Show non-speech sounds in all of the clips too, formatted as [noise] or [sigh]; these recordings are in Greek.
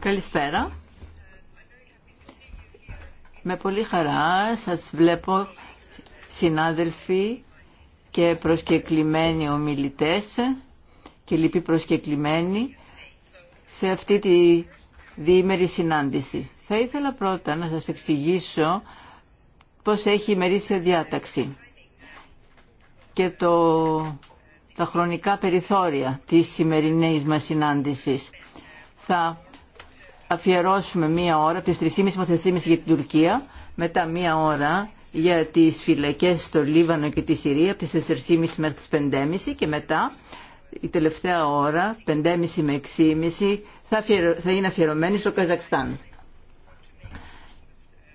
Καλησπέρα. Με πολύ χαρά σας βλέπω συνάδελφοι και προσκεκλημένοι ομιλητές και λοιποί προσκεκλημένοι σε αυτή τη διήμερη συνάντηση. Θα ήθελα πρώτα να σας εξηγήσω πώς έχει η μερίσια διάταξη και το, τα χρονικά περιθώρια της σημερινής μας συνάντησης θα αφιερώσουμε μία ώρα από τις 3.30 με 4.30 για την Τουρκία, μετά μία ώρα για τις φυλακές στο Λίβανο και τη Συρία από τις 4.30 μέχρι τις 5.30 και μετά η τελευταία ώρα, 5.30 με 6.30, θα, θα είναι αφιερωμένη στο Καζακστάν.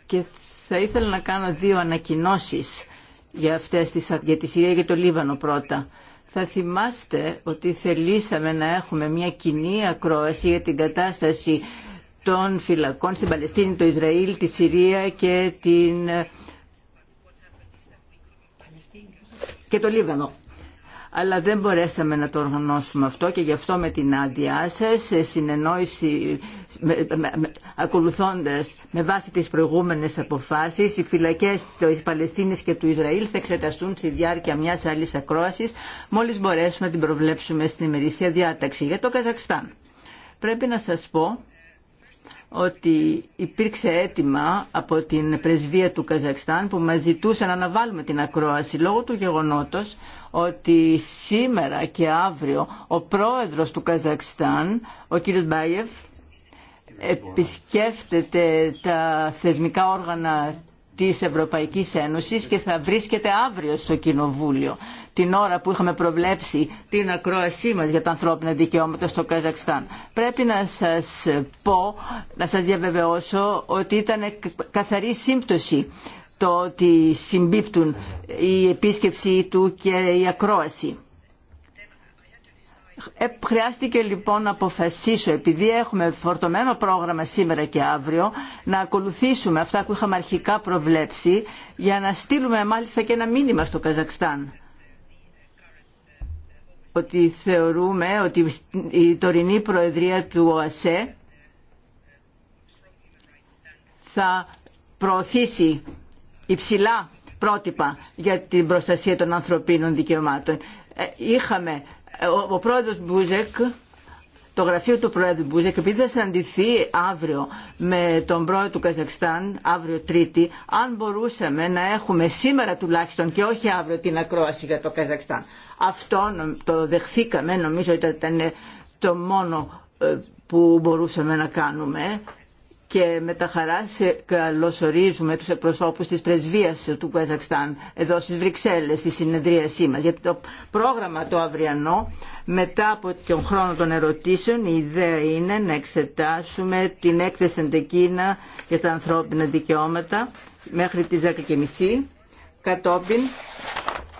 Και θα ήθελα να κάνω δύο ανακοινώσεις για, αυτές τις, για τη Συρία και το Λίβανο πρώτα. Θα θυμάστε ότι θελήσαμε να έχουμε μια κοινή ακρόαση για την κατάσταση των φυλακών στην Παλαιστίνη, το Ισραήλ, τη Συρία και, την... και το Λίβανο αλλά δεν μπορέσαμε να το οργανώσουμε αυτό και γι' αυτό με την άδειά σα, συνεννόηση με, με, ακολουθώντας με βάση τις προηγούμενες αποφάσεις οι φυλακές της Παλαιστίνης και του Ισραήλ θα εξεταστούν στη διάρκεια μιας άλλης ακρόασης μόλις μπορέσουμε να την προβλέψουμε στην ημερήσια διάταξη για το Καζακστάν. Πρέπει να σας πω ότι υπήρξε αίτημα από την πρεσβεία του Καζακστάν που μας ζητούσε να αναβάλουμε την ακρόαση λόγω του γεγονότος ότι σήμερα και αύριο ο πρόεδρος του Καζακστάν, ο κ. Μπάιεφ, επισκέφτεται τα θεσμικά όργανα της Ευρωπαϊκής Ένωσης και θα βρίσκεται αύριο στο Κοινοβούλιο την ώρα που είχαμε προβλέψει την ακρόασή μας για τα ανθρώπινα δικαιώματα στο Καζακστάν. Πρέπει να σας πω, να σας διαβεβαιώσω ότι ήταν καθαρή σύμπτωση το ότι συμπίπτουν η επίσκεψή του και η ακρόαση. Ε, χρειάστηκε λοιπόν να αποφασίσω, επειδή έχουμε φορτωμένο πρόγραμμα σήμερα και αύριο, να ακολουθήσουμε αυτά που είχαμε αρχικά προβλέψει για να στείλουμε μάλιστα και ένα μήνυμα στο Καζακστάν ότι θεωρούμε ότι η τωρινή Προεδρία του ΟΑΣΕ θα προωθήσει υψηλά πρότυπα για την προστασία των ανθρωπίνων δικαιωμάτων. Ε, είχαμε ο πρόεδρος Μπούζεκ το γραφείο του Πρόεδρου Μπούζεκ, επειδή θα συναντηθεί αύριο με τον Πρόεδρο του Καζακστάν, αύριο Τρίτη, αν μπορούσαμε να έχουμε σήμερα τουλάχιστον και όχι αύριο την ακρόαση για το Καζακστάν. Αυτό το δεχθήκαμε, νομίζω ότι ήταν το μόνο ε, που μπορούσαμε να κάνουμε και με τα χαρά καλωσορίζουμε τους εκπροσώπους της πρεσβείας του Καζακστάν εδώ στις Βρυξέλλες στη συνεδρίασή μας γιατί το πρόγραμμα το αυριανό μετά από τον χρόνο των ερωτήσεων η ιδέα είναι να εξετάσουμε την έκθεση εντεκίνα για τα ανθρώπινα δικαιώματα μέχρι τις 10.30 κατόπιν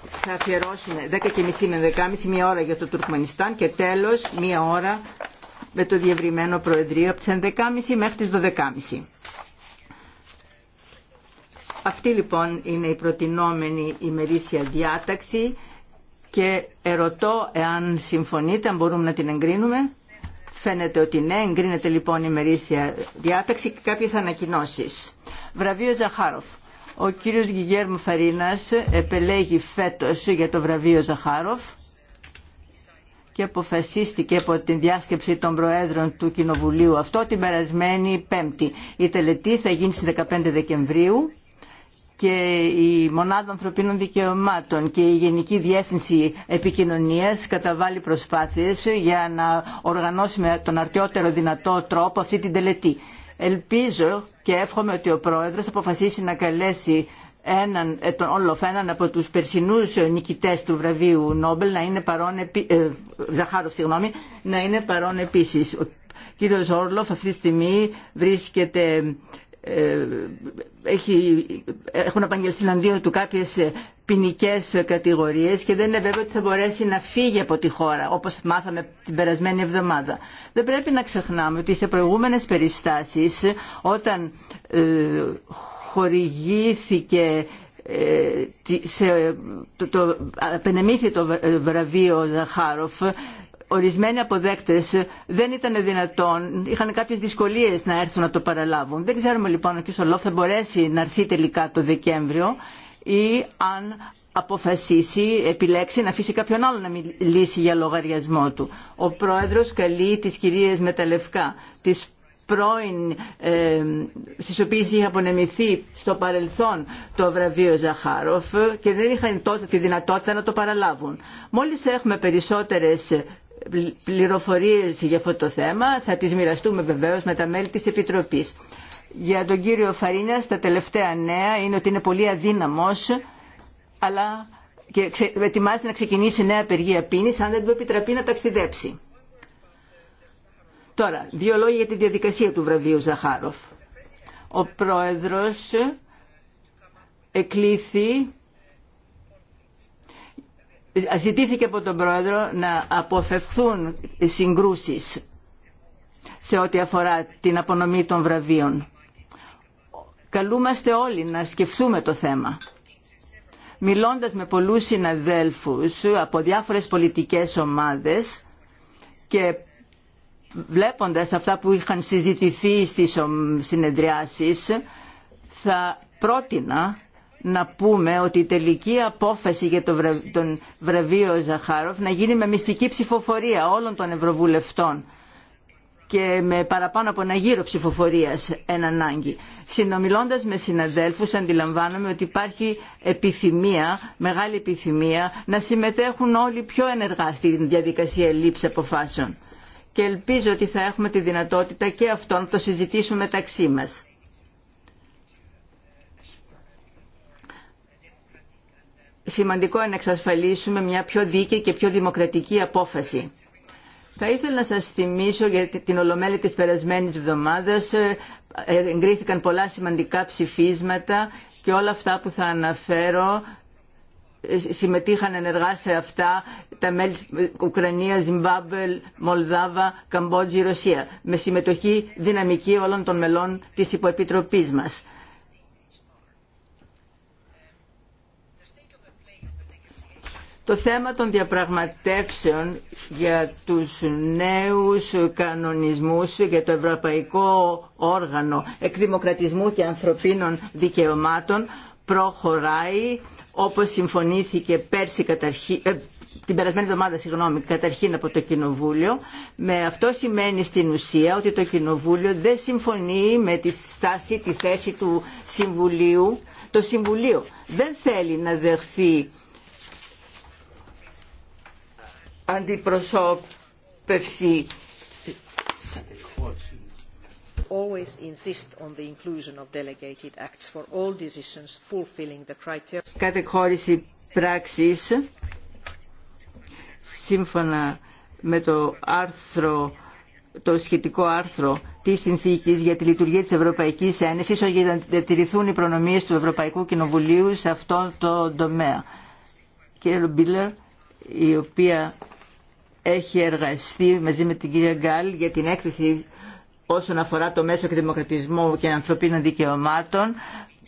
θα αφιερώσουμε 10.30 με 10.30 μία ώρα για το Τουρκμενιστάν και τέλος μία ώρα με το διευρυμένο Προεδρείο από τις 11.30 μέχρι τις 12.30. Αυτή λοιπόν είναι η προτινόμενη ημερήσια διάταξη και ερωτώ εάν συμφωνείτε, αν μπορούμε να την εγκρίνουμε. Φαίνεται ότι ναι, εγκρίνεται λοιπόν η ημερήσια διάταξη και κάποιες ανακοινώσεις. Βραβείο Ζαχάροφ. Ο κύριος Γιγέρμου Φαρίνας επελέγει φέτος για το βραβείο Ζαχάροφ και αποφασίστηκε από την διάσκεψη των Προέδρων του Κοινοβουλίου αυτό την περασμένη Πέμπτη. Η τελετή θα γίνει στις 15 Δεκεμβρίου και η Μονάδα Ανθρωπίνων Δικαιωμάτων και η Γενική Διεύθυνση Επικοινωνίας καταβάλει προσπάθειες για να οργανώσουμε τον αρτιότερο δυνατό τρόπο αυτή την τελετή. Ελπίζω και εύχομαι ότι ο Πρόεδρος αποφασίσει να καλέσει έναν, ε, τον Όλοφ, έναν από τους περσινούς ε, νικητές του βραβείου Νόμπελ να είναι παρόν, ε, συγγνώμη, να είναι παρόν επίσης. Ο κύριος Όρλοφ αυτή τη στιγμή βρίσκεται ε, έχει, έχουν απαγγελθεί εναντίον του κάποιες ποινικέ κατηγορίες και δεν είναι βέβαιο ότι θα μπορέσει να φύγει από τη χώρα όπως μάθαμε την περασμένη εβδομάδα. Δεν πρέπει να ξεχνάμε ότι σε προηγούμενες περιστάσεις όταν ε, χορηγήθηκε ε, σε, το, το, το βραβείο Ζαχάροφ ορισμένοι αποδέκτες δεν ήταν δυνατόν, είχαν κάποιες δυσκολίες να έρθουν να το παραλάβουν. Δεν ξέρουμε λοιπόν αν ο Κισολόφ θα μπορέσει να έρθει τελικά το Δεκέμβριο ή αν αποφασίσει, επιλέξει να αφήσει κάποιον άλλο να μιλήσει για λογαριασμό του. Ο πρόεδρος καλεί τις κυρίες με τα λευκά, τις πρώην, ε, στις οποίες είχε απονεμηθεί στο παρελθόν το βραβείο Ζαχάροφ και δεν είχαν τότε τη δυνατότητα να το παραλάβουν. Μόλις έχουμε περισσότερες πληροφορίες για αυτό το θέμα θα τις μοιραστούμε βεβαίως με τα μέλη της Επιτροπής. Για τον κύριο Φαρίνια τα τελευταία νέα είναι ότι είναι πολύ αδύναμος αλλά και ετοιμάζεται να ξεκινήσει νέα απεργία πίνης αν δεν του επιτραπεί να ταξιδέψει. Τώρα, δύο λόγια για τη διαδικασία του βραβείου Ζαχάροφ. Ο πρόεδρος εκλήθη ζητήθηκε από τον πρόεδρο να αποφευθούν συγκρούσεις σε ό,τι αφορά την απονομή των βραβείων. Καλούμαστε όλοι να σκεφτούμε το θέμα. Μιλώντας με πολλούς συναδέλφους από διάφορες πολιτικές ομάδες και βλέποντας αυτά που είχαν συζητηθεί στις συνεδριάσεις θα πρότεινα να πούμε ότι η τελική απόφαση για τον βραβείο Ζαχάροφ να γίνει με μυστική ψηφοφορία όλων των Ευρωβουλευτών και με παραπάνω από ένα γύρο ψηφοφορίας εν ανάγκη. Συνομιλώντας με συναδέλφους αντιλαμβάνομαι ότι υπάρχει επιθυμία, μεγάλη επιθυμία να συμμετέχουν όλοι πιο ενεργά στη διαδικασία λήψη αποφάσεων και ελπίζω ότι θα έχουμε τη δυνατότητα και αυτό να το συζητήσουμε μεταξύ μας. Σημαντικό είναι να εξασφαλίσουμε μια πιο δίκαιη και πιο δημοκρατική απόφαση. Θα ήθελα να σας θυμίσω για την Ολομέλη της περασμένης εβδομάδας ε, εγκρίθηκαν πολλά σημαντικά ψηφίσματα και όλα αυτά που θα αναφέρω συμμετείχαν ενεργά σε αυτά τα μέλη Ουκρανία, Ζυμπάμπελ, Μολδάβα, Καμπότζη, Ρωσία με συμμετοχή δυναμική όλων των μελών της υποεπιτροπής μας. Το θέμα των διαπραγματεύσεων για τους νέους κανονισμούς για το Ευρωπαϊκό Όργανο Εκδημοκρατισμού και Ανθρωπίνων Δικαιωμάτων προχωράει όπως συμφωνήθηκε πέρσι καταρχή, ε, την περασμένη εβδομάδα συγγνώμη, καταρχήν από το Κοινοβούλιο. Με αυτό σημαίνει στην ουσία ότι το Κοινοβούλιο δεν συμφωνεί με τη στάση, τη θέση του Συμβουλίου. Το Συμβουλίο δεν θέλει να δεχθεί αντιπροσώπευση always insist on the inclusion of delegated acts for all decisions fulfilling the criteria. Κατεχώρηση σύμφωνα με το άρθρο το σχετικό άρθρο τη συνθήκη για τη λειτουργία τη Ευρωπαϊκή Ένωση, ώστε να διατηρηθούν οι προνομίε του Ευρωπαϊκού Κοινοβουλίου σε αυτό το τομέα. Κύριε Λουμπίλερ, η οποία έχει εργαστεί μαζί με την κυρία Γκάλ για την έκθεση όσον αφορά το μέσο και δημοκρατισμό και ανθρωπίνων δικαιωμάτων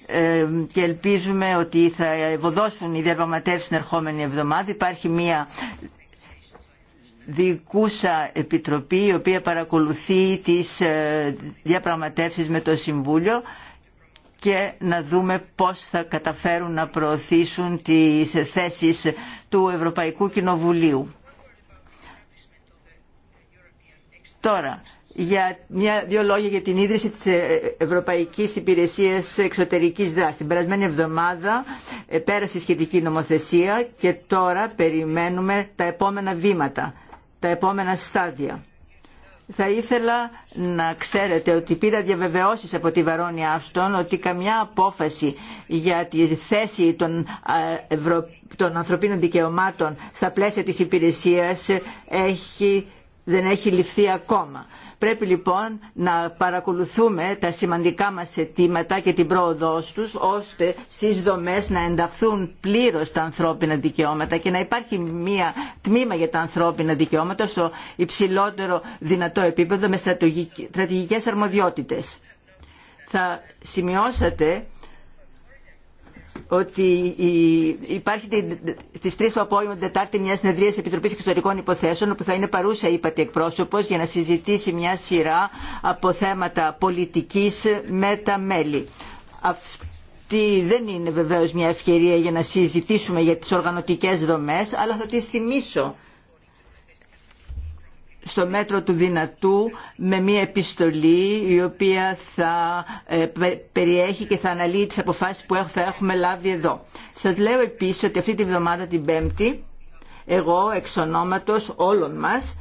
ε, και ελπίζουμε ότι θα ευωδώσουν οι διαπραγματεύσει την ερχόμενη εβδομάδα. Υπάρχει μια δικούσα επιτροπή η οποία παρακολουθεί τις ε, διαπραγματεύσεις με το Συμβούλιο και να δούμε πώς θα καταφέρουν να προωθήσουν τις θέσεις του Ευρωπαϊκού Κοινοβουλίου. Τώρα, για μια, δύο λόγια για την ίδρυση της ε, Ευρωπαϊκής Υπηρεσίας Εξωτερικής Δράσης. Την περασμένη εβδομάδα ε, πέρασε η σχετική νομοθεσία και τώρα περιμένουμε τα επόμενα βήματα, τα επόμενα στάδια. Θα ήθελα να ξέρετε ότι πήρα διαβεβαιώσεις από τη Βαρόνια Άστον ότι καμιά απόφαση για τη θέση των, ε, ευρω... ανθρωπίνων δικαιωμάτων στα πλαίσια της υπηρεσίας έχει... δεν έχει ληφθεί ακόμα Πρέπει λοιπόν να παρακολουθούμε τα σημαντικά μας αιτήματα και την πρόοδό τους ώστε στις δομές να ενταχθούν πλήρως τα ανθρώπινα δικαιώματα και να υπάρχει μία τμήμα για τα ανθρώπινα δικαιώματα στο υψηλότερο δυνατό επίπεδο με στρατηγικές αρμοδιότητες. Θα σημειώσατε ότι υπάρχει στι 3 το απόγευμα την Τετάρτη μια συνεδρία τη Επιτροπή Εξωτερικών Υποθέσεων, όπου θα είναι παρούσα η εκπρόσωπος, εκπρόσωπο για να συζητήσει μια σειρά από θέματα πολιτική με τα μέλη. Αυτή δεν είναι βεβαίω μια ευκαιρία για να συζητήσουμε για τι οργανωτικέ δομέ, αλλά θα τι θυμίσω στο μέτρο του δυνατού με μια επιστολή η οποία θα ε, περιέχει και θα αναλύει τις αποφάσεις που θα έχουμε λάβει εδώ. Σας λέω επίσης ότι αυτή τη βδομάδα την Πέμπτη εγώ εξ ονόματος όλων μας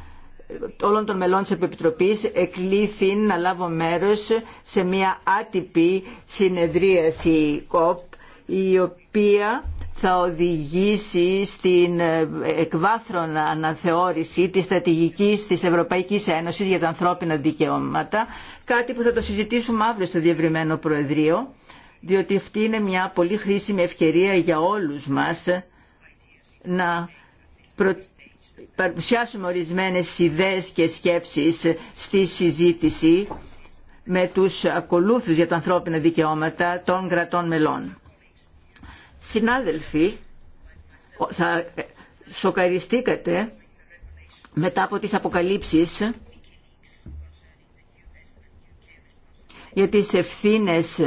όλων των μελών της Επιτροπής εκλήθη να λάβω μέρος σε μια άτυπη συνεδρίαση COP η οποία θα οδηγήσει στην ε, εκβάθρον αναθεώρηση της στρατηγικής της Ευρωπαϊκής Ένωσης για τα ανθρώπινα δικαιώματα, κάτι που θα το συζητήσουμε αύριο στο Διευρυμένο Προεδρείο, διότι αυτή είναι μια πολύ χρήσιμη ευκαιρία για όλους μας να παρουσιάσουμε ορισμένες ιδέες και σκέψεις στη συζήτηση με τους ακολούθους για τα ανθρώπινα δικαιώματα των κρατών μελών. Συνάδελφοι, θα ε, σοκαριστήκατε μετά από τις αποκαλύψεις για τις ευθύνες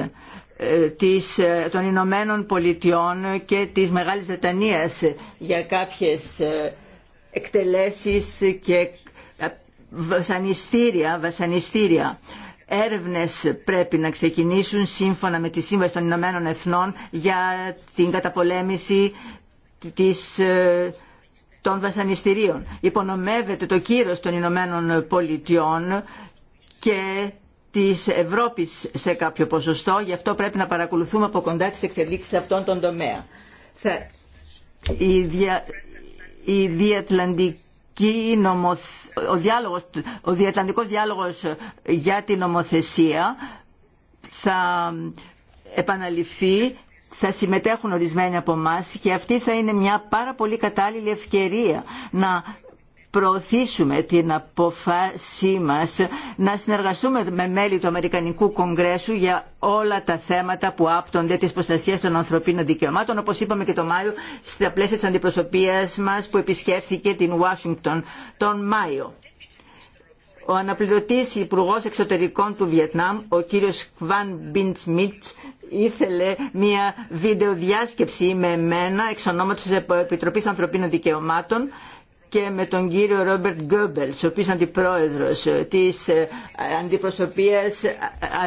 ε, της, ε, των Ηνωμένων Πολιτειών και της Μεγάλης Βρετανίας για κάποιες εκτελέσεις και βασανιστήρια, βασανιστήρια έρευνες πρέπει να ξεκινήσουν σύμφωνα με τη Σύμβαση των Ηνωμένων Εθνών για την καταπολέμηση της ε, των βασανιστήριων. Υπονομεύεται το κύρος των Ηνωμένων Πολιτειών και της Ευρώπης σε κάποιο ποσοστό, γι' αυτό πρέπει να παρακολουθούμε από κοντά τις εξελίξεις αυτών των τομέα. Η, δια... η ο, διάλογος, ο διατλαντικός διάλογος για την νομοθεσία θα επαναληφθεί, θα συμμετέχουν ορισμένοι από εμά και αυτή θα είναι μια πάρα πολύ κατάλληλη ευκαιρία να προωθήσουμε την αποφάσή μας να συνεργαστούμε με μέλη του Αμερικανικού Κογκρέσου για όλα τα θέματα που άπτονται της προστασίας των ανθρωπίνων δικαιωμάτων, όπως είπαμε και το Μάιο στα πλαίσια της αντιπροσωπείας μας που επισκέφθηκε την Ουάσιγκτον τον Μάιο. Ο αναπληρωτής υπουργό Εξωτερικών του Βιετνάμ, ο κύριος Κβάν Μπιντς Μίτς, ήθελε μια βίντεο διάσκεψη με εμένα εξ ονόματος της Επιτροπής Ανθρωπίνων Δικαιωμάτων και με τον κύριο Ρόμπερτ Γκόμπελ, ο οποίο είναι αντιπρόεδρο της ε, αντιπροσωπείας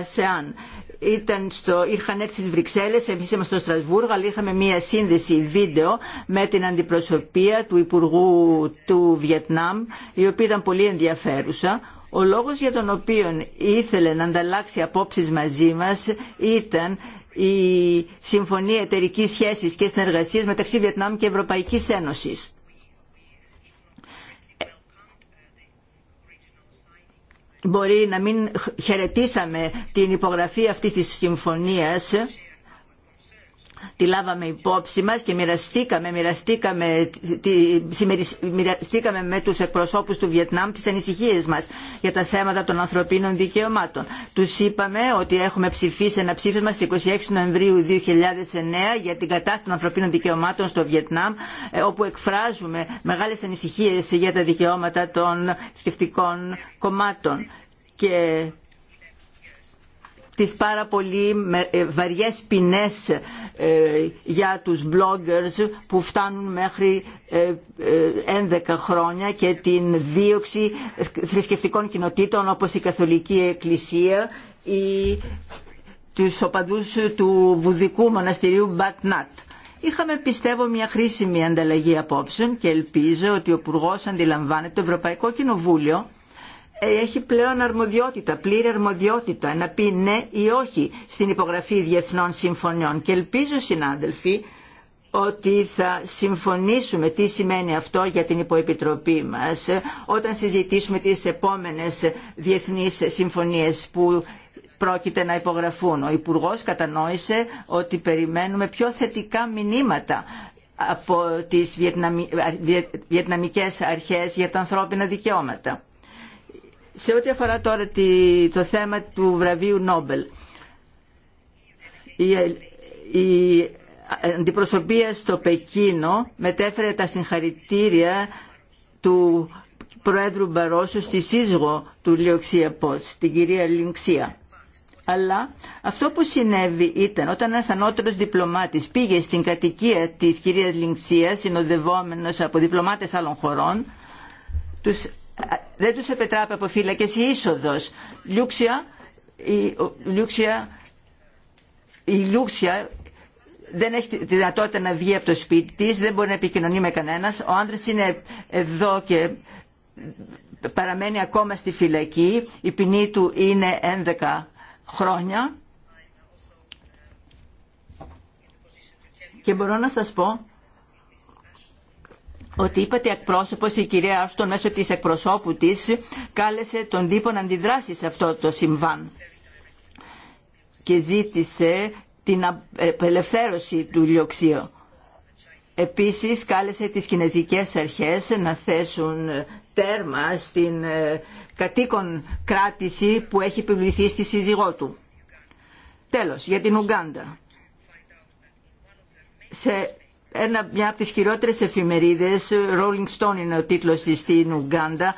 ΑΣΕΑΝ. Ήταν στο, είχαν έρθει στις Βρυξέλλες, εμείς είμαστε στο Στρασβούργο, αλλά είχαμε μία σύνδεση βίντεο με την αντιπροσωπεία του Υπουργού του Βιετνάμ, η οποία ήταν πολύ ενδιαφέρουσα. Ο λόγος για τον οποίο ήθελε να ανταλλάξει απόψεις μαζί μας ήταν η Συμφωνία Εταιρικής Σχέσης και Συνεργασίας μεταξύ Βιετνάμ και Ευρωπαϊκής Ένωσης. μπορεί να μην χαιρετήσαμε την υπογραφή αυτής της συμφωνίας τη λάβαμε υπόψη μας και μοιραστήκαμε, μοιραστήκαμε, τη, με τους εκπροσώπους του Βιετνάμ τις ανησυχίες μας για τα θέματα των ανθρωπίνων δικαιωμάτων. Τους είπαμε ότι έχουμε ψηφίσει ένα ψήφισμα στις 26 Νοεμβρίου 2009 για την κατάσταση των ανθρωπίνων δικαιωμάτων στο Βιετνάμ ε, όπου εκφράζουμε μεγάλες ανησυχίες για τα δικαιώματα των σκεφτικών κομμάτων. Και τις πάρα πολύ ε, βαριές ποινές ε, για τους bloggers που φτάνουν μέχρι 11 ε, χρόνια και την δίωξη θρησκευτικών κοινοτήτων όπως η Καθολική Εκκλησία ή τους οπαδούς του βουδικού μοναστηρίου Μπατνάτ. Είχαμε πιστεύω μια χρήσιμη ανταλλαγή απόψεων και ελπίζω ότι ο Υπουργό αντιλαμβάνεται το Ευρωπαϊκό Κοινοβούλιο ε, έχει πλέον αρμοδιότητα, πλήρη αρμοδιότητα να πει ναι ή όχι στην υπογραφή διεθνών συμφωνιών. Και ελπίζω συνάδελφοι ότι θα συμφωνήσουμε τι σημαίνει αυτό για την υποεπιτροπή μας όταν συζητήσουμε τις επόμενες διεθνείς συμφωνίες που πρόκειται να υπογραφούν. Ο Υπουργός κατανόησε ότι περιμένουμε πιο θετικά μηνύματα από τις βιετναμικές αρχές για τα ανθρώπινα δικαιώματα σε ό,τι αφορά τώρα το θέμα του βραβείου Νόμπελ, η αντιπροσωπεία στο Πεκίνο μετέφερε τα συγχαρητήρια του Προέδρου Μπαρόσου στη σύζυγο του Λιοξία Πότς, την κυρία Λινξία. Αλλά αυτό που συνέβη ήταν όταν ένας ανώτερος διπλωμάτης πήγε στην κατοικία της κυρίας Λινξία, συνοδευόμενος από διπλωμάτες άλλων χωρών, τους δεν τους επιτράπει από φύλακες η είσοδος. η, η Λούξια δεν έχει τη δυνατότητα να βγει από το σπίτι της, δεν μπορεί να επικοινωνεί με κανένας. Ο άντρας είναι εδώ και παραμένει ακόμα στη φυλακή. Η ποινή του είναι 11 χρόνια. Και μπορώ να σας πω ότι είπατε εκπρόσωπος η κυρία Άστον μέσω της εκπροσώπου της κάλεσε τον τύπο να αντιδράσει σε αυτό το συμβάν και ζήτησε την απελευθέρωση του λιοξίου. Επίσης κάλεσε τις κινέζικες αρχές να θέσουν τέρμα στην ε, κατοίκον κράτηση που έχει επιβληθεί στη σύζυγό του. Τέλος, για την Ουγκάντα. Σε μια από τις χειρότερες εφημερίδες, Rolling Stone είναι ο τίτλος της στην Ουγκάντα,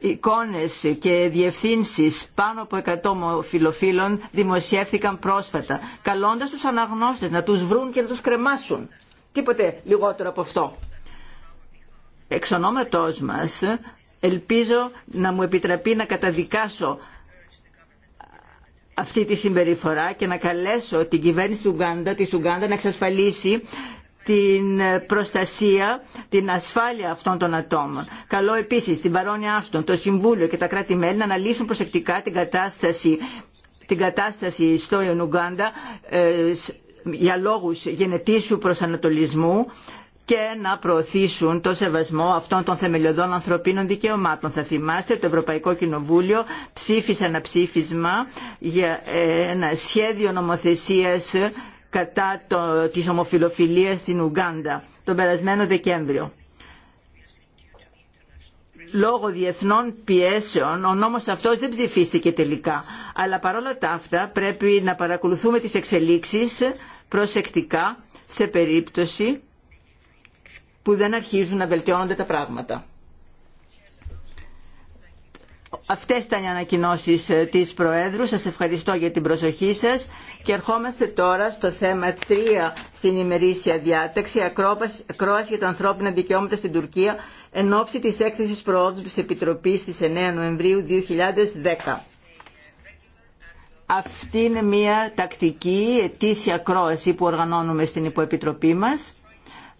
εικόνες και διευθύνσεις πάνω από 100 φιλοφίλων δημοσιεύθηκαν πρόσφατα, καλώντας τους αναγνώστες να τους βρουν και να τους κρεμάσουν. Τίποτε λιγότερο από αυτό. Εξ ονόματός μας, ελπίζω να μου επιτραπεί να καταδικάσω αυτή τη συμπεριφορά και να καλέσω την κυβέρνηση του της Ουγγάντα να εξασφαλίσει την προστασία, την ασφάλεια αυτών των ατόμων. Καλό επίσης την Παρόνια Άστον, το Συμβούλιο και τα κράτη-μέλη να αναλύσουν προσεκτικά την κατάσταση, την κατάσταση στο Ιονουγκάντα ε, για λόγους γενετήσου προσανατολισμού και να προωθήσουν το σεβασμό αυτών των θεμελιωδών ανθρωπίνων δικαιωμάτων. Θα θυμάστε, το Ευρωπαϊκό Κοινοβούλιο ψήφισε ένα ψήφισμα για ε, ένα σχέδιο νομοθεσίας κατά το, της ομοφιλοφιλίας στην Ουγγάντα τον περασμένο Δεκέμβριο. Λόγω διεθνών πιέσεων ο νόμος αυτός δεν ψηφίστηκε τελικά. Αλλά παρόλα τα αυτά πρέπει να παρακολουθούμε τις εξελίξεις προσεκτικά σε περίπτωση που δεν αρχίζουν να βελτιώνονται τα πράγματα. Αυτές ήταν οι ανακοινώσεις ε, της Προέδρου. Σας ευχαριστώ για την προσοχή σας και ερχόμαστε τώρα στο θέμα 3 στην ημερήσια διάταξη ακρόαση για τα ανθρώπινα δικαιώματα στην Τουρκία εν ώψη της έκθεσης προόδου της Επιτροπής της 9 Νοεμβρίου 2010. Αυτή είναι μια τακτική ετήσια ακρόαση που οργανώνουμε στην υποεπιτροπή μας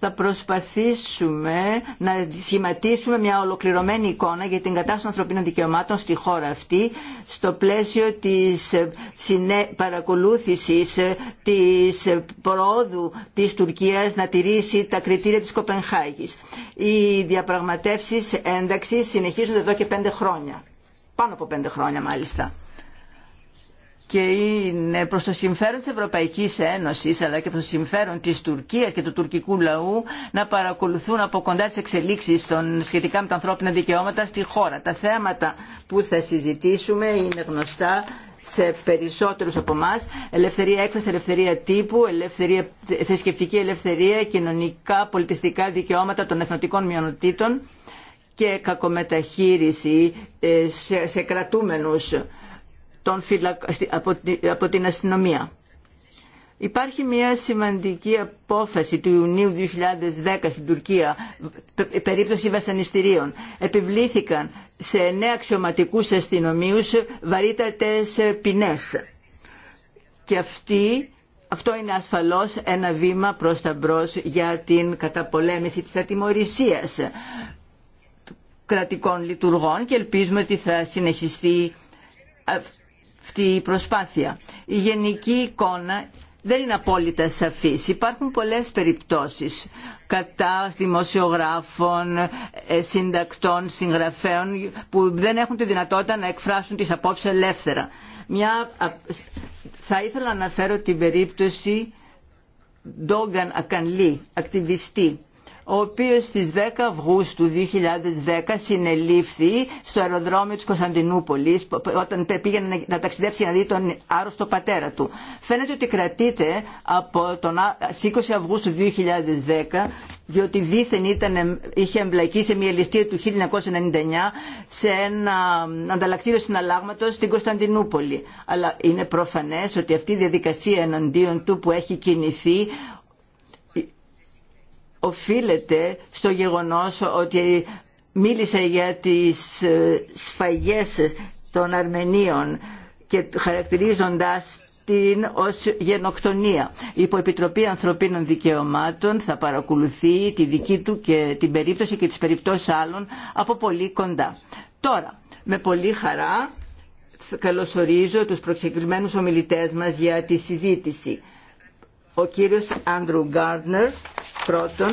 θα προσπαθήσουμε να σχηματίσουμε μια ολοκληρωμένη εικόνα για την κατάσταση των ανθρωπίνων δικαιωμάτων στη χώρα αυτή στο πλαίσιο της παρακολούθησης ε, της προόδου της Τουρκίας να τηρήσει τα κριτήρια της Κοπενχάγης. Οι διαπραγματεύσεις ένταξης συνεχίζονται εδώ και πέντε χρόνια. Πάνω από πέντε χρόνια μάλιστα και είναι προς το συμφέρον της Ευρωπαϊκής Ένωσης αλλά και προς το συμφέρον της Τουρκίας και του τουρκικού λαού να παρακολουθούν από κοντά τις εξελίξεις των, σχετικά με τα ανθρώπινα δικαιώματα στη χώρα. Τα θέματα που θα συζητήσουμε είναι γνωστά σε περισσότερους από εμά, ελευθερία έκφραση, ελευθερία τύπου, ελευθερία, θρησκευτική ελευθερία, κοινωνικά, πολιτιστικά δικαιώματα των εθνοτικών μειονοτήτων και κακομεταχείριση ε, σε, σε κρατούμενους των από την αστυνομία. Υπάρχει μια σημαντική απόφαση του Ιουνίου 2010 στην Τουρκία, περίπτωση βασανιστήριων. Επιβλήθηκαν σε νέα αξιωματικού αστυνομίου βαρύτατε ποινέ. Και αυτή, αυτό είναι ασφαλώ ένα βήμα προς τα μπρο για την καταπολέμηση της ατιμορρησία κρατικών λειτουργών και ελπίζουμε ότι θα συνεχιστεί αυτή προσπάθεια. Η γενική εικόνα δεν είναι απόλυτα σαφής. Υπάρχουν πολλές περιπτώσεις κατά δημοσιογράφων, ε, συντακτών, συγγραφέων που δεν έχουν τη δυνατότητα να εκφράσουν τις απόψεις ελεύθερα. Μια... Θα ήθελα να αναφέρω την περίπτωση Ντόγκαν Ακανλή, ακτιβιστή, ο οποίος στις 10 Αυγούστου 2010 συνελήφθη στο αεροδρόμιο της Κωνσταντινούπολης όταν πήγαινε να ταξιδέψει να δει τον άρρωστο πατέρα του. Φαίνεται ότι κρατείται από τον 20 Αυγούστου 2010 διότι δήθεν ήταν, είχε εμπλακεί σε μια ληστεία του 1999 σε ένα ανταλλακτήριο συναλλάγματος στην Κωνσταντινούπολη. Αλλά είναι προφανές ότι αυτή η διαδικασία εναντίον του που έχει κινηθεί οφείλεται στο γεγονός ότι μίλησε για τις ε, σφαγές των Αρμενίων και χαρακτηρίζοντας την ως γενοκτονία. Η Υποεπιτροπή Ανθρωπίνων Δικαιωμάτων θα παρακολουθεί τη δική του και την περίπτωση και τις περιπτώσεις άλλων από πολύ κοντά. Τώρα, με πολύ χαρά καλωσορίζω τους προσεκλημένους ομιλητές μας για τη συζήτηση ο κύριος Άντρου Γκάρντνερ πρώτον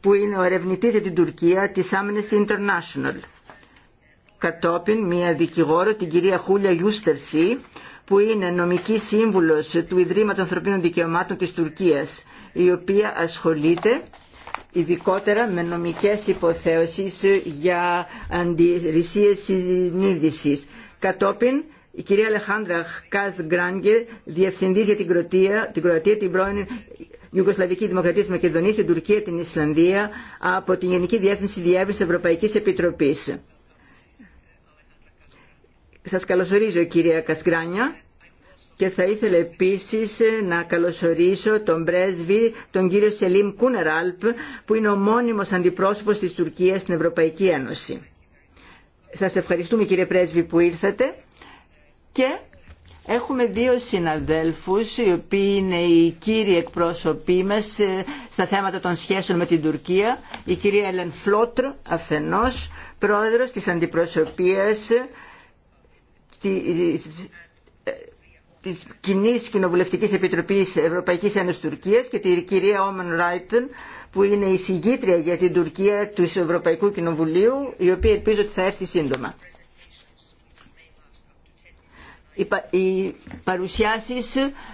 που είναι ο ερευνητής για την Τουρκία της Amnesty International κατόπιν μια δικηγόρο την κυρία Χούλια Γιούστερση που είναι νομική σύμβουλος του Ιδρύματο Ανθρωπίνων Δικαιωμάτων της Τουρκίας η οποία ασχολείται ειδικότερα με νομικές υποθέσεις για αντιρρησίες συνείδησης. Κατόπιν η κυρία Αλεχάνδρα Χκάζ Γκράνγκε, διευθυντή για την Κροατία, την, Κροατία, την πρώην Ιουγκοσλαβική Δημοκρατία τη Μακεδονία, την Τουρκία, την Ισλανδία, από την Γενική Διεύθυνση Διεύρυνση Ευρωπαϊκή Επιτροπή. Σα καλωσορίζω, κυρία Κασγκράνια. Και θα ήθελα επίση να καλωσορίσω τον πρέσβη, τον κύριο Σελίμ Κούνεραλπ, που είναι ο μόνιμο αντιπρόσωπο τη Τουρκία στην Ευρωπαϊκή Ένωση. Σα ευχαριστούμε κύριε πρέσβη που ήρθατε και Έχουμε δύο συναδέλφους οι οποίοι είναι οι κύριοι εκπρόσωποι μας ε, στα θέματα των σχέσεων με την Τουρκία. Η κυρία Ελεν Φλότρ αφενός, πρόεδρος της αντιπροσωπείας ε, ε, της κοινή κοινοβουλευτική Επιτροπής Ευρωπαϊκής Ένωσης Τουρκίας και τη κυρία Όμεν Ράιτεν που είναι η συγγήτρια για την Τουρκία του Ευρωπαϊκού Κοινοβουλίου η οποία ελπίζω ότι θα έρθει σύντομα οι παρουσιάσει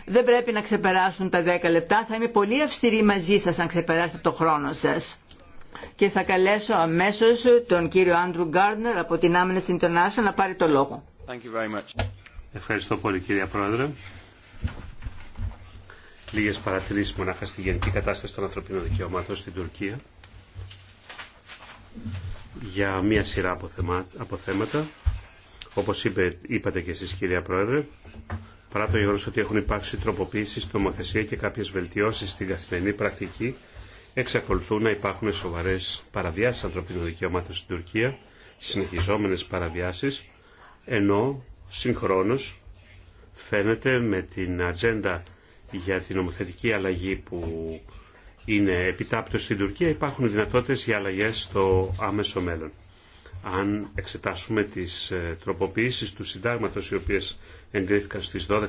δεν πρέπει να ξεπεράσουν τα 10 λεπτά. Θα είμαι πολύ αυστηρή μαζί σα αν ξεπεράσετε το χρόνο σα. Και θα καλέσω αμέσω τον κύριο Άντρου Γκάρνερ από την Amnesty International να πάρει το λόγο. Ευχαριστώ πολύ κύριε Πρόεδρε. Λίγες παρατηρήσει μονάχα στη γενική κατάσταση των ανθρωπίνων δικαιωμάτων στην Τουρκία για μία σειρά από θέματα όπως είπε, είπατε και εσείς κυρία Πρόεδρε, παρά το γεγονός ότι έχουν υπάρξει τροποποίησεις νομοθεσία και κάποιες βελτιώσεις στην καθημερινή πρακτική, εξακολουθούν να υπάρχουν σοβαρές παραβιάσεις ανθρωπίνων δικαιωμάτων στην Τουρκία, συνεχιζόμενες παραβιάσεις, ενώ συγχρόνως φαίνεται με την ατζέντα για την νομοθετική αλλαγή που είναι επιτάπτω στην Τουρκία, υπάρχουν δυνατότητες για αλλαγές στο άμεσο μέλλον αν εξετάσουμε τις ε, τροποποιήσεις του συντάγματος οι οποίες εγκρίθηκαν στις 12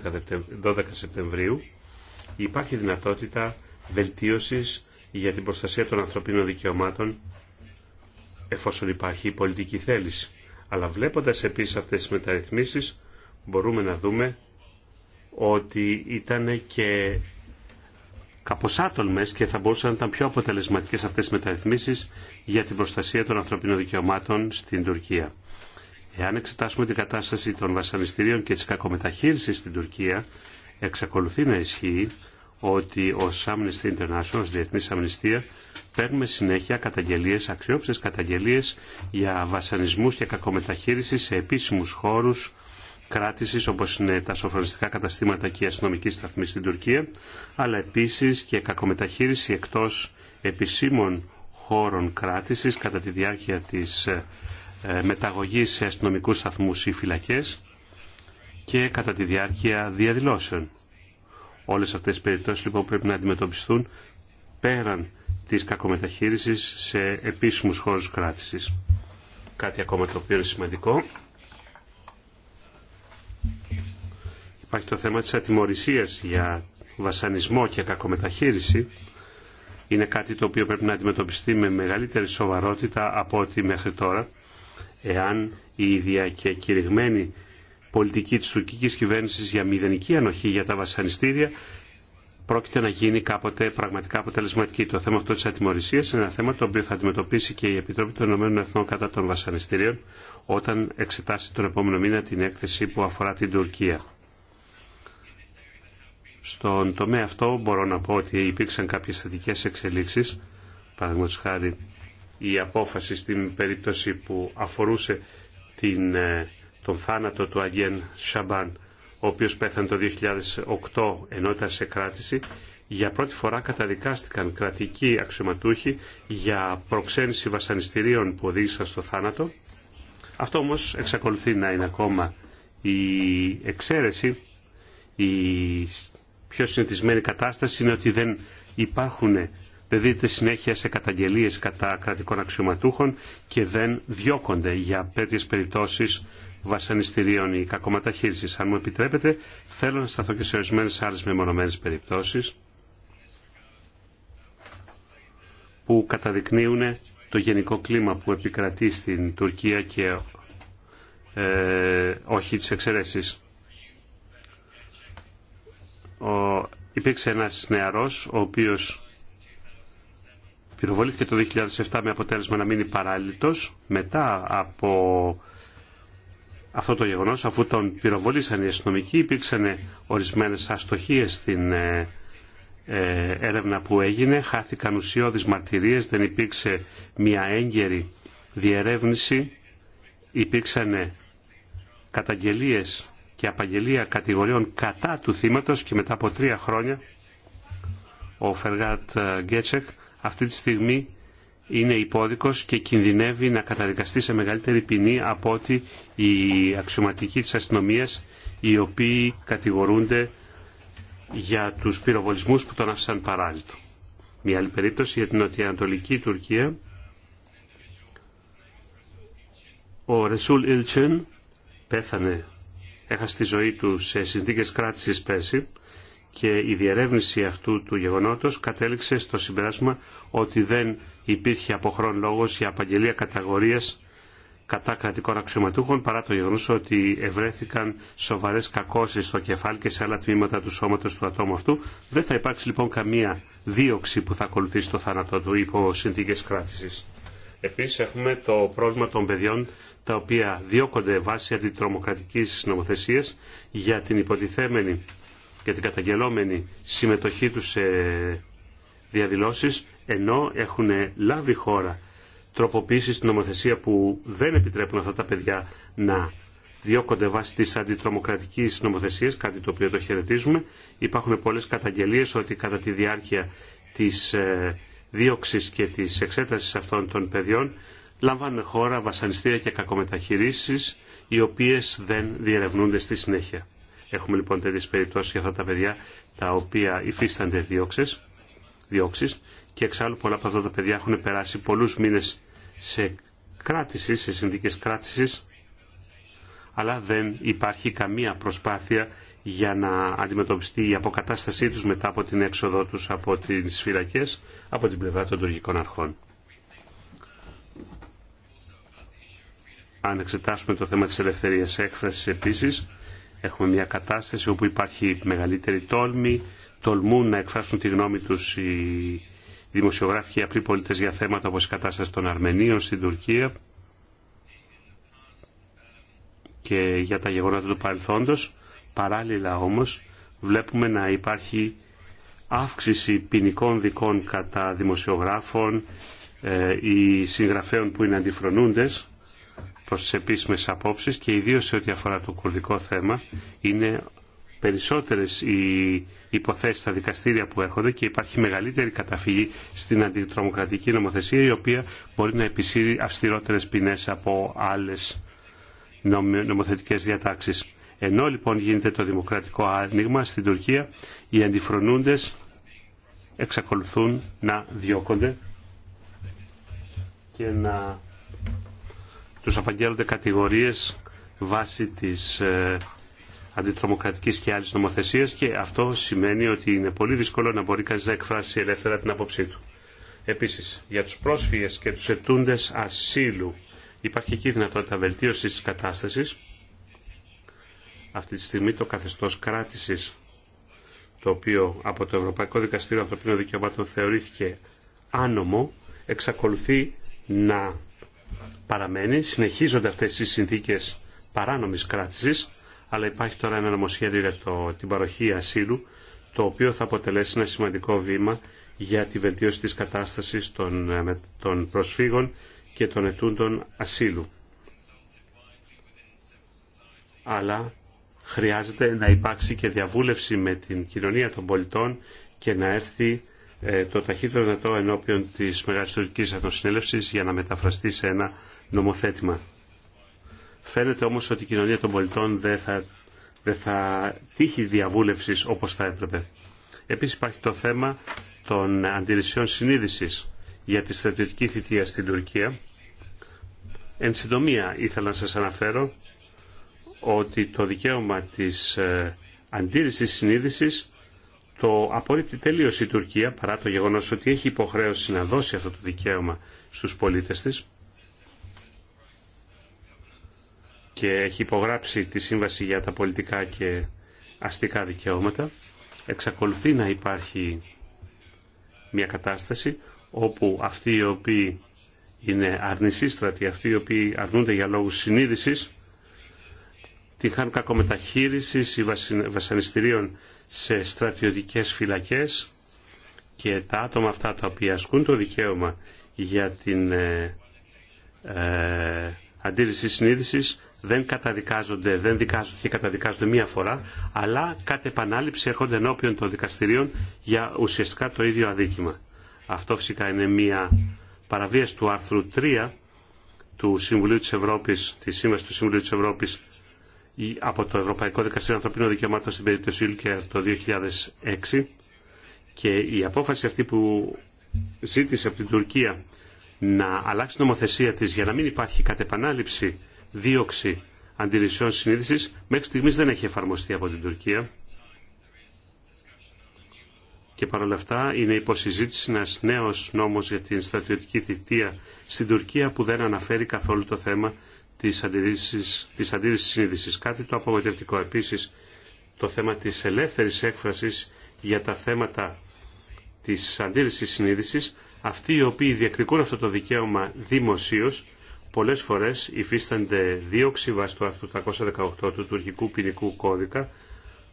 Σεπτεμβρίου υπάρχει δυνατότητα βελτίωσης για την προστασία των ανθρωπίνων δικαιωμάτων εφόσον υπάρχει πολιτική θέληση. Αλλά βλέποντας επίσης αυτές τις μεταρρυθμίσεις μπορούμε να δούμε ότι ήταν και κάπως και θα μπορούσαν να ήταν πιο αποτελεσματικές αυτές οι μεταρρυθμίσεις για την προστασία των ανθρωπίνων δικαιωμάτων στην Τουρκία. Εάν εξετάσουμε την κατάσταση των βασανιστήριων και της κακομεταχείρισης στην Τουρκία, εξακολουθεί να ισχύει ότι ω Amnesty International, ως Διεθνής Αμνηστία, παίρνουμε συνέχεια καταγγελίες, αξιόπιστες καταγγελίες για βασανισμούς και κακομεταχείριση σε επίσημους χώρους κράτησης όπως είναι τα σοφρονιστικά καταστήματα και η αστυνομική σταθμή στην Τουρκία αλλά επίσης και κακομεταχείριση εκτός επισήμων χώρων κράτησης κατά τη διάρκεια της ε, ε, μεταγωγής σε αστυνομικούς σταθμούς ή φυλακές και κατά τη διάρκεια διαδηλώσεων. Όλες αυτές τις περιπτώσεις λοιπόν πρέπει να αντιμετωπιστούν πέραν της κακομεταχείρισης σε επίσημους χώρους κράτησης. Κάτι ακόμα το οποίο είναι σημαντικό Υπάρχει το θέμα της ατιμορρησίας για βασανισμό και κακομεταχείριση. Είναι κάτι το οποίο πρέπει να αντιμετωπιστεί με μεγαλύτερη σοβαρότητα από ό,τι μέχρι τώρα. Εάν η ίδια και κηρυγμένη πολιτική της τουρκικής κυβέρνησης για μηδενική ανοχή για τα βασανιστήρια πρόκειται να γίνει κάποτε πραγματικά αποτελεσματική. Το θέμα αυτό της ατιμορρησία είναι ένα θέμα το οποίο θα αντιμετωπίσει και η Επιτροπή των Ηνωμένων Εθνών κατά των βασανιστήριων όταν εξετάσει τον επόμενο μήνα την έκθεση που αφορά την Τουρκία. Στον τομέα αυτό μπορώ να πω ότι υπήρξαν κάποιες θετικές εξελίξεις, παραδείγματος χάρη η απόφαση στην περίπτωση που αφορούσε την, ε, τον θάνατο του Αγγέν Σαμπάν, ο οποίος πέθανε το 2008 ενώ ήταν σε κράτηση, για πρώτη φορά καταδικάστηκαν κρατικοί αξιωματούχοι για προξένηση βασανιστήριων που οδήγησαν στο θάνατο αυτό όμως εξακολουθεί να είναι ακόμα η εξαίρεση. Η πιο συνηθισμένη κατάσταση είναι ότι δεν υπάρχουν, δεν συνέχεια σε καταγγελίες κατά κρατικών αξιωματούχων και δεν διώκονται για τέτοιες περιπτώσεις βασανιστήριων ή κακομεταχείρισης. Αν μου επιτρέπετε, θέλω να σταθώ και σε ορισμένε άλλες μεμονωμένες περιπτώσεις που καταδεικνύουν το γενικό κλίμα που επικρατεί στην Τουρκία και ε, όχι τις εξαιρέσεις. Ο, υπήρξε ένας νεαρός ο οποίος πυροβολήθηκε το 2007 με αποτέλεσμα να μείνει παράλυτος μετά από αυτό το γεγονός αφού τον πυροβολήσαν οι αστυνομικοί υπήρξαν ορισμένες αστοχίες στην ε, ε, έρευνα που έγινε χάθηκαν ουσιώδεις μαρτυρίες, δεν υπήρξε μια έγκαιρη διερεύνηση, υπήρξαν καταγγελίες και απαγγελία κατηγοριών κατά του θύματος και μετά από τρία χρόνια ο Φεργάτ ε, Γκέτσεκ αυτή τη στιγμή είναι υπόδικος και κινδυνεύει να καταδικαστεί σε μεγαλύτερη ποινή από ότι οι αξιωματικοί της αστυνομίας οι οποίοι κατηγορούνται για τους πυροβολισμούς που τον άφησαν παράλληλο. Μια άλλη περίπτωση για την νοτιοανατολική Τουρκία. Ο Ρεσούλ Ιλτσεν πέθανε, έχασε τη ζωή του σε συνθήκες κράτησης πέρσι και η διερεύνηση αυτού του γεγονότος κατέληξε στο συμπέρασμα ότι δεν υπήρχε από χρόνο λόγος για απαγγελία καταγορίας κατά κρατικών αξιωματούχων παρά το γεγονός ότι ευρέθηκαν σοβαρές κακώσεις στο κεφάλι και σε άλλα τμήματα του σώματος του ατόμου αυτού. Δεν θα υπάρξει λοιπόν καμία δίωξη που θα ακολουθήσει το θάνατο του υπό συνθήκες κράτησης. Επίσης έχουμε το πρόβλημα των παιδιών τα οποία διώκονται βάσει αντιτρομοκρατικής νομοθεσίας για την υποτιθέμενη και την καταγγελόμενη συμμετοχή τους σε διαδηλώσεις ενώ έχουν λάβει χώρα τροποποιήσει στην νομοθεσία που δεν επιτρέπουν αυτά τα παιδιά να διώκονται βάσει τη αντιτρομοκρατική νομοθεσία, κάτι το οποίο το χαιρετίζουμε. Υπάρχουν πολλέ καταγγελίε ότι κατά τη διάρκεια τη ε, δίωξη και τη εξέταση αυτών των παιδιών λαμβάνουν χώρα βασανιστήρια και κακομεταχειρήσει, οι οποίε δεν διερευνούνται στη συνέχεια. Έχουμε λοιπόν τέτοιε περιπτώσει για αυτά τα παιδιά τα οποία υφίστανται διώξει και εξάλλου πολλά από αυτά τα παιδιά έχουν περάσει πολλού μήνε σε κράτηση, σε συνδίκες κράτησης, αλλά δεν υπάρχει καμία προσπάθεια για να αντιμετωπιστεί η αποκατάστασή τους μετά από την έξοδό τους από τις φυλακές, από την πλευρά των τουρκικών αρχών. Αν εξετάσουμε το θέμα της ελευθερίας έκφρασης επίσης, έχουμε μια κατάσταση όπου υπάρχει μεγαλύτερη τόλμη, τολμούν να εκφράσουν τη γνώμη τους οι δημοσιογράφοι και απλοί πολίτε για θέματα όπω η κατάσταση των Αρμενίων στην Τουρκία και για τα γεγονότα του παρελθόντο. Παράλληλα όμως βλέπουμε να υπάρχει αύξηση ποινικών δικών κατά δημοσιογράφων ή ε, συγγραφέων που είναι αντιφρονούντες προς τις επίσημες απόψεις και ιδίως σε ό,τι αφορά το κουρδικό θέμα είναι περισσότερες οι υποθέσεις στα δικαστήρια που έρχονται και υπάρχει μεγαλύτερη καταφυγή στην αντιτρομοκρατική νομοθεσία η οποία μπορεί να επισύρει αυστηρότερες ποινές από άλλες νομοθετικές διατάξεις. Ενώ λοιπόν γίνεται το δημοκρατικό άνοιγμα στην Τουρκία, οι αντιφρονούντες εξακολουθούν να διώκονται και να τους απαγγέλλονται κατηγορίες βάσει της ε, Αντιτρομοκρατική και άλλη νομοθεσία, και αυτό σημαίνει ότι είναι πολύ δύσκολο να μπορεί κανεί να εκφράσει ελεύθερα την άποψή του. Επίση, για τους πρόσφυγε και του ετούντε ασύλου υπάρχει εκεί δυνατότητα βελτίωση τη κατάσταση, Αυτή τη στιγμή το καθεστώ κράτηση, το οποίο από το Ευρωπαϊκό Δικαστήριο Ανθρωπίνων Δικαιωμάτων θεωρήθηκε άνομο, εξακολουθεί να παραμένει. Συνεχίζονται αυτές οι συνθήκες παράνομης κράτησης αλλά υπάρχει τώρα ένα νομοσχέδιο για την παροχή ασύλου, το οποίο θα αποτελέσει ένα σημαντικό βήμα για τη βελτίωση της κατάστασης των, ε, των προσφύγων και των ετούντων ασύλου. Αλλά χρειάζεται να υπάρξει και διαβούλευση με την κοινωνία των πολιτών και να έρθει ε, το ταχύτερο δυνατό ενώπιον της Μεγάλης Τουρκικής Αθνοσυνέλευσης για να μεταφραστεί σε ένα νομοθέτημα. Φαίνεται όμως ότι η κοινωνία των πολιτών δεν θα, δεν θα τύχει διαβούλευσης όπως θα έπρεπε. Επίσης υπάρχει το θέμα των αντιρρησιών συνείδησης για τη στρατιωτική θητεία στην Τουρκία. Εν συντομία ήθελα να σας αναφέρω ότι το δικαίωμα της ε, αντίρρησης συνείδησης το απορρίπτει τελείως η Τουρκία παρά το γεγονός ότι έχει υποχρέωση να δώσει αυτό το δικαίωμα στους πολίτες της. και έχει υπογράψει τη Σύμβαση για τα πολιτικά και αστικά δικαιώματα, εξακολουθεί να υπάρχει μια κατάσταση όπου αυτοί οι οποίοι είναι αρνησίστρατοι, αυτοί οι οποίοι αρνούνται για λόγους συνείδησης, την χάνουν ή βασανιστήριων σε στρατιωτικές φυλακές και τα άτομα αυτά τα οποία ασκούν το δικαίωμα για την ε, ε, συνείδησης δεν καταδικάζονται, δεν δικάζονται και καταδικάζονται μία φορά, αλλά κατ' επανάληψη έρχονται ενώπιον των δικαστηρίων για ουσιαστικά το ίδιο αδίκημα. Αυτό φυσικά είναι μία παραβίαση του άρθρου 3 του Συμβουλίου της Ευρώπης, της Σύμβασης του Συμβουλίου της Ευρώπης από το Ευρωπαϊκό Δικαστήριο Ανθρωπίνων Δικαιωμάτων στην περίπτωση Ιλκερ το 2006 και η απόφαση αυτή που ζήτησε από την Τουρκία να αλλάξει νομοθεσία της για να μην υπάρχει κατ' επανάληψη δίωξη αντιρρησιών συνείδησης μέχρι στιγμής δεν έχει εφαρμοστεί από την Τουρκία και παρόλα αυτά είναι υποσυζήτηση ένα νέο νόμο για την στρατιωτική θητεία στην Τουρκία που δεν αναφέρει καθόλου το θέμα τη αντίρρηση συνείδηση. Κάτι το απογοητευτικό επίση το θέμα τη ελεύθερη έκφραση για τα θέματα της αντίρρησης συνείδησης αυτοί οι οποίοι διεκδικούν αυτό το δικαίωμα δημοσίως πολλές φορές υφίστανται δίωξη βάσει του άρθρου 318 του τουρκικού ποινικού κώδικα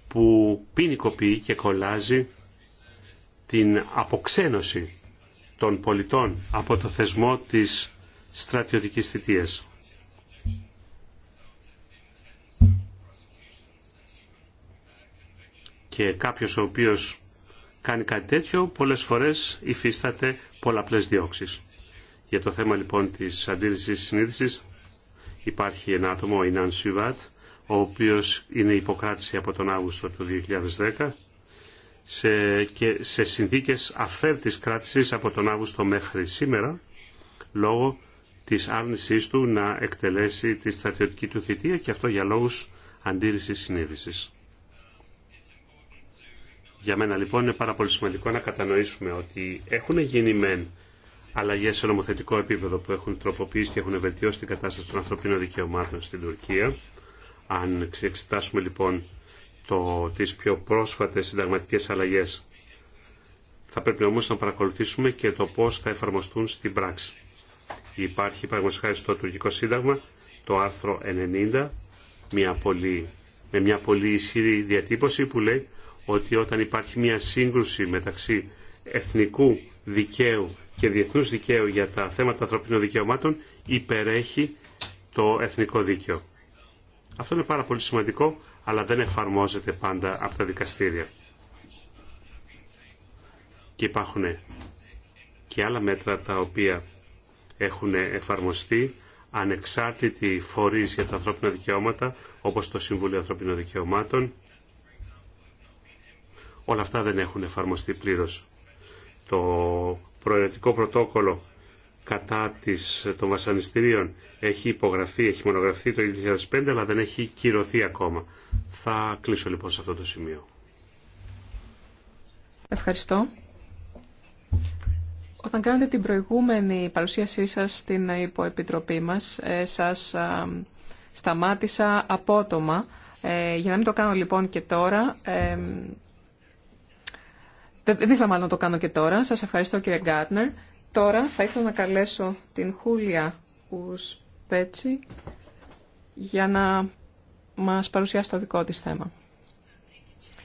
που ποινικοποιεί και κολλάζει την αποξένωση των πολιτών από το θεσμό της στρατιωτικής θητείας. Και κάποιος ο οποίος κάνει κάτι τέτοιο πολλές φορές υφίσταται πολλαπλές διώξεις. Για το θέμα λοιπόν της αντίρρησης συνείδησης υπάρχει ένα άτομο, η Ινάν Σιουβάτ, ο οποίος είναι υποκράτηση από τον Αύγουστο του 2010 σε, και σε συνθήκες αφέρτης κράτησης από τον Αύγουστο μέχρι σήμερα λόγω της άρνησής του να εκτελέσει τη στρατιωτική του θητεία και αυτό για λόγους αντίρρησης συνείδησης. Για μένα λοιπόν είναι πάρα πολύ σημαντικό να κατανοήσουμε ότι έχουν γίνει μεν αλλαγέ σε νομοθετικό επίπεδο που έχουν τροποποιήσει και έχουν βελτιώσει την κατάσταση των ανθρωπίνων δικαιωμάτων στην Τουρκία. Αν εξετάσουμε λοιπόν το, τις πιο πρόσφατες συνταγματικές αλλαγές, θα πρέπει όμως να παρακολουθήσουμε και το πώς θα εφαρμοστούν στην πράξη. Υπάρχει παραγωγικά στο τουρκικό σύνταγμα το άρθρο 90, μια πολύ, με μια πολύ ισχυρή διατύπωση που λέει ότι όταν υπάρχει μια σύγκρουση μεταξύ εθνικού δικαίου και διεθνού δικαίου για τα θέματα ανθρωπίνων δικαιωμάτων υπερέχει το εθνικό δίκαιο. Αυτό είναι πάρα πολύ σημαντικό, αλλά δεν εφαρμόζεται πάντα από τα δικαστήρια. Και υπάρχουν και άλλα μέτρα τα οποία έχουν εφαρμοστεί ανεξάρτητοι φορεί για τα ανθρώπινα δικαιώματα, όπως το Συμβούλιο Ανθρωπίνων Δικαιωμάτων. Όλα αυτά δεν έχουν εφαρμοστεί πλήρως το προαιρετικό πρωτόκολλο κατά της, των βασανιστήριων έχει υπογραφεί, έχει μονογραφεί το 2005, αλλά δεν έχει κυρωθεί ακόμα. Θα κλείσω λοιπόν σε αυτό το σημείο. Ευχαριστώ. Όταν κάνετε την προηγούμενη παρουσίασή σας στην υποεπιτροπή μας, ε, σας σταμάτησα απότομα. Ε, για να μην το κάνω λοιπόν και τώρα, ε, δεν, ήθελα μάλλον να το κάνω και τώρα. Σας ευχαριστώ κύριε Γκάρτνερ. Τώρα θα ήθελα να καλέσω την Χούλια Ουσπέτσι για να μας παρουσιάσει το δικό της θέμα.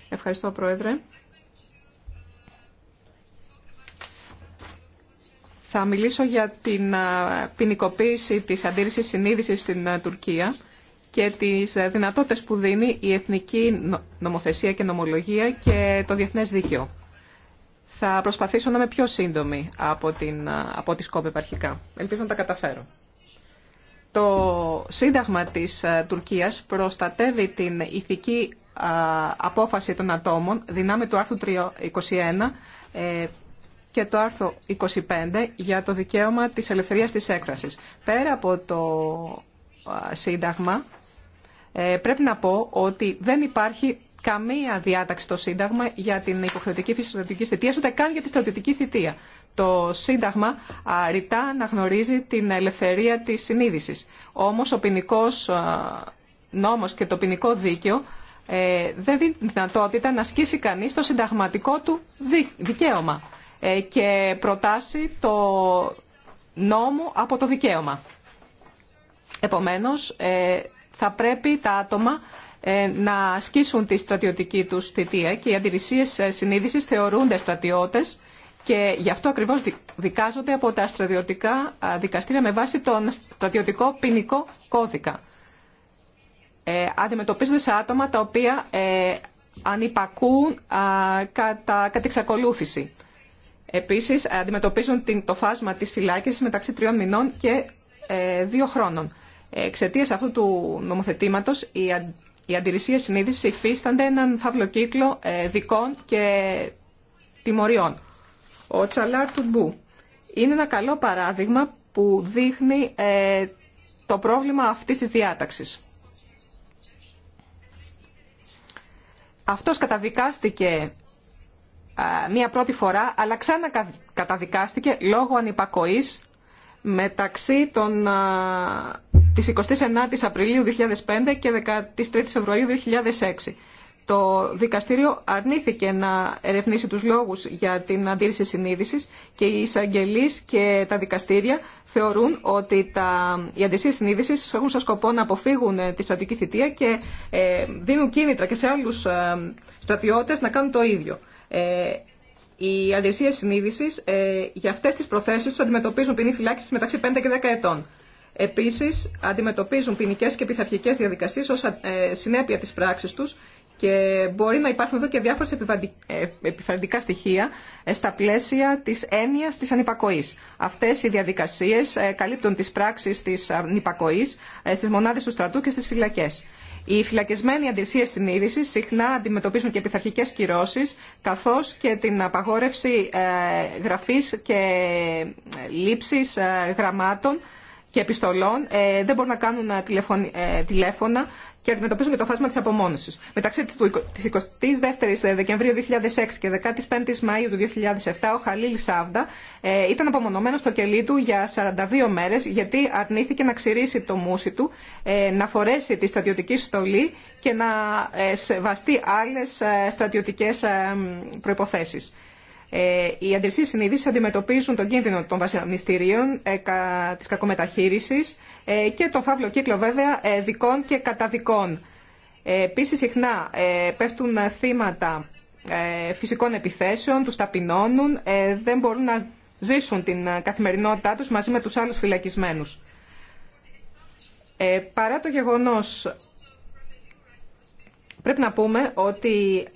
Ευχαριστώ Πρόεδρε. Θα μιλήσω για την ποινικοποίηση της αντίρρησης συνείδησης στην Τουρκία και τις δυνατότητες που δίνει η εθνική νομοθεσία και νομολογία και το διεθνές δίκαιο. Θα προσπαθήσω να είμαι πιο σύντομη από, την, από τη Σκόπη επαρχικά. Ελπίζω να τα καταφέρω. Το Σύνταγμα της ε, Τουρκίας προστατεύει την ηθική ε, απόφαση των ατόμων δυνάμει του άρθρου 21 ε, και το άρθρο 25 για το δικαίωμα της ελευθερίας της έκφρασης. Πέρα από το Σύνταγμα πρέπει να πω ότι δεν υπάρχει καμία διάταξη στο Σύνταγμα για την υποχρεωτική φυσιολογική θητεία, ούτε καν για τη στρατιωτική θητεία. Το Σύνταγμα ρητά γνωρίζει την ελευθερία τη συνείδηση. Όμω ο ποινικό νόμο και το ποινικό δίκαιο ε, δεν δίνει δυνατότητα να ασκήσει κανεί το συνταγματικό του δικαίωμα ε, και προτάσει το νόμο από το δικαίωμα. Επομένως, ε, θα πρέπει τα άτομα ε, να ασκήσουν τη στρατιωτική τους θητεία και οι αντιρρησίες ε, συνείδησης θεωρούνται στρατιώτες και γι' αυτό ακριβώς δικάζονται από τα στρατιωτικά δικαστήρια με βάση τον στρατιωτικό ποινικό κώδικα. Ε, αντιμετωπίζονται σε άτομα τα οποία ε, ανυπακούν α, κατά, κατά εξακολούθηση. Επίσης, αντιμετωπίζουν την, το φάσμα της φυλάκησης μεταξύ τριών μηνών και ε, δύο χρόνων. Ε, Εξαιτία αυτού του νομοθετήματος, οι οι αντιρρησίε συνείδηση υφίστανται έναν φαύλο ε, δικών και τιμωριών. Ο Τσαλάρ Τουμπού είναι ένα καλό παράδειγμα που δείχνει ε, το πρόβλημα αυτής της διάταξης. Αυτός καταδικάστηκε μία πρώτη φορά, αλλά ξανά καταδικάστηκε λόγω ανυπακοής μεταξύ των της 29ης Απριλίου 2005 και 13ης Φεβρουαρίου 2006. Το δικαστήριο αρνήθηκε να ερευνήσει τους λόγους για την αντίρρηση συνείδησης και οι εισαγγελείς και τα δικαστήρια θεωρούν ότι τα, οι αντισύσεις συνείδησης έχουν σαν σκοπό να αποφύγουν ε, τη στρατική θητεία και ε, δίνουν κίνητρα και σε άλλους ε, στρατιώτες να κάνουν το ίδιο. Ε, οι αντισύσεις συνείδησης ε, για αυτές τις προθέσεις τους αντιμετωπίζουν ποινή φυλάκισης μεταξύ 5 και 10 ετών. Επίση, αντιμετωπίζουν ποινικέ και πειθαρχικέ διαδικασίε ω ε, συνέπεια τη πράξη του και μπορεί να υπάρχουν εδώ και διάφορες επιφαντικά ε, στοιχεία ε, στα πλαίσια τη έννοια τη ανυπακοή. Αυτέ οι διαδικασίε καλύπτουν τι πράξει τη ανυπακοή στι μονάδε του στρατού και στι φυλακέ. Οι φυλακισμένοι αντιρσίε συνείδηση συχνά αντιμετωπίζουν και πειθαρχικέ κυρώσει, καθώ και την απαγόρευση γραφή και λήψη γραμμάτων και επιστολών ε, δεν μπορούν να κάνουν ε, ε, τηλέφωνα και αντιμετωπίζουν και το φάσμα τη απομόνωση. Μεταξύ τη 22η Δεκεμβρίου 2006 και 15η Μαου του 2007, ο Χαλίλ Σάβδα ήταν απομονωμένο στο κελί του για 42 μέρε, γιατί αρνήθηκε να ξηρίσει το μουσι του, να φορέσει τη στρατιωτική στολή και να σεβαστεί άλλε στρατιωτικέ προποθέσει. Ε, οι αντιληψίες συνειδήσεις αντιμετωπίζουν τον κίνδυνο των βασανιστήριων, ε, κα, της κακομεταχείρισης ε, και τον φαύλο κύκλο βέβαια ε, δικών και καταδικών. Ε, Επίση, συχνά πέφτουν θύματα φυσικών επιθέσεων, τους ταπεινώνουν, δεν μπορούν να ζήσουν την καθημερινότητά τους μαζί με τους άλλους φυλακισμένους. παρά το γεγονός, πρέπει να πούμε ότι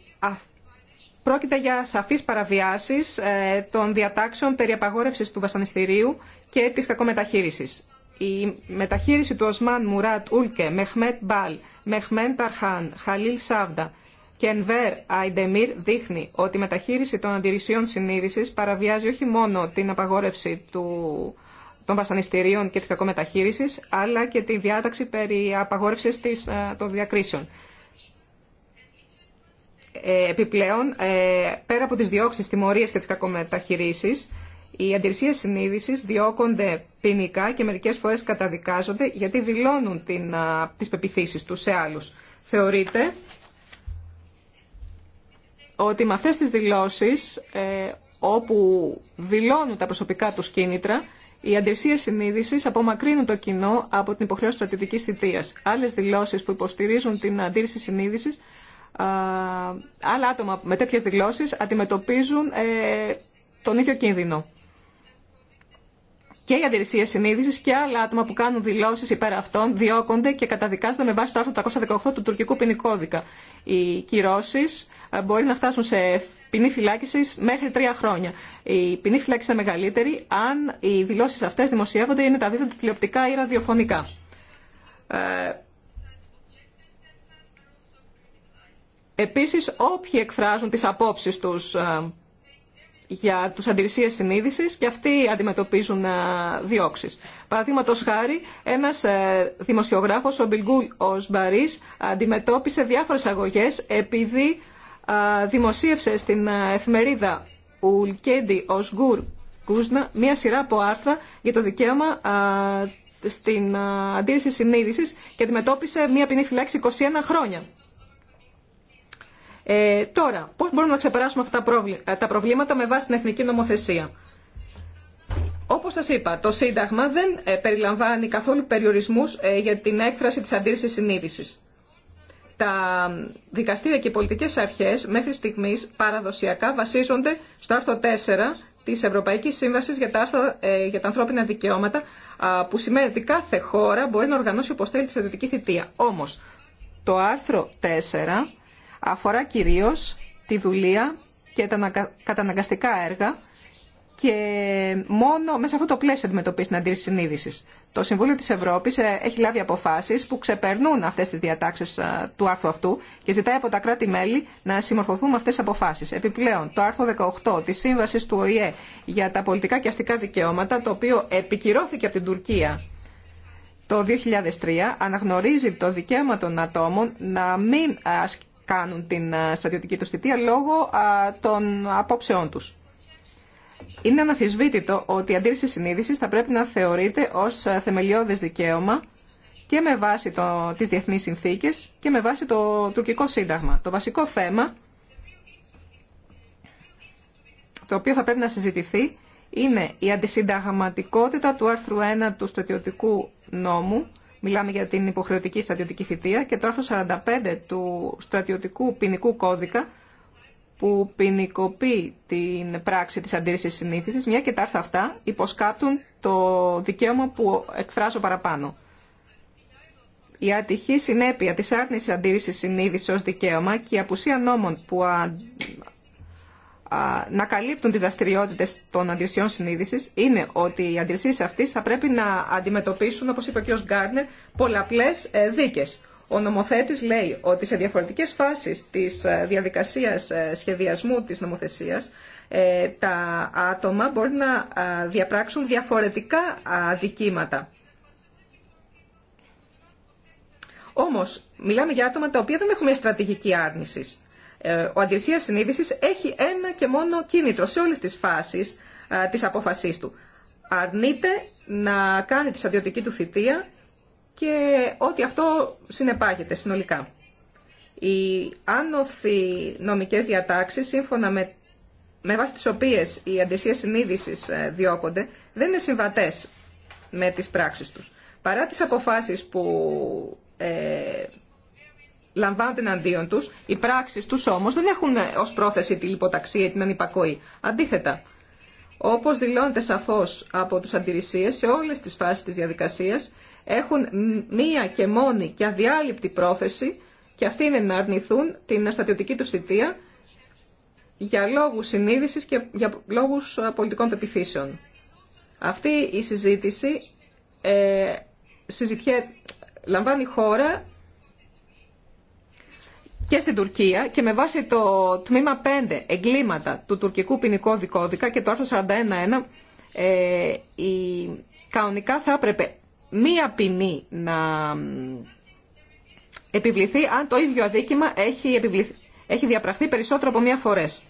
Πρόκειται για σαφείς παραβιάσεις ε, των διατάξεων περί απαγόρευσης του βασανιστηρίου και της κακομεταχείρισης. Η μεταχείριση του Οσμάν Μουράτ Ούλκε, Μεχμέτ Μπάλ, Μεχμέν Ταρχάν, Χαλίλ Σάβδα και Ενβέρ Αϊντεμίρ δείχνει ότι η μεταχείριση των αντιρρησιών συνείδησης παραβιάζει όχι μόνο την απαγόρευση του, των βασανιστήριων και της κακομεταχείρισης, αλλά και τη διάταξη περί απαγόρευσης της, ε, των διακρίσεων. Ε, επιπλέον, ε, πέρα από τις διώξεις, τιμωρίες και τις κακομεταχειρήσεις, οι αντιρρησίες συνείδησης διώκονται ποινικά και μερικές φορές καταδικάζονται γιατί δηλώνουν τις πεπιθήσεις τους σε άλλους. Θεωρείται ότι με αυτέ τι δηλώσει, ε, όπου δηλώνουν τα προσωπικά τους κίνητρα, οι αντιρρησίες συνείδησης απομακρύνουν το κοινό από την υποχρέωση στρατητικής θητείας. Άλλες δηλώσεις που υποστηρίζουν την αντίρρηση συνείδησης άλλα άτομα με τέτοιες δηλώσεις αντιμετωπίζουν ε, τον ίδιο κίνδυνο. Και οι αντιρρησίε συνείδηση και άλλα άτομα που κάνουν δηλώσει υπέρ αυτών διώκονται και καταδικάζονται με βάση το άρθρο 318 του τουρκικού ποινικού κώδικα. Οι κυρώσει ε, μπορεί να φτάσουν σε ποινή φυλάκιση μέχρι τρία χρόνια. Η ποινή φυλάκιση είναι μεγαλύτερη αν οι δηλώσει αυτέ δημοσιεύονται ή μεταδίδονται τηλεοπτικά ή ραδιοφωνικά. Ε, Επίσης, όποιοι εκφράζουν τις απόψεις τους ε, για τους αντιρρησίες συνείδησης και αυτοί αντιμετωπίζουν ε, διώξεις. Παραδείγματο χάρη, ένας ε, δημοσιογράφος, ο Μπιλγκούλ Οσμπαρίς, αντιμετώπισε διάφορες αγωγές επειδή δημοσίευσε στην εφημερίδα Ουλκέντι Οσγκούρ Κούσνα μία σειρά από άρθρα για το δικαίωμα στην αντίρρηση συνείδησης και αντιμετώπισε μία ποινή φυλάξη 21 χρόνια. Ε, τώρα, πώς μπορούμε να ξεπεράσουμε αυτά τα προβλήματα με βάση την εθνική νομοθεσία. Όπως σας είπα, το Σύνταγμα δεν ε, περιλαμβάνει καθόλου περιορισμούς ε, για την έκφραση της αντίρρησης συνείδησης. Τα δικαστήρια και οι πολιτικές αρχές μέχρι στιγμής παραδοσιακά βασίζονται στο άρθρο 4 της Ευρωπαϊκής Σύμβασης για τα, ε, ανθρώπινα δικαιώματα που σημαίνει ότι κάθε χώρα μπορεί να οργανώσει όπως θέλει τη στρατιωτική θητεία. Όμως, το άρθρο 4 Αφορά κυρίως τη δουλεία και τα καταναγκαστικά έργα και μόνο μέσα σε αυτό το πλαίσιο αντιμετωπίζει την αντίρρηση συνείδηση. Το Συμβούλιο τη Ευρώπη ε, έχει λάβει αποφάσει που ξεπερνούν αυτέ τι διατάξει ε, του άρθρου αυτού και ζητάει από τα κράτη-μέλη να συμμορφωθούν με αυτέ τι αποφάσει. Επιπλέον, το άρθρο 18 τη Σύμβαση του ΟΗΕ για τα πολιτικά και αστικά δικαιώματα, το οποίο επικυρώθηκε από την Τουρκία το 2003, αναγνωρίζει το δικαίωμα των ατόμων να μην κάνουν την ε, στρατιωτική του θητεία λόγω των απόψεών τους. Είναι αναφυσβήτητο ότι η αντίρρηση συνείδησης θα πρέπει να θεωρείται ως ε, θεμελιώδες δικαίωμα και με βάση το, τις διεθνείς συνθήκες και με βάση το τουρκικό σύνταγμα. Το βασικό θέμα το οποίο θα πρέπει να συζητηθεί είναι η αντισυνταγματικότητα του άρθρου 1 του στρατιωτικού νόμου Μιλάμε για την υποχρεωτική στρατιωτική θητεία και το άρθρο 45 του στρατιωτικού ποινικού κώδικα που ποινικοποιεί την πράξη της αντίρρησης συνήθισης, μια και τα άρθρα αυτά υποσκάπτουν το δικαίωμα που εκφράζω παραπάνω. Η ατυχή συνέπεια της άρνησης αντίρρησης συνείδησης ως δικαίωμα και η απουσία νόμων που να καλύπτουν τις δραστηριότητες των αντιρρησιών συνείδησης είναι ότι οι αντιρρησίες αυτές θα πρέπει να αντιμετωπίσουν, όπως είπε ο κ. Γκάρνερ, πολλαπλές ε, δίκες. Ο νομοθέτης λέει ότι σε διαφορετικές φάσεις της ε, διαδικασίας ε, σχεδιασμού της νομοθεσίας τα άτομα μπορεί να διαπράξουν διαφορετικά δικήματα. Όμως, μιλάμε για άτομα τα οποία δεν έχουν μια στρατηγική άρνησης. Ε, ο αντιρσίας συνείδησης έχει ένα και μόνο κίνητρο σε όλες τις φάσεις της απόφασής του. Αρνείται να κάνει τη σαδιωτική του θητεία και ό,τι αυτό συνεπάγεται συνολικά. Οι άνωθοι νομικές διατάξεις, σύμφωνα με, με βάση τις οποίες οι αντισίες συνείδησης ε, διώκονται, δεν είναι συμβατές με τις πράξεις τους. Παρά τις αποφάσεις που ε, λαμβάνονται εναντίον του, οι πράξει του όμω δεν έχουν ω πρόθεση τη λιποταξία ή την ανυπακοή. Αντίθετα, όπω δηλώνεται σαφώ από του αντιρρησίε, σε όλε τι φάσει τη διαδικασία έχουν μία και μόνη και αδιάλειπτη πρόθεση και αυτή είναι να αρνηθούν την στατιωτική του θητεία για λόγους συνείδησης και για λόγους ε, πολιτικών πεπιθήσεων. Αυτή η συζήτηση ε, λαμβάνει χώρα και στην Τουρκία και με βάση το τμήμα 5 εγκλήματα του τουρκικού ποινικού δικώδικα και το άρθρο 41.1 ε, κανονικά θα έπρεπε μία ποινή να επιβληθεί αν το ίδιο αδίκημα έχει, έχει διαπραχθεί περισσότερο από μία φορές.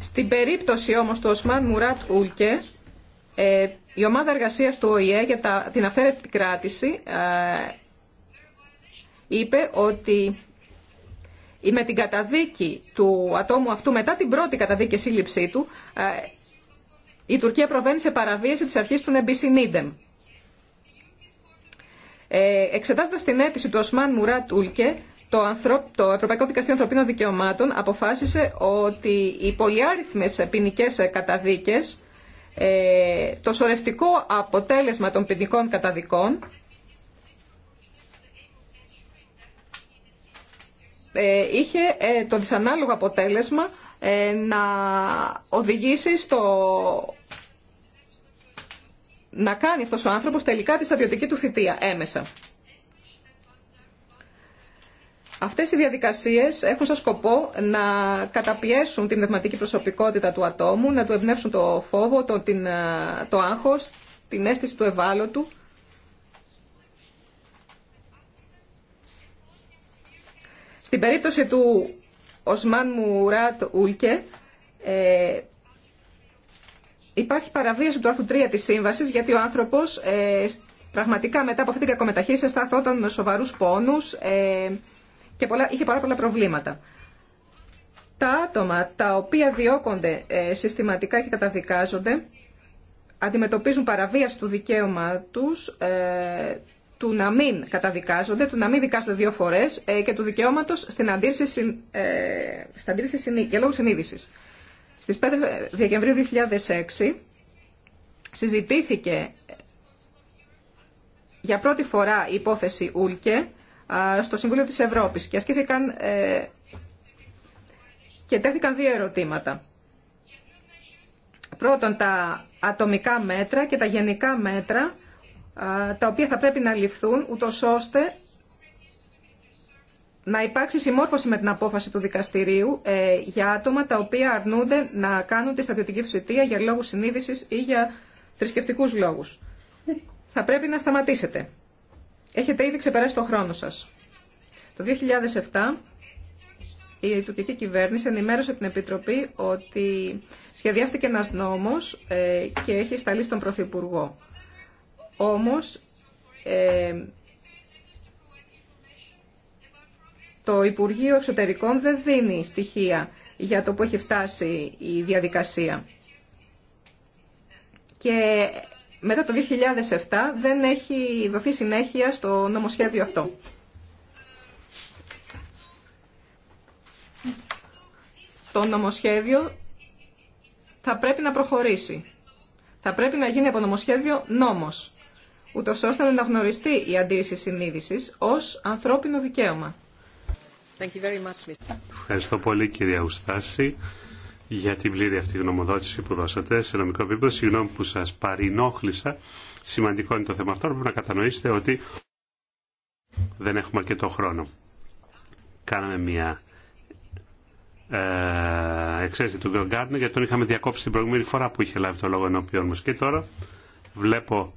Στην περίπτωση όμως του Οσμάν Μουράτ Ούλκε, ε, η ομάδα εργασίας του ΟΗΕ για την αυθαίρετη κράτηση ε, είπε ότι με την καταδίκη του ατόμου αυτού μετά την πρώτη καταδίκη και σύλληψή του ε, η Τουρκία προβαίνει σε παραβίαση της αρχής του Νεμπισινίδεμ. Ε, εξετάζοντας την αίτηση του Οσμάν Μουρά Τούλκε, το, το Ευρωπαϊκό Δικαστήριο Ανθρωπίνων Δικαιωμάτων αποφάσισε ότι οι πολυάριθμες ποινικέ καταδίκες, ε, το σωρευτικό αποτέλεσμα των ποινικών καταδικών, Ε, είχε ε, το δυσανάλογο αποτέλεσμα ε, να οδηγήσει στο να κάνει αυτός ο άνθρωπος τελικά τη στατιωτική του θητεία έμεσα. Αυτές οι διαδικασίες έχουν σαν σκοπό να καταπιέσουν την πνευματική προσωπικότητα του ατόμου, να του εμπνεύσουν το φόβο, το, την, το άγχος, την αίσθηση του ευάλωτου, Στην περίπτωση του Οσμάν Μουράτ Ούλκε, ε, υπάρχει παραβίαση του άρθρου 3 της σύμβασης, γιατί ο άνθρωπος ε, πραγματικά μετά από αυτή την κακομεταχείριση αισθανθόταν με σοβαρούς πόνους ε, και πολλά, είχε πάρα πολλά προβλήματα. Τα άτομα τα οποία διώκονται ε, συστηματικά και καταδικάζονται αντιμετωπίζουν παραβίαση του δικαίωμα τους, του να μην καταδικάζονται, του να μην δικάζονται δύο φορέ ε, και του δικαιώματο στην αντίρρηση, ε, στην αντίρρηση για λόγου συνείδηση. Στι 5 Δεκεμβρίου 2006 συζητήθηκε για πρώτη φορά η υπόθεση Ούλκε στο Συμβούλιο της Ευρώπης και ασκήθηκαν ε, και τέθηκαν δύο ερωτήματα. Πρώτον, τα ατομικά μέτρα και τα γενικά μέτρα τα οποία θα πρέπει να ληφθούν, ούτω ώστε να υπάρξει συμμόρφωση με την απόφαση του δικαστηρίου ε, για άτομα τα οποία αρνούνται να κάνουν τη στατιωτική του για λόγους συνείδησης ή για θρησκευτικούς λόγους. Θα πρέπει να σταματήσετε. Έχετε ήδη ξεπεράσει τον χρόνο σας. Το 2007 η τουρκική κυβέρνηση ενημέρωσε την Επιτροπή ότι σχεδιάστηκε ένας νόμος ε, και έχει σταλεί στον Πρωθυπουργό. Όμως, ε, το Υπουργείο Εξωτερικών δεν δίνει στοιχεία για το που έχει φτάσει η διαδικασία. Και μετά το 2007 δεν έχει δοθεί συνέχεια στο νομοσχέδιο αυτό. Το νομοσχέδιο θα πρέπει να προχωρήσει. Θα πρέπει να γίνει από νομοσχέδιο νόμος ούτω ώστε να αναγνωριστεί η αντίρρηση συνείδησης ω ανθρώπινο δικαίωμα. Ευχαριστώ πολύ κυρία Ουστάση για την πλήρη αυτή γνωμοδότηση που δώσατε σε νομικό επίπεδο. Συγγνώμη που σα παρενόχλησα. Σημαντικό είναι το θέμα αυτό. Πρέπει να κατανοήσετε ότι δεν έχουμε αρκετό χρόνο. Κάναμε μια ε, εξαίρεση του Γκάρντνερ γιατί τον είχαμε διακόψει την προηγούμενη φορά που είχε λάβει το λόγο ενώπιον μα. Και τώρα βλέπω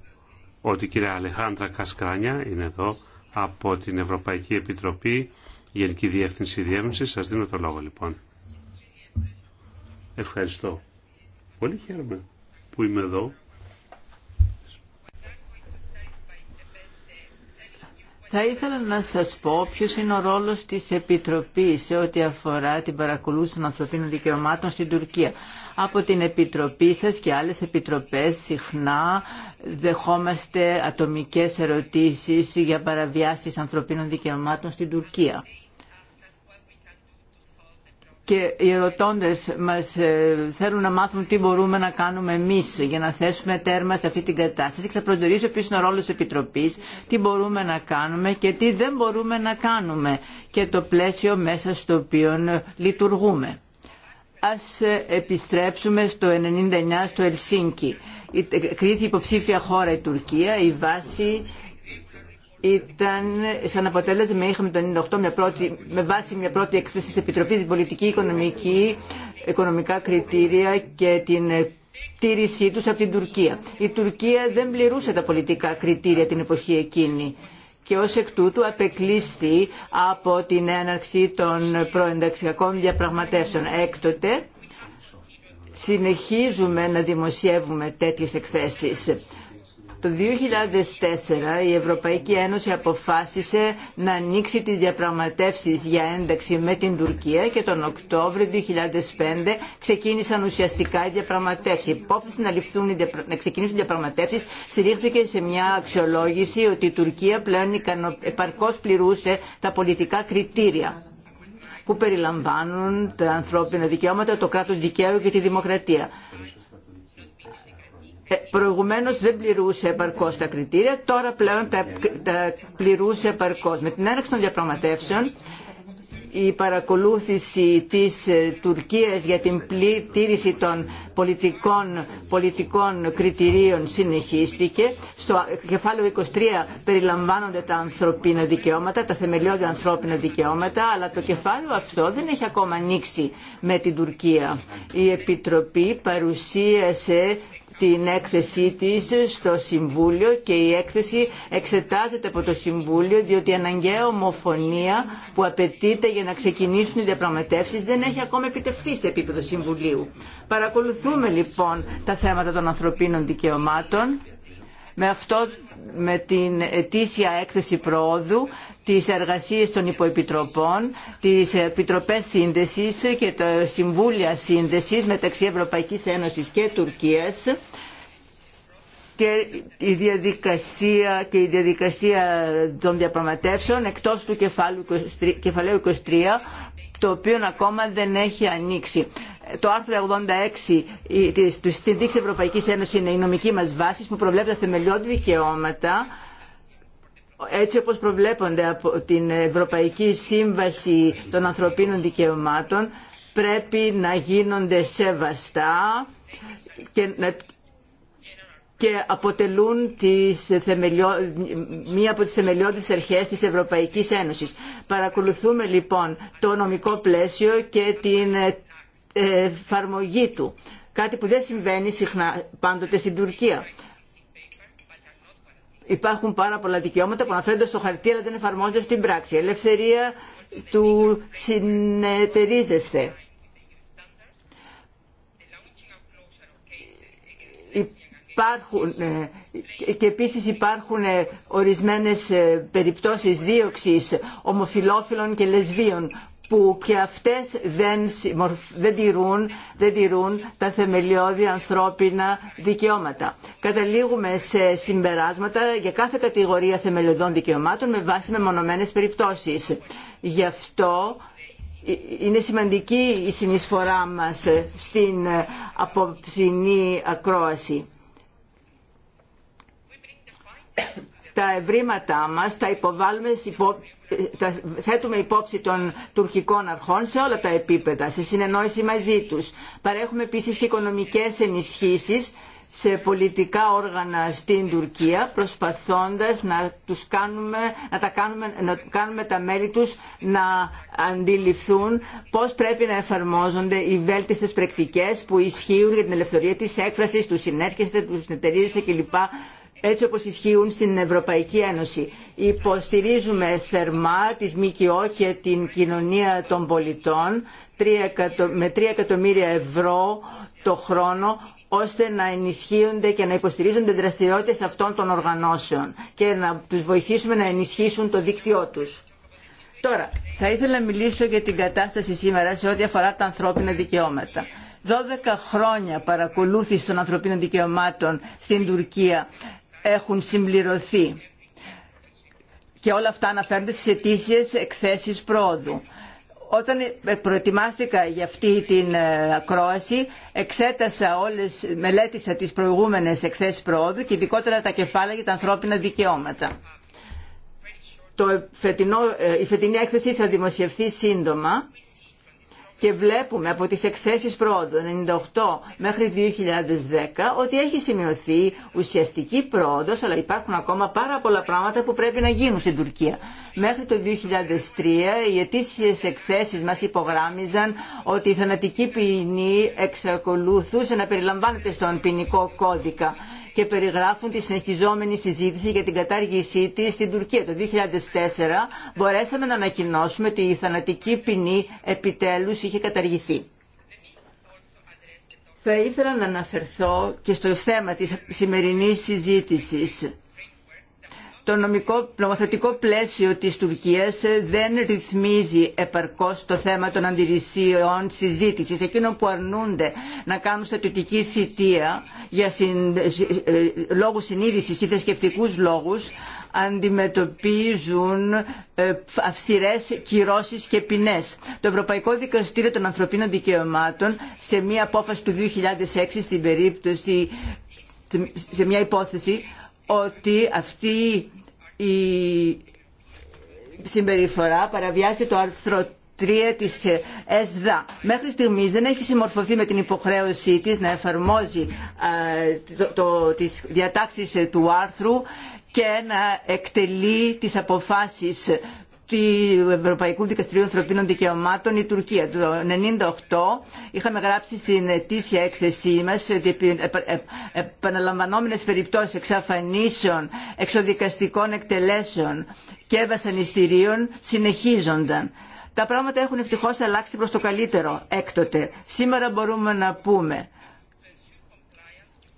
ότι η κυρία Αλεχάνδρα Κασκάνια είναι εδώ από την Ευρωπαϊκή Επιτροπή, Γενική Διεύθυνση Διεύθυνση. Σας δίνω το λόγο λοιπόν. Ευχαριστώ. Πολύ χαίρομαι που είμαι εδώ Θα ήθελα να σας πω ποιος είναι ο ρόλος της Επιτροπής σε ό,τι αφορά την παρακολούθηση των ανθρωπίνων δικαιωμάτων στην Τουρκία. Από την Επιτροπή σας και άλλες επιτροπές συχνά δεχόμαστε ατομικές ερωτήσεις για παραβιάσεις ανθρωπίνων δικαιωμάτων στην Τουρκία και οι ερωτώντες μας ε, θέλουν να μάθουν τι μπορούμε να κάνουμε εμείς για να θέσουμε τέρμα σε αυτή την κατάσταση και θα προτερήσω ποιος είναι ο ρόλος της Επιτροπής, τι μπορούμε να κάνουμε και τι δεν μπορούμε να κάνουμε και το πλαίσιο μέσα στο οποίο ε, λειτουργούμε. Ας ε, επιστρέψουμε στο 99 στο Ελσίνκι. Κρίθη υποψήφια χώρα η Τουρκία, η βάση ήταν σαν αποτέλεσμα είχαμε το 1998 μια πρώτη, με βάση μια πρώτη εκθέση της Επιτροπής την πολιτική οικονομική, οικονομικά κριτήρια και την τήρησή τους από την Τουρκία. Η Τουρκία δεν πληρούσε τα πολιτικά κριτήρια την εποχή εκείνη και ως εκ τούτου απεκλείστη από την έναρξη των προενταξιακών διαπραγματεύσεων. Έκτοτε συνεχίζουμε να δημοσιεύουμε τέτοιες εκθέσεις. Το 2004 η Ευρωπαϊκή Ένωση αποφάσισε να ανοίξει τις διαπραγματεύσεις για ένταξη με την Τουρκία και τον Οκτώβριο 2005 ξεκίνησαν ουσιαστικά οι διαπραγματεύσεις. Η να, ληφθούν, να ξεκινήσουν οι διαπραγματεύσεις στηρίχθηκε σε μια αξιολόγηση ότι η Τουρκία πλέον επαρκώς πληρούσε τα πολιτικά κριτήρια που περιλαμβάνουν τα ανθρώπινα δικαιώματα, το κράτος δικαίου και τη δημοκρατία. Ε, προηγουμένως δεν πληρούσε επαρκώς τα κριτήρια, τώρα πλέον τα, πληρούσε επαρκώς. Με την έναρξη των διαπραγματεύσεων, η παρακολούθηση της ε, Τουρκίας για την τήρηση των πολιτικών, πολιτικών κριτηρίων συνεχίστηκε. Στο κεφάλαιο 23 περιλαμβάνονται τα ανθρωπίνα δικαιώματα, τα θεμελιώδη ανθρώπινα δικαιώματα, αλλά το κεφάλαιο αυτό δεν έχει ακόμα ανοίξει με την Τουρκία. Η Επιτροπή παρουσίασε την έκθεσή της στο Συμβούλιο και η έκθεση εξετάζεται από το Συμβούλιο διότι η αναγκαία ομοφωνία που απαιτείται για να ξεκινήσουν οι διαπραγματεύσεις δεν έχει ακόμα επιτευχθεί σε επίπεδο Συμβουλίου. Παρακολουθούμε λοιπόν τα θέματα των ανθρωπίνων δικαιωμάτων με, αυτό, με την ετήσια έκθεση προόδου, τις εργασίες των υποεπιτροπών, τις επιτροπές σύνδεσης και τα συμβούλια σύνδεσης μεταξύ Ευρωπαϊκής Ένωσης και Τουρκίας και η διαδικασία, και η διαδικασία των διαπραγματεύσεων εκτός του κεφαλαίου 23 το οποίο ακόμα δεν έχει ανοίξει. Το άρθρο 86 του συνδείξη Ευρωπαϊκής Ένωσης είναι η νομική μας βάση που προβλέπει τα θεμελιώδη δικαιώματα έτσι όπως προβλέπονται από την Ευρωπαϊκή Σύμβαση των Ανθρωπίνων Δικαιωμάτων πρέπει να γίνονται σεβαστά και να και αποτελούν τις θεμελιώ... μία από τις θεμελιώδεις αρχές της Ευρωπαϊκής Ένωσης. Παρακολουθούμε λοιπόν το νομικό πλαίσιο και την ε, εφαρμογή του. Κάτι που δεν συμβαίνει συχνά πάντοτε στην Τουρκία. Υπάρχουν πάρα πολλά δικαιώματα που αναφέρονται στο χαρτί αλλά δεν εφαρμόζονται στην πράξη. Ελευθερία του συνεταιρίζεσθε. Ε, και επίσης υπάρχουν ε, ορισμένες ε, περιπτώσεις δίωξης ομοφιλόφιλων και λεσβίων που και αυτές δεν, τηρούν, δεν τηρούν τα θεμελιώδη ανθρώπινα δικαιώματα. Καταλήγουμε σε συμπεράσματα για κάθε κατηγορία θεμελιωδών δικαιωμάτων με βάση μεμονωμένες περιπτώσεις. Γι' αυτό είναι σημαντική η συνεισφορά μας στην απόψινή ακρόαση τα ευρήματά μας τα υποβάλλουμε, τα θέτουμε υπόψη των τουρκικών αρχών σε όλα τα επίπεδα, σε συνεννόηση μαζί τους. Παρέχουμε επίσης και οικονομικές ενισχύσεις σε πολιτικά όργανα στην Τουρκία προσπαθώντας να, τους κάνουμε, να, τα κάνουμε, να κάνουμε τα μέλη τους να αντιληφθούν πώς πρέπει να εφαρμόζονται οι βέλτιστες πρακτικές που ισχύουν για την ελευθερία της έκφρασης, του συνέρχεστε, του συνεταιρίζεσαι κλπ έτσι όπως ισχύουν στην Ευρωπαϊκή Ένωση. Υποστηρίζουμε θερμά τις ΜΚΟ και την κοινωνία των πολιτών με 3 εκατομμύρια ευρώ το χρόνο ώστε να ενισχύονται και να υποστηρίζονται δραστηριότητες αυτών των οργανώσεων και να τους βοηθήσουμε να ενισχύσουν το δίκτυό τους. Τώρα, θα ήθελα να μιλήσω για την κατάσταση σήμερα σε ό,τι αφορά τα ανθρώπινα δικαιώματα. 12 χρόνια παρακολούθηση των ανθρωπίνων δικαιωμάτων στην Τουρκία έχουν συμπληρωθεί. Και όλα αυτά αναφέρονται στις αιτήσει εκθέσεις πρόοδου. Όταν προετοιμάστηκα για αυτή την ε, ακρόαση, εξέτασα όλες, μελέτησα τις προηγούμενες εκθέσεις πρόοδου και ειδικότερα τα κεφάλαια για τα ανθρώπινα δικαιώματα. Το φετινό, ε, η φετινή έκθεση θα δημοσιευθεί σύντομα και βλέπουμε από τις εκθέσεις πρόοδου 98 μέχρι 2010 ότι έχει σημειωθεί ουσιαστική πρόοδος αλλά υπάρχουν ακόμα πάρα πολλά πράγματα που πρέπει να γίνουν στην Τουρκία. Μέχρι το 2003 οι ετήσιες εκθέσεις μας υπογράμμιζαν ότι η θανατική ποινή εξακολουθούσε να περιλαμβάνεται στον ποινικό κώδικα και περιγράφουν τη συνεχιζόμενη συζήτηση για την κατάργησή τη στην Τουρκία. Το 2004 μπορέσαμε να ανακοινώσουμε ότι η θανατική ποινή επιτέλους είχε καταργηθεί. Θα ήθελα να αναφερθώ και στο θέμα της σημερινής συζήτησης το νομικό, νομοθετικό πλαίσιο της Τουρκίας δεν ρυθμίζει επαρκώς το θέμα των αντιρρησίων συζήτησης. Εκείνο που αρνούνται να κάνουν στατιωτική θητεία για ε, λόγους συνείδησης ή θρησκευτικού λόγους αντιμετωπίζουν ε, αυστηρές κυρώσεις και ποινές. Το Ευρωπαϊκό Δικαστήριο των Ανθρωπίνων Δικαιωμάτων σε μια απόφαση του 2006 στην περίπτωση σε μια υπόθεση ότι αυτή η συμπεριφορά παραβιάζει το άρθρο 3 της ΕΣΔΑ. Μέχρι στιγμής δεν έχει συμμορφωθεί με την υποχρέωσή της να εφαρμόζει ε, το, το, διατάξεις του άρθρου και να εκτελεί τις αποφάσεις του Ευρωπαϊκού Δικαστηρίου Ανθρωπίνων Δικαιωμάτων η Τουρκία. Το 1998 είχαμε γράψει στην ετήσια έκθεσή μα ότι επαναλαμβανόμενε περιπτώσει εξαφανίσεων, εξοδικαστικών εκτελέσεων και βασανιστήριων συνεχίζονταν. Τα πράγματα έχουν ευτυχώ αλλάξει προς το καλύτερο έκτοτε. Σήμερα μπορούμε να πούμε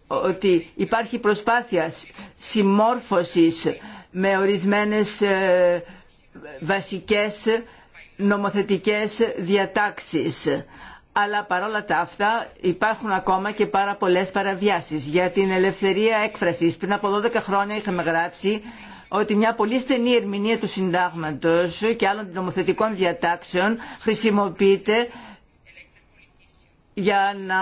ότι υπάρχει προσπάθεια συμμόρφωσης με ορισμένες ε, βασικές νομοθετικές διατάξεις αλλά παρόλα τα αυτά υπάρχουν ακόμα και πάρα πολλές παραβιάσεις για την ελευθερία έκφρασης. Πριν από 12 χρόνια είχαμε γράψει ότι μια πολύ στενή ερμηνεία του συντάγματος και άλλων νομοθετικών διατάξεων χρησιμοποιείται για να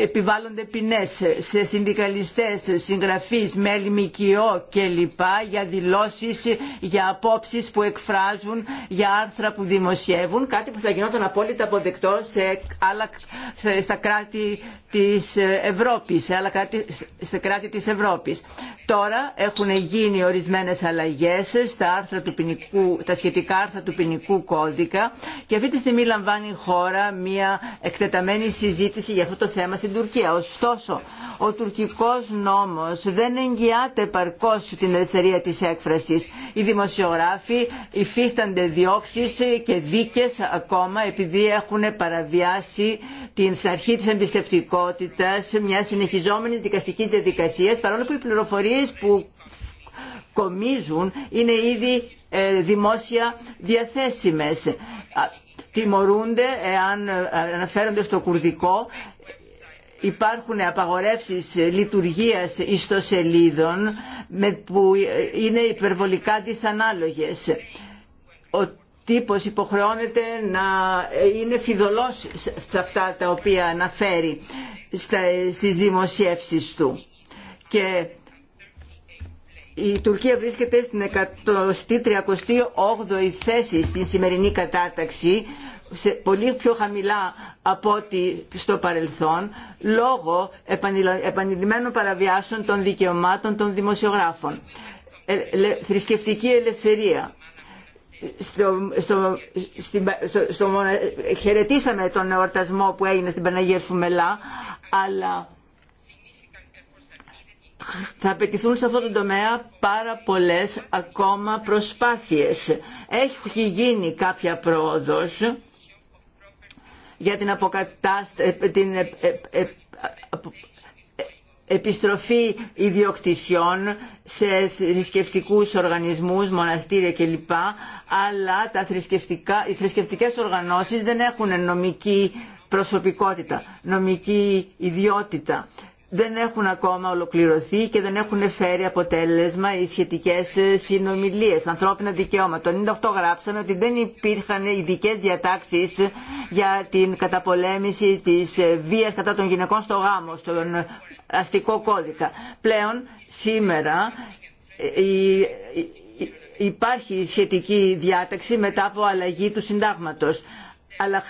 επιβάλλονται ποινές σε συνδικαλιστές, συγγραφείς, μέλη ΜΚΟ κλπ. για δηλώσεις, για απόψεις που εκφράζουν, για άρθρα που δημοσιεύουν, κάτι που θα γινόταν απόλυτα αποδεκτό σε άλλα, στα κράτη της Ευρώπης, σε άλλα κράτη, στα κράτη της Ευρώπης. Τώρα έχουν γίνει ορισμένες αλλαγές στα, άρθρα του τα σχετικά άρθρα του ποινικού κώδικα και αυτή τη στιγμή λαμβάνει η χώρα μια εκτεταμένη συζήτηση για αυτό το θέμα στην Τουρκία. Ωστόσο, ο τουρκικός νόμος δεν εγγυάται παρκώς την ελευθερία της έκφρασης. Οι δημοσιογράφοι υφίστανται διώξεις και δίκες ακόμα επειδή έχουν παραβιάσει την αρχή της εμπιστευτικότητας μια συνεχιζόμενη δικαστική διαδικασία. παρόλο που οι πληροφορίες που κομίζουν είναι ήδη ε, δημόσια διαθέσιμες. Τιμωρούνται εάν ε, αναφέρονται στο κουρδικό υπάρχουν απαγορεύσεις λειτουργίας ιστοσελίδων που είναι υπερβολικά δυσανάλογες. Ο τύπος υποχρεώνεται να είναι φιδωλός σε αυτά τα οποία αναφέρει στις δημοσιεύσεις του. Και η Τουρκία βρίσκεται στην 138η θέση στην σημερινή κατάταξη, σε πολύ πιο χαμηλά από ό,τι στο παρελθόν, λόγω επανειλημμένων παραβιάσεων των δικαιωμάτων των δημοσιογράφων. Ε, θρησκευτική ελευθερία. Στο, στο, στο, χαιρετήσαμε τον εορτασμό που έγινε στην Παναγία Φουμελά, αλλά θα απαιτηθούν σε αυτό το τομέα πάρα πολλές ακόμα προσπάθειες. Έχει γίνει κάποια πρόοδος για την, ε, την ε, ε, επιστροφή ιδιοκτησιών σε θρησκευτικού οργανισμούς, μοναστήρια κλπ. Αλλά τα θρησκευτικά, οι θρησκευτικές οργανώσεις δεν έχουν νομική προσωπικότητα, νομική ιδιότητα δεν έχουν ακόμα ολοκληρωθεί και δεν έχουν φέρει αποτέλεσμα οι σχετικέ ε, συνομιλίε. ανθρώπινα δικαιώματα. Το 1998 γράψαμε ότι δεν υπήρχαν ειδικέ διατάξει για την καταπολέμηση τη ε, βία κατά των γυναικών στο γάμο, στον αστικό κώδικα. Πλέον σήμερα ε, υπάρχει σχετική διάταξη μετά από αλλαγή του συντάγματος αλλά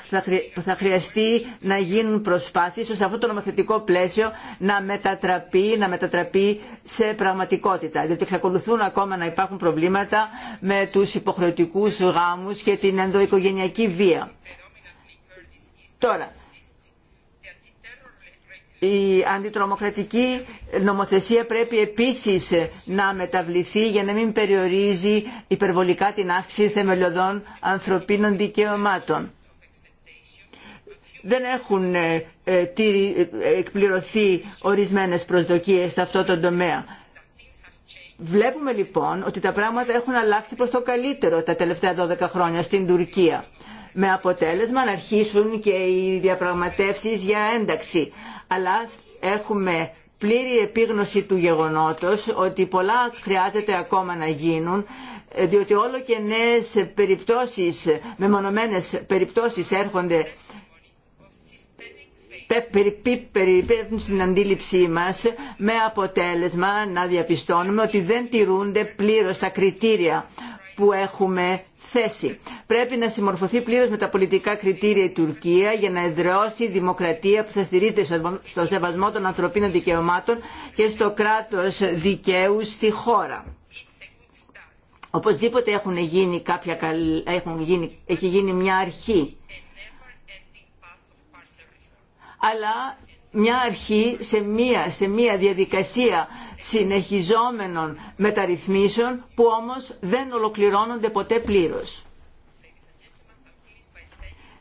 θα χρειαστεί να γίνουν προσπάθειες ώστε αυτό το νομοθετικό πλαίσιο να μετατραπεί, να μετατραπεί σε πραγματικότητα. Διότι εξακολουθούν ακόμα να υπάρχουν προβλήματα με τους υποχρεωτικούς γάμους και την ενδοοικογενειακή βία. Τώρα, η αντιτρομοκρατική νομοθεσία πρέπει επίσης να μεταβληθεί για να μην περιορίζει υπερβολικά την άσκηση θεμελιωδών ανθρωπίνων δικαιωμάτων δεν έχουν ε, ε, ε, εκπληρωθεί ορισμένες προσδοκίες σε αυτό το τομέα. Βλέπουμε λοιπόν ότι τα πράγματα έχουν αλλάξει προς το καλύτερο τα τελευταία 12 χρόνια στην Τουρκία με αποτέλεσμα να αρχίσουν και οι διαπραγματεύσεις για ένταξη. Αλλά έχουμε πλήρη επίγνωση του γεγονότος ότι πολλά χρειάζεται ακόμα να γίνουν διότι όλο και νέες περιπτώσεις, μεμονωμένες περιπτώσεις έρχονται περιπέτουν στην αντίληψή μας με αποτέλεσμα να διαπιστώνουμε ότι δεν τηρούνται πλήρως τα κριτήρια που έχουμε θέσει. Πρέπει να συμμορφωθεί πλήρως με τα πολιτικά κριτήρια η Τουρκία για να εδραιώσει η δημοκρατία που θα στηρίζεται στο σεβασμό των ανθρωπίνων δικαιωμάτων και στο κράτος δικαίου στη χώρα. Οπωσδήποτε έχουν γίνει κάποια, έχουν γίνει, έχει γίνει μια αρχή αλλά μια αρχή σε μια, σε μια διαδικασία συνεχιζόμενων μεταρρυθμίσεων που όμως δεν ολοκληρώνονται ποτέ πλήρως.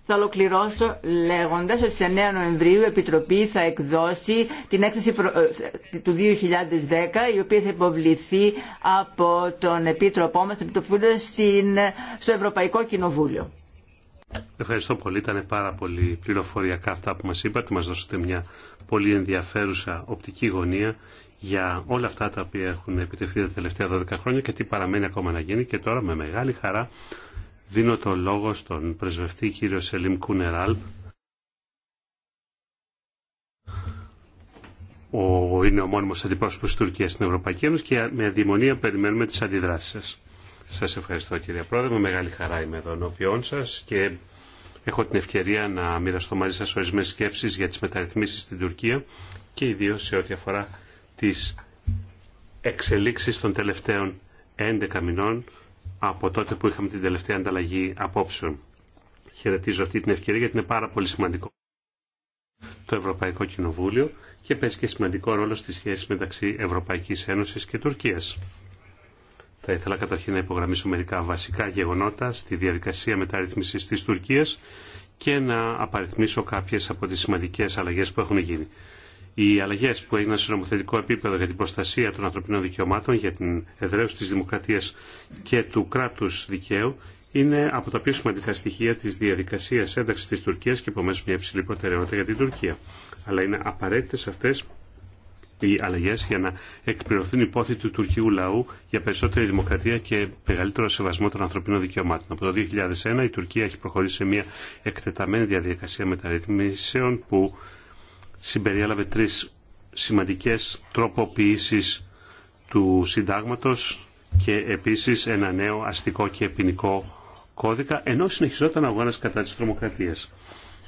Θα ολοκληρώσω λέγοντας ότι σε 9 Νοεμβρίου η Επιτροπή θα εκδώσει την έκθεση ε, του 2010, η οποία θα υποβληθεί από τον Επίτροπό μα, τον Επιτροπούλιο, στο Ευρωπαϊκό Κοινοβούλιο. Ευχαριστώ πολύ. Ήταν πάρα πολύ πληροφοριακά αυτά που μας είπατε. Μας δώσετε μια πολύ ενδιαφέρουσα οπτική γωνία για όλα αυτά τα οποία έχουν επιτευχθεί τα τελευταία 12 χρόνια και τι παραμένει ακόμα να γίνει. Και τώρα με μεγάλη χαρά δίνω το λόγο στον πρεσβευτή κύριο Σελίμ Κούνεραλ. Ο, είναι ο μόνιμος αντιπρόσωπος της Τουρκίας στην Ευρωπαϊκή Ένωση και με αδειμονία περιμένουμε τις αντιδράσεις σας. Σας ευχαριστώ κύριε Πρόεδρε. Με μεγάλη χαρά είμαι εδώ ενώπιόν σα και έχω την ευκαιρία να μοιραστώ μαζί σας ορισμένες σκέψεις για τις μεταρρυθμίσεις στην Τουρκία και ιδίω σε ό,τι αφορά τις εξελίξεις των τελευταίων 11 μηνών από τότε που είχαμε την τελευταία ανταλλαγή απόψεων. Χαιρετίζω αυτή την ευκαιρία γιατί είναι πάρα πολύ σημαντικό το Ευρωπαϊκό Κοινοβούλιο και παίζει και σημαντικό ρόλο στις σχέσεις μεταξύ Ευρωπαϊκής Ένωσης και Τουρκίας. Θα ήθελα καταρχήν να υπογραμμίσω μερικά βασικά γεγονότα στη διαδικασία μεταρρύθμισης της Τουρκίας και να απαριθμίσω κάποιες από τις σημαντικές αλλαγές που έχουν γίνει. Οι αλλαγέ που έγιναν σε νομοθετικό επίπεδο για την προστασία των ανθρωπίνων δικαιωμάτων, για την εδραίωση τη δημοκρατία και του κράτου δικαίου είναι από τα πιο σημαντικά στοιχεία τη διαδικασία ένταξη τη Τουρκία και επομένω μια υψηλή προτεραιότητα για την Τουρκία. Αλλά είναι απαραίτητε αυτέ οι αλλαγέ για να εκπληρωθούν οι του τουρκικού λαού για περισσότερη δημοκρατία και μεγαλύτερο σεβασμό των ανθρωπίνων δικαιωμάτων. Από το 2001 η Τουρκία έχει προχωρήσει σε μια εκτεταμένη διαδικασία μεταρρυθμίσεων που συμπεριέλαβε τρει σημαντικέ τροποποιήσει του συντάγματο και επίση ένα νέο αστικό και ποινικό κώδικα, ενώ συνεχιζόταν αγώνα κατά τη τρομοκρατία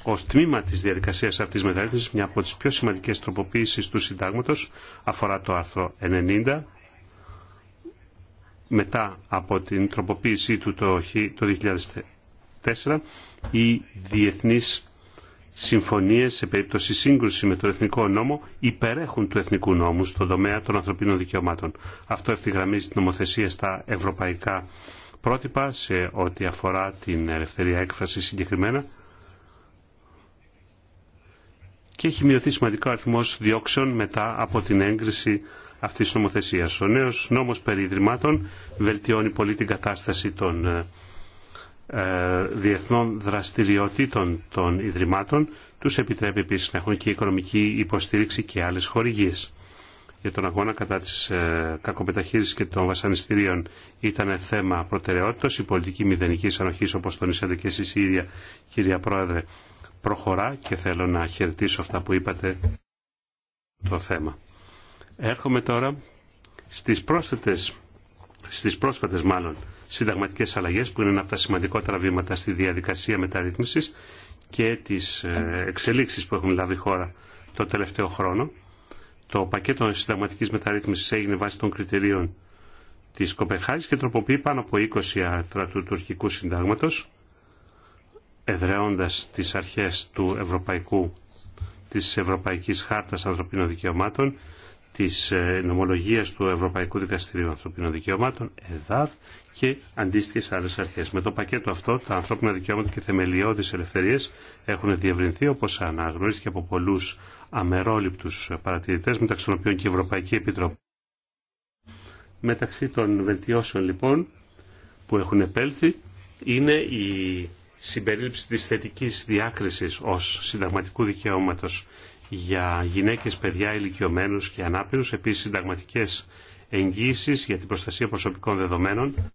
ω τμήμα τη διαδικασία αυτή της μια από τι πιο σημαντικέ τροποποίησεις του συντάγματο αφορά το άρθρο 90 μετά από την τροποποίησή του το 2004 οι διεθνείς συμφωνίες σε περίπτωση σύγκρουση με το εθνικό νόμο υπερέχουν του εθνικού νόμου στον τομέα των ανθρωπίνων δικαιωμάτων. Αυτό ευθυγραμμίζει την νομοθεσία στα ευρωπαϊκά πρότυπα σε ό,τι αφορά την ελευθερία έκφραση συγκεκριμένα και έχει μειωθεί σημαντικό αριθμό διώξεων μετά από την έγκριση αυτή τη νομοθεσία. Ο νέο νόμο περί ιδρυμάτων βελτιώνει πολύ την κατάσταση των ε, ε, διεθνών δραστηριοτήτων των Ιδρυμάτων του επιτρέπει επίση να έχουν και οικονομική υποστήριξη και άλλε χορηγίε. Για τον αγώνα κατά της ε, και των βασανιστήριων ήταν θέμα προτεραιότητα, Η πολιτική μηδενική ανοχής όπως τονίσατε και εσεί η ίδια κυρία Πρόεδρε προχωρά και θέλω να χαιρετήσω αυτά που είπατε το θέμα. Έρχομαι τώρα στις πρόσθετες, στις πρόσφατες μάλλον συνταγματικές αλλαγές που είναι ένα από τα σημαντικότερα βήματα στη διαδικασία μεταρρύθμισης και τις ε, εξελίξεις που έχουν λάβει η χώρα το τελευταίο χρόνο. Το πακέτο συνταγματικής μεταρρύθμισης έγινε βάσει των κριτηρίων της Κοπεχάλης και τροποποιεί πάνω από 20 άρθρα του τουρκικού συντάγματος εδραιώντας τις αρχές του Ευρωπαϊκού, της Ευρωπαϊκής Χάρτας Ανθρωπίνων Δικαιωμάτων, της ε, νομολογίας του Ευρωπαϊκού Δικαστηρίου Ανθρωπίνων Δικαιωμάτων, ΕΔΑΔ και αντίστοιχε άλλε αρχέ. Με το πακέτο αυτό, τα ανθρώπινα δικαιώματα και θεμελιώδει ελευθερίες έχουν διευρυνθεί, όπω αναγνωρίστηκε από πολλού αμερόληπτους παρατηρητές μεταξύ των οποίων και η Ευρωπαϊκή Επιτροπή. Μεταξύ των βελτιώσεων λοιπόν που έχουν επέλθει είναι η συμπερίληψη της θετικής διάκρισης ως συνταγματικού δικαιώματος για γυναίκες, παιδιά, ηλικιωμένους και ανάπηρους, επίσης συνταγματικές εγγύησεις για την προστασία προσωπικών δεδομένων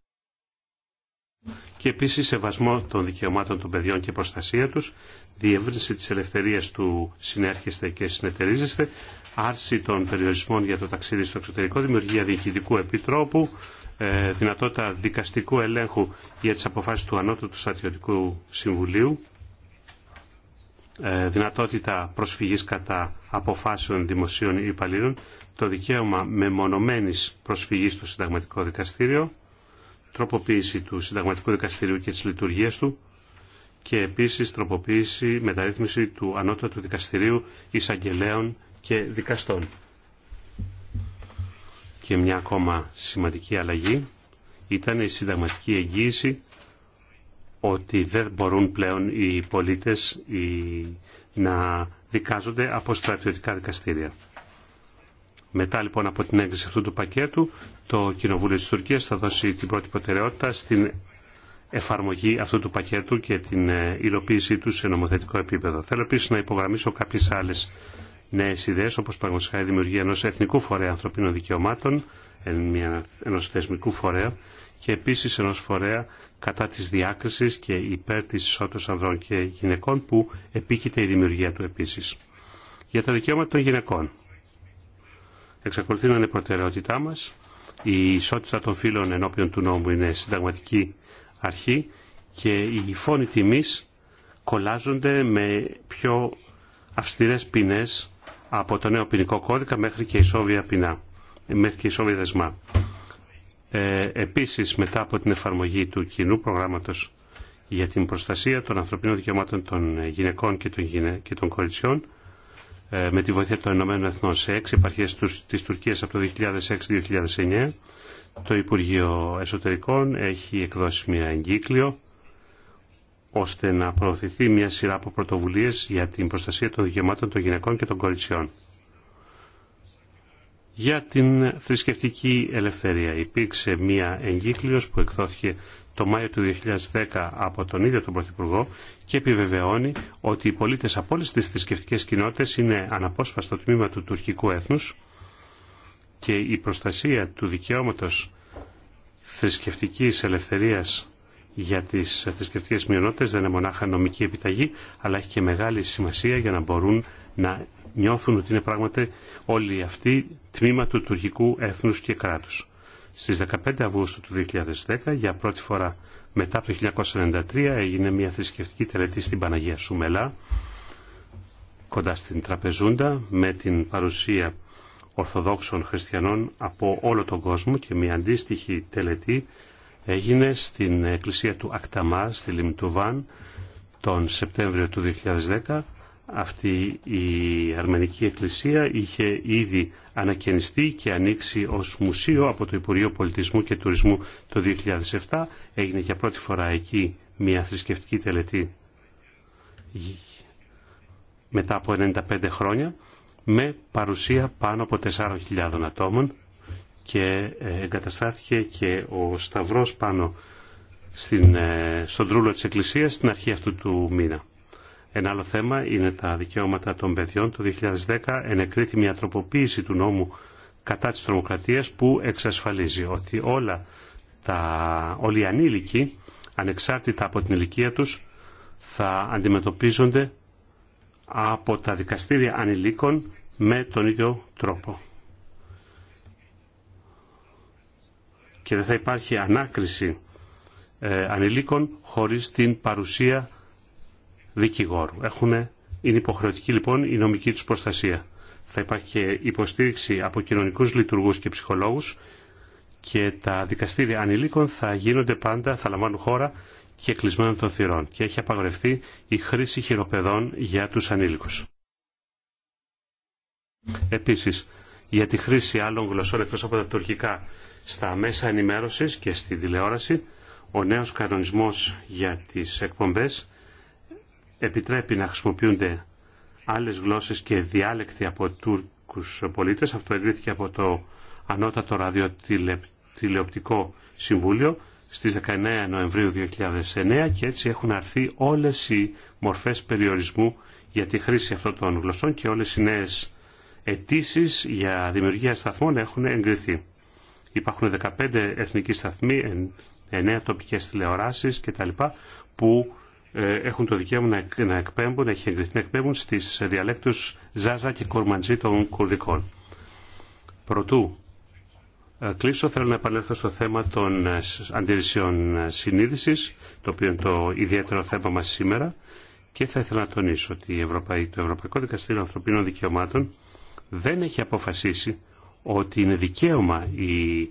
και επίσης σεβασμό των δικαιωμάτων των παιδιών και προστασία τους, διεύρυνση της ελευθερίας του συνέρχεστε και συνεταιρίζεστε, άρση των περιορισμών για το ταξίδι στο εξωτερικό, δημιουργία διοικητικού επιτρόπου, ε, δυνατότητα δικαστικού ελέγχου για τις αποφάσεις του Ανώτατου Στρατιωτικού Συμβουλίου, ε, δυνατότητα προσφυγής κατά αποφάσεων δημοσίων υπαλλήλων, το δικαίωμα μεμονωμένης προσφυγής στο Συνταγματικό Δικαστήριο, τροποποίηση του Συνταγματικού Δικαστηρίου και της λειτουργίας του και επίσης τροποποίηση, μεταρρύθμιση του Ανώτατου Δικαστηρίου Εισαγγελέων και Δικαστών και μια ακόμα σημαντική αλλαγή ήταν η συνταγματική εγγύηση ότι δεν μπορούν πλέον οι πολίτες να δικάζονται από στρατιωτικά δικαστήρια. Μετά λοιπόν από την έγκριση αυτού του πακέτου, το Κοινοβούλιο της Τουρκίας θα δώσει την πρώτη προτεραιότητα στην εφαρμογή αυτού του πακέτου και την ε, υλοποίησή του σε νομοθετικό επίπεδο. Θέλω επίσης να υπογραμμίσω κάποιες άλλες νέε ιδέε, όπω παραδείγματο η δημιουργία ενό εθνικού φορέα ανθρωπίνων δικαιωμάτων, ενό θεσμικού φορέα και επίση ενό φορέα κατά τη διάκριση και υπέρ τη ισότητα ανδρών και γυναικών, που επίκειται η δημιουργία του επίση. Για τα δικαιώματα των γυναικών. Εξακολουθεί να είναι προτεραιότητά μα. Η ισότητα των φύλων ενώπιον του νόμου είναι συνταγματική αρχή και οι φόνοι τιμή κολλάζονται με πιο αυστηρές ποινές από το νέο ποινικό κώδικα μέχρι και ισόβια ποινά, μέχρι και ισόβια δεσμά. Ε, επίσης, μετά από την εφαρμογή του κοινού προγράμματος για την προστασία των ανθρωπίνων δικαιωμάτων των ε, γυναικών και των, και κοριτσιών, ε, με τη βοήθεια των Ηνωμένων Εθνών σε έξι επαρχίες της Τουρκίας από το 2006-2009, το Υπουργείο Εσωτερικών έχει εκδώσει μια εγκύκλιο ώστε να προωθηθεί μια σειρά από πρωτοβουλίε για την προστασία των δικαιωμάτων των γυναικών και των κοριτσιών. Για την θρησκευτική ελευθερία υπήρξε μια εγκύκλειος που εκδόθηκε το Μάιο του 2010 από τον ίδιο τον Πρωθυπουργό και επιβεβαιώνει ότι οι πολίτες από όλες τις θρησκευτικές κοινότητες είναι αναπόσπαστο τμήμα του τουρκικού έθνους και η προστασία του δικαιώματος θρησκευτικής ελευθερίας για τι θρησκευτικέ μειονότητε δεν είναι μονάχα νομική επιταγή, αλλά έχει και μεγάλη σημασία για να μπορούν να νιώθουν ότι είναι πράγματι όλοι αυτοί τμήμα του τουρκικού έθνους και κράτους. Στις 15 Αυγούστου του 2010, για πρώτη φορά μετά από το 1993, έγινε μια θρησκευτική τελετή στην Παναγία Σουμελά, κοντά στην Τραπεζούντα, με την παρουσία Ορθοδόξων χριστιανών από όλο τον κόσμο και μια αντίστοιχη τελετή έγινε στην εκκλησία του Ακταμά στη Λιμτούβάν, τον Σεπτέμβριο του 2010. Αυτή η αρμενική εκκλησία είχε ήδη ανακαινιστεί και ανοίξει ως μουσείο από το Υπουργείο Πολιτισμού και Τουρισμού το 2007. Έγινε για πρώτη φορά εκεί μια θρησκευτική τελετή μετά από 95 χρόνια με παρουσία πάνω από 4.000 ατόμων και ε, εγκαταστάθηκε και ο Σταυρός πάνω στην, ε, στον τρούλο της Εκκλησίας στην αρχή αυτού του μήνα. Ένα άλλο θέμα είναι τα δικαιώματα των παιδιών. Το 2010 ενεκρίθη μια τροποποίηση του νόμου κατά της τρομοκρατίας που εξασφαλίζει ότι όλα τα, όλοι οι ανήλικοι, ανεξάρτητα από την ηλικία τους, θα αντιμετωπίζονται από τα δικαστήρια ανηλίκων με τον ίδιο τρόπο. και δεν θα υπάρχει ανάκριση ε, ανηλίκων χωρίς την παρουσία δικηγόρου. Έχουν, είναι υποχρεωτική λοιπόν η νομική τους προστασία. Θα υπάρχει και υποστήριξη από κοινωνικούς λειτουργούς και ψυχολόγους και τα δικαστήρια ανηλίκων θα γίνονται πάντα, θα λαμβάνουν χώρα και κλεισμένων των θυρών και έχει απαγορευτεί η χρήση χειροπεδών για τους ανήλικους. Επίσης, για τη χρήση άλλων γλωσσών εκτός από τα τουρκικά στα μέσα ενημέρωσης και στη τηλεόραση. Ο νέος κανονισμός για τις εκπομπές επιτρέπει να χρησιμοποιούνται άλλες γλώσσες και διάλεκτοι από Τούρκους πολίτες. Αυτό εγκρίθηκε από το Ανώτατο Ραδιοτηλεοπτικό Συμβούλιο στις 19 Νοεμβρίου 2009 και έτσι έχουν αρθεί όλες οι μορφές περιορισμού για τη χρήση αυτών των γλωσσών και όλες οι νέες αιτήσει για δημιουργία σταθμών έχουν εγκριθεί. Υπάρχουν 15 εθνικοί σταθμοί, 9 τοπικές τηλεοράσεις κτλ. που ε, έχουν το δικαίωμα να εκπέμπουν, να έχει εγκριθεί να εκπέμπουν στις διαλέκτους Ζάζα και Κορμαντζή των Κουρδικών. Προτού ε, κλείσω, θέλω να επανέλθω στο θέμα των ε, αντιρρησιών συνείδησης, το οποίο είναι το ιδιαίτερο θέμα μας σήμερα, και θα ήθελα να τονίσω ότι το Ευρωπαϊκό Δικαστήριο Ανθρωπίνων Δικαιωμάτων δεν έχει αποφασίσει ότι είναι δικαίωμα η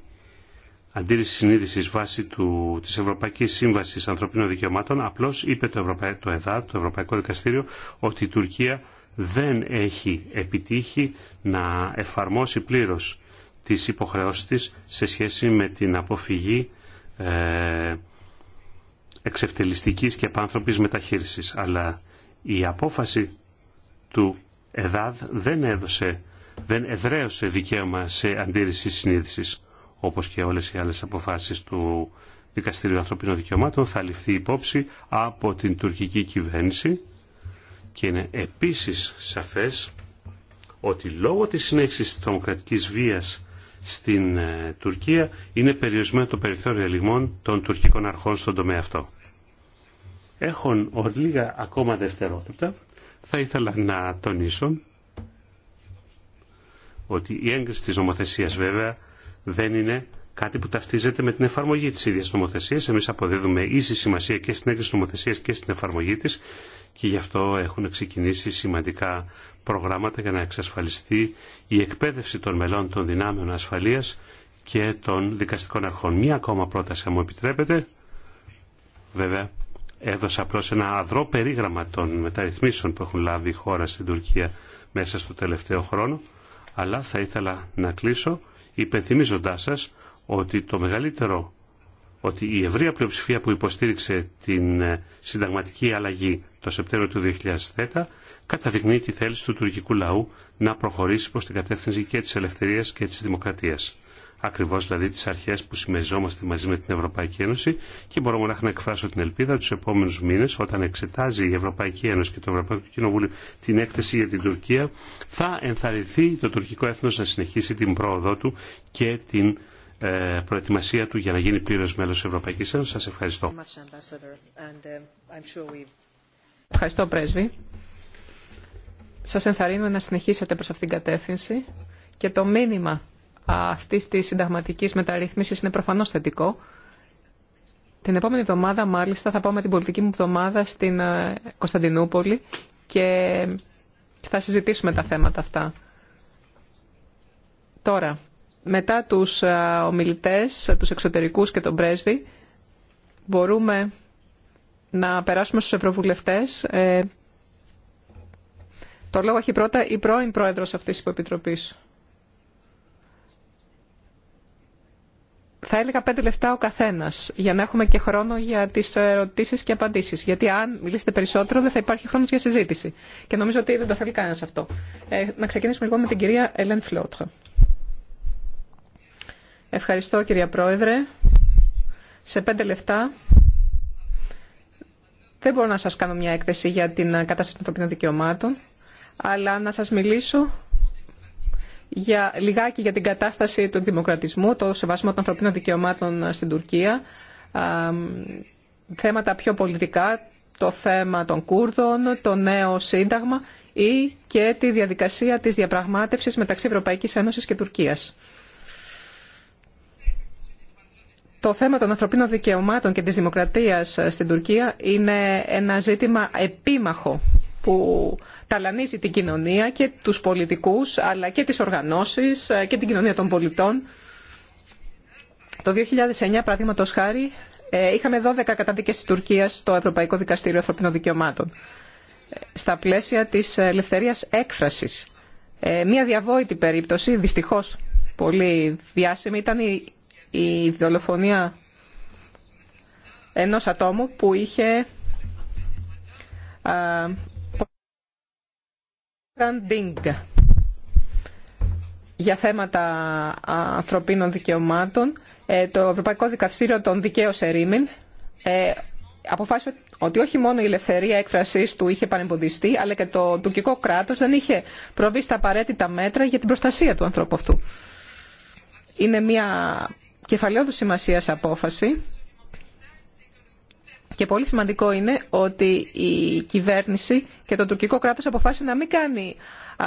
αντίρρηση συνείδηση βάσει του, της Ευρωπαϊκής Σύμβασης Ανθρωπίνων Δικαιωμάτων, απλώς είπε το, Ευρωπαϊ... το Ευρωπαϊκό Δικαστήριο, ότι η Τουρκία δεν έχει επιτύχει να εφαρμόσει πλήρως τις υποχρεώσεις της σε σχέση με την αποφυγή ε, εξευτελιστικής και επάνθρωπης μεταχείρισης. Αλλά η απόφαση του ΕΔΑΔ δεν έδωσε δεν εδραίωσε δικαίωμα σε αντίρρηση συνείδησης, όπως και όλες οι άλλες αποφάσεις του Δικαστηρίου Ανθρωπίνων Δικαιωμάτων θα ληφθεί υπόψη από την τουρκική κυβέρνηση και είναι επίσης σαφές ότι λόγω της συνέχισης της τρομοκρατικής βίας στην ε, Τουρκία είναι περιορισμένο το περιθώριο ελιγμών των τουρκικών αρχών στον τομέα αυτό. Έχουν λίγα ακόμα δευτερότητα. Θα ήθελα να τονίσω ότι η έγκριση της νομοθεσίας βέβαια δεν είναι κάτι που ταυτίζεται με την εφαρμογή της ίδιας νομοθεσίας. Εμείς αποδίδουμε ίση σημασία και στην έγκριση νομοθεσίας και στην εφαρμογή της και γι' αυτό έχουν ξεκινήσει σημαντικά προγράμματα για να εξασφαλιστεί η εκπαίδευση των μελών των δυνάμεων ασφαλείας και των δικαστικών αρχών. Μία ακόμα πρόταση, αν μου επιτρέπετε. Βέβαια, έδωσα απλώ ένα αδρό περίγραμμα των μεταρρυθμίσεων που έχουν λάβει η χώρα στην Τουρκία μέσα στο τελευταίο χρόνο αλλά θα ήθελα να κλείσω υπενθυμίζοντάς σας ότι το μεγαλύτερο ότι η ευρεία πλειοψηφία που υποστήριξε την ε, συνταγματική αλλαγή το Σεπτέμβριο του 2010 καταδεικνύει τη θέληση του τουρκικού λαού να προχωρήσει προς την κατεύθυνση και της ελευθερίας και της δημοκρατίας ακριβώς δηλαδή τις αρχές που συμμεριζόμαστε μαζί με την Ευρωπαϊκή Ένωση και μπορώ μονάχα να εκφράσω την ελπίδα τους επόμενους μήνες όταν εξετάζει η Ευρωπαϊκή Ένωση και το Ευρωπαϊκό Κοινοβούλιο την έκθεση για την Τουρκία θα ενθαρρυνθεί το τουρκικό έθνος να συνεχίσει την πρόοδό του και την ε, προετοιμασία του για να γίνει πλήρως μέλος της Ευρωπαϊκής Ένωσης. Σας ευχαριστώ. Ευχαριστώ πρέσβη. Σας ενθαρρύνουμε να συνεχίσετε προς αυτήν την κατεύθυνση και το μήνυμα αυτή τη συνταγματική μεταρρύθμισης είναι προφανώς θετικό. Την επόμενη εβδομάδα, μάλιστα, θα πάω με την πολιτική μου εβδομάδα στην ε, Κωνσταντινούπολη και θα συζητήσουμε τα θέματα αυτά. Τώρα, μετά τους ε, ομιλητές, τους εξωτερικούς και τον πρέσβη, μπορούμε να περάσουμε στους ευρωβουλευτές. Ε, το λόγο έχει πρώτα η πρώην πρόεδρος αυτής της υποεπιτροπής. θα έλεγα πέντε λεφτά ο καθένας για να έχουμε και χρόνο για τις ερωτήσεις και απαντήσεις. Γιατί αν μιλήσετε περισσότερο δεν θα υπάρχει χρόνος για συζήτηση. Και νομίζω ότι δεν το θέλει κανένας αυτό. Ε, να ξεκινήσουμε λοιπόν με την κυρία Ελέν Φλότχα. Ευχαριστώ κυρία Πρόεδρε. Σε πέντε λεφτά δεν μπορώ να σας κάνω μια έκθεση για την κατάσταση των ανθρωπίνων δικαιωμάτων, αλλά να σας μιλήσω για, λιγάκι για την κατάσταση του δημοκρατισμού, το σεβασμό των ανθρωπίνων δικαιωμάτων στην Τουρκία, θέματα πιο πολιτικά, το θέμα των Κούρδων, το νέο σύνταγμα ή και τη διαδικασία της διαπραγμάτευσης μεταξύ Ευρωπαϊκής Ένωσης και Τουρκίας. Το θέμα των ανθρωπίνων δικαιωμάτων και της δημοκρατίας στην Τουρκία είναι ένα ζήτημα επίμαχο που ταλανίζει την κοινωνία και τους πολιτικούς αλλά και τις οργανώσεις ε, και την κοινωνία των πολιτών. Το 2009, παραδείγματο χάρη, ε, είχαμε 12 καταδίκες της Τουρκίας στο Ευρωπαϊκό Δικαστήριο Ανθρωπίνων Δικαιωμάτων ε, στα πλαίσια της ελευθερίας έκφρασης. Μία διαβόητη περίπτωση, δυστυχώς πολύ διάσημη, ήταν η δολοφονία ενός ατόμου που είχε για θέματα ανθρωπίνων δικαιωμάτων, ε, το Ευρωπαϊκό Δικαστήριο των δικαίωσε ρήμην, ε, αποφάσισε ότι όχι μόνο η ελευθερία έκφρασή του είχε παρεμποδιστεί, αλλά και το τουρκικό κράτο δεν είχε προβεί στα απαραίτητα μέτρα για την προστασία του ανθρώπου αυτού. Είναι μια κεφαλαίου σημασία απόφαση και πολύ σημαντικό είναι ότι η κυβέρνηση και το τουρκικό κράτος αποφάσισε να μην κάνει α,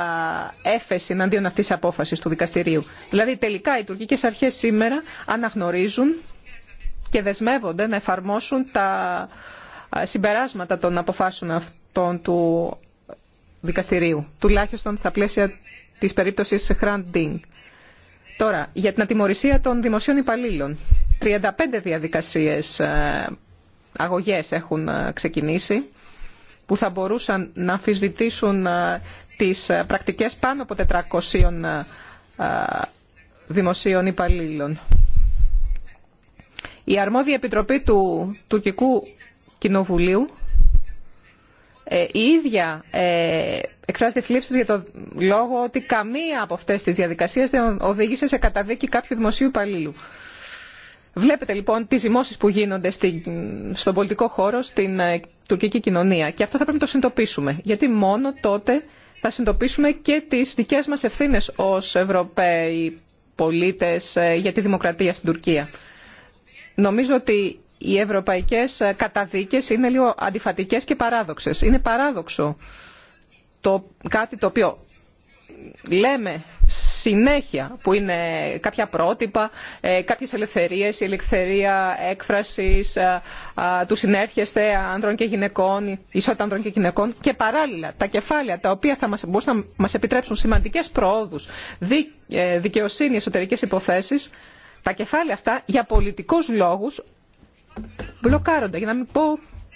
έφεση εναντίον αυτής της απόφασης του δικαστηρίου. Δηλαδή τελικά οι τουρκικές αρχές σήμερα αναγνωρίζουν και δεσμεύονται να εφαρμόσουν τα συμπεράσματα των αποφάσεων αυτών του δικαστηρίου, τουλάχιστον στα πλαίσια της περίπτωσης Χραντίνγκ. Τώρα, για την ατιμορρησία των δημοσίων υπαλλήλων. 35 διαδικασίες ε, αγωγές έχουν ε, ξεκινήσει που θα μπορούσαν να αμφισβητήσουν ε, τις ε, πρακτικές πάνω από 400 δημοσίων υπαλλήλων. Η αρμόδια επιτροπή του τουρκικού κοινοβουλίου η ίδια ε, εκφράζει θλίψεις για το λόγο ότι καμία από αυτές τις διαδικασίες δεν οδήγησε σε καταδίκη κάποιου δημοσίου υπαλλήλου. Βλέπετε λοιπόν τις ζημώσεις που γίνονται στον πολιτικό χώρο, στην ε, τουρκική κοινωνία. Και αυτό θα πρέπει να το συνειδητοποιήσουμε. Γιατί μόνο τότε θα συνειδητοποιήσουμε και τις δικές μας ευθύνες ως Ευρωπαίοι πολίτες ε, για τη δημοκρατία στην Τουρκία. Νομίζω ότι οι ευρωπαϊκές ε, καταδίκες είναι λίγο αντιφατικές και παράδοξες. Είναι παράδοξο το, κάτι το οποίο λέμε συνέχεια που είναι κάποια πρότυπα, ε, κάποιες ελευθερίες, η ελευθερία έκφρασης, ε, του συνέρχεστε άνδρων και γυναικών, ισότητα άνδρων και γυναικών και παράλληλα τα κεφάλαια τα οποία θα μας, μπορούσαν να μας επιτρέψουν σημαντικές προόδους, ε, δικαιοσύνη, εσωτερικές υποθέσεις, τα κεφάλαια αυτά για πολιτικούς λόγους μπλοκάρονται, για να μην πω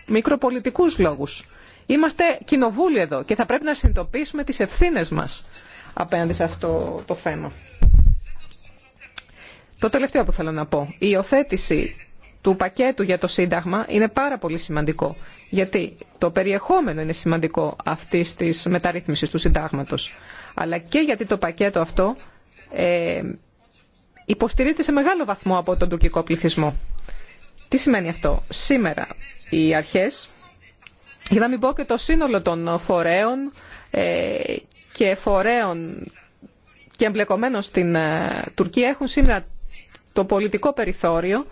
μικροπολιτικούς λόγους. Είμαστε κοινοβούλοι εδώ και θα πρέπει να συνειδητοποιήσουμε τις ευθύνες μας απέναντι σε αυτό το θέμα. Το τελευταίο που θέλω να πω. Η υιοθέτηση του πακέτου για το Σύνταγμα είναι πάρα πολύ σημαντικό. Γιατί το περιεχόμενο είναι σημαντικό αυτή τη μεταρρύθμιση του Συντάγματο. Αλλά και γιατί το πακέτο αυτό ε, υποστηρίζεται σε μεγάλο βαθμό από τον τουρκικό πληθυσμό. Τι σημαίνει αυτό. Σήμερα οι αρχές, για να μην πω και το σύνολο των φορέων ε, και φορέων και εμπλεκομένων στην ε, Τουρκία έχουν σήμερα το πολιτικό περιθώριο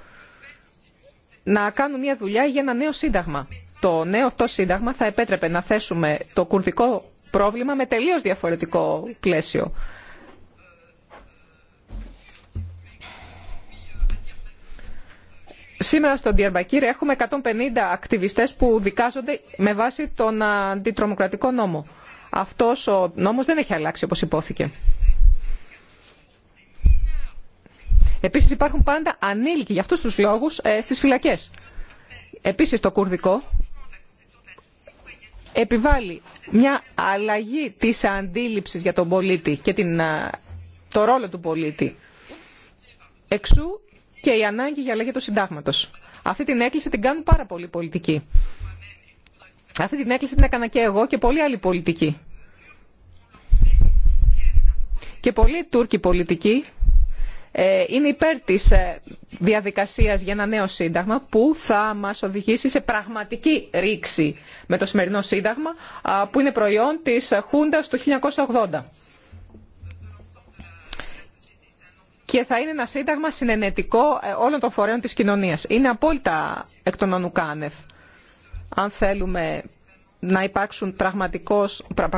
να κάνουν μια δουλειά για ένα νέο σύνταγμα. Το νέο αυτό σύνταγμα θα επέτρεπε να θέσουμε το κουρδικό πρόβλημα με τελείως διαφορετικό πλαίσιο. Σήμερα στον Διαρμπακύρη έχουμε 150 ακτιβιστές που δικάζονται με βάση τον αντιτρομοκρατικό νόμο. Αυτός ο νόμος δεν έχει αλλάξει όπως υπόθηκε. Επίσης υπάρχουν πάντα ανήλικοι για αυτούς τους λόγους ε, στις φυλακές. Επίσης το κουρδικό επιβάλλει μια αλλαγή της αντίληψης για τον πολίτη και την, το ρόλο του πολίτη. Εξού και η ανάγκη για αλλαγή του συντάγματος. Αυτή την έκκληση την κάνουν πάρα πολλοί πολιτικοί. Αυτή την έκκληση την έκανα και εγώ και πολλοί άλλοι πολιτικοί. Και πολλοί Τούρκοι πολιτικοί ε, είναι υπέρ της ε, διαδικασίας για ένα νέο σύνταγμα που θα μας οδηγήσει σε πραγματική ρήξη με το σημερινό σύνταγμα που είναι προϊόν της Χούντας του 1980. Και θα είναι ένα σύνταγμα συνενετικό ε, όλων των φορέων της κοινωνίας. Είναι απόλυτα εκ των ονουκάνευ αν θέλουμε να υπάρξουν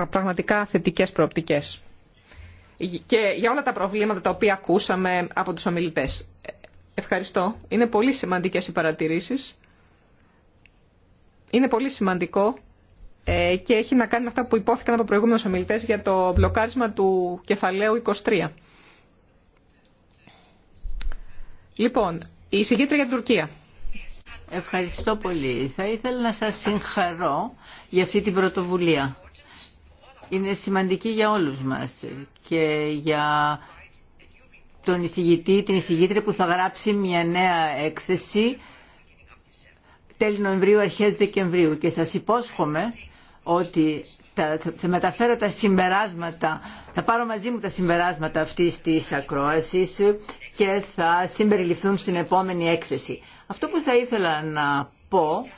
πραγματικά θετικές προοπτικές. Και για όλα τα προβλήματα τα οποία ακούσαμε από τους ομιλητές. Ευχαριστώ. Είναι πολύ σημαντικές οι παρατηρήσεις. Είναι πολύ σημαντικό ε, και έχει να κάνει με αυτά που υπόθηκαν από προηγούμενους ομιλητές για το μπλοκάρισμα του κεφαλαίου 23. Λοιπόν, η συγκέντρια για την Τουρκία. Ευχαριστώ πολύ. Θα ήθελα να σας συγχαρώ για αυτή την πρωτοβουλία. Είναι σημαντική για όλους μας και για τον εισηγητή, την εισηγήτρια που θα γράψει μια νέα έκθεση τέλη Νοεμβρίου, αρχές Δεκεμβρίου και σας υπόσχομαι ότι θα μεταφέρω τα συμπεράσματα, θα πάρω μαζί μου τα συμπεράσματα αυτής της ακρόασης και θα συμπεριληφθούν στην επόμενη έκθεση. Αυτό που θα ήθελα να πω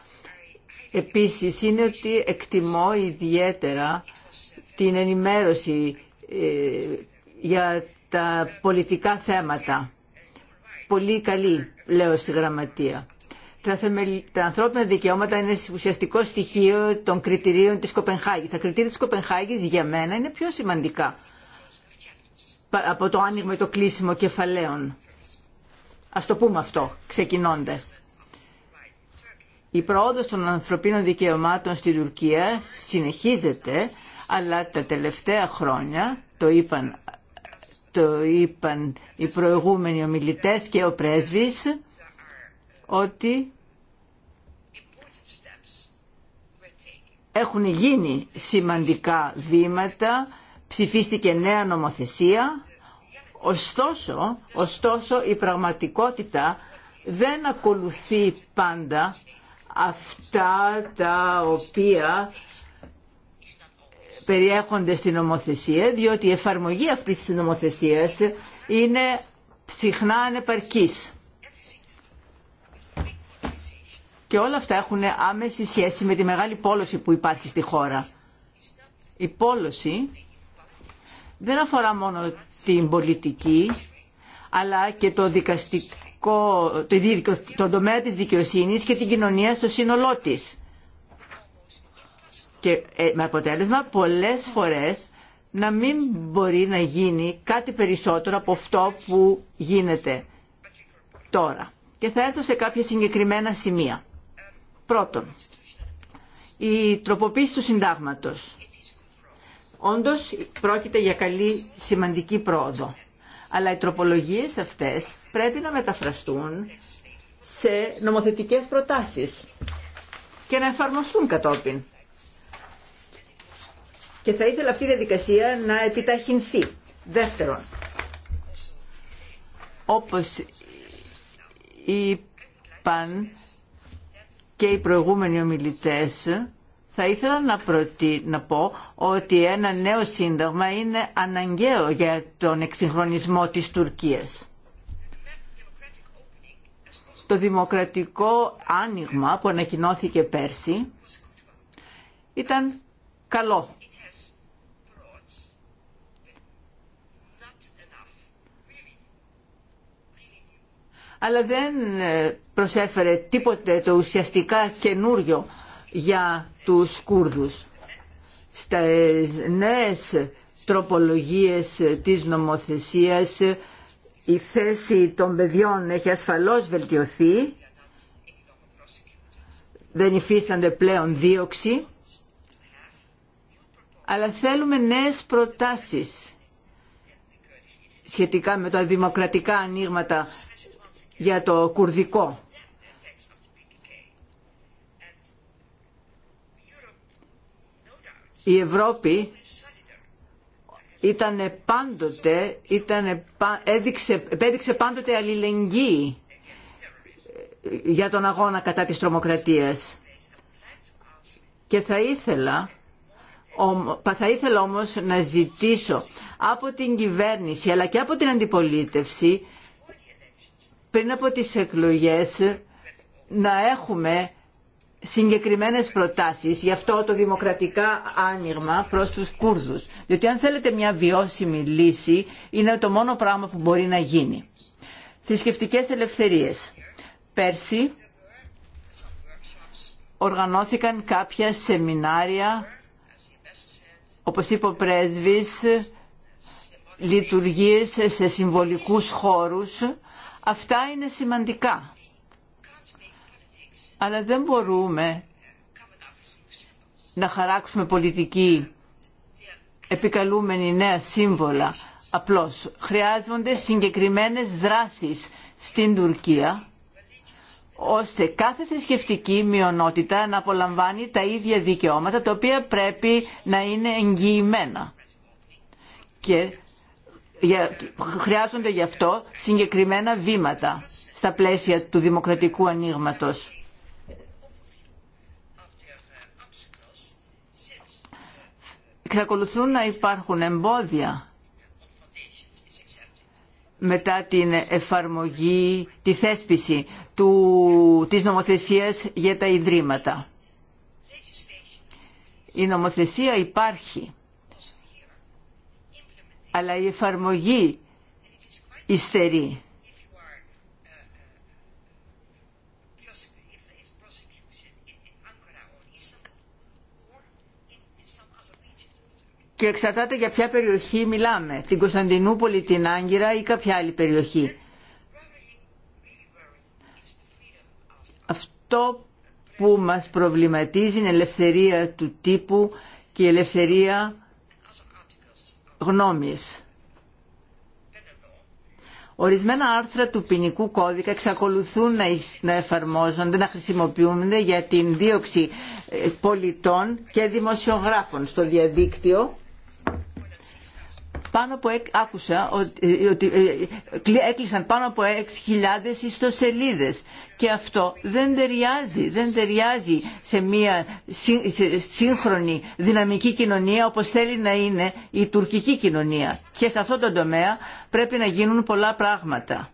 επίσης είναι ότι εκτιμώ ιδιαίτερα την ενημέρωση ε, για τα πολιτικά θέματα. Πολύ καλή, λέω στη γραμματεία. Τα ανθρώπινα δικαιώματα είναι ουσιαστικό στοιχείο των κριτηρίων της Κοπενχάγης. Τα κριτήρια της Κοπενχάγης για μένα είναι πιο σημαντικά από το άνοιγμα και το κλείσιμο κεφαλαίων. Ας το πούμε αυτό, ξεκινώντας. Η πρόοδος των ανθρωπίνων δικαιωμάτων στην Τουρκία συνεχίζεται, αλλά τα τελευταία χρόνια, το είπαν, το είπαν οι προηγούμενοι ομιλητές και ο πρέσβης, ότι έχουν γίνει σημαντικά βήματα, ψηφίστηκε νέα νομοθεσία Ωστόσο, ωστόσο η πραγματικότητα δεν ακολουθεί πάντα αυτά τα οποία περιέχονται στην νομοθεσία, διότι η εφαρμογή αυτή της νομοθεσία είναι συχνά ανεπαρκής. Και όλα αυτά έχουν άμεση σχέση με τη μεγάλη πόλωση που υπάρχει στη χώρα. Η πόλωση δεν αφορά μόνο την πολιτική, αλλά και το δικαστικό, το, το τομέα της δικαιοσύνης και την κοινωνία στο σύνολό της. Και ε, με αποτέλεσμα πολλές φορές να μην μπορεί να γίνει κάτι περισσότερο από αυτό που γίνεται τώρα. Και θα έρθω σε κάποια συγκεκριμένα σημεία. Πρώτον, η τροποποίηση του συντάγματος Όντως πρόκειται για καλή σημαντική πρόοδο. Αλλά οι τροπολογίες αυτές πρέπει να μεταφραστούν σε νομοθετικές προτάσεις και να εφαρμοστούν κατόπιν. Και θα ήθελα αυτή η διαδικασία να επιταχυνθεί. Δεύτερον, όπως είπαν και οι προηγούμενοι ομιλητές, θα ήθελα να, προτι... να πω ότι ένα νέο σύνταγμα είναι αναγκαίο για τον εξυγχρονισμό της Τουρκίας. Το δημοκρατικό άνοιγμα που ανακοινώθηκε πέρσι ήταν καλό. αλλά δεν ε, προσέφερε τίποτε το ουσιαστικά καινούριο για τους Κούρδους. Στα νέες τροπολογίες της νομοθεσίας η θέση των παιδιών έχει ασφαλώς βελτιωθεί, δεν υφίστανται πλέον δίωξη, αλλά θέλουμε νέες προτάσεις σχετικά με τα δημοκρατικά ανοίγματα για το κουρδικό η Ευρώπη ήταν πάντοτε, ήταν, έδειξε, πάντοτε αλληλεγγύη ε, για τον αγώνα κατά της τρομοκρατίας. Και θα ήθελα, θα ήθελα όμως να ζητήσω από την κυβέρνηση αλλά και από την αντιπολίτευση πριν από τις εκλογές να έχουμε συγκεκριμένες προτάσεις για αυτό το δημοκρατικά άνοιγμα προς τους Κούρδους. Διότι αν θέλετε μια βιώσιμη λύση είναι το μόνο πράγμα που μπορεί να γίνει. Θρησκευτικέ ελευθερίες. Πέρσι οργανώθηκαν κάποια σεμινάρια, όπως είπε ο πρέσβης, λειτουργίες σε συμβολικούς χώρους. Αυτά είναι σημαντικά αλλά δεν μπορούμε να χαράξουμε πολιτική επικαλούμενη νέα σύμβολα. Απλώς χρειάζονται συγκεκριμένες δράσεις στην Τουρκία ώστε κάθε θρησκευτική μειονότητα να απολαμβάνει τα ίδια δικαιώματα τα οποία πρέπει να είναι εγγυημένα. Και χρειάζονται γι' αυτό συγκεκριμένα βήματα στα πλαίσια του δημοκρατικού ανοίγματο. εξακολουθούν να υπάρχουν εμπόδια μετά την εφαρμογή, τη θέσπιση του, της νομοθεσίας για τα Ιδρύματα. Η νομοθεσία υπάρχει, αλλά η εφαρμογή υστερεί. και εξαρτάται για ποια περιοχή μιλάμε, την Κωνσταντινούπολη, την Άγκυρα ή κάποια άλλη περιοχή. Αυτό που μας προβληματίζει είναι η ελευθερία του τύπου και η ελευθερία γνώμης. Ορισμένα άρθρα του ποινικού κώδικα εξακολουθούν να εφαρμόζονται, να χρησιμοποιούνται για την δίωξη ε, πολιτών και δημοσιογράφων στο διαδίκτυο πάνω από, άκουσα ότι ε, ε, έκλεισαν πάνω από 6.000 ιστοσελίδε. και αυτό δεν ταιριάζει, δεν ταιριάζει σε μια σύγχρονη δυναμική κοινωνία όπως θέλει να είναι η τουρκική κοινωνία και σε αυτό το τομέα πρέπει να γίνουν πολλά πράγματα.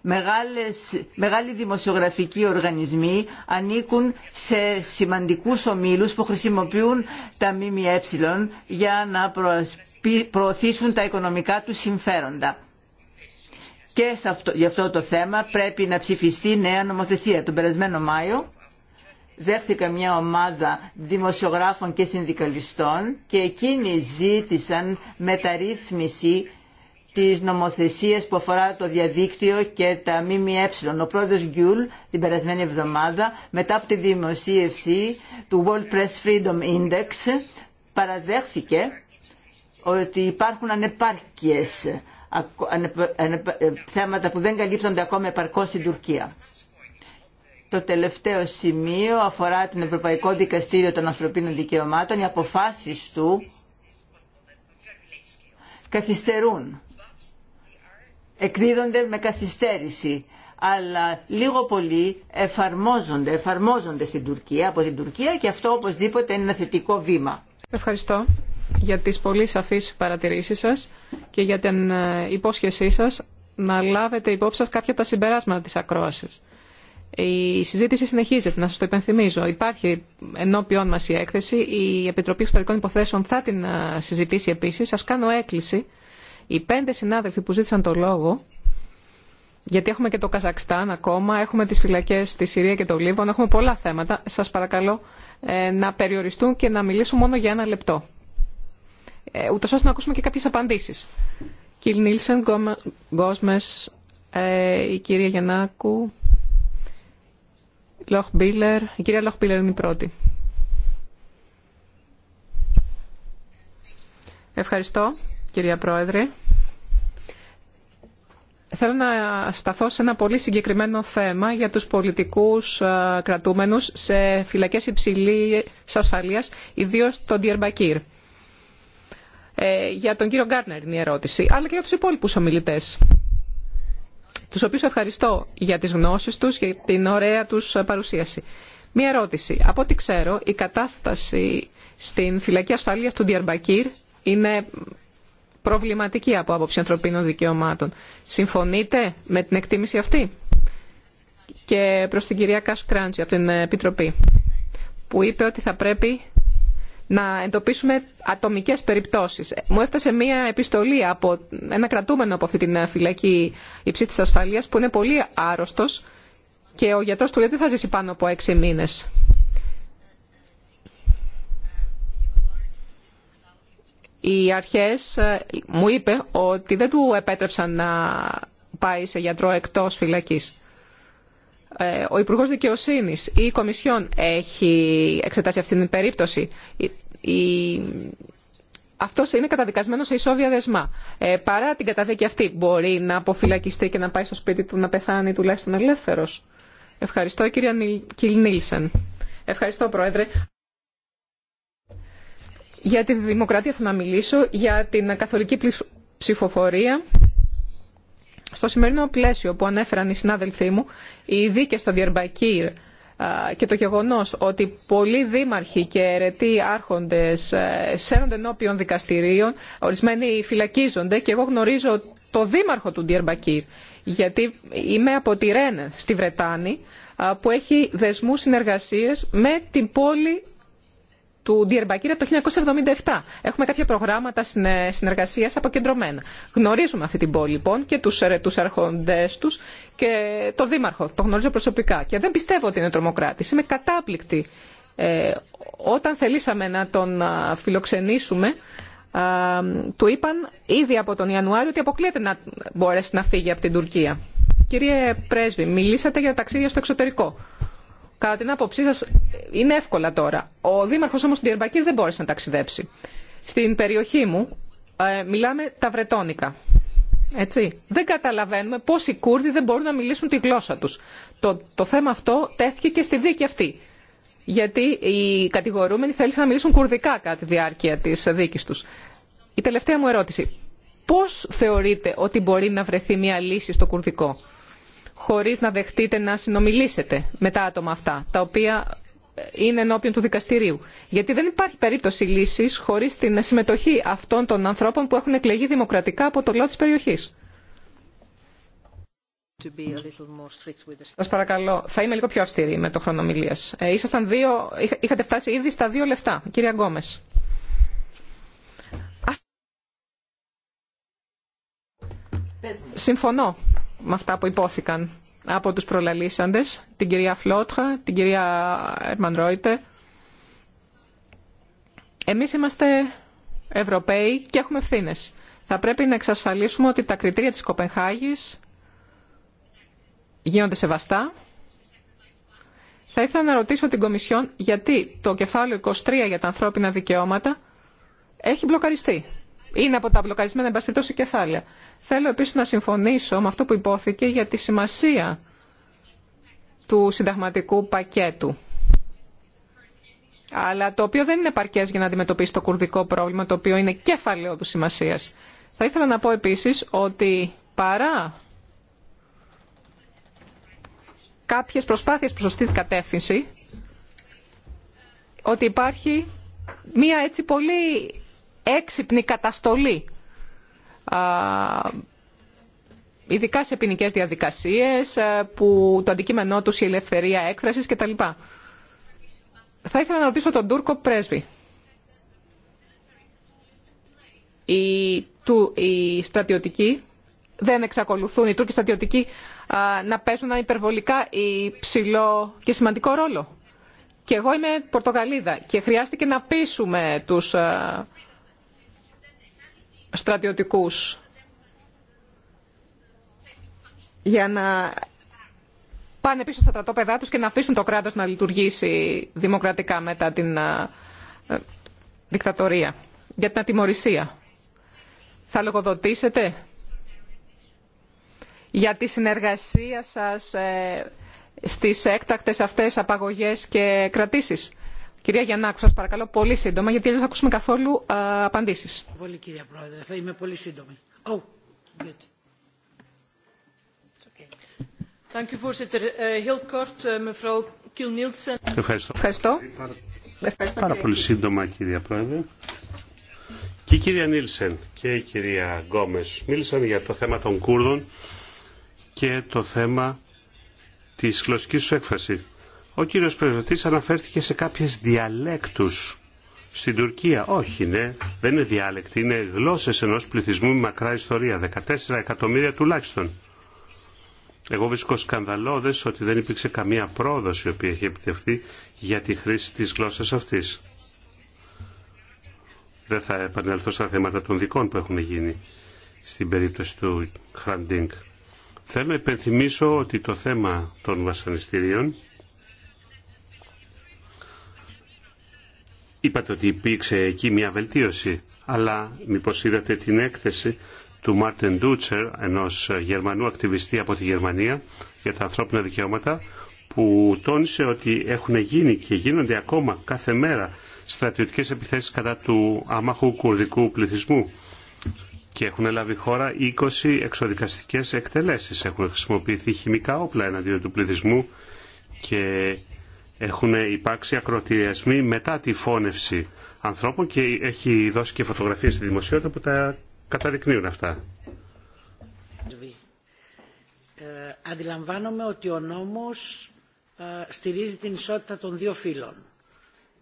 Μεγάλες, μεγάλοι δημοσιογραφικοί οργανισμοί ανήκουν σε σημαντικούς ομίλους που χρησιμοποιούν τα ΜΜΕ για να προωθήσουν τα οικονομικά τους συμφέροντα. Και σε αυτό, για αυτό το θέμα πρέπει να ψηφιστεί νέα νομοθεσία. Τον περασμένο Μάιο δέχθηκα μια ομάδα δημοσιογράφων και συνδικαλιστών και εκείνοι ζήτησαν μεταρρύθμιση τι νομοθεσίε που αφορά το διαδίκτυο και τα ΜΜΕ. Ο πρόεδρος Γκιούλ την περασμένη εβδομάδα μετά από τη δημοσίευση του World Press Freedom Index παραδέχθηκε ότι υπάρχουν ανεπάρκειες θέματα που δεν καλύπτονται ακόμα επαρκώς στην Τουρκία. Το τελευταίο σημείο αφορά την Ευρωπαϊκό Δικαστήριο των Ανθρωπίνων Δικαιωμάτων. Οι αποφάσεις του καθυστερούν εκδίδονται με καθυστέρηση αλλά λίγο πολύ εφαρμόζονται, εφαρμόζονται στην Τουρκία, από την Τουρκία και αυτό οπωσδήποτε είναι ένα θετικό βήμα. Ευχαριστώ για τις πολύ σαφείς παρατηρήσεις σας και για την ε, υπόσχεσή σας να λάβετε υπόψη σας κάποια από τα συμπεράσματα της ακρόασης. Η συζήτηση συνεχίζεται, να σας το υπενθυμίζω. Υπάρχει ενώπιόν μας η έκθεση, η Επιτροπή Ιστορικών Υποθέσεων θα την ε, συζητήσει επίσης. Σας κάνω έκκληση οι πέντε συνάδελφοι που ζήτησαν το λόγο, γιατί έχουμε και το Καζακστάν ακόμα, έχουμε τις φυλακές στη Συρία και το Λίβανο, έχουμε πολλά θέματα. Σας παρακαλώ ε, να περιοριστούν και να μιλήσουν μόνο για ένα λεπτό. Ε, ούτως ώστε να ακούσουμε και κάποιες απαντήσεις. Κύριε Νίλσεν, Γκόσμες, ε, η κυρία Γιαννάκου, Η κυρία Λοχ Μπίλερ είναι η πρώτη. Ευχαριστώ κυρία Πρόεδρε. Θέλω να σταθώ σε ένα πολύ συγκεκριμένο θέμα για τους πολιτικούς ε, κρατούμενους σε φυλακές υψηλής ασφαλείας, ιδίως τον Διερμπακύρ. Ε, για τον κύριο Γκάρνερ είναι η ερώτηση, αλλά και για τους υπόλοιπους ομιλητές, τους οποίους ευχαριστώ για τις γνώσεις τους και την ωραία τους παρουσίαση. Μία ερώτηση. Από ό,τι ξέρω, η κατάσταση στην φυλακή ασφαλείας του Διερμπακήρ είναι προβληματική από άποψη ανθρωπίνων δικαιωμάτων. Συμφωνείτε με την εκτίμηση αυτή και προς την κυρία Κάσ Κράντζη από την Επιτροπή που είπε ότι θα πρέπει να εντοπίσουμε ατομικές περιπτώσεις. Μου έφτασε μία επιστολή από ένα κρατούμενο από αυτή την φυλακή υψή της ασφαλείας που είναι πολύ άρρωστος και ο γιατρός του λέει ότι θα ζήσει πάνω από έξι μήνες. οι αρχές ε, μου είπε ότι δεν του επέτρεψαν να πάει σε γιατρό εκτός φυλακής. Ε, ο Υπουργό Δικαιοσύνη ή η Κομισιόν έχει εξετάσει αυτήν την περίπτωση. Η... Αυτό είναι καταδικασμένο σε ισόβια δεσμά. Ε, παρά την καταδίκη σε ισοβια δεσμα παρα μπορεί να αποφυλακιστεί και να πάει στο σπίτι του να πεθάνει τουλάχιστον ελεύθερο. Ευχαριστώ, κυρία Κιλ Ευχαριστώ, Πρόεδρε. Για τη δημοκρατία θα να μιλήσω, για την καθολική ψηφοφορία. Στο σημερινό πλαίσιο που ανέφεραν οι συνάδελφοί μου, οι δίκες στο Διερμπακύρ και το γεγονός ότι πολλοί δήμαρχοι και αιρετοί άρχοντες ε, σέρνονται ενώπιον δικαστηρίων, ορισμένοι φυλακίζονται και εγώ γνωρίζω το δήμαρχο του Διερμπακύρ, γιατί είμαι από τη Ρέν στη Βρετάνη, που έχει δεσμού συνεργασίες με την πόλη του Διερμπακύρα το 1977. Έχουμε κάποια προγράμματα συνεργασίας αποκεντρωμένα. Γνωρίζουμε αυτή την πόλη λοιπόν και τους, ε, τους αρχοντές τους και το δήμαρχο, το γνωρίζω προσωπικά. Και δεν πιστεύω ότι είναι τρομοκράτη. Είμαι κατάπληκτη. Ε, όταν θελήσαμε να τον φιλοξενήσουμε, α, του είπαν ήδη από τον Ιανουάριο ότι αποκλείεται να μπορέσει να φύγει από την Τουρκία. Κύριε Πρέσβη, μιλήσατε για τα ταξίδια στο εξωτερικό. Κατά την άποψή σα, είναι εύκολα τώρα. Ο Δήμαρχο όμω του Διαρμπακύρ δεν μπόρεσε να ταξιδέψει. Στην περιοχή μου ε, μιλάμε τα Βρετόνικα. Έτσι. Δεν καταλαβαίνουμε πώ οι Κούρδοι δεν μπορούν να μιλήσουν τη γλώσσα του. Το, το θέμα αυτό τέθηκε και στη δίκη αυτή. Γιατί οι κατηγορούμενοι θέλησαν να μιλήσουν κουρδικά κατά τη διάρκεια τη δίκη του. Η τελευταία μου ερώτηση. Πώ θεωρείτε ότι μπορεί να βρεθεί μια λύση στο κουρδικό χωρίς να δεχτείτε να συνομιλήσετε με τα άτομα αυτά, τα οποία είναι ενώπιον του δικαστηρίου. Γιατί δεν υπάρχει περίπτωση λύσης χωρίς την συμμετοχή αυτών των ανθρώπων που έχουν εκλεγεί δημοκρατικά από το λαό της περιοχής. Σα παρακαλώ, θα είμαι λίγο πιο αυστηρή με το χρόνο ομιλία. Ε, είχατε φτάσει ήδη στα δύο λεφτά, κύριε Γκόμε. Συμφωνώ με αυτά που υπόθηκαν από τους προλαλήσαντες, την κυρία Φλότχα, την κυρία Ερμαν Ρόιτε. Εμείς είμαστε Ευρωπαίοι και έχουμε ευθύνε. Θα πρέπει να εξασφαλίσουμε ότι τα κριτήρια της Κοπενχάγης γίνονται σεβαστά. Θα ήθελα να ρωτήσω την Κομισιόν γιατί το κεφάλαιο 23 για τα ανθρώπινα δικαιώματα έχει μπλοκαριστεί είναι από τα μπλοκαρισμένα εμπασπιτώσει κεφάλαια. Θέλω επίσης να συμφωνήσω με αυτό που υπόθηκε για τη σημασία του συνταγματικού πακέτου. Αλλά το οποίο δεν είναι παρκές για να αντιμετωπίσει το κουρδικό πρόβλημα, το οποίο είναι κεφαλαίο του σημασίας. Θα ήθελα να πω επίσης ότι παρά κάποιες προσπάθειες προς σωστή κατεύθυνση, ότι υπάρχει μία έτσι πολύ έξυπνη καταστολή ειδικά σε ποινικέ διαδικασίες ε, που το αντικείμενό του η ελευθερία έκφρασης κτλ. Θα ήθελα να ρωτήσω τον Τούρκο πρέσβη. Οι, του, οι στρατιωτικοί δεν εξακολουθούν, οι Τούρκοι στρατιωτικοί να παίζουν ένα υπερβολικά υψηλό και σημαντικό ρόλο. Και εγώ είμαι Πορτογαλίδα και χρειάστηκε να πείσουμε τους στρατιωτικούς για να πάνε πίσω στα στρατόπεδά τους και να αφήσουν το κράτος να λειτουργήσει δημοκρατικά μετά την ε, ε, δικτατορία, για την ατιμορρησία. Θα λογοδοτήσετε για τη συνεργασία σας ε, στις έκτακτες αυτές απαγωγές και κρατήσεις. Κυρία Γιαννάκου, σας παρακαλώ πολύ σύντομα, γιατί δεν θα ακούσουμε καθόλου ε, απαντήσεις. Πολύ κυρία Πρόεδρε, θα είμαι πολύ σύντομη. Oh, good. Eh, eh, Ευχαριστώ. Ευχαριστώ. Ευχαριστώ. Πάρα πολύ σύντομα κυρία Πρόεδρε. Και η κυρία Νίλσεν και η κυρία Γκόμες μίλησαν για το θέμα των Κούρδων και το θέμα της γλωσσικής σου έκφρασης. Ο κύριος Πρεσβευτής αναφέρθηκε σε κάποιες διαλέκτους στην Τουρκία. Όχι, ναι, δεν είναι διάλεκτη, είναι γλώσσες ενός πληθυσμού με μακρά ιστορία, 14 εκατομμύρια τουλάχιστον. Εγώ βρίσκω σκανδαλώδες ότι δεν υπήρξε καμία πρόοδος η οποία έχει επιτευχθεί για τη χρήση της γλώσσας αυτής. Δεν θα επανέλθω στα θέματα των δικών που έχουν γίνει στην περίπτωση του Χραντίνγκ. Θέλω να υπενθυμίσω ότι το θέμα των βασανιστήριων Είπατε ότι υπήρξε εκεί μια βελτίωση, αλλά μήπως είδατε την έκθεση του Μάρτεν Ντούτσερ, ενός Γερμανού ακτιβιστή από τη Γερμανία για τα ανθρώπινα δικαιώματα, που τόνισε ότι έχουν γίνει και γίνονται ακόμα κάθε μέρα στρατιωτικές επιθέσεις κατά του άμαχου κουρδικού πληθυσμού και έχουν λάβει χώρα 20 εξοδικαστικές εκτελέσεις. Έχουν χρησιμοποιηθεί χημικά όπλα εναντίον του πληθυσμού και έχουν υπάρξει ακροτηριασμοί μετά τη φώνευση ανθρώπων και έχει δώσει και φωτογραφίες στη δημοσιότητα που τα καταδεικνύουν αυτά. Ε, αντιλαμβάνομαι ότι ο νόμος ε, στηρίζει την ισότητα των δύο φύλων.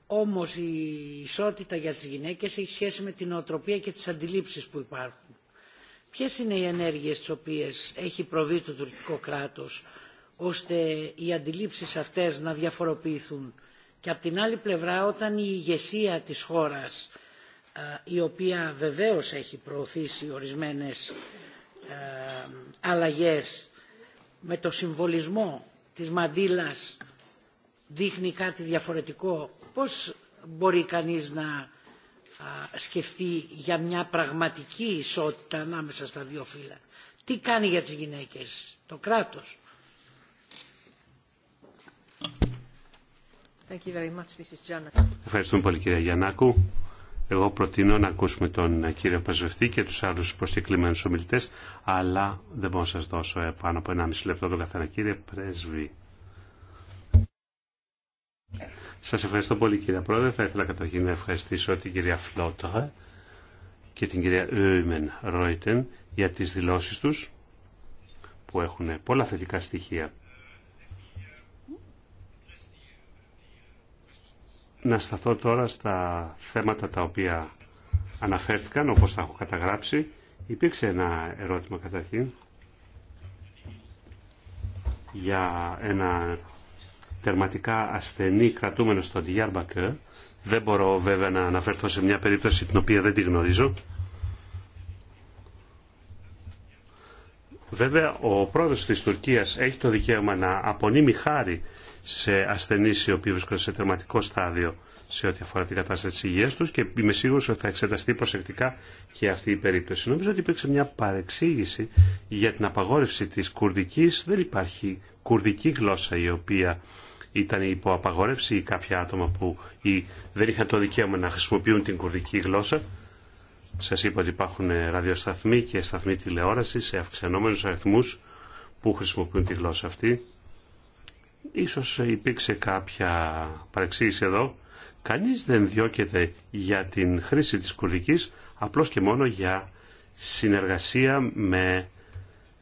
Όμως η ισότητα για τις γυναίκες έχει σχέση με την οτροπία και τις αντιλήψεις που υπάρχουν. Ποιες είναι οι ενέργειες τις οποίες έχει προβεί το τουρκικό κράτος ώστε οι αντιλήψεις αυτές να διαφοροποιηθούν. Και από την άλλη πλευρά όταν η ηγεσία της χώρας η οποία βεβαίως έχει προωθήσει ορισμένες αλλαγές με το συμβολισμό της μαντήλας δείχνει κάτι διαφορετικό πώς μπορεί κανείς να σκεφτεί για μια πραγματική ισότητα ανάμεσα στα δύο φύλλα. Τι κάνει για τις γυναίκες το κράτος Ευχαριστούμε πολύ κυρία Γιαννάκου. Εγώ προτείνω να ακούσουμε τον ε, κύριο Πεσβευτή και τους άλλους προσκεκλημένους ομιλητές, αλλά δεν μπορώ να σας δώσω ε, πάνω από ένα μισή λεπτό τον καθένα. Κύριε Πρέσβη. Σας ευχαριστώ πολύ κύριε Πρόεδρε. Θα ήθελα καταρχήν να ευχαριστήσω την κυρία Φλότοχα και την κυρία Ούμεν Ρόιτεν για τις δηλώσεις τους που έχουν πολλά θετικά στοιχεία. Να σταθώ τώρα στα θέματα τα οποία αναφέρθηκαν, όπως τα έχω καταγράψει. Υπήρξε ένα ερώτημα καταρχήν για ένα τερματικά ασθενή κρατούμενο στο Διάρμπακε. Δεν μπορώ βέβαια να αναφερθώ σε μια περίπτωση την οποία δεν τη γνωρίζω. Βέβαια ο πρόεδρος της Τουρκίας έχει το δικαίωμα να απονείμει χάρη σε ασθενεί οι οποίοι βρίσκονται σε τερματικό στάδιο σε ό,τι αφορά την κατάσταση τη υγείας του και είμαι σίγουρο ότι θα εξεταστεί προσεκτικά και αυτή η περίπτωση. Νομίζω ότι υπήρξε μια παρεξήγηση για την απαγόρευση τη Κουρδική. Δεν υπάρχει κουρδική γλώσσα η οποία ήταν υπό απαγόρευση ή κάποια άτομα που δεν είχαν το δικαίωμα να χρησιμοποιούν την κουρδική γλώσσα. Σα είπα ότι υπάρχουν ραδιοσταθμοί και σταθμοί τηλεόραση σε αυξανόμενου αριθμού που χρησιμοποιούν τη γλώσσα αυτή. Ίσως υπήρξε κάποια παρεξήγηση εδώ. Κανείς δεν διώκεται για την χρήση της κουλικής απλώς και μόνο για συνεργασία με,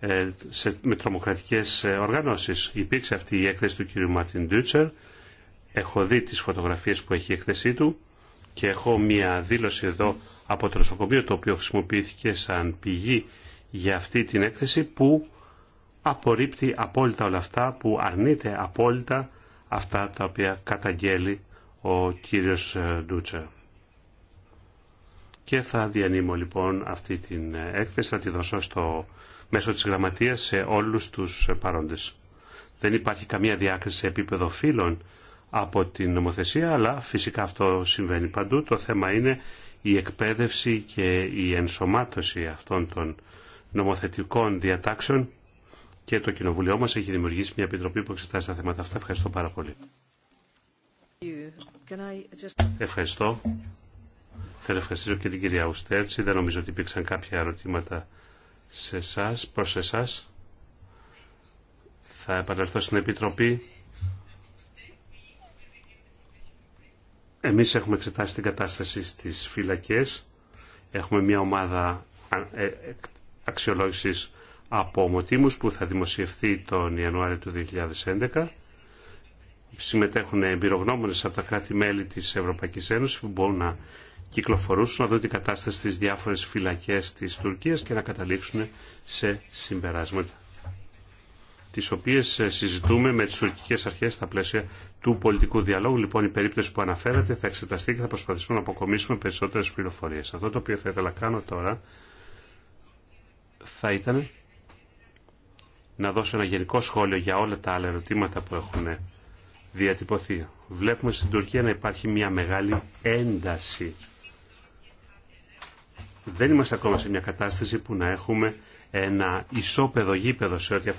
ε, σε, με τρομοκρατικές ε, οργανώσεις. Υπήρξε αυτή η έκθεση του κ. Μάρτιν Ντούτσερ. Έχω δει τις φωτογραφίες που έχει η έκθεσή του και έχω μία δήλωση εδώ από το νοσοκομείο το οποίο χρησιμοποιήθηκε σαν πηγή για αυτή την έκθεση που απορρίπτει απόλυτα όλα αυτά, που αρνείται απόλυτα αυτά τα οποία καταγγέλει ο κύριος ε, Ντούτσα. Και θα διανύμω λοιπόν αυτή την ε, έκθεση, θα τη δώσω στο μέσο της γραμματείας σε όλους τους παρόντες. Δεν υπάρχει καμία διάκριση σε επίπεδο φύλων από την νομοθεσία, αλλά φυσικά αυτό συμβαίνει παντού. Το θέμα είναι η εκπαίδευση και η ενσωμάτωση αυτών των νομοθετικών διατάξεων και το Κοινοβουλίο μας έχει δημιουργήσει μια επιτροπή που εξετάζει τα θέματα αυτά. Ευχαριστώ πάρα πολύ. Ευχαριστώ. Θέλω ευχαριστήσω και την κυρία Ουστέρτση. Δεν νομίζω ότι υπήρξαν κάποια ερωτήματα σε εσά, προς εσάς. Θα επανέλθω στην Επιτροπή. Εμείς έχουμε εξετάσει την κατάσταση στις φυλακές. Έχουμε μια ομάδα ε, ε, αξιολόγησης από ομοτήμους που θα δημοσιευθεί τον Ιανουάριο του 2011. Συμμετέχουν εμπειρογνώμονες από τα κράτη-μέλη της Ευρωπαϊκής Ένωσης που μπορούν να κυκλοφορούσουν, να δουν την κατάσταση στις διάφορες φυλακές της Τουρκίας και να καταλήξουν σε συμπεράσματα τις οποίες ε, συζητούμε με τις τουρκικές αρχές στα πλαίσια του πολιτικού διαλόγου. Λοιπόν, η περίπτωση που αναφέρατε θα εξεταστεί και θα προσπαθήσουμε να αποκομίσουμε περισσότερες πληροφορίες. Αυτό το οποίο θα ήθελα να κάνω τώρα θα ήταν να δώσω ένα γενικό σχόλιο για όλα τα άλλα ερωτήματα που έχουν διατυπωθεί. Βλέπουμε στην Τουρκία να υπάρχει μια μεγάλη ένταση. Δεν είμαστε ακόμα σε μια κατάσταση που να έχουμε ένα ισόπεδο γήπεδο σε ό,τι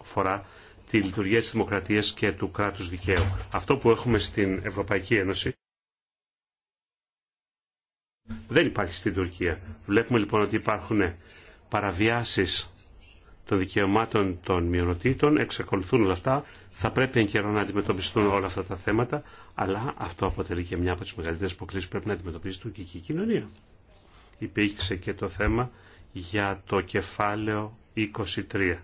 αφορά τη λειτουργία της δημοκρατίας και του κράτους δικαίου. Αυτό που έχουμε στην Ευρωπαϊκή Ένωση δεν υπάρχει στην Τουρκία. Βλέπουμε λοιπόν ότι υπάρχουν παραβιάσεις των δικαιωμάτων των μειονοτήτων, εξακολουθούν όλα αυτά. Θα πρέπει εν καιρό να αντιμετωπιστούν όλα αυτά τα θέματα, αλλά αυτό αποτελεί και μια από τι μεγαλύτερε υποκλήσει που πρέπει να αντιμετωπίσει η τουρκική κοινωνία. Υπήρξε και το θέμα για το κεφάλαιο 23.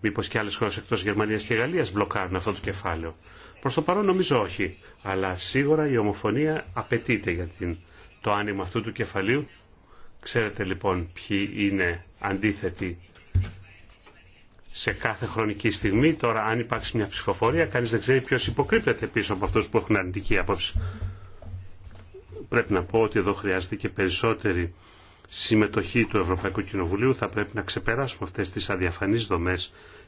Μήπω και άλλε χώρε εκτό Γερμανία και Γαλλία μπλοκάρουν αυτό το κεφάλαιο. Προ το παρόν νομίζω όχι, αλλά σίγουρα η ομοφωνία απαιτείται για την, το άνοιγμα αυτού του κεφαλίου. Ξέρετε λοιπόν ποιοι είναι αντίθετοι σε κάθε χρονική στιγμή. Τώρα, αν υπάρξει μια ψηφοφορία, κανεί δεν ξέρει ποιο υποκρύπτεται πίσω από αυτού που έχουν αρνητική άποψη. Πρέπει να πω ότι εδώ χρειάζεται και περισσότερη συμμετοχή του Ευρωπαϊκού Κοινοβουλίου. Θα πρέπει να ξεπεράσουμε αυτέ τι αδιαφανεί δομέ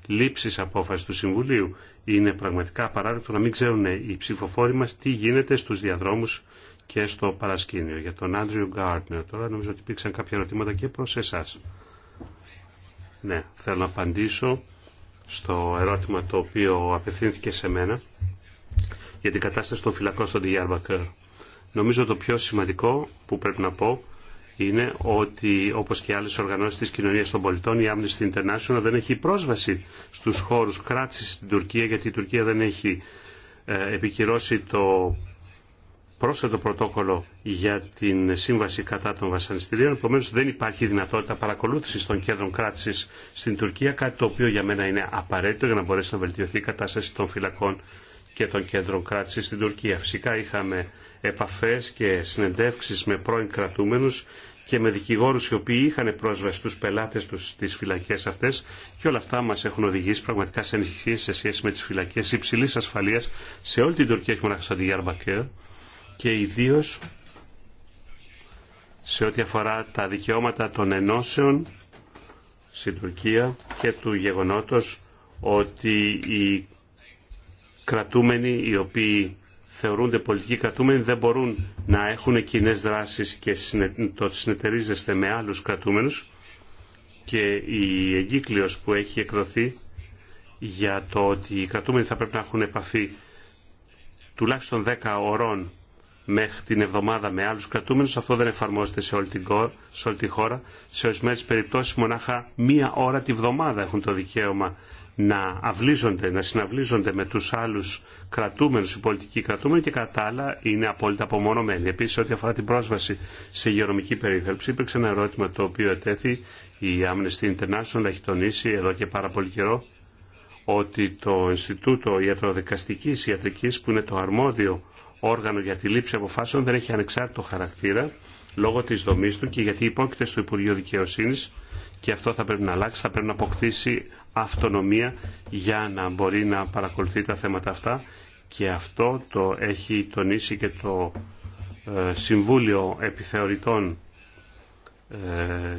λήψη απόφαση του Συμβουλίου. Είναι πραγματικά απαράδεκτο να μην ξέρουν οι ψηφοφόροι μα τι γίνεται στου διαδρόμου και στο παρασκήνιο. Για τον Άντριου Γκάρτνερ τώρα νομίζω ότι υπήρξαν κάποια ερωτήματα και προ εσά. Ναι, θέλω να απαντήσω στο ερώτημα το οποίο απευθύνθηκε σε μένα για την κατάσταση των φυλακών στον Διάρμπακερ. Νομίζω το πιο σημαντικό που πρέπει να πω είναι ότι όπως και άλλες οργανώσεις της κοινωνίας των πολιτών η Amnesty International δεν έχει πρόσβαση στους χώρους κράτησης στην Τουρκία γιατί η Τουρκία δεν έχει ε, επικυρώσει το πρόσθετο πρωτόκολλο για την σύμβαση κατά των βασανιστήριων. Επομένω, δεν υπάρχει δυνατότητα παρακολούθηση των κέντρων κράτηση στην Τουρκία, κάτι το οποίο για μένα είναι απαραίτητο για να μπορέσει να βελτιωθεί η κατάσταση των φυλακών και των κέντρων κράτηση στην Τουρκία. Φυσικά είχαμε επαφέ και συνεντεύξει με πρώην κρατούμενου και με δικηγόρου οι οποίοι είχαν πρόσβαση στου πελάτε του στι φυλακέ αυτέ και όλα αυτά μα έχουν οδηγήσει πραγματικά σε ανησυχίε σε σχέση με τι φυλακέ υψηλή ασφαλεία σε όλη την Τουρκία, όχι μόνο στο Διάρμπακερ και ιδίως σε ό,τι αφορά τα δικαιώματα των ενώσεων στην Τουρκία και του γεγονότος ότι οι κρατούμενοι οι οποίοι θεωρούνται πολιτικοί κρατούμενοι δεν μπορούν να έχουν κοινέ δράσεις και το συνεταιρίζεστε με άλλους κρατούμενους και η εγκύκλειος που έχει εκδοθεί για το ότι οι κρατούμενοι θα πρέπει να έχουν επαφή τουλάχιστον 10 ωρών μέχρι την εβδομάδα με άλλους κρατούμενους. Αυτό δεν εφαρμόζεται σε όλη, την, σε όλη τη χώρα. Σε ορισμένε περιπτώσεις μονάχα μία ώρα τη βδομάδα έχουν το δικαίωμα να αυλίζονται, να συναυλίζονται με τους άλλους κρατούμενους, οι πολιτικοί κρατούμενοι και κατά άλλα είναι απόλυτα απομονωμένοι. Επίσης, ό,τι αφορά την πρόσβαση σε υγειονομική περίθαλψη, υπήρξε ένα ερώτημα το οποίο ετέθη η Amnesty International, έχει τονίσει εδώ και πάρα πολύ καιρό, ότι το Ινστιτούτο Ιατροδικαστικής Ιατρικής, που είναι το αρμόδιο όργανο για τη λήψη αποφάσεων δεν έχει ανεξάρτητο χαρακτήρα λόγω της δομής του και γιατί υπόκειται στο Υπουργείο Δικαιοσύνης και αυτό θα πρέπει να αλλάξει, θα πρέπει να αποκτήσει αυτονομία για να μπορεί να παρακολουθεί τα θέματα αυτά και αυτό το έχει τονίσει και το ε, Συμβούλιο Επιθεωρητών ε,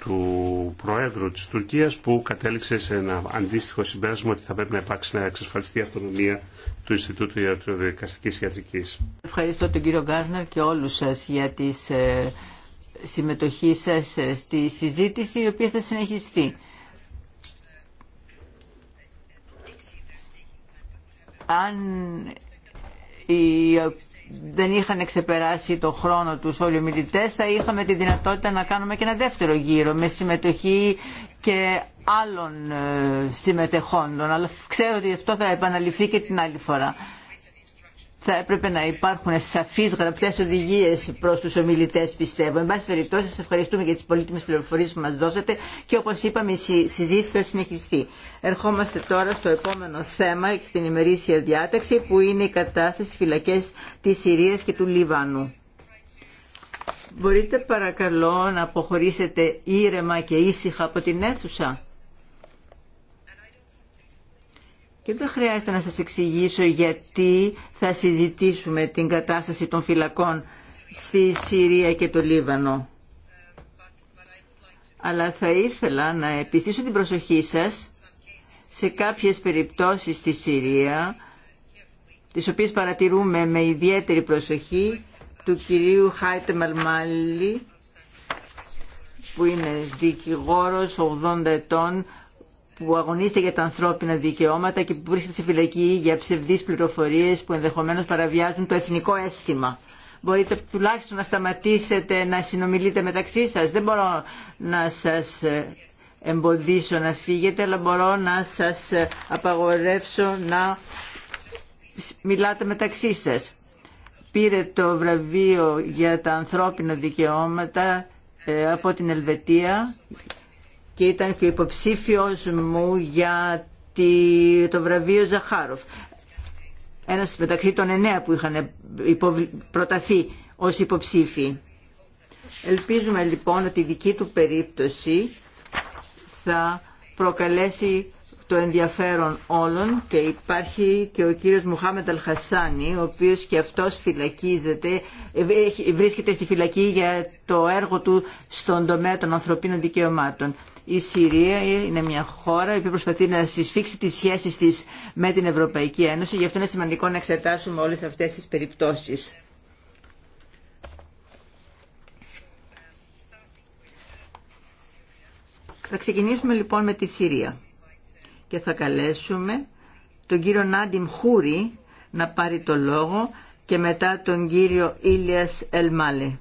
του Προέδρου της Τουρκίας που κατέληξε σε ένα αντίστοιχο συμπέρασμα ότι θα πρέπει να υπάρξει να εξασφαλιστεί η αυτονομία του Ινστιτούτου Ιατροδικαστικής Ιατρικής. Ευχαριστώ τον κύριο Γκάρνερ και όλους σας για τη ε, συμμετοχή σας ε, στη συζήτηση η οποία θα συνεχιστεί. Αν ε, δεν είχαν ξεπεράσει το χρόνο τους όλοι οι μιλητές, θα είχαμε τη δυνατότητα να κάνουμε και ένα δεύτερο γύρο με συμμετοχή και άλλων ε, συμμετεχόντων. Αλλά ξέρω ότι αυτό θα επαναληφθεί και την άλλη φορά θα έπρεπε να υπάρχουν σαφείς γραπτέ οδηγίε προ του ομιλητέ, πιστεύω. Εν πάση περιπτώσει σα ευχαριστούμε για τι πολύτιμε πληροφορίε που μα δώσατε και όπω είπαμε η συζήτηση θα συνεχιστεί. Ερχόμαστε τώρα στο επόμενο θέμα και στην ημερήσια διάταξη που είναι η κατάσταση φυλακές τη Συρίας και του Λιβάνου. Μπορείτε παρακαλώ να αποχωρήσετε ήρεμα και ήσυχα από την αίθουσα. Και δεν χρειάζεται να σας εξηγήσω γιατί θα συζητήσουμε την κατάσταση των φυλακών στη Συρία και το Λίβανο. Αλλά θα ήθελα να επιστήσω την προσοχή σας σε κάποιες περιπτώσεις στη Συρία, τις οποίες παρατηρούμε με ιδιαίτερη προσοχή, του κυρίου Χάιτε Μαλμάλι, που είναι δικηγόρος 80 ετών, που αγωνίζεται για τα ανθρώπινα δικαιώματα και που βρίσκεται σε φυλακή για ψευδείς πληροφορίες που ενδεχομένως παραβιάζουν το εθνικό αίσθημα. Μπορείτε τουλάχιστον να σταματήσετε να συνομιλείτε μεταξύ σας. Δεν μπορώ να σας ε, εμποδίσω να φύγετε, αλλά μπορώ να σας ε, απαγορεύσω να μιλάτε μεταξύ σας. Πήρε το βραβείο για τα ανθρώπινα δικαιώματα ε, από την Ελβετία και ήταν και υποψήφιος μου για το βραβείο Ζαχάροφ. Ένας μεταξύ των εννέα που είχαν προταθεί ως υποψήφιοι. Ελπίζουμε λοιπόν ότι η δική του περίπτωση θα προκαλέσει το ενδιαφέρον όλων και υπάρχει και ο κύριος Μουχάμενταλ Αλχασάνη ο οποίος και αυτός φυλακίζεται ε, βρίσκεται στη φυλακή για το έργο του στον τομέα των ανθρωπίνων δικαιωμάτων η Συρία είναι μια χώρα που προσπαθεί να συσφίξει τις σχέσεις της με την Ευρωπαϊκή Ένωση. Γι' αυτό είναι σημαντικό να εξετάσουμε όλες αυτές τις περιπτώσεις. Θα ξεκινήσουμε λοιπόν με τη Συρία και θα καλέσουμε τον κύριο Νάντιμ Χούρι να πάρει το λόγο και μετά τον κύριο Ήλιας Ελμάλη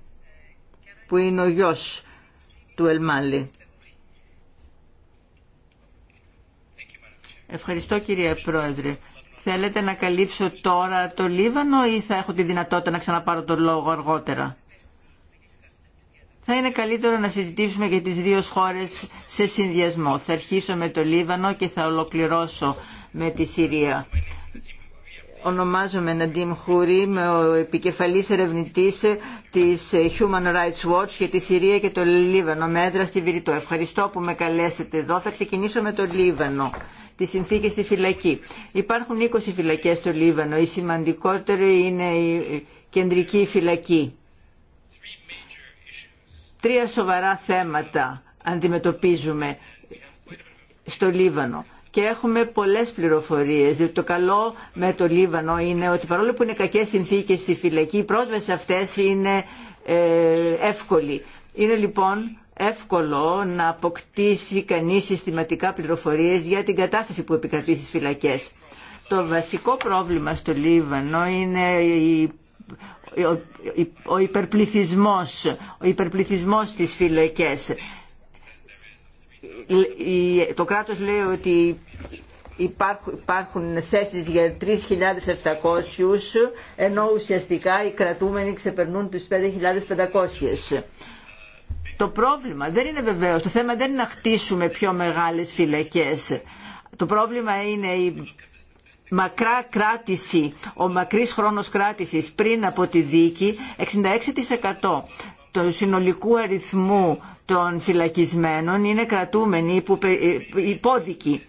που είναι ο γιος του Ελμάλη. Ευχαριστώ κύριε Πρόεδρε. Θέλετε να καλύψω τώρα το Λίβανο ή θα έχω τη δυνατότητα να ξαναπάρω τον λόγο αργότερα. Θα είναι καλύτερο να συζητήσουμε για τις δύο χώρες σε συνδυασμό. Θα αρχίσω με το Λίβανο και θα ολοκληρώσω με τη Συρία ονομάζομαι Ναντίμ Χούρι, με ο επικεφαλής ερευνητής της Human Rights Watch για τη Συρία και το Λίβανο, με έδρα στη Βηρητό. Ευχαριστώ που με καλέσετε εδώ. Θα ξεκινήσω με το Λίβανο, τη συνθήκη στη φυλακή. Υπάρχουν 20 φυλακές στο Λίβανο, η σημαντικότερη είναι η κεντρική φυλακή. Τρία σοβαρά θέματα αντιμετωπίζουμε στο Λίβανο. Και έχουμε πολλές πληροφορίες, διότι το καλό με το Λίβανο είναι ότι παρόλο που είναι κακές συνθήκες στη φυλακή, η πρόσβαση αυτές είναι ε, εύκολη. Είναι λοιπόν εύκολο να αποκτήσει κανείς συστηματικά πληροφορίες για την κατάσταση που επικρατεί στις φυλακές. Το βασικό πρόβλημα στο Λίβανο είναι ο υπερπληθισμός, ο υπερπληθισμός στις φυλακές το κράτος λέει ότι υπάρχουν, θέσεις για 3.700 ενώ ουσιαστικά οι κρατούμενοι ξεπερνούν τους 5.500. Το πρόβλημα δεν είναι βεβαίως, το θέμα δεν είναι να χτίσουμε πιο μεγάλες φυλακές. Το πρόβλημα είναι η μακρά κράτηση, ο μακρύς χρόνος κράτησης πριν από τη δίκη 66% το συνολικού αριθμού των φυλακισμένων είναι κρατούμενοι ε, υπόδικοι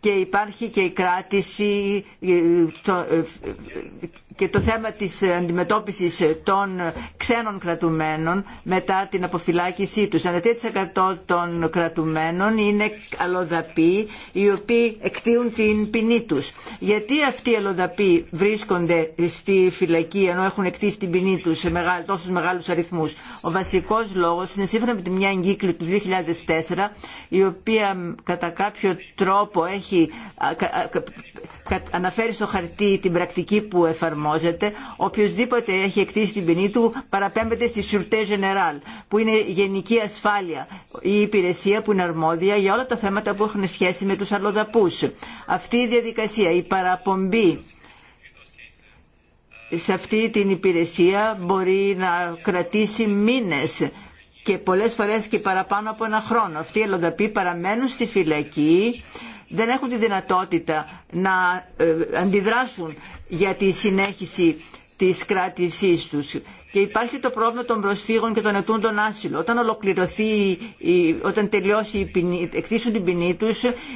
και υπάρχει και η κράτηση ε, ε, και το θέμα της αντιμετώπισης των ξένων κρατουμένων μετά την αποφυλάκησή τους. εκατό των κρατουμένων είναι αλλοδαποί οι οποίοι εκτίουν την ποινή τους. Γιατί αυτοί οι αλλοδαποί βρίσκονται στη φυλακή ενώ έχουν εκτίσει την ποινή τους σε μεγάλ, τόσους μεγάλους αριθμούς. Ο βασικός λόγος είναι σύμφωνα με τη μια εγκύκλη του 2004 η οποία κατά κάποιο τρόπο έχει αναφέρει στο χαρτί την πρακτική που εφαρμόζεται, οποιοδήποτε έχει εκτίσει την ποινή του παραπέμπεται στη Σουρτέ γενεράλ που είναι γενική ασφάλεια, η υπηρεσία που είναι αρμόδια για όλα τα θέματα που έχουν σχέση με του αλλοδαπού. Αυτή η διαδικασία, η παραπομπή σε αυτή την υπηρεσία μπορεί να κρατήσει μήνες και πολλές φορές και παραπάνω από ένα χρόνο. Αυτοί οι αλλοδαποί παραμένουν στη φυλακή δεν έχουν τη δυνατότητα να ε, αντιδράσουν για τη συνέχιση της κράτησής τους. Και υπάρχει το πρόβλημα των προσφύγων και των ετούντων άσυλων. Όταν, ολοκληρωθεί, όταν τελειώσει η εκτίσουν την ποινή του,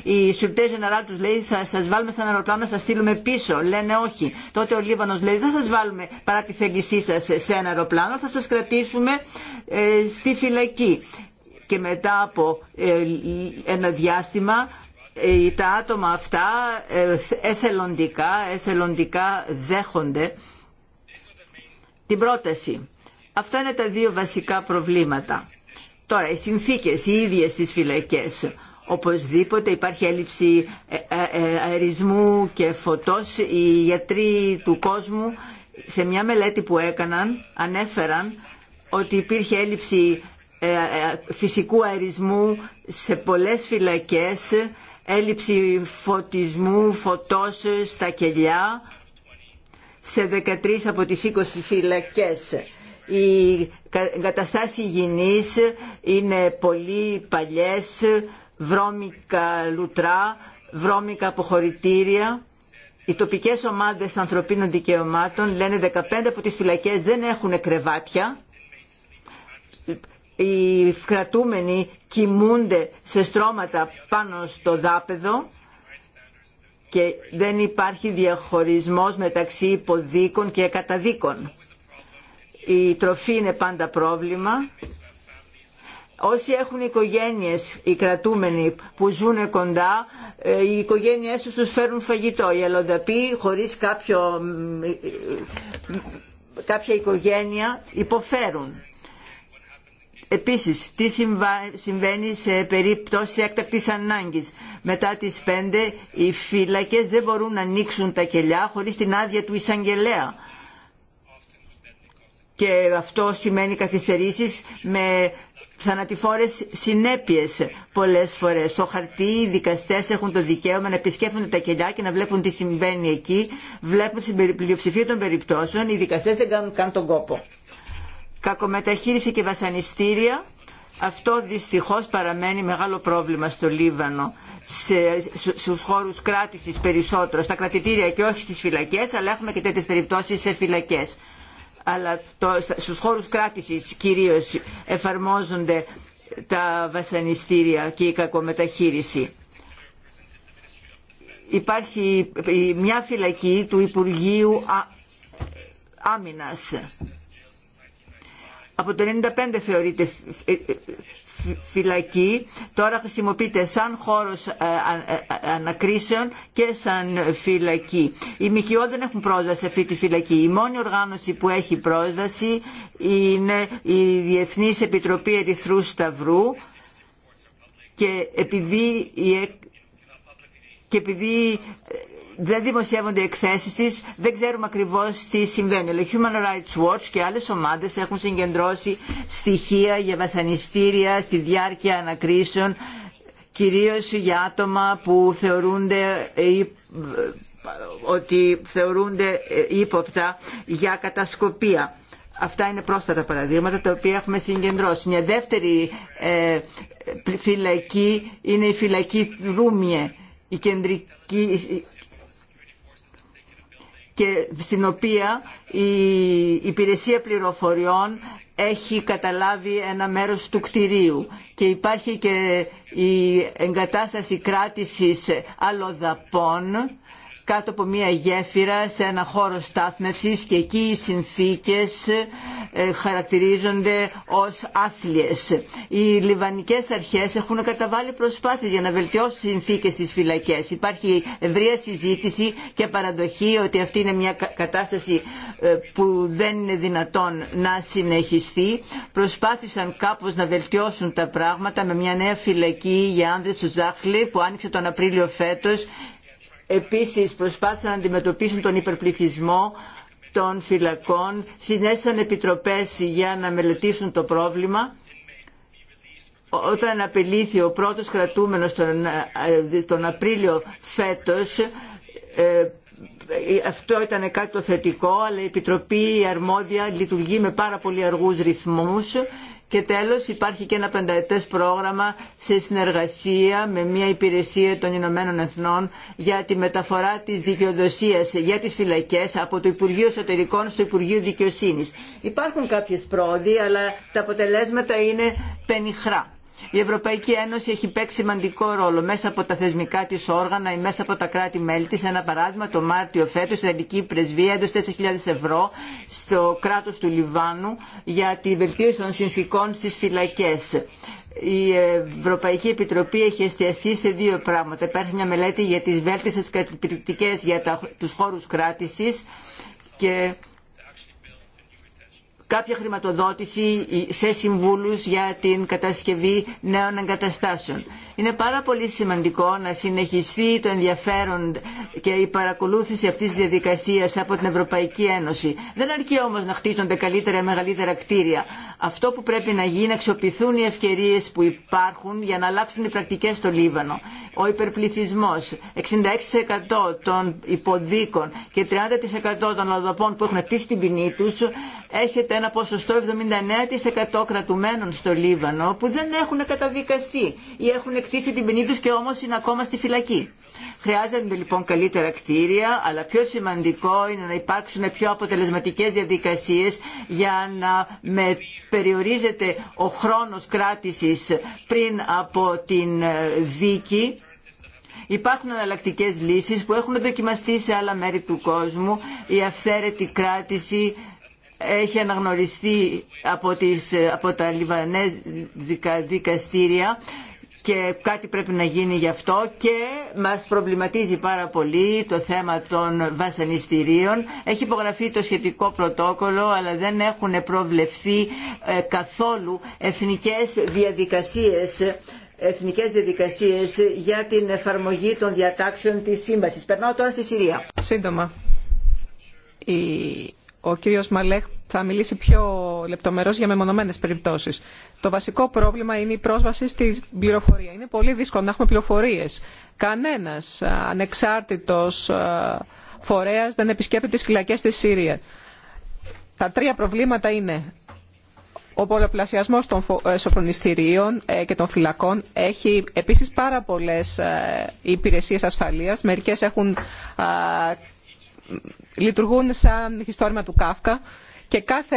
η Σουρτέ Γενερά του λέει θα σα βάλουμε σαν αεροπλάνο, θα στείλουμε πίσω. Λένε όχι. Τότε ο Λίβανο λέει δεν σα βάλουμε παρά τη θέλησή σα σε ένα αεροπλάνο, θα σα κρατήσουμε ε, στη φυλακή. Και μετά από ε, ένα διάστημα ε, τα άτομα αυτά ε, εθελοντικά, εθελοντικά δέχονται την πρόταση. Αυτά είναι τα δύο βασικά προβλήματα. Τώρα, οι συνθήκες, οι ίδιες στις φυλακές. Οπωσδήποτε υπάρχει έλλειψη ε, αερισμού και φωτός. Οι γιατροί του κόσμου σε μια μελέτη που έκαναν ανέφεραν ότι υπήρχε έλλειψη φυσικού αερισμού σε πολλές φυλακές έλλειψη φωτισμού, φωτός στα κελιά σε 13 από τις 20 φυλακές. Οι καταστάσεις υγιεινής είναι πολύ παλιές, βρώμικα λουτρά, βρώμικα αποχωρητήρια. Οι τοπικές ομάδες ανθρωπίνων δικαιωμάτων λένε 15 από τις φυλακές δεν έχουν κρεβάτια οι κρατούμενοι κοιμούνται σε στρώματα πάνω στο δάπεδο και δεν υπάρχει διαχωρισμός μεταξύ υποδίκων και καταδίκων. Η τροφή είναι πάντα πρόβλημα. Όσοι έχουν οικογένειες, οι κρατούμενοι που ζουν κοντά, ε, οι οικογένειές τους τους φέρουν φαγητό. Οι αλλοδαποί χωρίς κάποιο, κάποια οικογένεια υποφέρουν. Επίσης, τι συμβαίνει σε περίπτωση έκτακτη ανάγκη. Μετά τις 5 οι φυλακέ δεν μπορούν να ανοίξουν τα κελιά χωρίς την άδεια του εισαγγελέα. Και αυτό σημαίνει καθυστερήσεις με θανατηφόρες συνέπειες πολλές φορές. Στο χαρτί οι δικαστές έχουν το δικαίωμα να επισκέφτονται τα κελιά και να βλέπουν τι συμβαίνει εκεί. Βλέπουν στην πλειοψηφία των περιπτώσεων οι δικαστές δεν κάνουν καν τον κόπο κακομεταχείριση και βασανιστήρια. Αυτό δυστυχώς παραμένει μεγάλο πρόβλημα στο Λίβανο στους χώρους κράτησης περισσότερο, στα κρατητήρια και όχι στις φυλακές, αλλά έχουμε και τέτοιες περιπτώσεις σε φυλακές. Αλλά το, στους χώρους κράτησης κυρίως εφαρμόζονται τα βασανιστήρια και η κακομεταχείριση. Υπάρχει μια φυλακή του Υπουργείου Άμυνας από το 1995 θεωρείται ε, ε, φυλακή, τώρα χρησιμοποιείται σαν χώρος ε, ανακρίσεων και σαν φυλακή. Οι ΜΚΟ δεν έχουν πρόσβαση σε αυτή τη φυλακή. Η μόνη οργάνωση που έχει πρόσβαση είναι η Διεθνής Επιτροπή Ερυθρού Σταυρού και επειδή, και επειδή δεν δημοσιεύονται οι εκθέσεις της, δεν ξέρουμε ακριβώς τι συμβαίνει. Ο Human Rights Watch και άλλες ομάδες έχουν συγκεντρώσει στοιχεία για βασανιστήρια στη διάρκεια ανακρίσεων, κυρίως για άτομα που θεωρούνται ότι θεωρούνται ε, ύποπτα για κατασκοπία. Αυτά είναι πρόσφατα παραδείγματα τα οποία έχουμε συγκεντρώσει. Μια δεύτερη ε, φυλακή είναι η φυλακή Ρούμιε, η κεντρική και στην οποία η υπηρεσία πληροφοριών έχει καταλάβει ένα μέρος του κτηρίου και υπάρχει και η εγκατάσταση κράτησης αλλοδαπών κάτω από μια γέφυρα σε ένα χώρο στάθμευσης και εκεί οι συνθήκες ε, χαρακτηρίζονται ως άθλιες. Οι λιβανικές αρχές έχουν καταβάλει προσπάθειες για να βελτιώσουν τις συνθήκες στις φυλακές. Υπάρχει ευρεία συζήτηση και παραδοχή ότι αυτή είναι μια κατάσταση ε, που δεν είναι δυνατόν να συνεχιστεί. Προσπάθησαν κάπως να βελτιώσουν τα πράγματα με μια νέα φυλακή για άνδρες του Ζάχλη που άνοιξε τον Απρίλιο φέτος Επίσης προσπάθησαν να αντιμετωπίσουν τον υπερπληθυσμό των φυλακών, συνέστησαν επιτροπές για να μελετήσουν το πρόβλημα. Όταν απελήθη ο πρώτος κρατούμενος τον, ε, Απρίλιο φέτος, ε, αυτό ήταν κάτι το θετικό, αλλά η Επιτροπή η αρμόδια λειτουργεί με πάρα πολύ αργούς ρυθμούς και τέλος υπάρχει και ένα πενταετές πρόγραμμα σε συνεργασία με μια υπηρεσία των Ηνωμένων Εθνών για τη μεταφορά της δικαιοδοσίας για τις φυλακές από το Υπουργείο Εσωτερικών στο Υπουργείο Δικαιοσύνης. Υπάρχουν κάποιες πρόοδοι αλλά τα αποτελέσματα είναι πενιχρά. Η Ευρωπαϊκή Ένωση έχει παίξει σημαντικό ρόλο μέσα από τα θεσμικά της όργανα ή μέσα από τα κράτη-μέλη της. Ένα παράδειγμα, το Μάρτιο φέτος η Ιταλική Πρεσβεία φετος η ελληνικη πρεσβεια εδωσε 4.000 ευρώ στο κράτος του Λιβάνου για τη βελτίωση των συνθήκων στις φυλακές. Η Ευρωπαϊκή Επιτροπή έχει εστιαστεί σε δύο πράγματα. Υπάρχει μια μελέτη για τις βέλτιστες κατηπληκτικές για τους χώρους κράτησης και κάποια χρηματοδότηση σε συμβούλους για την κατασκευή νέων εγκαταστάσεων. Είναι πάρα πολύ σημαντικό να συνεχιστεί το ενδιαφέρον και η παρακολούθηση αυτής της διαδικασίας από την Ευρωπαϊκή Ένωση. Δεν αρκεί όμως να χτίζονται καλύτερα ή μεγαλύτερα κτίρια. Αυτό που πρέπει να γίνει είναι να αξιοποιηθούν οι ευκαιρίες που υπάρχουν για να αλλάξουν οι πρακτικές στο Λίβανο. Ο υπερπληθυσμός, 66% των υποδίκων και 30% των λαδοπών που έχουν χτίσει την ποινή έχετε ένα ποσοστό 79% κρατουμένων στο Λίβανο που δεν έχουν καταδικαστεί ή έχουν εκτίσει την ποινή τους και όμως είναι ακόμα στη φυλακή. Χρειάζονται λοιπόν καλύτερα κτίρια, αλλά πιο σημαντικό είναι να υπάρξουν πιο αποτελεσματικές διαδικασίες για να με περιορίζεται ο χρόνος κράτησης πριν από την ε, δίκη Υπάρχουν εναλλακτικέ λύσεις που έχουν δοκιμαστεί σε άλλα μέρη του κόσμου, η αυθαίρετη κράτηση, έχει αναγνωριστεί από, τις, από τα λιβανέζικα δικαστήρια και κάτι πρέπει να γίνει γι' αυτό και μας προβληματίζει πάρα πολύ το θέμα των βασανιστήριων. Έχει υπογραφεί το σχετικό πρωτόκολλο αλλά δεν έχουν προβλεφθεί ε, καθόλου εθνικές διαδικασίες εθνικές διαδικασίες για την εφαρμογή των διατάξεων της σύμβασης. Περνάω τώρα στη Συρία. Σύντομα ο κύριος Μαλέχ θα μιλήσει πιο λεπτομερώς για μεμονωμένες περιπτώσεις. Το βασικό πρόβλημα είναι η πρόσβαση στην πληροφορία. Είναι πολύ δύσκολο να έχουμε πληροφορίες. Κανένας ανεξάρτητος φορέας δεν επισκέπτεται τις φυλακές της Συρία. Τα τρία προβλήματα είναι ο πολλαπλασιασμός των ε, σοφρονιστηρίων ε, και των φυλακών έχει επίσης πάρα πολλές ε, υπηρεσίες ασφαλείας. Μερικές έχουν λειτουργούν σαν χιστόρημα του Κάφκα και κάθε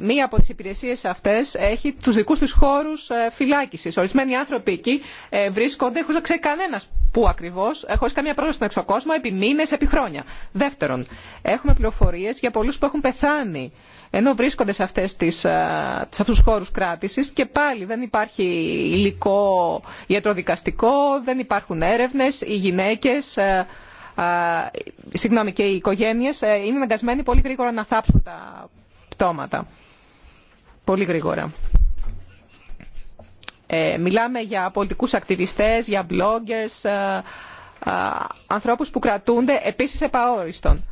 μία από τις υπηρεσίες αυτές έχει τους δικούς τους χώρους ε, φυλάκισης. Ορισμένοι άνθρωποι εκεί ε, βρίσκονται χωρίς να ξέρει κανένας πού ακριβώς, ε, χωρίς καμία πρόσβαση στον εξωκόσμο, επί μήνες, επί χρόνια. Δεύτερον, έχουμε πληροφορίες για πολλούς που έχουν πεθάνει ενώ βρίσκονται σε, αυτές τις, σε αυτούς τους χώρους κράτησης και πάλι δεν υπάρχει υλικό ιατροδικαστικό, δεν υπάρχουν έρευνες, οι γυναίκες συγγνώμη, και οι οικογένειε ε, είναι αναγκασμένοι πολύ γρήγορα να θάψουν τα πτώματα. Πολύ γρήγορα. Ε, μιλάμε για πολιτικούς ακτιβιστές, για bloggers, ε, ανθρώπου ανθρώπους που κρατούνται επίσης επαόριστον.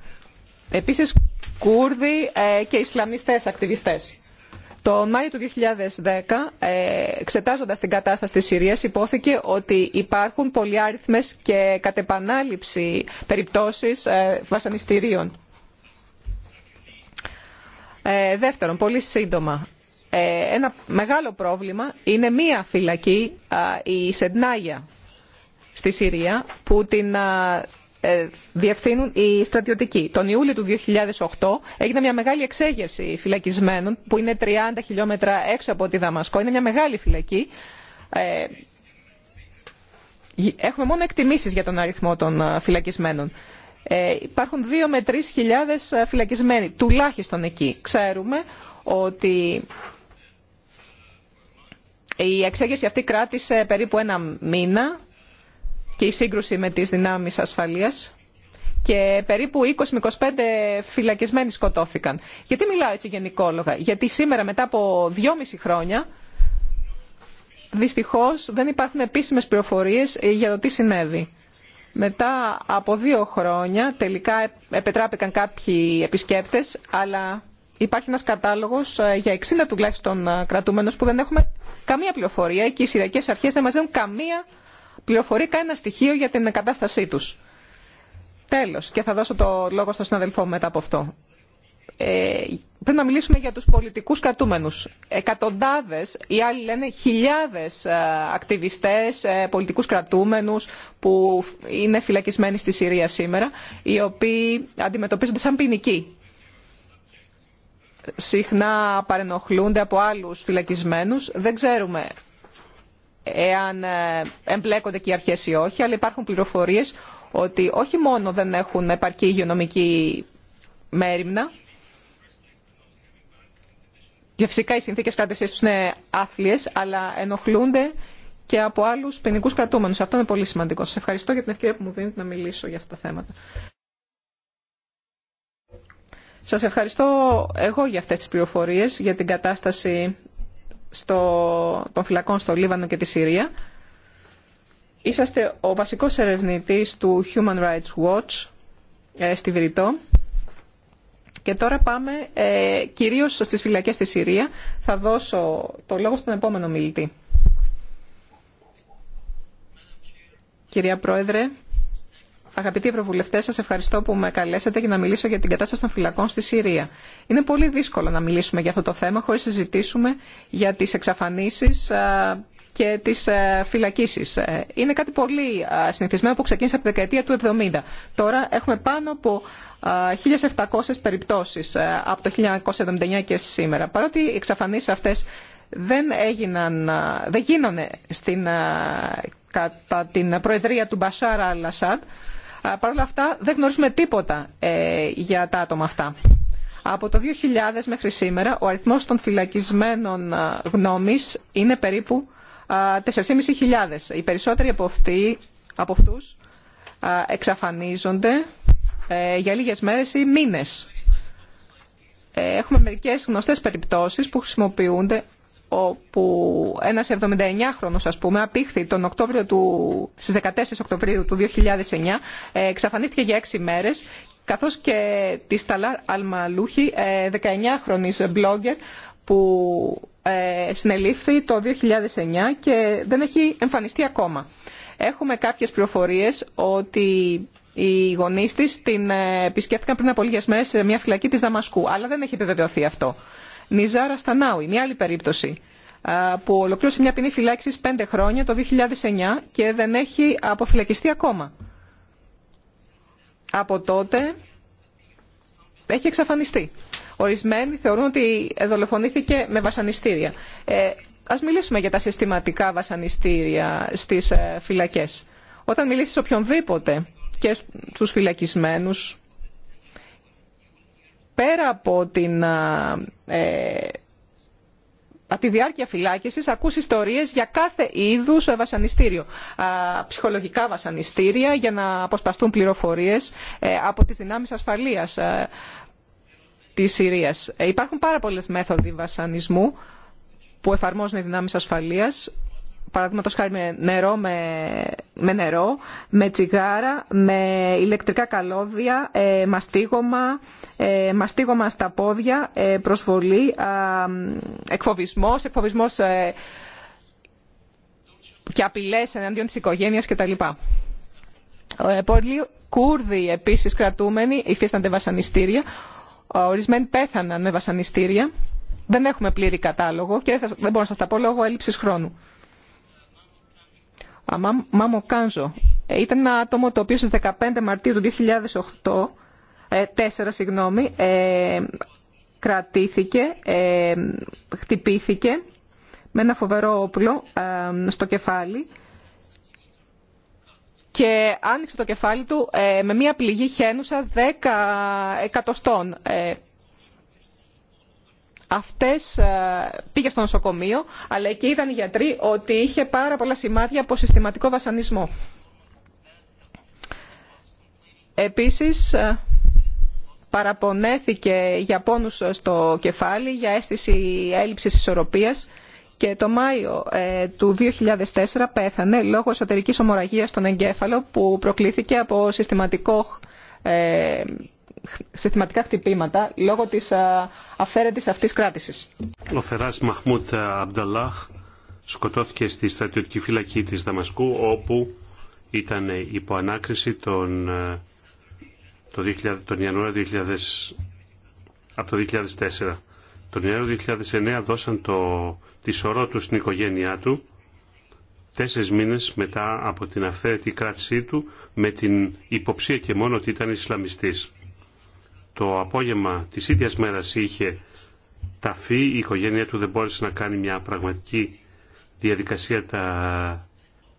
Επίσης Κούρδοι και Ισλαμιστές ακτιβιστές. Το Μάιο του 2010, ε, εξετάζοντας την κατάσταση τη Συρία, υπόθηκε ότι υπάρχουν πολυάριθμες και κατ' επανάληψη περιπτώσεις ε, βασανιστήριων. Ε, δεύτερον, πολύ σύντομα, ένα μεγάλο πρόβλημα είναι μία φυλακή, η Σεντνάγια, στη Συρία, που την ε, διευθύνουν οι στρατιωτικοί. Τον Ιούλιο του 2008 έγινε μια μεγάλη εξέγερση φυλακισμένων που είναι 30 χιλιόμετρα έξω από τη Δαμασκό. Είναι μια μεγάλη φυλακή. Ε, έχουμε μόνο εκτιμήσεις για τον αριθμό των ε, φυλακισμένων. υπάρχουν 2 με 3 χιλιάδες φυλακισμένοι, τουλάχιστον εκεί. Ξέρουμε ότι η εξέγερση αυτή κράτησε περίπου ένα μήνα και η σύγκρουση με τις δυνάμεις ασφαλείας και περίπου 20 με 25 φυλακισμένοι σκοτώθηκαν. Γιατί μιλάω έτσι γενικόλογα. Γιατί σήμερα μετά από 2,5 χρόνια δυστυχώς δεν υπάρχουν επίσημες πληροφορίες ε, για το τι συνέβη. Μετά από δύο χρόνια τελικά επετράπηκαν κάποιοι επισκέπτες, αλλά υπάρχει ένας κατάλογος ε, για 60 τουλάχιστον ε, κρατούμενους που δεν έχουμε καμία πληροφορία και οι Συριακές Αρχές δεν μας δίνουν καμία πληροφορεί κανένα στοιχείο για την εγκατάστασή τους. Τέλος, και θα δώσω το λόγο στον συναδελφό μου μετά από αυτό. Ε, πρέπει να μιλήσουμε για τους πολιτικούς κρατούμενους. Εκατοντάδες, οι άλλοι λένε χιλιάδες ε, ακτιβιστές, ε, πολιτικούς κρατούμενους που είναι φυλακισμένοι στη Συρία σήμερα, οι οποίοι αντιμετωπίζονται σαν ποινικοί. Συχνά παρενοχλούνται από άλλους φυλακισμένους. Δεν ξέρουμε εάν ε, εμπλέκονται και οι αρχές ή όχι, αλλά υπάρχουν πληροφορίες ότι όχι μόνο δεν έχουν επαρκή υγειονομική μέρημνα, και φυσικά οι συνθήκες κράτησής τους είναι άθλιες, αλλά ενοχλούνται και από άλλους ποινικού κρατούμενους. Αυτό είναι πολύ σημαντικό. Σας ευχαριστώ για την ευκαιρία που μου δίνετε να μιλήσω για αυτά τα θέματα. Σας ευχαριστώ εγώ για αυτές τις πληροφορίες, για την κατάσταση στο, των φυλακών στο Λίβανο και τη Συρία. Είσαστε ο βασικός ερευνητής του Human Rights Watch ε, στη Βηρητό. Και τώρα πάμε ε, κυρίως στις φυλακές στη Συρία. Θα δώσω το λόγο στον επόμενο μιλητή. Κυρία Πρόεδρε, Αγαπητοί Ευρωβουλευτέ, σα ευχαριστώ που με καλέσατε για να μιλήσω για την κατάσταση των φυλακών στη Συρία. Είναι πολύ δύσκολο να μιλήσουμε για αυτό το θέμα χωρί να συζητήσουμε για τι εξαφανίσει και τι ε, φυλακίσει. Ε, είναι κάτι πολύ συνηθισμένο που ξεκίνησε από τη δεκαετία του 70. Τώρα έχουμε πάνω από 1.700 περιπτώσει ε, από το 1979 και σήμερα. Παρότι οι εξαφανίσει αυτέ δεν, έγιναν, δεν γίνονται στην, κατά την προεδρία του Μπασάρα Παρ' όλα αυτά δεν γνωρίζουμε τίποτα ε, για τα άτομα αυτά. Από το 2000 μέχρι σήμερα ο αριθμός των φυλακισμένων γνώμης είναι περίπου 4.500. Οι περισσότεροι από, αυτού αυτούς εξαφανίζονται ε, για λίγες μέρες ή μήνες. Ε, έχουμε μερικές γνωστές περιπτώσεις που χρησιμοποιούνται οπου ένα ένας χρόνο, ας πούμε απήχθη τον Οκτώβριο του, στις 14 Οκτωβρίου του 2009 ε, εξαφανίστηκε για 6 μέρε, καθώς και τη Σταλάρ Αλμαλούχη ε, χρονη blogger που ε, συνελήφθη το 2009 και δεν έχει εμφανιστεί ακόμα. Έχουμε κάποιες πληροφορίες ότι οι γονείς της την επισκέφτηκαν πριν από λίγες μέρες σε μια φυλακή της Δαμασκού αλλά δεν έχει επιβεβαιωθεί αυτό. Νιζάρα Στανάουι, μια άλλη περίπτωση, που ολοκλήρωσε μια ποινή φυλάξη πέντε χρόνια το 2009 και δεν έχει αποφυλακιστεί ακόμα. Από τότε έχει εξαφανιστεί. Ορισμένοι θεωρούν ότι δολοφονήθηκε με βασανιστήρια. Ε, ας μιλήσουμε για τα συστηματικά βασανιστήρια στις ε, φυλακές. Όταν μιλήσεις οποιονδήποτε και στους φυλακισμένους πέρα από την ε, από τη διάρκεια φυλάκιση ακούς ιστορίες για κάθε είδους βασανιστήριο. Ψυχολογικά βασανιστήρια για να αποσπαστούν πληροφορίες ε, από τις δυνάμεις ασφαλείας ε, της Συρίας. Ε, υπάρχουν πάρα πολλές μέθοδοι βασανισμού που εφαρμόζουν οι δυνάμεις ασφαλείας Παραδείγματο χάρη με νερό, με, με νερό, με τσιγάρα, με ηλεκτρικά καλώδια, ε, μαστίγωμα, ε, μαστίγωμα στα πόδια, ε, προσβολή, εκφοβισμός, εκφοβισμός και απειλές εναντίον της οικογένειας κτλ. Πολλοί Κούρδοι επίσης κρατούμενοι υφίστανται βασανιστήρια. Ορισμένοι πέθαναν με βασανιστήρια. Δεν έχουμε πλήρη κατάλογο και δεν μπορώ να σας τα πω λόγω έλλειψης χρόνου. Μάμο Κάνζο ε, ήταν ένα άτομο το οποίο στις 15 Μαρτίου του 2008, 4 ε, συγγνώμη, ε, κρατήθηκε, χτυπήθηκε με ένα φοβερό όπλο στο κεφάλι και άνοιξε το κεφάλι του με μία πληγή χένουσα 10 εκατοστών αυτές ε, πήγε στο νοσοκομείο, αλλά εκεί είδαν οι γιατροί ότι είχε πάρα πολλά σημάδια από συστηματικό βασανισμό. Επίσης, ε, παραπονέθηκε για πόνους στο κεφάλι, για αίσθηση έλλειψης ισορροπίας και το Μάιο ε, του 2004 πέθανε λόγω εσωτερικής ομορραγίας στον εγκέφαλο που προκλήθηκε από συστηματικό συστηματικά χτυπήματα λόγω της αυθαίρετης αυτής κράτησης. Ο Φεράς Μαχμούτ Αμπταλάχ σκοτώθηκε στη στρατιωτική φυλακή της Δαμασκού όπου ήταν υπό ανάκριση τον, ε, τον Ιανουάριο 2000, από το 2004. Τον Ιανουάριο 2009 δώσαν το σωρό του στην οικογένειά του τέσσερις μήνες μετά από την αυθαίρετη κράτησή του με την υποψία και μόνο ότι ήταν Ισλαμιστής το απόγευμα της ίδιας μέρας είχε ταφεί, η οικογένεια του δεν μπόρεσε να κάνει μια πραγματική διαδικασία τα...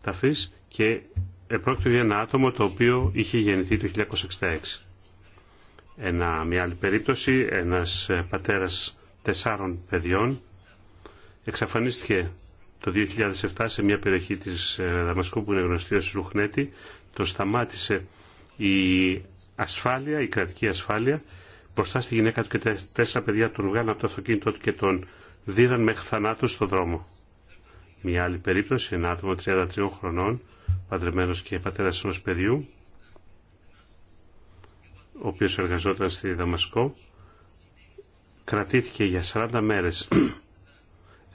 ταφής και επρόκειτο για ένα άτομο το οποίο είχε γεννηθεί το 1966. Ένα, μια άλλη περίπτωση, ένας ε, πατέρας τεσσάρων παιδιών εξαφανίστηκε το 2007 σε μια περιοχή της ε, Δαμασκού που είναι γνωστή ως Ρουχνέτη. Το σταμάτησε η ασφάλεια, η κρατική ασφάλεια, μπροστά στη γυναίκα του και τα τέσσερα παιδιά του βγάλαν από το αυτοκίνητό του και τον δίραν μέχρι θανάτου στον δρόμο. Μια άλλη περίπτωση, ένα άτομο 33 χρονών, παντρεμένο και πατέρα ενό παιδιού, ο οποίο εργαζόταν στη Δαμασκό, κρατήθηκε για 40 μέρε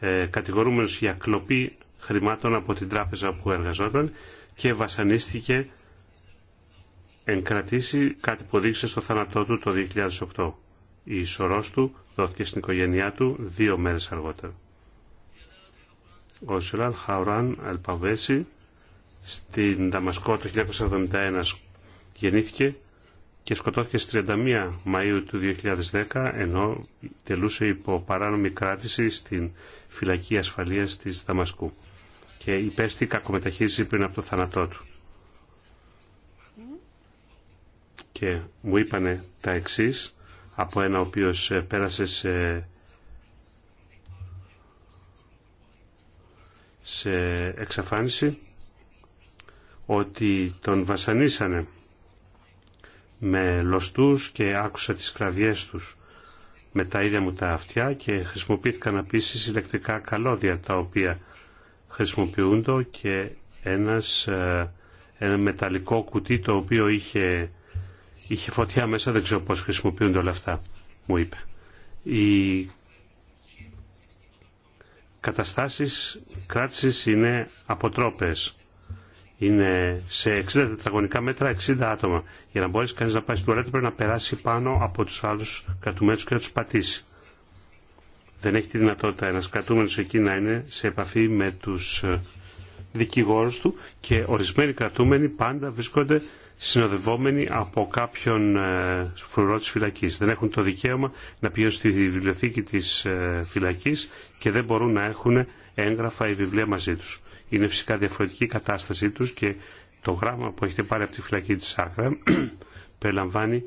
ε, κατηγορούμενος για κλοπή χρημάτων από την τράπεζα που εργαζόταν και βασανίστηκε εν κρατήσει κάτι που δείξε στο θάνατό του το 2008. Η ισορός του δόθηκε στην οικογένειά του δύο μέρες αργότερα. Ο Σιλάλ Χαουράν Αλπαβέση στην Δαμασκό το 1971 γεννήθηκε και σκοτώθηκε στις 31 Μαΐου του 2010 ενώ τελούσε υπό παράνομη κράτηση στην φυλακή ασφαλείας της Δαμασκού και υπέστη κακομεταχείριση πριν από το θάνατό του. και μου είπανε τα εξής από ένα ο οποίος ε, πέρασε σε, εξαφάνιση ότι τον βασανίσανε με λοστούς και άκουσα τις κραυγές τους με τα ίδια μου τα αυτιά και χρησιμοποιήθηκαν επίση ηλεκτρικά καλώδια τα οποία χρησιμοποιούντο και ένας, ε, ένα μεταλλικό κουτί το οποίο είχε Είχε φωτιά μέσα, δεν ξέρω πώς χρησιμοποιούνται όλα αυτά, μου είπε. Οι καταστάσεις κράτησης είναι αποτρόπες. Είναι σε 60 τετραγωνικά μέτρα 60 άτομα. Για να μπορέσει κανείς να πάει στην τουαλέτα πρέπει να περάσει πάνω από τους άλλους κρατουμένους και να τους πατήσει. Δεν έχει τη δυνατότητα ένας κρατούμενος εκεί να είναι σε επαφή με τους ε, δικηγόρους του και ορισμένοι κρατούμενοι πάντα βρίσκονται συνοδευόμενοι από κάποιον ε, φρουρό της φυλακής. Δεν έχουν το δικαίωμα να πηγαίνουν στη βιβλιοθήκη της ε, φυλακής και δεν μπορούν να έχουν έγγραφα ή βιβλία μαζί τους. Είναι φυσικά διαφορετική η κατάστασή τους και το γράμμα που έχετε πάρει από τη φυλακή της Άκρα [clears throat] περιλαμβάνει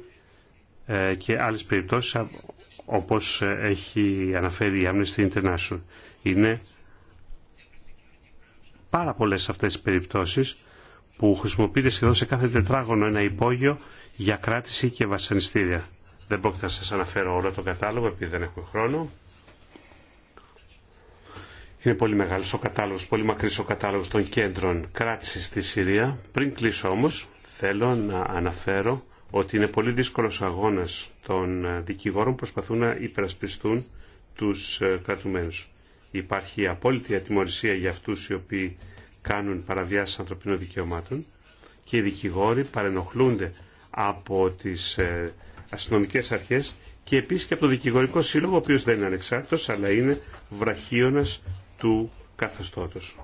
ε, και άλλες περιπτώσεις όπως έχει αναφέρει η Amnesty International. Είναι πάρα πολλές αυτές τις περιπτώσεις που χρησιμοποιείται σχεδόν σε κάθε τετράγωνο ένα υπόγειο για κράτηση και βασανιστήρια. Δεν πρόκειται να σας αναφέρω όλο το κατάλογο επειδή δεν έχουμε χρόνο. Είναι πολύ μεγάλος ο κατάλογος, πολύ μακρύς ο κατάλογος των κέντρων κράτηση στη Συρία. Πριν κλείσω όμως, θέλω να αναφέρω ότι είναι πολύ δύσκολος αγώνας των ε, δικηγόρων που προσπαθούν να υπερασπιστούν τους ε, κρατουμένους. Υπάρχει απόλυτη ατιμορρησία για αυτούς οι οποίοι κάνουν παραβιάσεις ανθρωπίνων δικαιωμάτων και οι δικηγόροι παρενοχλούνται από τις ε, αστυνομικές αρχές και επίσης και από το δικηγορικό σύλλογο, ο οποίος δεν είναι ανεξάρτητος, αλλά είναι βραχίωνας του καθεστώτος.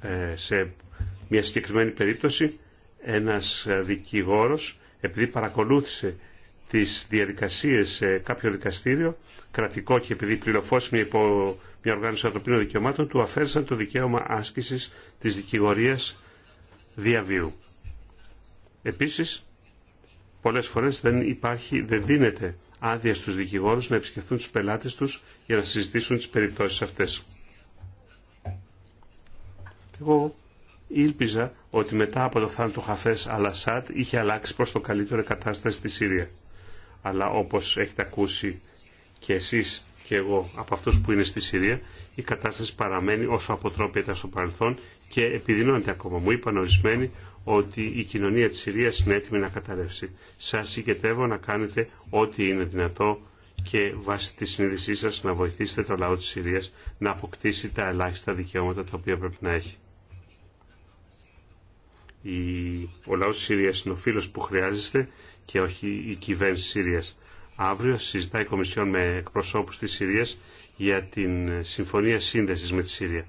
Ε, σε μια συγκεκριμένη περίπτωση, ένας ε, δικηγόρος, επειδή παρακολούθησε τις διαδικασίες σε κάποιο δικαστήριο, κρατικό και επειδή πληροφόρησε μια, υπο, μια οργάνωση ανθρωπίνων δικαιωμάτων του αφαίρεσαν το δικαίωμα άσκησης της δικηγορία διαβίου. Επίσης, πολλές φορές δεν υπάρχει, δεν δίνεται άδεια στους δικηγόρους να επισκεφθούν του πελάτες τους για να συζητήσουν τις περιπτώσει αυτές. Εγώ ήλπιζα ότι μετά από το θάνατο χαφέ Αλασάτ είχε αλλάξει προ το καλύτερο κατάσταση στη Συρία. Αλλά όπω έχετε ακούσει και εσείς και εγώ από αυτούς που είναι στη Συρία, η κατάσταση παραμένει όσο αποτρόπια ήταν στο παρελθόν και επιδεινώνεται ακόμα. Μου είπαν ορισμένοι ότι η κοινωνία της Συρίας είναι έτοιμη να καταρρεύσει. Σα συγκετεύω να κάνετε ό,τι είναι δυνατό και βάσει τη συνείδησή σας να βοηθήσετε το λαό τη Συρίας να αποκτήσει τα ελάχιστα δικαιώματα τα οποία πρέπει να έχει. Ο λαός της Συρίας είναι ο φίλος που χρειάζεστε και όχι η κυβέρνηση της Συρίας. Αύριο συζητάει η Κομισιόν με εκπροσώπους της Συρίας για την συμφωνία σύνδεσης με τη Συρία.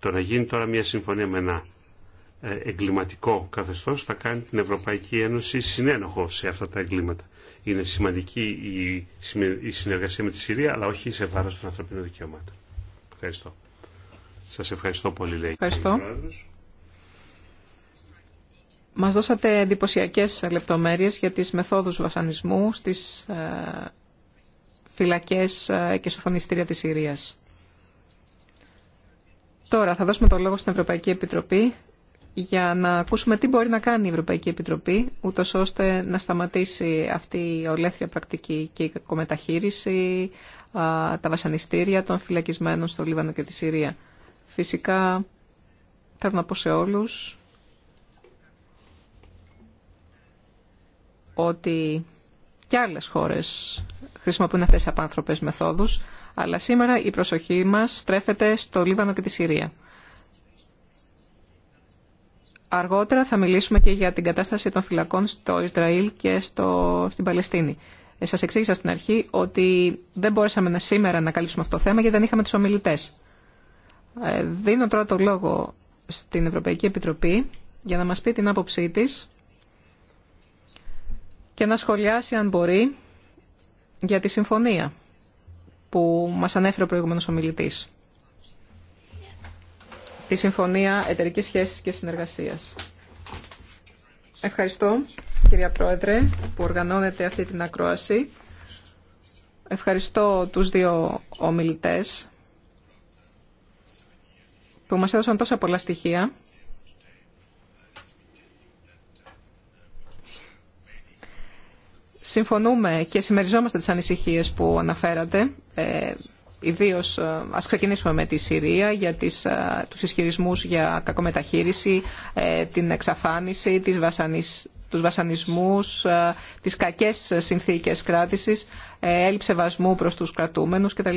Το να γίνει τώρα μια συμφωνία με ένα ε, εγκληματικό καθεστώς θα κάνει την Ευρωπαϊκή Ένωση συνένοχο σε αυτά τα εγκλήματα. Είναι σημαντική η συνεργασία με τη Συρία, αλλά όχι σε βάρος των ανθρωπίνων δικαιωμάτων. Ευχαριστώ. Σας ευχαριστώ πολύ, λέει. Ευχαριστώ. Μας δώσατε εντυπωσιακέ λεπτομέρειες για τις μεθόδους βασανισμού στις ε, φυλακές ε, και σοφονιστήρια της Συρίας. Τώρα θα δώσουμε το λόγο στην Ευρωπαϊκή Επιτροπή για να ακούσουμε τι μπορεί να κάνει η Ευρωπαϊκή Επιτροπή, ούτω ώστε να σταματήσει αυτή η ολέθρια πρακτική και η κακομεταχείριση, τα βασανιστήρια των φυλακισμένων στο Λίβανο και τη Συρία. Φυσικά, θέλω να πω σε όλους ότι και άλλες χώρες χρησιμοποιούν αυτές τις απάνθρωπες μεθόδους, αλλά σήμερα η προσοχή μας στρέφεται στο Λίβανο και τη Συρία. Αργότερα θα μιλήσουμε και για την κατάσταση των φυλακών στο Ισραήλ και στο, στην Παλαιστίνη. Ε, σας εξήγησα στην αρχή ότι δεν μπορέσαμε να σήμερα να καλύψουμε αυτό το θέμα γιατί δεν είχαμε τους ομιλητές. Ε, δίνω τώρα το λόγο στην Ευρωπαϊκή Επιτροπή για να μας πει την άποψή της και να σχολιάσει αν μπορεί για τη συμφωνία που μας ανέφερε ο προηγούμενος ομιλητής. Τη Συμφωνία Εταιρικής Σχέσης και Συνεργασίας. Ευχαριστώ, κυρία Πρόεδρε, που οργανώνετε αυτή την ακρόαση. Ευχαριστώ τους δύο ομιλητές που μας έδωσαν τόσα πολλά στοιχεία συμφωνούμε και συμμεριζόμαστε τις ανησυχίες που αναφέρατε. Ε, Ιδίω ε, ας ξεκινήσουμε με τη Συρία για του ε, τους ισχυρισμούς για κακομεταχείριση, ε, την εξαφάνιση, τις τους βασανισμούς, τις κακές συνθήκες κράτησης, έλλειψη βασμού προς τους κρατούμενους κτλ.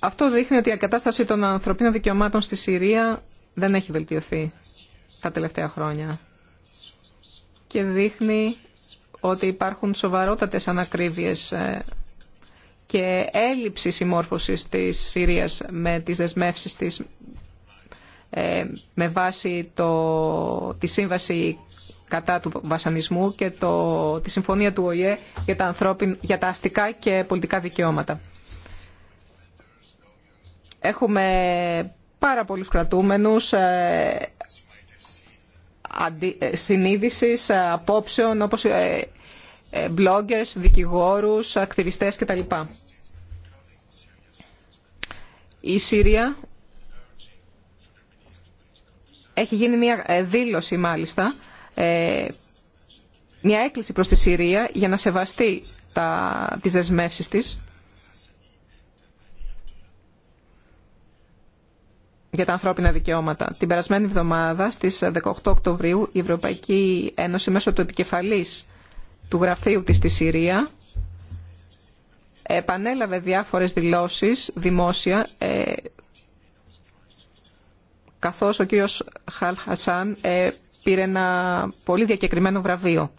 Αυτό δείχνει ότι η κατάσταση των ανθρωπίνων δικαιωμάτων στη Συρία δεν έχει βελτιωθεί τα τελευταία χρόνια και δείχνει ότι υπάρχουν σοβαρότατες ανακρίβειες ε, και έλλειψη συμμόρφωσης της Συρίας με τις δεσμεύσεις της ε, με βάση το, τη σύμβαση κατά του βασανισμού και το, τη συμφωνία του ΟΗΕ για τα, ανθρώπιν, για τα αστικά και πολιτικά δικαιώματα. Έχουμε πάρα πολλούς κρατούμενους, ε, ε, συνείδησης, ε, απόψεων όπως ε, bloggers, δικηγόρους, ακτιβιστές κτλ. Η Συρία έχει γίνει μια δήλωση μάλιστα, μια έκκληση προς τη Συρία για να σεβαστεί τα, τις δεσμεύσεις της για τα ανθρώπινα δικαιώματα. Την περασμένη εβδομάδα, στις 18 Οκτωβρίου, η Ευρωπαϊκή Ένωση μέσω του επικεφαλής του γραφείου της στη Συρία επανέλαβε διάφορες δηλώσεις δημόσια ε, καθώς ο κύριος Χαλ Χασάν ε, πήρε ένα πολύ διακεκριμένο βραβείο.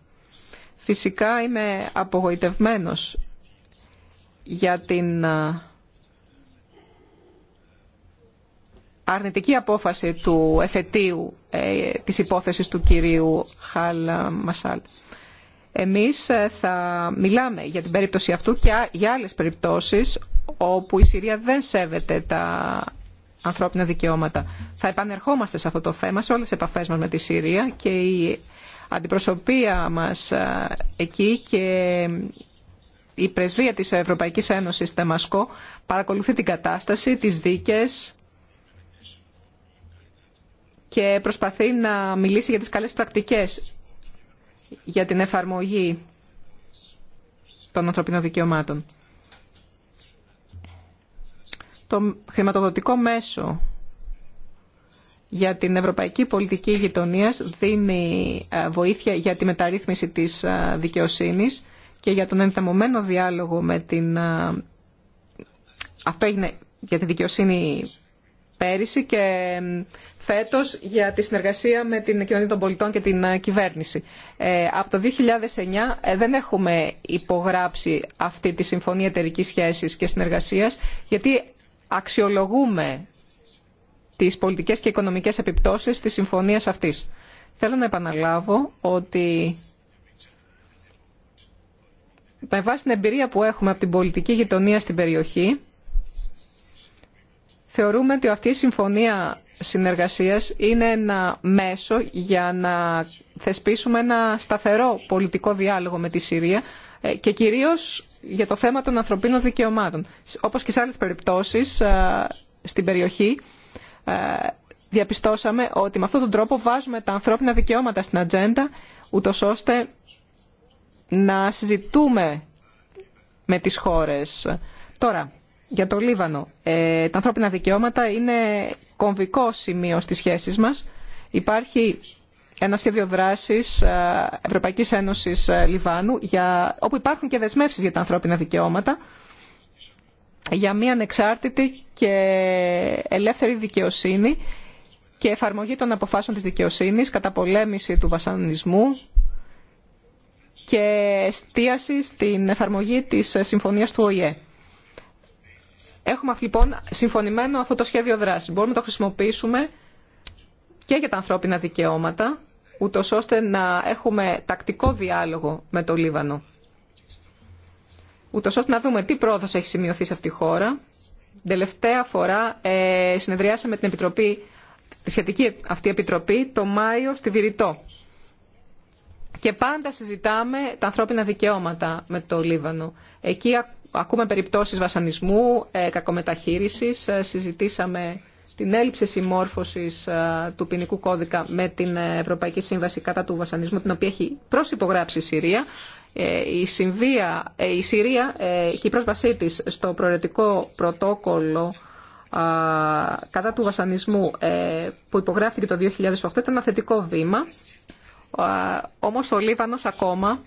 Φυσικά είμαι απογοητευμένος για την ε, αρνητική απόφαση του εφετείου ε, της υπόθεσης του κυρίου Χαλ Μασάλ. Εμείς ε, θα μιλάμε για την περίπτωση αυτού και για άλλες περιπτώσεις όπου η Συρία δεν σέβεται τα ανθρώπινα δικαιώματα. Θα επανερχόμαστε σε αυτό το θέμα, σε όλες τις επαφές μας με τη Συρία και η αντιπροσωπεία μας ε, εκεί και η πρεσβεία της Ευρωπαϊκής Ένωσης Τεμασκό παρακολουθεί την κατάσταση, τις δίκες και προσπαθεί να μιλήσει για τις καλές πρακτικές για την εφαρμογή των ανθρωπίνων δικαιωμάτων. Το χρηματοδοτικό μέσο για την ευρωπαϊκή πολιτική γειτονία δίνει ε, βοήθεια για τη μεταρρύθμιση της ε, δικαιοσύνης και για τον ενθαμωμένο διάλογο με την... Ε, αυτό έγινε για τη δικαιοσύνη πέρυσι και φέτος για τη συνεργασία με την κοινωνία των πολιτών και την ε, κυβέρνηση. Ε, από το 2009 ε, δεν έχουμε υπογράψει αυτή τη Συμφωνία εταιρική Σχέσης και Συνεργασίας γιατί αξιολογούμε τις πολιτικές και οικονομικές επιπτώσεις της συμφωνίας αυτής. Θέλω να επαναλάβω ότι με βάση την εμπειρία που έχουμε από την πολιτική γειτονία στην περιοχή, θεωρούμε ότι αυτή η συμφωνία συνεργασίας είναι ένα μέσο για να θεσπίσουμε ένα σταθερό πολιτικό διάλογο με τη Συρία ε, και κυρίως για το θέμα των ανθρωπίνων δικαιωμάτων. Όπως και σε άλλες περιπτώσεις ε, στην περιοχή ε, διαπιστώσαμε ότι με αυτόν τον τρόπο βάζουμε τα ανθρώπινα δικαιώματα στην ατζέντα ούτως ώστε να συζητούμε με τις χώρες. Τώρα, για το Λίβανο. Ε, τα ανθρώπινα δικαιώματα είναι κομβικό σημείο στις σχέσεις μας. Υπάρχει ένα σχέδιο δράσης ε, Ευρωπαϊκής Ένωσης ε, Λιβάνου για, όπου υπάρχουν και δεσμεύσεις για τα ανθρώπινα δικαιώματα για μια ανεξάρτητη και ελεύθερη δικαιοσύνη και εφαρμογή των αποφάσεων της δικαιοσύνης, καταπολέμηση του βασανισμού και εστίαση στην εφαρμογή της συμφωνίας του ΟΗΕ. Έχουμε λοιπόν συμφωνημένο αυτό το σχέδιο δράση. Μπορούμε να το χρησιμοποιήσουμε και για τα ανθρώπινα δικαιώματα, ούτω ώστε να έχουμε τακτικό διάλογο με το Λίβανο. Ούτω ώστε να δούμε τι πρόοδος έχει σημειωθεί σε αυτή τη χώρα. Τελευταία φορά ε, συνεδριάσαμε την Επιτροπή, τη σχετική αυτή επιτροπή το Μάιο στη Βηρητό και πάντα συζητάμε τα ανθρώπινα δικαιώματα με το Λίβανο. Εκεί ακούμε περιπτώσεις βασανισμού, ε, κακομεταχείρισης. Ε, συζητήσαμε την έλλειψη συμμόρφωσης ε, του ποινικού κώδικα με την Ευρωπαϊκή Σύμβαση κατά του βασανισμού, την οποία έχει προσυπογράψει η Συρία. Η, Συμβία, η Συρία και η πρόσβασή της στο προαιρετικό πρωτόκολλο κατά του βασανισμού που υπογράφηκε το 2008 ήταν ένα θετικό βήμα όμως ο Λίβανος ακόμα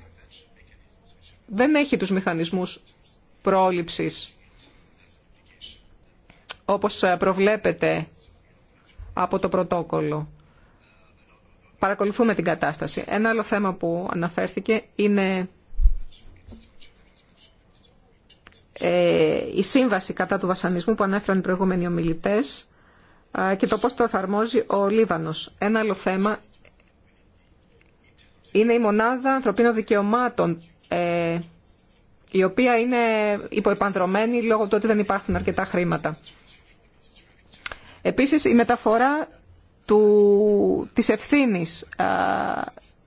δεν έχει τους μηχανισμούς πρόληψης όπως ε, προβλέπεται από το πρωτόκολλο. Παρακολουθούμε την κατάσταση. Ένα άλλο θέμα που αναφέρθηκε είναι ε, η σύμβαση κατά του βασανισμού που ανέφεραν οι προηγούμενοι ομιλητές ε, και το πώς το εφαρμόζει ο Λίβανος. Ένα άλλο θέμα είναι η μονάδα ανθρωπίνων δικαιωμάτων ε, η οποία είναι υποεπανδρομένη λόγω του ότι δεν υπάρχουν αρκετά χρήματα. Επίσης η μεταφορά του, της ευθύνης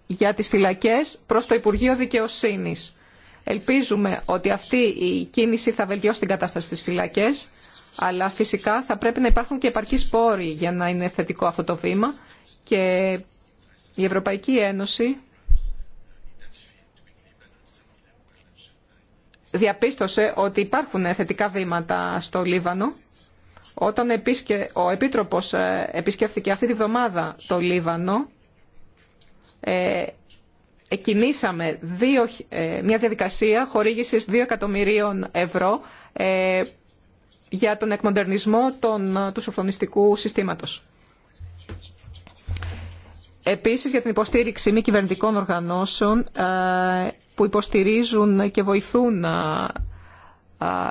για τις φυλακές προς το Υπουργείο Δικαιοσύνης. Ελπίζουμε ότι αυτή η κίνηση θα βελτιώσει την κατάσταση στις φυλακές, αλλά φυσικά θα πρέπει να υπάρχουν και επαρκείς πόροι για να είναι θετικό αυτό το βήμα και η Ευρωπαϊκή Ένωση διαπίστωσε ότι υπάρχουν θετικά βήματα στο Λίβανο. Όταν ο Επίτροπος ε, επισκέφθηκε αυτή τη βδομάδα το Λίβανο, ε, εκινήσαμε δύο, ε, μια διαδικασία χορήγησης 2 εκατομμυρίων ευρώ ε, για τον εκμοντερνισμό των, ε, του σοφρονιστικού συστήματος. Επίσης για την υποστήριξη μη κυβερνητικών οργανώσεων που υποστηρίζουν και βοηθούν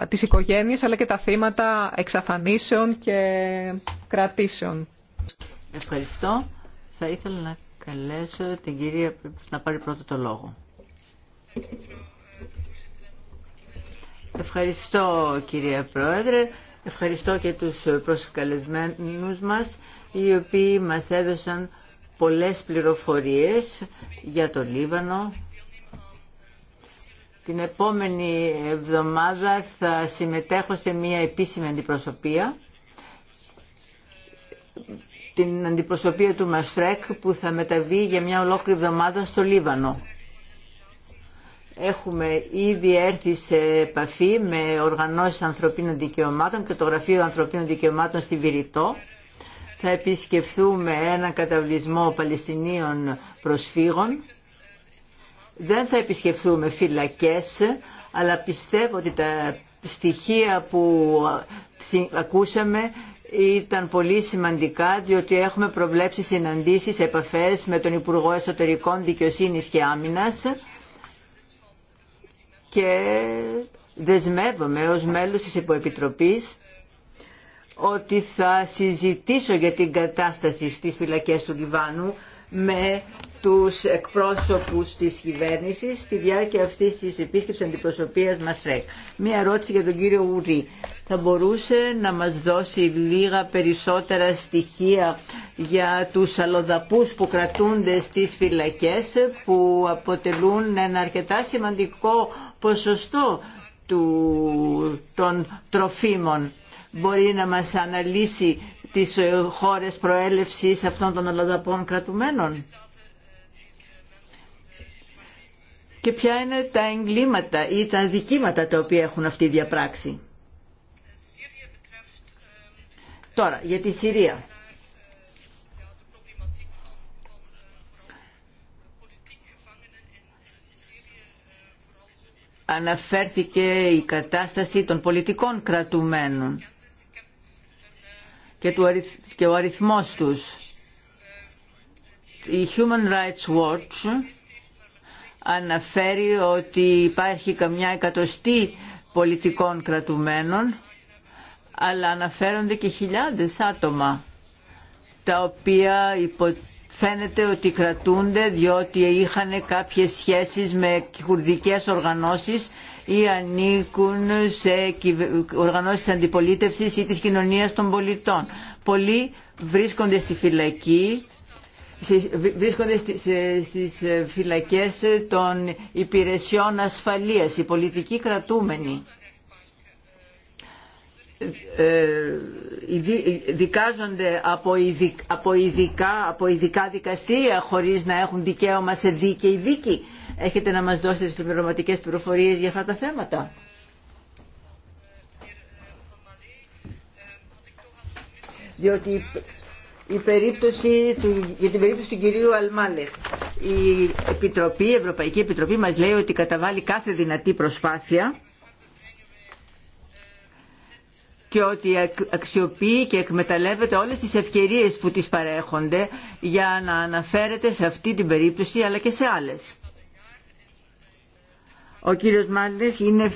τις οικογένειες αλλά και τα θύματα εξαφανίσεων και κρατήσεων. Ευχαριστώ. Θα ήθελα να καλέσω την κυρία να πάρει πρώτο το λόγο. Ευχαριστώ κυρία Πρόεδρε. Ευχαριστώ και τους προσκαλεσμένους μας οι οποίοι μας έδωσαν πολλές πληροφορίες για το Λίβανο την επόμενη εβδομάδα θα συμμετέχω σε μια επίσημη αντιπροσωπεία την αντιπροσωπεία του Μασρέκ που θα μεταβεί για μια ολόκληρη εβδομάδα στο Λίβανο. Έχουμε ήδη έρθει σε επαφή με οργανώσεις ανθρωπίνων δικαιωμάτων και το Γραφείο Ανθρωπίνων Δικαιωμάτων στη Βηρητό. Θα επισκεφθούμε ένα καταβλισμό Παλαιστινίων προσφύγων δεν θα επισκεφθούμε φυλακές, αλλά πιστεύω ότι τα στοιχεία που ακούσαμε ήταν πολύ σημαντικά διότι έχουμε προβλέψει συναντήσεις, επαφές με τον Υπουργό Εσωτερικών Δικαιοσύνης και Άμυνας και δεσμεύομαι ως μέλος της Υποεπιτροπής ότι θα συζητήσω για την κατάσταση στις φυλακές του Λιβάνου με τους εκπρόσωπους της κυβέρνησης στη διάρκεια αυτής της επίσκεψης αντιπροσωπείας μα. Μία ερώτηση για τον κύριο Ουρή. Θα μπορούσε να μας δώσει λίγα περισσότερα στοιχεία για τους αλλοδαπούς που κρατούνται στις φυλακές που αποτελούν ένα αρκετά σημαντικό ποσοστό του, των τροφίμων. Μπορεί να μας αναλύσει τις χώρες προέλευσης αυτών των αλλοδαπών κρατουμένων. και ποια είναι τα εγκλήματα ή τα δικήματα τα οποία έχουν αυτή διαπράξει. Τώρα, για τη Συρία. Αναφέρθηκε η κατάσταση των πολιτικών κρατουμένων και ο αριθμός τους. Η Human Rights Watch αναφέρει ότι υπάρχει καμιά εκατοστή πολιτικών κρατουμένων, αλλά αναφέρονται και χιλιάδες άτομα, τα οποία υπο... φαίνεται ότι κρατούνται διότι είχαν κάποιες σχέσεις με κουρδικές οργανώσεις ή ανήκουν σε οργανώσεις αντιπολίτευσης ή της κοινωνίας των πολιτών. Πολλοί βρίσκονται στη φυλακή βρίσκονται στις ε, φυλακές των υπηρεσιών ασφαλείας, οι πολιτικοί κρατούμενοι. Ε, ε, δικάζονται από ειδικά, δικαστήρια χωρίς να έχουν δικαίωμα σε δίκαιη δίκη. Έχετε να μας δώσετε πληρωματικές πληροφορίες για αυτά τα θέματα. Διότι η περίπτωση για την περίπτωση του κυρίου Αλμάλεχ. Η Επιτροπή, η Ευρωπαϊκή Επιτροπή μας λέει ότι καταβάλει κάθε δυνατή προσπάθεια και ότι αξιοποιεί και εκμεταλλεύεται όλες τις ευκαιρίες που της παρέχονται για να αναφέρεται σε αυτή την περίπτωση αλλά και σε άλλες. Ο κύριος Μάλεχ είναι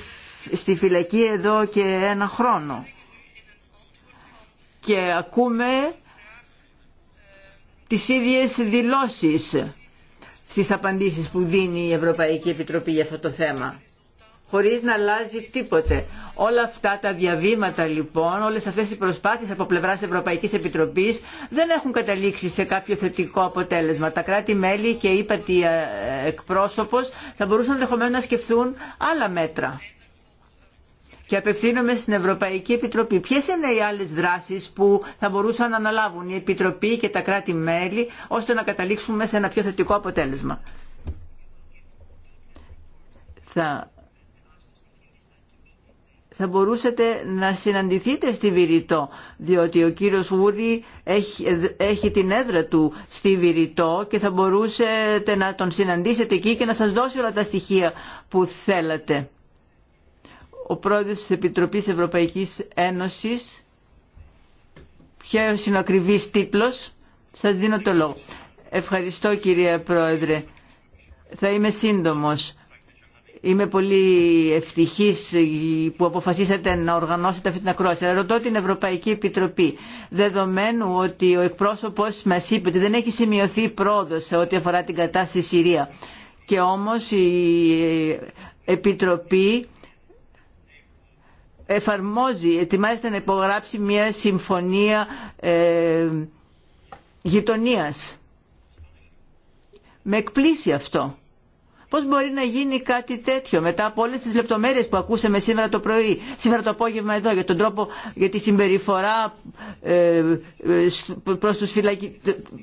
στη φυλακή εδώ και ένα χρόνο και ακούμε τις ίδιες δηλώσεις στις απαντήσεις που δίνει η Ευρωπαϊκή Επιτροπή για αυτό το θέμα χωρίς να αλλάζει τίποτε. Όλα αυτά τα διαβήματα λοιπόν, όλες αυτές οι προσπάθειες από πλευράς Ευρωπαϊκής Επιτροπής δεν έχουν καταλήξει σε κάποιο θετικό αποτέλεσμα. Τα κράτη-μέλη και η ύπατη ε, εκπρόσωπος θα μπορούσαν ενδεχομένω να σκεφτούν άλλα μέτρα και απευθύνομαι στην Ευρωπαϊκή Επιτροπή. Ποιε είναι οι άλλε δράσει που θα μπορούσαν να αναλάβουν η Επιτροπή και τα κράτη-μέλη ώστε να καταλήξουμε σε ένα πιο θετικό αποτέλεσμα. Θα, θα μπορούσατε να συναντηθείτε στη Βηρητό, διότι ο κύριος Γούρι έχει, την έδρα του στη Βηρητό και θα μπορούσατε να τον συναντήσετε εκεί και να σας δώσει όλα τα στοιχεία που θέλατε ο πρόεδρος της Επιτροπής Ευρωπαϊκής Ένωσης. Ποιος είναι ο ακριβής τίτλος. Σας δίνω το λόγο. Ευχαριστώ κυρία Πρόεδρε. Θα είμαι σύντομος. Είμαι πολύ ευτυχής που αποφασίσατε να οργανώσετε αυτή την ακρόαση. ρωτώ την Ευρωπαϊκή Επιτροπή. Δεδομένου ότι ο εκπρόσωπος μας είπε ότι δεν έχει σημειωθεί πρόοδος σε ό,τι αφορά την κατάσταση στη Συρία. Και όμως η Επιτροπή εφαρμόζει, ετοιμάζεται να υπογράψει μια συμφωνία ε, γειτονίας. Με εκπλήσει αυτό. Πώς μπορεί να γίνει κάτι τέτοιο μετά από όλες τις λεπτομέρειες που ακούσαμε σήμερα το πρωί, σήμερα το απόγευμα εδώ, για τον τρόπο, για τη συμπεριφορά ε, ε προς τους φυλακι...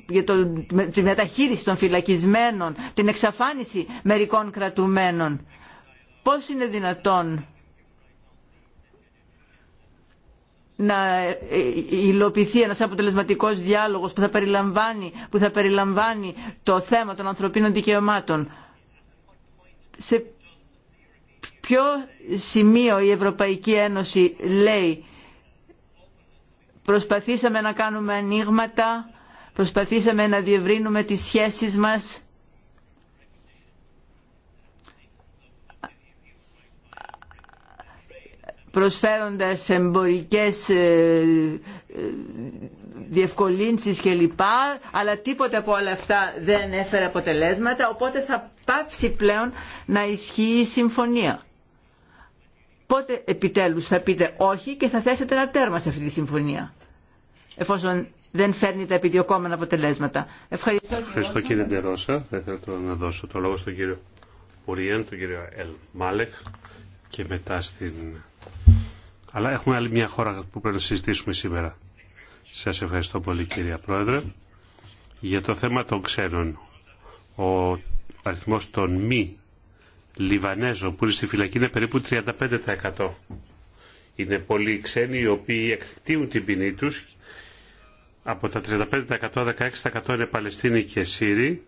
για το, τη μεταχείριση των φυλακισμένων, την εξαφάνιση μερικών κρατουμένων. Πώς είναι δυνατόν να υλοποιηθεί ένας αποτελεσματικός διάλογος που θα περιλαμβάνει, που θα περιλαμβάνει το θέμα των ανθρωπίνων δικαιωμάτων. Σε ποιο σημείο η Ευρωπαϊκή Ένωση λέει προσπαθήσαμε να κάνουμε ανοίγματα, προσπαθήσαμε να διευρύνουμε τις σχέσεις μας προσφέροντας εμπορικές ε, ε, διευκολύνσεις λοιπά, Αλλά τίποτα από όλα αυτά δεν έφερε αποτελέσματα, οπότε θα πάψει πλέον να ισχύει η συμφωνία. Πότε επιτέλους θα πείτε όχι και θα θέσετε ένα τέρμα σε αυτή τη συμφωνία, εφόσον δεν φέρνει τα επιδιωκόμενα αποτελέσματα. Ευχαριστώ, Ευχαριστώ κύριε Ντερόσα. Θα ήθελα να δώσω το λόγο στον κύριο Ουριέν, τον κύριο Ελ Μάλεκ και μετά στην αλλά έχουμε άλλη μια χώρα που πρέπει να συζητήσουμε σήμερα. Σας ευχαριστώ πολύ κυρία Πρόεδρε. Για το θέμα των ξένων, ο αριθμός των μη Λιβανέζων που είναι στη φυλακή είναι περίπου 35%. Είναι πολλοί ξένοι οι οποίοι εκτείουν την ποινή τους. Από τα 35% 16% είναι Παλαιστίνοι και Σύριοι.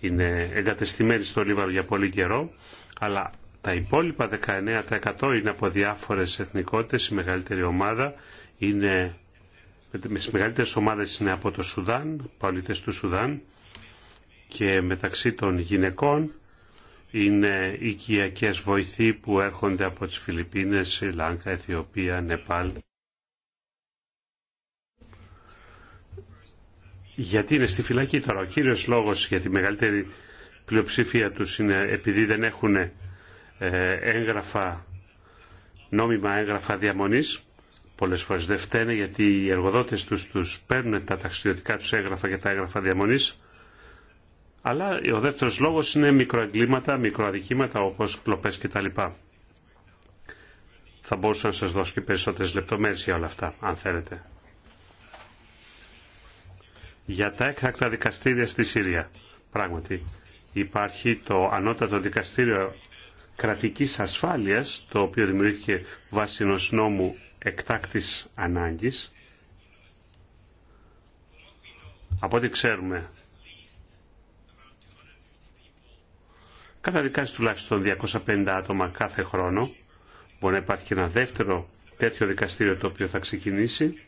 Είναι εγκατεστημένοι στο Λίβανο για πολύ καιρό. Αλλά τα υπόλοιπα 19% είναι από διάφορες εθνικότητες, η μεγαλύτερη ομάδα είναι, με μεγαλύτερες ομάδες είναι από το Σουδάν, πολίτες του Σουδάν και μεταξύ των γυναικών είναι οικιακές βοηθοί που έρχονται από τις Φιλιππίνες, Λάνκα, Αιθιοπία, Νεπάλ. Γιατί είναι στη φυλακή τώρα. Ο κύριος λόγος για τη μεγαλύτερη πλειοψηφία τους είναι επειδή δεν έχουν ε, έγγραφα, νόμιμα έγγραφα διαμονής. Πολλές φορές δεν φταίνε γιατί οι εργοδότες τους τους παίρνουν τα ταξιδιωτικά τους έγγραφα και τα έγγραφα διαμονής. Αλλά ο δεύτερος λόγος είναι μικροαγκλήματα, μικροαδικήματα όπως κλοπές κτλ. Θα μπορούσα να σας δώσω και περισσότερες λεπτομέρειες για όλα αυτά, αν θέλετε. Για τα έκτακτα δικαστήρια στη Συρία. Πράγματι, υπάρχει το ανώτατο δικαστήριο κρατικής ασφάλειας, το οποίο δημιουργήθηκε βάσει ενός νόμου εκτάκτης ανάγκης. Από ό,τι ξέρουμε, καταδικάζει τουλάχιστον 250 άτομα κάθε χρόνο. Μπορεί να υπάρχει και ένα δεύτερο τέτοιο δικαστήριο το οποίο θα ξεκινήσει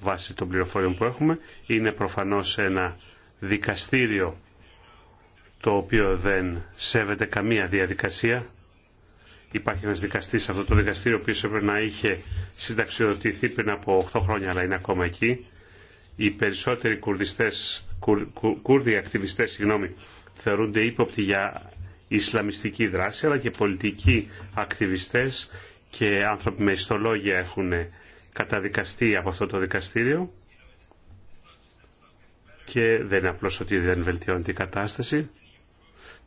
βάσει των πληροφοριών που έχουμε. Είναι προφανώς ένα δικαστήριο το οποίο δεν σέβεται καμία διαδικασία. Υπάρχει ένας δικαστής σε αυτό το δικαστήριο, ο οποίος έπρεπε να είχε συνταξιοδοτηθεί πριν από 8 χρόνια, αλλά είναι ακόμα εκεί. Οι περισσότεροι Κουρδιστές, Κουρ, Κούρδοι ακτιβιστές, συγγνώμη, θεωρούνται ύποπτοι για Ισλαμιστική δράση, αλλά και πολιτικοί ακτιβιστές και άνθρωποι με ιστολόγια έχουν καταδικαστεί από αυτό το δικαστήριο και δεν είναι απλώς ότι δεν βελτιώνεται η κατάσταση.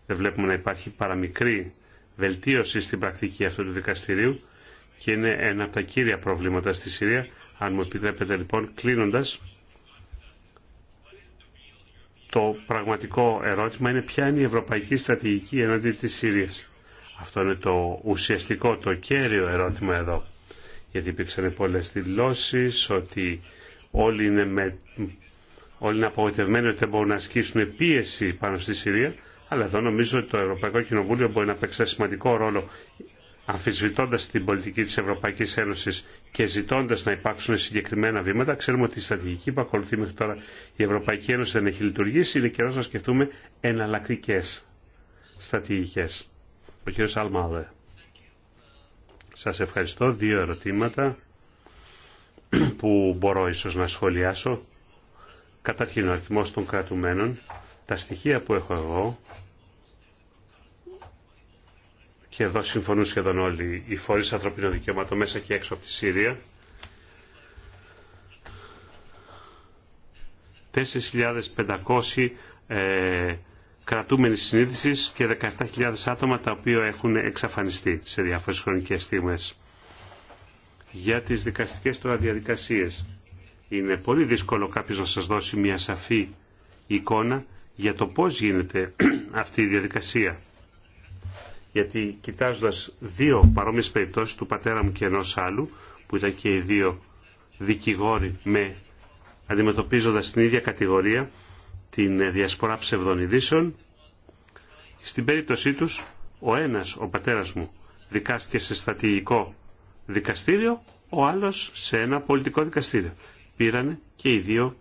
Δεν βλέπουμε να υπάρχει παραμικρή βελτίωση στην πρακτική αυτού του δικαστηρίου και είναι ένα από τα κύρια προβλήματα στη Συρία. Αν μου επιτρέπετε λοιπόν, κλείνοντας, το πραγματικό ερώτημα είναι ποια είναι η ευρωπαϊκή στρατηγική εναντί της Συρίας. Αυτό είναι το ουσιαστικό, το κέριο ερώτημα εδώ. Γιατί υπήρξαν πολλές δηλώσει ότι όλοι είναι, με... όλοι είναι απογοητευμένοι ότι δεν μπορούν να ασκήσουν πίεση πάνω στη Συρία αλλά εδώ νομίζω ότι το Ευρωπαϊκό Κοινοβούλιο μπορεί να παίξει ένα σημαντικό ρόλο αμφισβητώντας την πολιτική της Ευρωπαϊκής Ένωσης και ζητώντας να υπάρξουν συγκεκριμένα βήματα. Ξέρουμε ότι η στρατηγική που ακολουθεί μέχρι τώρα η Ευρωπαϊκή Ένωση δεν έχει λειτουργήσει. Είναι καιρός να σκεφτούμε εναλλακτικέ στρατηγικές. Ο κ. Αλμάδε. Σας ευχαριστώ. Δύο ερωτήματα που μπορώ ίσως να σχολιάσω. Καταρχήν ο αριθμός των κρατουμένων τα στοιχεία που έχω εγώ και εδώ συμφωνούν σχεδόν όλοι οι φορείς ανθρωπίνων δικαιωμάτων μέσα και έξω από τη Σύρια 4.500 ε, κρατούμενοι συνείδησης και 17.000 άτομα τα οποία έχουν εξαφανιστεί σε διάφορες χρονικές στιγμές. Για τις δικαστικές τώρα διαδικασίες. Είναι πολύ δύσκολο κάποιος να σας δώσει μια σαφή εικόνα για το πώς γίνεται [clears throat] αυτή η διαδικασία. Γιατί κοιτάζοντας δύο παρόμοιες περιπτώσεις του πατέρα μου και ενός άλλου, που ήταν και οι δύο δικηγόροι με αντιμετωπίζοντας την ίδια κατηγορία, την διασπορά ψευδών ειδήσεων, στην περίπτωσή τους ο ένας, ο πατέρας μου, δικάστηκε σε στατηγικό δικαστήριο, ο άλλος σε ένα πολιτικό δικαστήριο. Πήρανε και οι δύο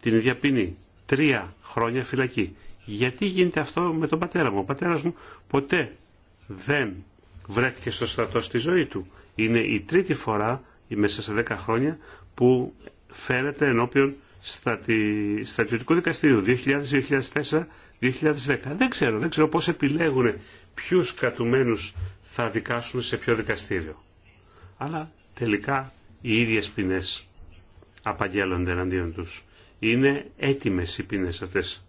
την ίδια ποινή. Τρία χρόνια φυλακή. Γιατί γίνεται αυτό με τον πατέρα μου. Ο πατέρας μου ποτέ δεν βρέθηκε στο στρατό στη ζωή του. Είναι η τρίτη φορά μέσα σε 10 χρόνια που φέρεται ενώπιον στρατι... στρατιωτικού δικαστηρίου 2000-2004-2010. Δεν ξέρω, δεν ξέρω πώς επιλέγουν ποιους κατουμένους θα δικάσουν σε ποιο δικαστήριο. Αλλά τελικά οι ίδιες ποινές απαγγέλλονται εναντίον τους είναι έτοιμες οι ποινές αυτές.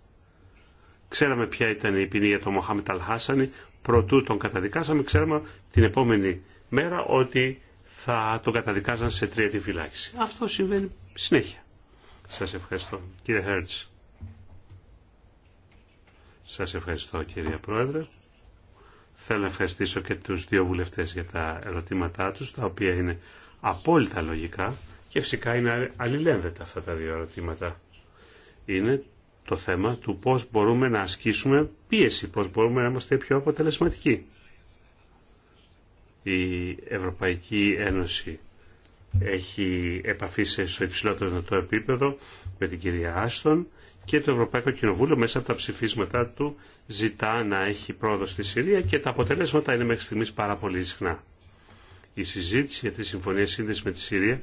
Ξέραμε ποια ήταν η ποινή για τον Μοχάμετ Αλχάσανη, προτού τον καταδικάσαμε, ξέραμε την επόμενη μέρα ότι θα τον καταδικάζαν σε τρίτη φυλάξη. Αυτό συμβαίνει συνέχεια. Σας ευχαριστώ κύριε Χέρτς. Σας ευχαριστώ κυρία Πρόεδρε. Θέλω να ευχαριστήσω και τους δύο βουλευτές για τα ερωτήματά τους, τα οποία είναι απόλυτα λογικά και φυσικά είναι αλληλένδετα αυτά τα δύο ερωτήματα. Είναι το θέμα του πώς μπορούμε να ασκήσουμε πίεση, πώς μπορούμε να είμαστε πιο αποτελεσματικοί. Η Ευρωπαϊκή Ένωση έχει επαφή σε στο υψηλότερο δυνατό επίπεδο με την κυρία Άστον και το Ευρωπαϊκό Κοινοβούλιο μέσα από τα ψηφίσματά του ζητά να έχει πρόοδο στη Συρία και τα αποτελέσματα είναι μέχρι στιγμής πάρα πολύ συχνά. Η συζήτηση για τη Συμφωνία Σύνδεση με τη Συρία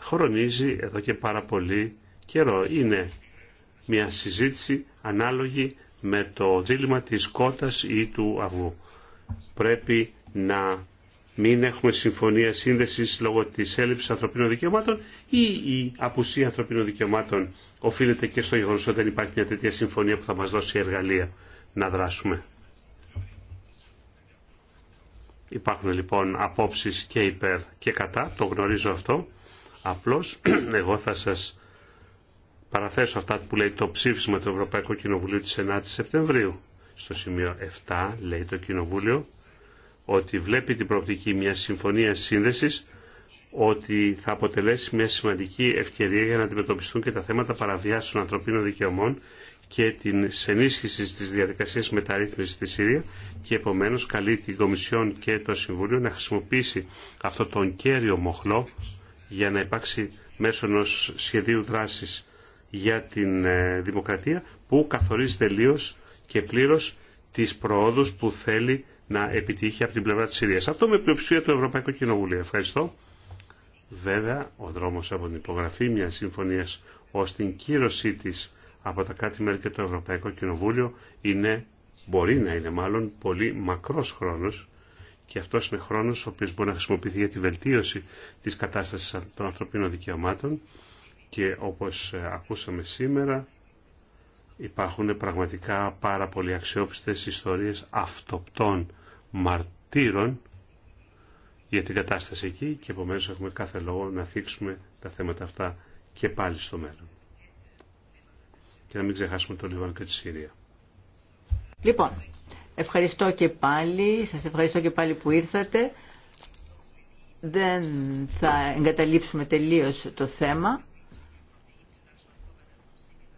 χρονίζει εδώ και πάρα πολύ καιρό. Είναι μια συζήτηση ανάλογη με το δίλημα της κότας ή του αυγού. Πρέπει να μην έχουμε συμφωνία σύνδεσης λόγω της έλλειψης ανθρωπίνων δικαιωμάτων ή η απουσία ανθρωπίνων δικαιωμάτων οφείλεται και στο γεγονός ότι δεν υπάρχει μια τέτοια συμφωνία που θα μας δώσει εργαλεία να δράσουμε. Υπάρχουν λοιπόν απόψεις και υπέρ και κατά, το γνωρίζω αυτό Απλώς [clears throat] εγώ θα σας παραθέσω αυτά που λέει το ψήφισμα του Ευρωπαϊκού Κοινοβουλίου της 9ης Σεπτεμβρίου. Στο σημείο 7 λέει το Κοινοβούλιο ότι βλέπει την προοπτική μια συμφωνία σύνδεσης ότι θα αποτελέσει μια σημαντική ευκαιρία για να αντιμετωπιστούν και τα θέματα παραβιάσεων των ανθρωπίνων δικαιωμών και την ενίσχυση τη διαδικασία μεταρρύθμιση στη Συρία και επομένω καλεί την Κομισιόν και το Συμβούλιο να χρησιμοποιήσει αυτό τον κέριο μοχλό για να υπάρξει μέσω ενό σχεδίου δράσης για την ε, δημοκρατία που καθορίζει τελείω και πλήρω τι προόδου που θέλει να επιτύχει από την πλευρά της Συρίας. Αυτό με πλειοψηφία του Ευρωπαϊκού Κοινοβουλίου. Ευχαριστώ. Βέβαια, ο δρόμος από την υπογραφή μιας συμφωνίας ω την κύρωσή τη από τα κάτι μέρη και το Ευρωπαϊκό Κοινοβούλιο είναι, μπορεί να είναι μάλλον, πολύ μακρός χρόνος και αυτό είναι χρόνο ο οποίο μπορεί να χρησιμοποιηθεί για τη βελτίωση της κατάστασης των ανθρωπίνων δικαιωμάτων και όπως ε, ακούσαμε σήμερα υπάρχουν πραγματικά πάρα πολύ αξιόπιστες ιστορίες αυτοπτών μαρτύρων για την κατάσταση εκεί και επομένω έχουμε κάθε λόγο να θίξουμε τα θέματα αυτά και πάλι στο μέλλον. Και να μην ξεχάσουμε το Λιβάνο και τη Συρία. Λοιπόν, Ευχαριστώ και πάλι, σας ευχαριστώ και πάλι που ήρθατε. Δεν θα εγκαταλείψουμε τελείως το θέμα.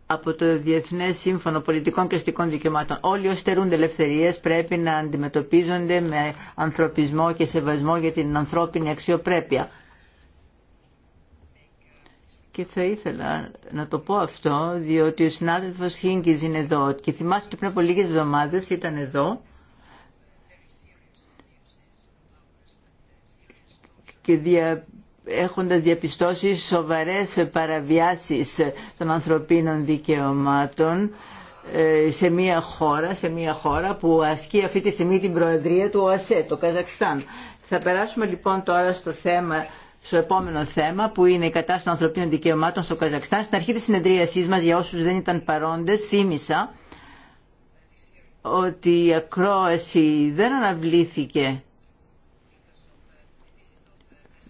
Από το Διεθνές Σύμφωνο Πολιτικών και Αστικών Δικαιωμάτων όλοι όσοι στερούνται ελευθερίες πρέπει να αντιμετωπίζονται με ανθρωπισμό και σεβασμό για την ανθρώπινη αξιοπρέπεια και θα ήθελα να το πω αυτό διότι ο συνάδελφος Χίγκης είναι εδώ και θυμάστε ότι πριν από λίγες εβδομάδες ήταν εδώ και δια, έχοντας διαπιστώσει σοβαρές παραβιάσεις των ανθρωπίνων δικαιωμάτων ε, σε μια χώρα, σε μια χώρα που ασκεί αυτή τη στιγμή την προεδρία του ΟΑΣΕ, το Καζακστάν. Θα περάσουμε λοιπόν τώρα στο θέμα στο επόμενο θέμα που είναι η κατάσταση των ανθρωπίνων δικαιωμάτων στο Καζακστάν. Στην αρχή της συνεδρίασής μας για όσους δεν ήταν παρόντες θύμισα ότι η ακρόαση δεν αναβλήθηκε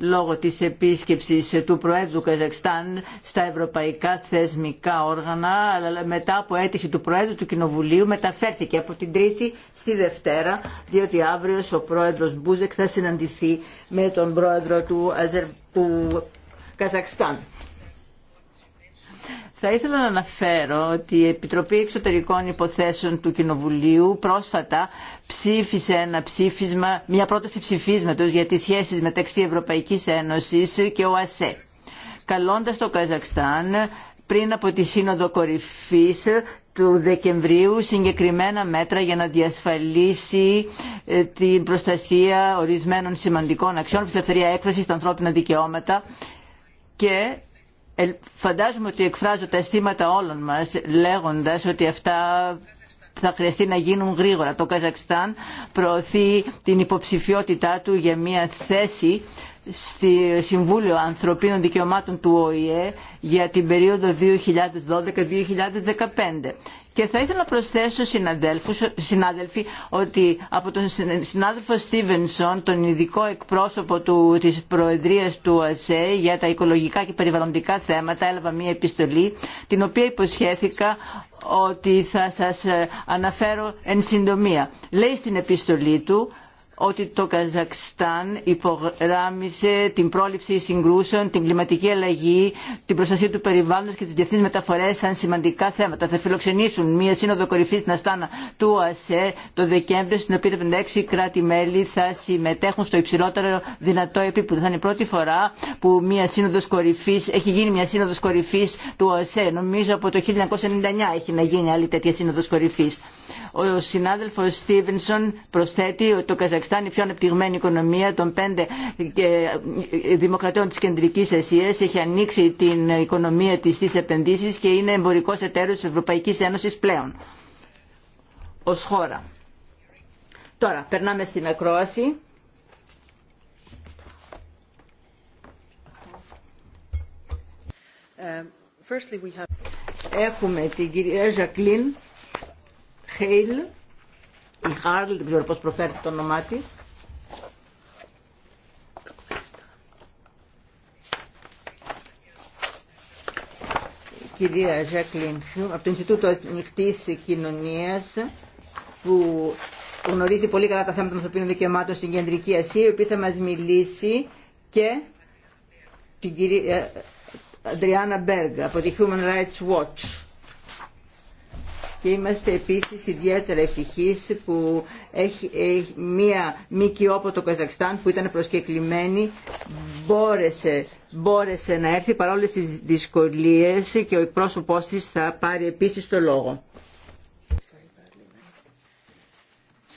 λόγω της επίσκεψης του Προέδρου Καζακστάν στα ευρωπαϊκά θεσμικά όργανα, αλλά μετά από αίτηση του Προέδρου του Κοινοβουλίου μεταφέρθηκε από την Τρίτη στη Δευτέρα, διότι αύριο ο Πρόεδρος Μπούζεκ θα συναντηθεί με τον Πρόεδρο του, Αζερ... του Καζακστάν. Θα ήθελα να αναφέρω ότι η Επιτροπή Εξωτερικών Υποθέσεων του Κοινοβουλίου πρόσφατα ψήφισε ένα ψήφισμα, μια πρόταση ψηφίσματος για τις σχέσεις μεταξύ Ευρωπαϊκής Ένωσης και ΟΑΣΕ, καλώντας το Καζακστάν πριν από τη Σύνοδο Κορυφής του Δεκεμβρίου συγκεκριμένα μέτρα για να διασφαλίσει ε, την προστασία ορισμένων σημαντικών αξιών, ελευθερία έκφρασης, τα ανθρώπινα δικαιώματα και ε, φαντάζομαι ότι εκφράζω τα αισθήματα όλων μας λέγοντας ότι αυτά θα χρειαστεί να γίνουν γρήγορα. Το Καζακστάν προωθεί την υποψηφιότητά του για μια θέση στη Συμβούλιο Ανθρωπίνων Δικαιωμάτων του ΟΗΕ για την περίοδο 2012-2015. Και θα ήθελα να προσθέσω συνάδελφοι ότι από τον συνάδελφο Στίβενσον, τον ειδικό εκπρόσωπο του, της Προεδρίας του ΑΣΕ για τα οικολογικά και περιβαλλοντικά θέματα, έλαβα μία επιστολή, την οποία υποσχέθηκα ότι θα σας ε, αναφέρω εν συντομία. Λέει στην επιστολή του ότι το Καζακστάν υπογράμμισε την πρόληψη συγκρούσεων, την κλιματική αλλαγή, την προστασία του περιβάλλοντος και τις διεθνείς μεταφορές σαν σημαντικά θέματα. Θα φιλοξενήσουν μία σύνοδο κορυφή στην Αστάνα του ΟΑΣΕ το Δεκέμβριο, στην οποία 56 κράτη-μέλη θα συμμετέχουν στο υψηλότερο δυνατό επίπεδο. Θα είναι η πρώτη φορά που μία σύνοδος κορυφής, έχει γίνει μία σύνοδο κορυφή του ΟΑΣΕ. Νομίζω από το 1999 έχει να γίνει άλλη τέτοια σύνοδο κορυφή. Ο συνάδελφος Στίβενσον προσθέτει ότι το Καζακστάν η πιο ανεπτυγμένη οικονομία των πέντε ε, δημοκρατών της Κεντρικής Ασία, έχει ανοίξει την οικονομία της στις επενδύσεις και είναι εμπορικός εταίρος της Ευρωπαϊκής Ένωσης πλέον ως χώρα. Τώρα, περνάμε στην ακρόαση. Ε, Έχουμε την κυρία Ζακλίν Χέιλ, η Χάρλ, δεν ξέρω πώς προφέρεται το όνομά της. Η κυρία Ζέκλιν Χιούμ από το Ινστιτούτο Ανοιχτή Κοινωνίας, που γνωρίζει πολύ καλά τα θέματα των ανθρωπίνων δικαιωμάτων στην Κεντρική Ασία, η οποία θα μας μιλήσει και την κυρία Αντριάννα ε, Μπέργα από τη Human Rights Watch και είμαστε επίσης ιδιαίτερα ευτυχείς που έχει, ε, μία μη από το Καζακστάν που ήταν προσκεκλημένη μπόρεσε, μπόρεσε να έρθει παρόλε τις δυσκολίες και ο εκπρόσωπός της θα πάρει επίσης το λόγο.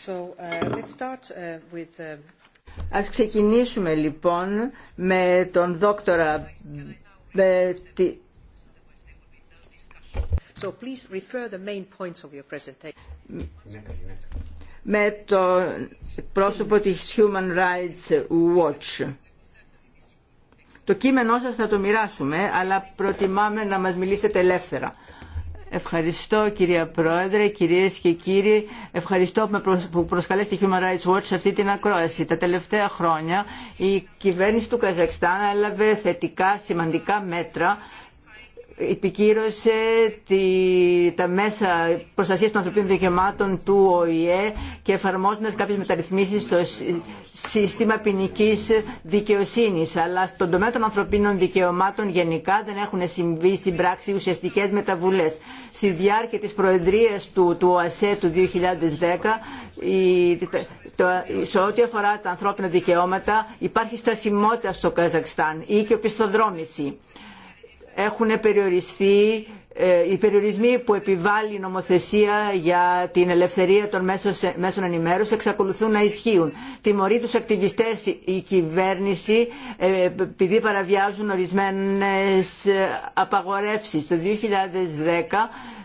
So, uh, uh, uh, Ας ξεκινήσουμε λοιπόν με τον δόκτορα So Με το πρόσωπο της Human Rights Watch. Το κείμενό σας θα το μοιράσουμε, αλλά προτιμάμε να μας μιλήσετε ελεύθερα. Ευχαριστώ κυρία Πρόεδρε, κυρίες και κύριοι. Ευχαριστώ που τη Human Rights Watch σε αυτή την ακρόαση. Τα τελευταία χρόνια η κυβέρνηση του Καζακστάν έλαβε θετικά σημαντικά μέτρα επικύρωσε τη, τα μέσα προστασία των ανθρωπίνων δικαιωμάτων του ΟΗΕ και εφαρμόζοντα κάποιε μεταρρυθμίσει στο σύστημα ποινική δικαιοσύνη. Αλλά στον τομέα των ανθρωπίνων δικαιωμάτων γενικά δεν έχουν συμβεί στην πράξη ουσιαστικέ μεταβουλέ. Στη διάρκεια τη προεδρία του, του ΟΑΣΕ του 2010, σε ό,τι αφορά τα ανθρώπινα δικαιώματα, υπάρχει στασιμότητα στο Καζακστάν ή και οπισθοδρόμηση έχουν περιοριστεί ε, οι περιορισμοί που επιβάλλει η νομοθεσία για την ελευθερία των μέσων ενημέρωση εξακολουθούν να ισχύουν. Τιμωρεί τους ακτιβιστές η κυβέρνηση ε, επειδή παραβιάζουν ορισμένες ε, απαγορεύσεις. Το 2010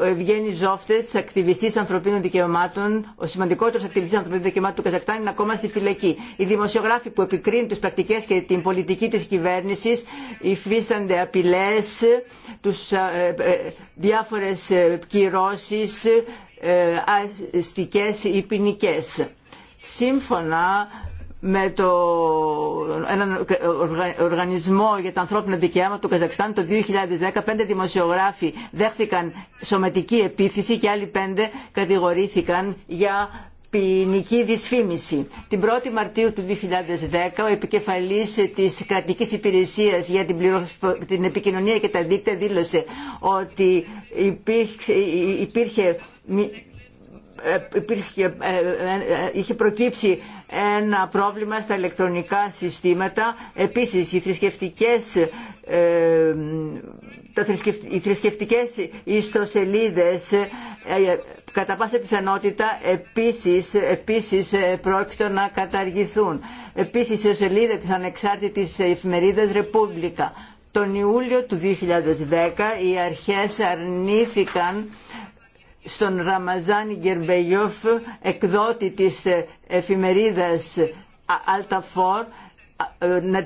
ο Ευγένη Ζόφτετ, ακτιβιστή ανθρωπίνων δικαιωμάτων, ο σημαντικότερο ακτιβιστή ανθρωπίνων δικαιωμάτων του Καζακστάν, είναι ακόμα στη φυλακή. Οι δημοσιογράφοι που επικρίνουν τι πρακτικέ και την πολιτική τη κυβέρνηση υφίστανται απειλέ, ε, ε, διάφορε κυρώσει ε, αστικέ. ή ποινικέ. Σύμφωνα με το, έναν οργανισμό για τα ανθρώπινα δικαιώματα του Καζακστάν το 2010. Πέντε δημοσιογράφοι δέχθηκαν σωματική επίθεση και άλλοι πέντε κατηγορήθηκαν για ποινική δυσφήμιση. Την 1η Μαρτίου του 2010 ο επικεφαλής της κρατική υπηρεσίας για την, την επικοινωνία και τα δίκτυα δήλωσε ότι υπήρχε, υπήρχε ε, ε, ε, είχε προκύψει ένα πρόβλημα στα ηλεκτρονικά συστήματα. Επίσης, οι θρησκευτικές, ε, τα οι ιστοσελίδες ε, κατά πάσα πιθανότητα επίσης, επίσης πρόκειτο να καταργηθούν. Επίσης, η σελίδα της ανεξάρτητης εφημερίδας Ρεπούμπλικα. Τον Ιούλιο του 2010 οι αρχές αρνήθηκαν στον Ραμαζάν Γκερμπεγιόφ, εκδότη της εφημερίδας Αλταφόρ, να,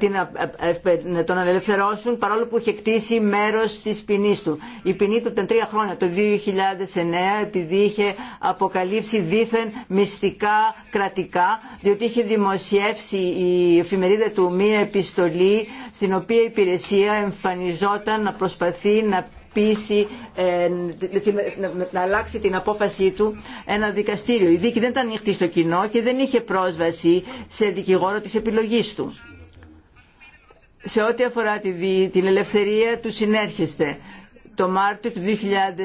να τον ελευθερώσουν παρόλο που είχε κτίσει μέρος της ποινή του. Η ποινή του ήταν τρία χρόνια, το 2009, επειδή είχε αποκαλύψει δήθεν μυστικά κρατικά, διότι είχε δημοσιεύσει η εφημερίδα του μία επιστολή στην οποία η υπηρεσία εμφανιζόταν να προσπαθεί να πείσει ε, να αλλάξει την απόφασή του ένα δικαστήριο. Η δίκη δεν ήταν ανοιχτή στο κοινό και δεν είχε πρόσβαση σε δικηγόρο της επιλογής του. Σε ό,τι αφορά την ελευθερία του συνέρχεστε, το Μάρτιο του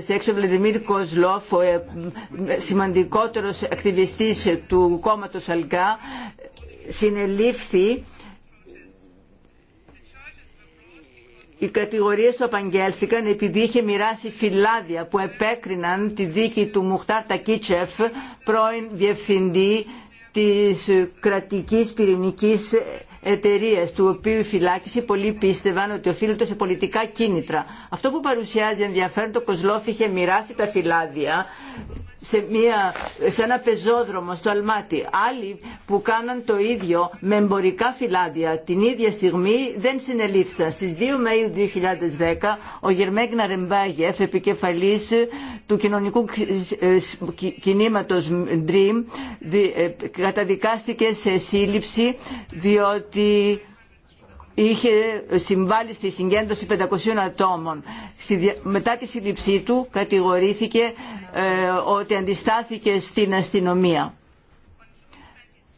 2006 ο Βλαντιμίρ Κοσλόφ, ο ε, σημαντικότερος ακτιβιστής του κόμματος ΑΛΚΑ, συνελήφθη Οι κατηγορίε του απαγγέλθηκαν επειδή είχε μοιράσει φυλάδια που επέκριναν τη δίκη του Μουχτάρ Τακίτσεφ, πρώην διευθυντή τη κρατικής πυρηνικής εταιρείας, του οποίου η φυλάκιση πολλοί πίστευαν ότι οφείλεται σε πολιτικά κίνητρα. Αυτό που παρουσιάζει ενδιαφέρον, το Κοσλόφ είχε μοιράσει τα φυλάδια σε, μια, σε ένα πεζόδρομο στο Αλμάτι. Άλλοι που κάναν το ίδιο με εμπορικά φυλάδια την ίδια στιγμή δεν συνελήφθησαν. Στις 2 Μαΐου 2010 ο Γερμέγ Ναρεμπάγεφ, επικεφαλής του κοινωνικού ε, κινήματος Dream, ε, καταδικάστηκε σε σύλληψη διότι είχε συμβάλει στη συγκέντρωση 500 ατόμων. Μετά τη σύλληψή του κατηγορήθηκε ε, ότι αντιστάθηκε στην αστυνομία.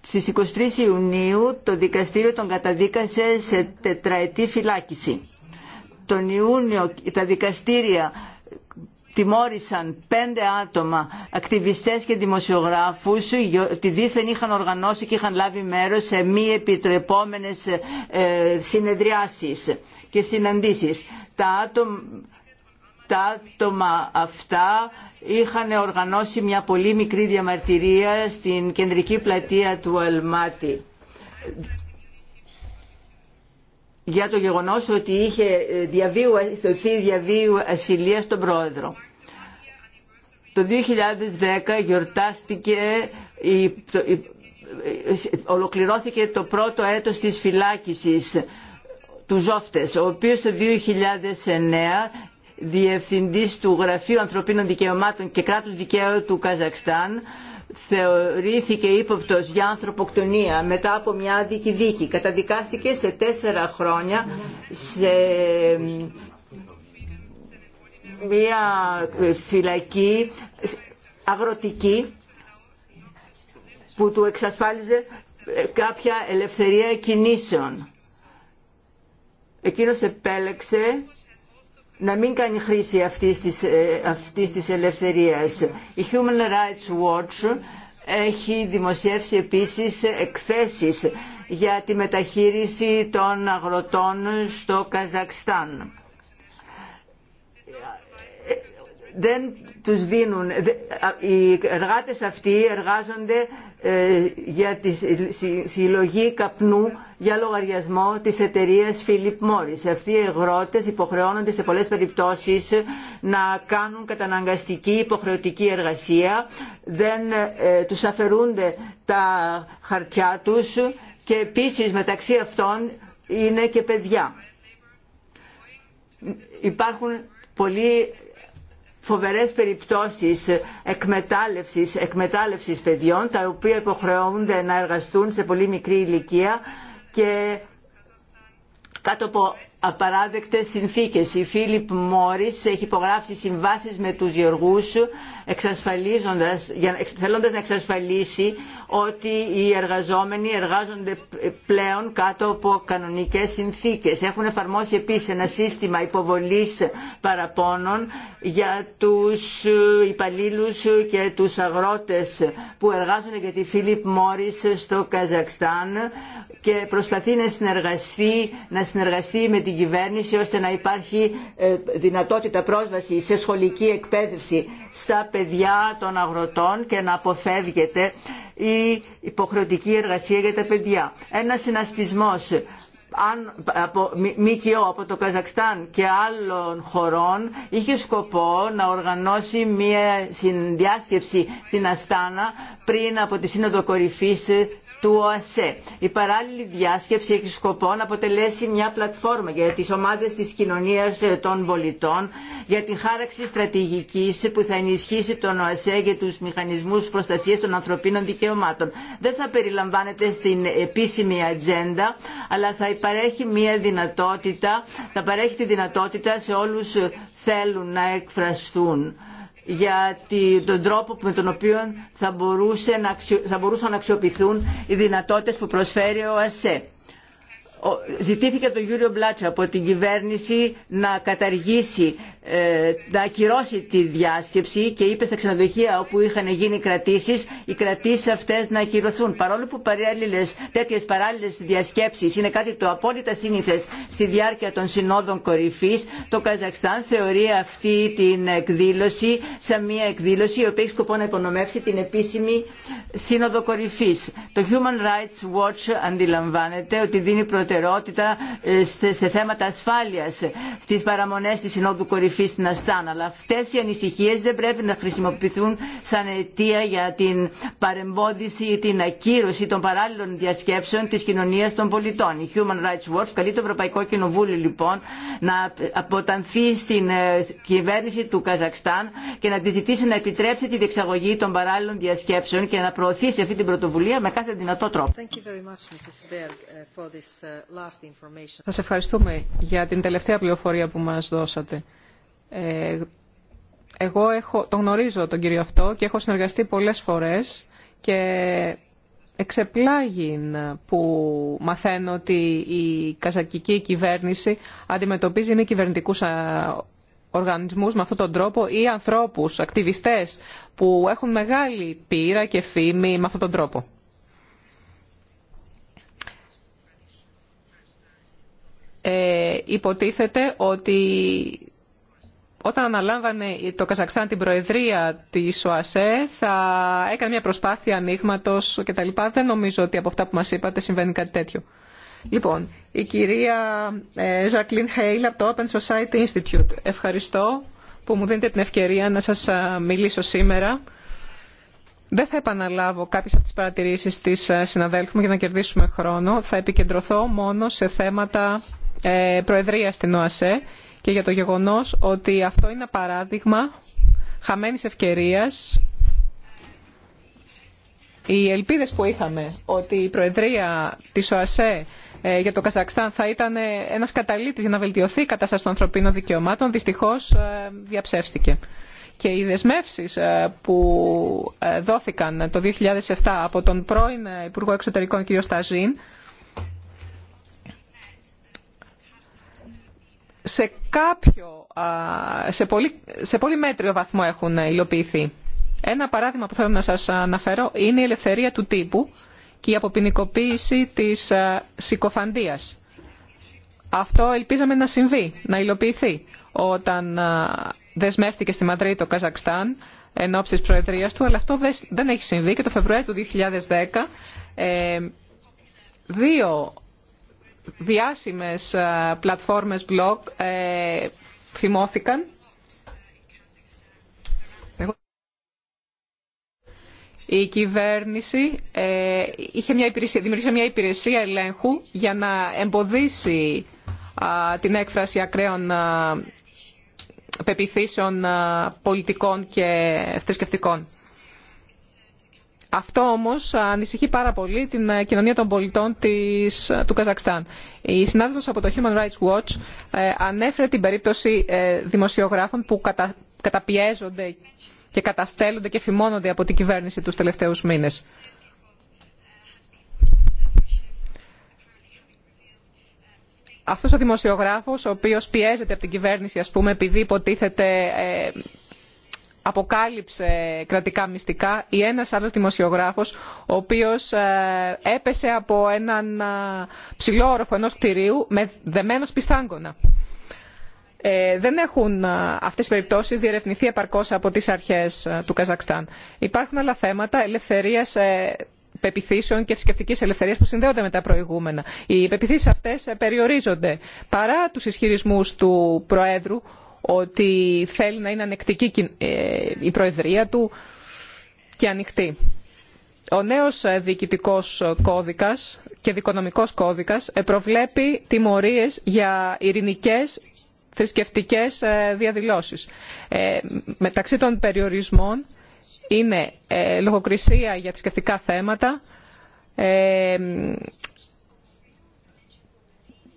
Στις 23 Ιουνίου το δικαστήριο τον καταδίκασε σε τετραετή φυλάκιση. Τον Ιούνιο τα δικαστήρια τιμώρησαν πέντε άτομα, ακτιβιστές και δημοσιογράφους, ότι δήθεν είχαν οργανώσει και είχαν λάβει μέρος σε μη επιτρεπόμενες ε, συνεδριάσεις και συναντήσεις. Τα άτομα, τα αυτά είχαν οργανώσει μια πολύ μικρή διαμαρτυρία στην κεντρική πλατεία του Αλμάτι για το γεγονός ότι είχε ε, διαβίου, ε, διαβίου ασυλία στον πρόεδρο. Το 2010 γιορτάστηκε ολοκληρώθηκε το πρώτο έτος της φυλάκισης του Ζόφτες, ο οποίος το 2009 διευθυντής του Γραφείου Ανθρωπίνων Δικαιωμάτων και Κράτους Δικαίου του Καζακστάν θεωρήθηκε ύποπτος για ανθρωποκτονία μετά από μια δίκη δίκη. Καταδικάστηκε σε τέσσερα χρόνια σε μια φυλακή αγροτική που του εξασφάλιζε κάποια ελευθερία κινήσεων. Εκείνος επέλεξε να μην κάνει χρήση αυτής της, ε, αυτής της ελευθερίας. Η Human Rights Watch έχει δημοσιεύσει επίσης εκθέσεις για τη μεταχείριση των αγροτών στο Καζακστάν. δεν τους δίνουν, οι εργάτες αυτοί εργάζονται ε, για τη συλλογή καπνού για λογαριασμό της εταιρείας Philip Morris. Αυτοί οι εγρότες υποχρεώνονται σε πολλές περιπτώσεις να κάνουν καταναγκαστική υποχρεωτική εργασία, δεν ε, τους αφαιρούνται τα χαρτιά τους και επίσης μεταξύ αυτών είναι και παιδιά. Υπάρχουν πολλοί φοβερές περιπτώσεις εκμετάλλευσης, εκμετάλλευσης παιδιών τα οποία υποχρεώνται να εργαστούν σε πολύ μικρή ηλικία και κάτω από απαράδεκτες συνθήκες. Η Φίλιπ Μόρις έχει υπογράψει συμβάσεις με τους γεωργούς εξασφαλίζοντας, θέλοντας να εξασφαλίσει ότι οι εργαζόμενοι εργάζονται πλέον κάτω από κανονικές συνθήκες. Έχουν εφαρμόσει επίσης ένα σύστημα υποβολής παραπώνων για τους υπαλλήλους και τους αγρότες που εργάζονται για τη Φίλιπ Μόρις στο Καζακστάν και προσπαθεί να συνεργαστεί, να συνεργαστεί με την ώστε να υπάρχει ε, δυνατότητα πρόσβαση σε σχολική εκπαίδευση στα παιδιά των αγροτών και να αποφεύγεται η υποχρεωτική εργασία για τα παιδιά. Ένα συνασπισμός από από το Καζακστάν και άλλων χωρών είχε σκοπό να οργανώσει μια συνδιάσκεψη στην Αστάνα πριν από τη Σύνοδο Κορυφής του ΟΑΣΕ. Η παράλληλη διάσκεψη έχει σκοπό να αποτελέσει μια πλατφόρμα για τις ομάδες της κοινωνίας ε, των πολιτών για την χάραξη στρατηγικής που θα ενισχύσει τον ΟΑΣΕ για τους μηχανισμούς προστασίας των ανθρωπίνων δικαιωμάτων. Δεν θα περιλαμβάνεται στην επίσημη ατζέντα, αλλά θα υπαρέχει μια δυνατότητα, θα παρέχει τη δυνατότητα σε όλους ε, θέλουν να εκφραστούν για τον τρόπο με τον οποίο θα, μπορούσε να θα μπορούσαν να αξιοποιηθούν οι δυνατότητες που προσφέρει ο ΑΣΕ. Ζητήθηκε τον Γιούριο Μπλάτσα από την κυβέρνηση να καταργήσει ε, να ακυρώσει τη διάσκεψη και είπε στα ξενοδοχεία όπου είχαν γίνει κρατήσεις, οι κρατήσεις αυτές να ακυρωθούν. Παρόλο που παράλληλες, τέτοιες παράλληλες διασκέψεις είναι κάτι το απόλυτα σύνηθες στη διάρκεια των συνόδων κορυφής, το Καζακστάν θεωρεί αυτή την εκδήλωση σαν μια εκδήλωση η οποία έχει σκοπό να υπονομεύσει την επίσημη σύνοδο κορυφής. Το Human Rights Watch αντιλαμβάνεται ότι δίνει προτεραιότητα ε, σε θέματα ασφάλειας στις παραμονές της συνόδου κορυφής κορυφή στην Αλλά αυτέ οι ανησυχίε δεν πρέπει να χρησιμοποιηθούν σαν αιτία για την παρεμπόδιση ή την ακύρωση των παράλληλων διασκέψεων τη κοινωνία των πολιτών. Η Human Rights Watch καλεί το Ευρωπαϊκό Κοινοβούλιο λοιπόν να αποτανθεί στην ε, κυβέρνηση του Καζακστάν και να τη ζητήσει να επιτρέψει τη διεξαγωγή των παράλληλων διασκέψεων και να προωθήσει αυτή την πρωτοβουλία με κάθε δυνατό τρόπο. Ε, ε, Σα ευχαριστούμε για την τελευταία πληροφορία που μα δώσατε. Ε, εγώ έχω, τον γνωρίζω τον κύριο αυτό και έχω συνεργαστεί πολλές φορές και εξεπλάγει που μαθαίνω ότι η καζακική κυβέρνηση αντιμετωπίζει μη κυβερνητικούς οργανισμούς με αυτόν τον τρόπο ή ανθρώπους, ακτιβιστές που έχουν μεγάλη πείρα και φήμη με αυτόν τον τρόπο. Ε, υποτίθεται ότι όταν αναλάμβανε το Καζακστάν την προεδρία τη ΟΑΣΕ θα έκανε μια προσπάθεια ανοίγματο κτλ. Δεν νομίζω ότι από αυτά που μα είπατε συμβαίνει κάτι τέτοιο. Λοιπόν, η κυρία Ζακλίν ε, Χέιλ από το Open Society Institute. Ευχαριστώ που μου δίνετε την ευκαιρία να σας μιλήσω σήμερα. Δεν θα επαναλάβω κάποιες από τις παρατηρήσεις της συναδέλφου μου για να κερδίσουμε χρόνο. Θα επικεντρωθώ μόνο σε θέματα ε, προεδρία στην ΟΑΣΕ και για το γεγονός ότι αυτό είναι ένα παράδειγμα χαμένης ευκαιρίας. Οι ελπίδες που είχαμε ότι η Προεδρία της ΟΑΣΕ ε, για το Καζακστάν θα ήταν ένας καταλήτης για να βελτιωθεί η κατάσταση των ανθρωπίνων δικαιωμάτων, δυστυχώς ε, διαψεύστηκε. Και οι δεσμεύσει ε, που δόθηκαν το 2007 από τον πρώην Υπουργό Εξωτερικών κ. Σταζίν σε κάποιο, σε πολύ, σε πολύ μέτριο βαθμό έχουν υλοποιηθεί. Ένα παράδειγμα που θέλω να σας αναφέρω είναι η ελευθερία του τύπου και η αποποινικοποίηση της συκοφαντίας. Αυτό ελπίζαμε να συμβεί, να υλοποιηθεί όταν δεσμεύτηκε στη Μαδρίτη το Καζακστάν εν ώψη της Προεδρίας του, αλλά αυτό δεν έχει συμβεί και το Φεβρουάριο του 2010 δύο διάσημες ε, πλατφόρμες blog ε, θυμώθηκαν. Η κυβέρνηση ε, είχε μια υπηρεσία, δημιουργήσε μια υπηρεσία ελέγχου για να εμποδίσει την έκφραση ακραίων α, πολιτικών και θρησκευτικών. Αυτό όμως ανησυχεί πάρα πολύ την ε, κοινωνία των πολιτών της, ε, του Καζακστάν. Η συνάδελφος από το Human Rights Watch ε, ανέφερε την περίπτωση δημοσιογράφων που καταπιέζονται και καταστέλλονται και φημώνονται από την κυβέρνηση τους τελευταίους μήνες. Αυτός ο δημοσιογράφος, ο οποίος πιέζεται από την κυβέρνηση, ας πούμε, επειδή υποτίθεται αποκάλυψε κρατικά μυστικά ή ένας άλλος δημοσιογράφος ο οποίος ε, έπεσε από έναν ε, ψηλό όροφο ενός κτηρίου με δεμένος πιστάγκωνα. Ε, δεν έχουν αυτές οι περιπτώσεις διερευνηθεί επαρκώς από τις αρχές του Καζακστάν. Υπάρχουν άλλα θέματα ελευθερίας πεπιθήσεων και θρησκευτική ελευθερία που συνδέονται με τα προηγούμενα. Οι πεπιθήσει αυτέ περιορίζονται παρά τους ισχυρισμού του Προέδρου ότι θέλει να είναι ανεκτική ε, η Προεδρία του και ανοιχτή. Ο νέος ε, διοικητικός ε, κώδικας και δικονομικός κώδικας προβλέπει τιμωρίες για ειρηνικές θρησκευτικές διαδηλώσεις. Μεταξύ των περιορισμών είναι λογοκρισία για θρησκευτικά θέματα,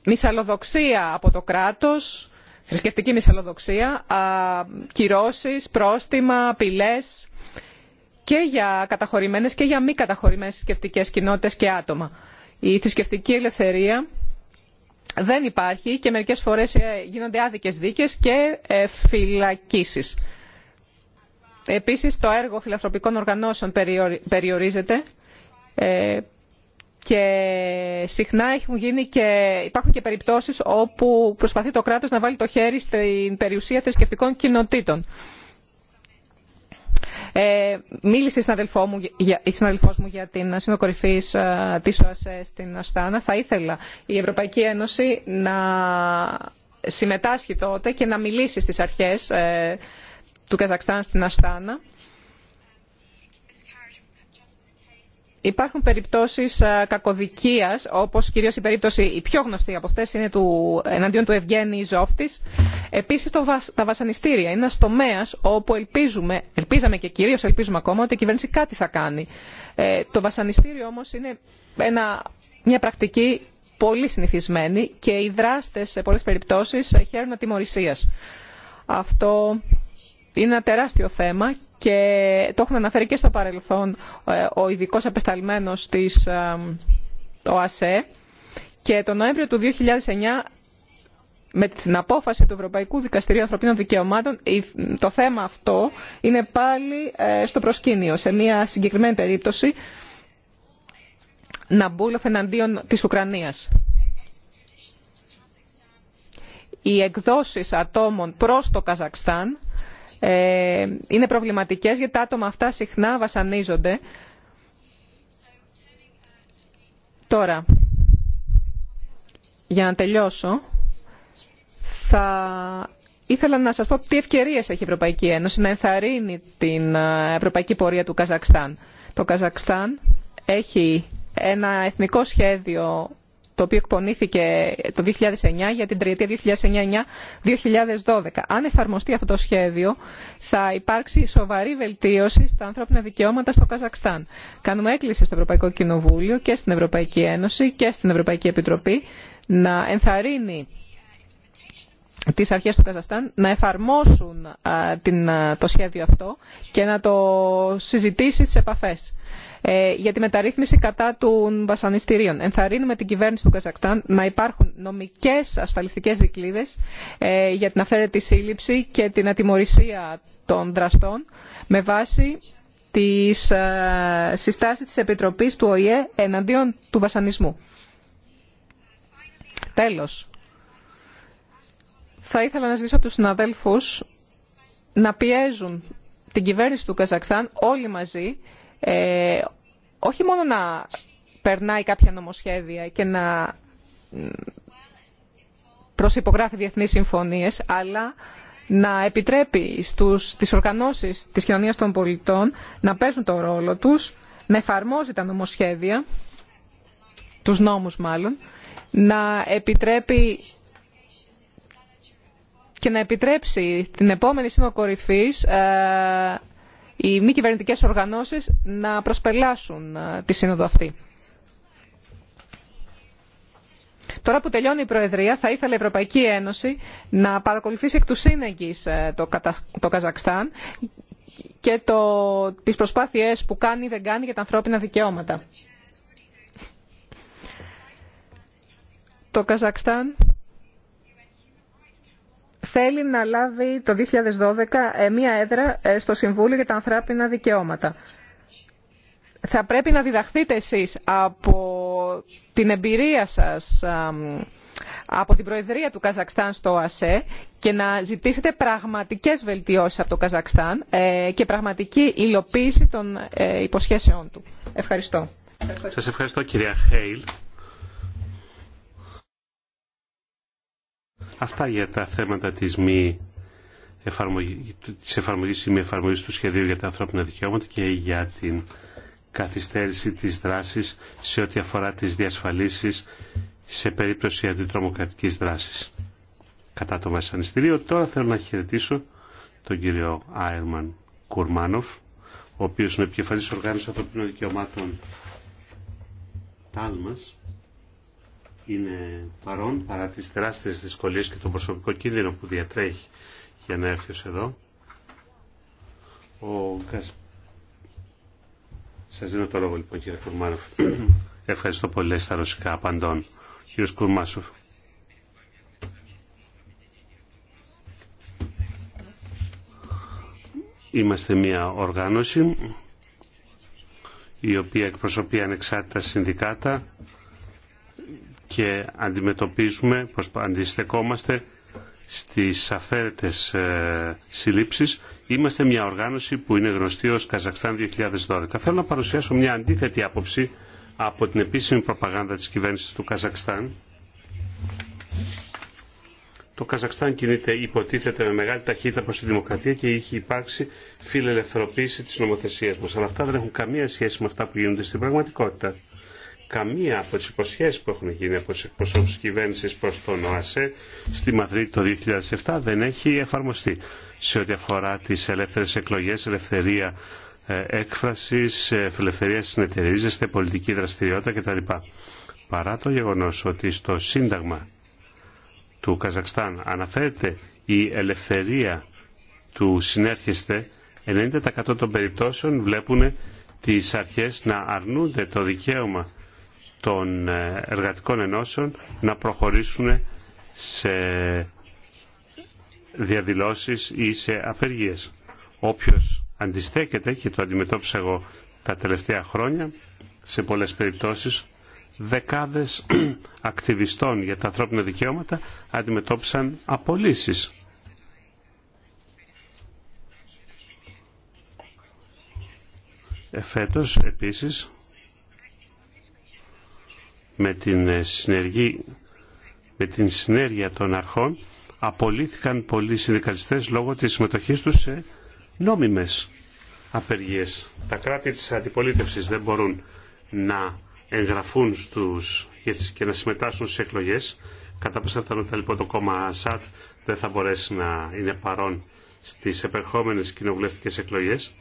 μυσαλλοδοξία από το κράτος, θρησκευτική μυσαλλοδοξία, κυρώσεις, πρόστιμα, απειλές και για καταχωρημένες και για μη καταχωρημένες θρησκευτικέ κοινότητες και άτομα. Η θρησκευτική ελευθερία δεν υπάρχει και μερικές φορές ε, γίνονται άδικες δίκες και ε, φυλακίσεις. Επίσης το έργο φιλανθρωπικών οργανώσεων περιορίζεται ε, και συχνά και, υπάρχουν και περιπτώσει όπου προσπαθεί το κράτο να βάλει το χέρι στην περιουσία θρησκευτικών κοινοτήτων. Ε, μίλησε η συναδελφό μου, μου για την συνοκορυφή τη ε, της ΟΑΣΕ στην Αστάνα. Θα ήθελα η Ευρωπαϊκή Ένωση να συμμετάσχει τότε και να μιλήσει στις αρχές ε, του Καζακστάν στην Αστάνα Υπάρχουν περιπτώσεις κακοδικίας, όπως κυρίως η περίπτωση η πιο γνωστή από αυτέ είναι του, εναντίον του Ευγέννη Ζόφτη. Επίσης τα βασανιστήρια είναι ένα τομέα όπου ελπίζουμε, ελπίζαμε και κυρίως ελπίζουμε ακόμα ότι η κυβέρνηση κάτι θα κάνει. Ε, το βασανιστήριο όμως είναι μια πρακτική πολύ συνηθισμένη και οι δράστε σε πολλές περιπτώσεις χαίρουν ατιμορρησία. Αυτό είναι ένα τεράστιο θέμα και το έχουν αναφέρει και στο παρελθόν ε, ο ειδικό απεσταλμένος της ε, ΟΑΣΕ και τον Νοέμβριο του 2009 με την απόφαση του Ευρωπαϊκού Δικαστηρίου Ανθρωπίνων Δικαιωμάτων το θέμα αυτό είναι πάλι ε, στο προσκήνιο σε μια συγκεκριμένη περίπτωση Ναμπούλοφ εναντίον της Ουκρανίας. Οι εκδόσεις ατόμων προς το Καζακστάν ε, είναι προβληματικές γιατί τα άτομα αυτά συχνά βασανίζονται. Τώρα, για να τελειώσω, θα ήθελα να σας πω τι ευκαιρίες έχει η Ευρωπαϊκή Ένωση να ενθαρρύνει την ε, ευρωπαϊκή πορεία του Καζακστάν. Το Καζακστάν έχει ένα εθνικό σχέδιο το οποίο εκπονήθηκε το 2009 για την τριετία 2009-2012. Αν εφαρμοστεί αυτό το σχέδιο, θα υπάρξει σοβαρή βελτίωση στα ανθρώπινα δικαιώματα στο Καζακστάν. Κάνουμε έκκληση στο Ευρωπαϊκό Κοινοβούλιο και στην Ευρωπαϊκή Ένωση και στην Ευρωπαϊκή Επιτροπή να ενθαρρύνει τις αρχές του Καζαστάν να εφαρμόσουν το σχέδιο αυτό και να το συζητήσει στις επαφές. Ε, για τη μεταρρύθμιση κατά των βασανιστήριων. Ενθαρρύνουμε την κυβέρνηση του Καζακστάν να υπάρχουν νομικές ασφαλιστικές δικλίδες ε, για την αφαίρετη σύλληψη και την ατιμορρησία των δραστών με βάση τη ε, συστάσεις τη επιτροπή του ΟΗΕ εναντίον του βασανισμού. Τέλος, θα ήθελα να ζητήσω από τους συναδέλφου να πιέζουν την κυβέρνηση του Καζακστάν όλοι μαζί όχι μόνο να περνάει κάποια νομοσχέδια και να προσυπογράφει διεθνείς συμφωνίες, αλλά να επιτρέπει στους, τις οργανώσεις της κοινωνίας των πολιτών να παίζουν το ρόλο τους, να εφαρμόζει τα νομοσχέδια, τους νόμους μάλλον, να επιτρέπει και να επιτρέψει την επόμενη σύνοδο κορυφής ε, οι μη κυβερνητικέ οργανώσεις να προσπελάσουν τη σύνοδο αυτή. Τώρα που τελειώνει η Προεδρία, θα ήθελα η Ευρωπαϊκή Ένωση να παρακολουθήσει εκ του σύνεγγυς ε, το, το Καζακστάν και το, τις προσπάθειές που κάνει ή δεν κάνει για τα ανθρώπινα δικαιώματα. Το Καζακστάν θέλει να λάβει το 2012 ε, μία έδρα ε, στο Συμβούλιο για τα ανθράπινα Δικαιώματα. Θα πρέπει να διδαχθείτε εσείς από την εμπειρία σας από την Προεδρία του Καζακστάν στο ΑΣΕ και να ζητήσετε πραγματικές βελτιώσεις από το Καζακστάν ε, και πραγματική υλοποίηση των υποσχέσεών του. Ευχαριστώ. Σας ευχαριστώ κυρία Αυτά για τα θέματα της μη εφαρμογής της εφαρμογής ή μη εφαρμογής του σχεδίου για τα ανθρώπινα δικαιώματα και για την καθυστέρηση της δράσης σε ό,τι αφορά τις διασφαλίσεις σε περίπτωση αντιτρομοκρατικής δράσης. Κατά το βασανιστήριο τώρα θέλω να χαιρετήσω τον κύριο Άιρμαν Κουρμάνοφ ο οποίος είναι επικεφαλής οργάνωσης ανθρωπίνων δικαιωμάτων Τάλμας είναι παρόν παρά τις τεράστιες δυσκολίες και τον προσωπικό κίνδυνο που διατρέχει για να έρθει ως εδώ. Ο Σας δίνω το λόγο λοιπόν κύριε Κουρμάνοφ. Ευχαριστώ πολύ στα ρωσικά απαντών. Κύριος Κουρμάσοφ. Είμαστε μια οργάνωση η οποία εκπροσωπεί ανεξάρτητα συνδικάτα και αντιμετωπίζουμε, αντιστεκόμαστε στις αυθαίρετες ε, συλλήψεις. Είμαστε μια οργάνωση που είναι γνωστή ως Καζακστάν 2012. Θέλω να παρουσιάσω μια αντίθετη άποψη από την επίσημη προπαγάνδα της κυβέρνησης του Καζακστάν. Το Καζακστάν κινείται υποτίθεται με μεγάλη ταχύτητα προς τη δημοκρατία και έχει υπάρξει φιλελευθερωποίηση της νομοθεσίας μας. Αλλά αυτά δεν έχουν καμία σχέση με αυτά που γίνονται στην πραγματικότητα καμία από τις υποσχέσεις που έχουν γίνει από τις εκπροσώπους της κυβέρνησης προς τον ΟΑΣΕ στη Μαδρίτη το 2007 δεν έχει εφαρμοστεί. Σε ό,τι αφορά τις ελεύθερες εκλογές, ελευθερία ε, έκφρασης, ε, ελευθερία συνεταιρίζεστε, πολιτική δραστηριότητα κτλ. Παρά το γεγονός ότι στο Σύνταγμα του Καζακστάν αναφέρεται η ελευθερία του συνέρχεστε, 90% των περιπτώσεων βλέπουν τις αρχές να αρνούνται το δικαίωμα των ε, εργατικών ενώσεων να προχωρήσουν σε διαδηλώσεις ή σε απεργίες. Όποιος αντιστέκεται, και το αντιμετώπισα εγώ τα τελευταία χρόνια, σε πολλές περιπτώσεις, δεκάδες [clears throat] ακτιβιστών για τα ανθρώπινα δικαιώματα αντιμετώπισαν απολύσεις. Εφέτος, επίσης, με την, ε, συνεργή, με την συνέργεια των αρχών απολύθηκαν πολλοί συνδικαλιστές λόγω της συμμετοχής τους σε νόμιμες απεργίες. Τα κράτη της αντιπολίτευσης δεν μπορούν να εγγραφούν στους, και να συμμετάσχουν στις εκλογές. Κατά αυτό λοιπόν το κόμμα ΑΣΑΤ δεν θα μπορέσει να είναι παρόν στις επερχόμενες κοινοβουλευτικές εκλογές.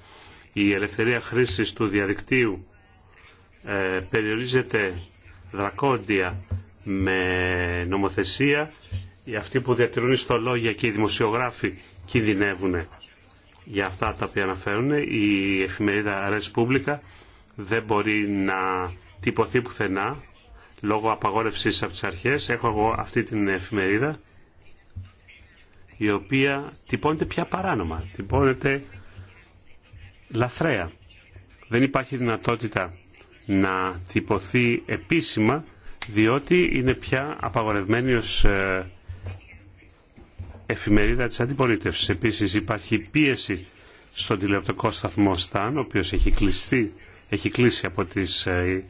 Η ελευθερία χρήσης του διαδικτύου ε, περιορίζεται δρακόντια με νομοθεσία. Οι αυτοί που διατηρούν ιστολόγια και οι δημοσιογράφοι κινδυνεύουν για αυτά τα οποία αναφέρουν. Η εφημερίδα Res Publica δεν μπορεί να τυπωθεί πουθενά λόγω απαγόρευσης από τις αρχές. Έχω εγώ αυτή την εφημερίδα η οποία τυπώνεται πια παράνομα, τυπώνεται λαθρέα. Δεν υπάρχει δυνατότητα να τυπωθεί επίσημα διότι είναι πια απαγορευμένη ως ε, εφημερίδα της αντιπολίτευσης. Επίσης υπάρχει πίεση στον τηλεοπτικό σταθμό ΣΤΑΝ, ο οποίος έχει, κλειστεί, έχει κλείσει από τις ε,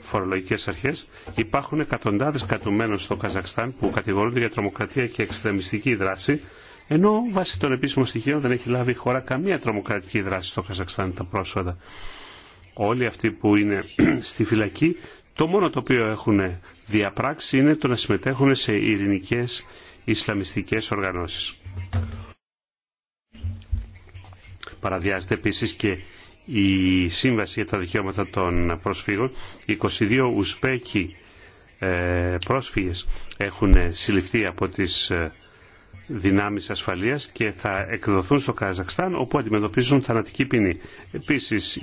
φορολογικές αρχές. Υπάρχουν εκατοντάδες κατουμένων στο Καζακστάν που κατηγορούνται για τρομοκρατία και εξτρεμιστική δράση, ενώ βάσει των επίσημων στοιχείων δεν έχει λάβει η χώρα καμία τρομοκρατική δράση στο Καζακστάν τα πρόσφατα όλοι αυτοί που είναι [clears throat] στη φυλακή, το μόνο το οποίο έχουν διαπράξει είναι το να συμμετέχουν σε ειρηνικές Ισλαμιστικές οργανώσεις. Παραδιάζεται επίσης και η Σύμβαση για τα Δικαιώματα των Προσφύγων. 22 Ουσπέκοι ε, πρόσφυγες έχουν συλληφθεί από τις ε, δυνάμεις ασφαλείας και θα εκδοθούν στο Καζακστάν όπου αντιμετωπίζουν θανατική ποινή. Επίσης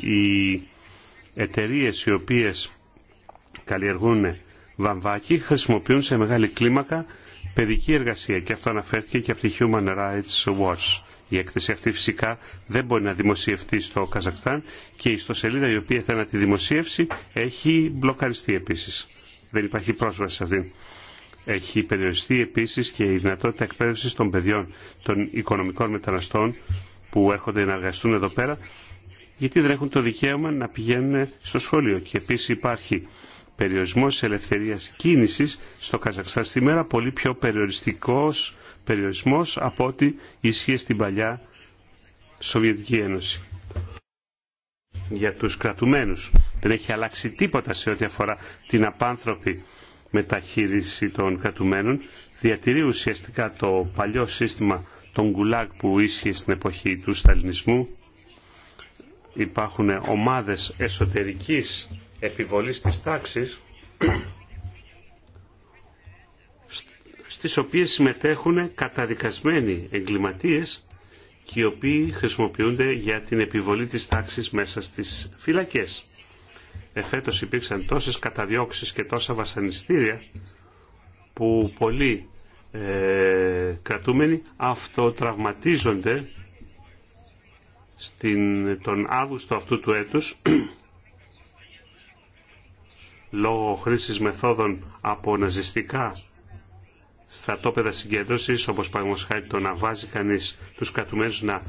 εταιρείε οι οποίες καλλιεργούν βαμβάκι χρησιμοποιούν σε μεγάλη κλίμακα παιδική εργασία και αυτό αναφέρθηκε και από τη Human Rights Watch. Η έκθεση αυτή φυσικά δεν μπορεί να δημοσιευτεί στο Καζακτάν και η ιστοσελίδα η οποία θέλει να τη δημοσίευσει έχει μπλοκαριστεί επίσης. Δεν υπάρχει πρόσβαση σε αυτήν. Έχει περιοριστεί επίσης και η δυνατότητα εκπαίδευσης των παιδιών των οικονομικών μεταναστών που έρχονται να εργαστούν εδώ πέρα γιατί δεν έχουν το δικαίωμα να πηγαίνουν στο σχολείο. Και επίση υπάρχει περιορισμός της ελευθερίας κίνησης στο Καζακστάν σήμερα, πολύ πιο περιοριστικός περιορισμός από ό,τι ισχύει στην παλιά Σοβιετική Ένωση. Για τους κρατουμένους δεν έχει αλλάξει τίποτα σε ό,τι αφορά την απάνθρωπη μεταχείριση των κρατουμένων. Διατηρεί ουσιαστικά το παλιό σύστημα των γκουλάκ που ίσχυε στην εποχή του Σταλινισμού υπάρχουν ομάδες εσωτερικής επιβολής της τάξης στις οποίες συμμετέχουν καταδικασμένοι εγκληματίες και οι οποίοι χρησιμοποιούνται για την επιβολή της τάξης μέσα στις φυλακές. Εφέτος υπήρξαν τόσες καταδιώξεις και τόσα βασανιστήρια που πολλοί ε, κρατούμενοι αυτοτραυματίζονται στην, τον Αύγουστο αυτού του έτους [clears throat] λόγω χρήσης μεθόδων από ναζιστικά στρατόπεδα συγκέντρωσης όπως παραγωγός το να βάζει κανείς τους κατουμένους να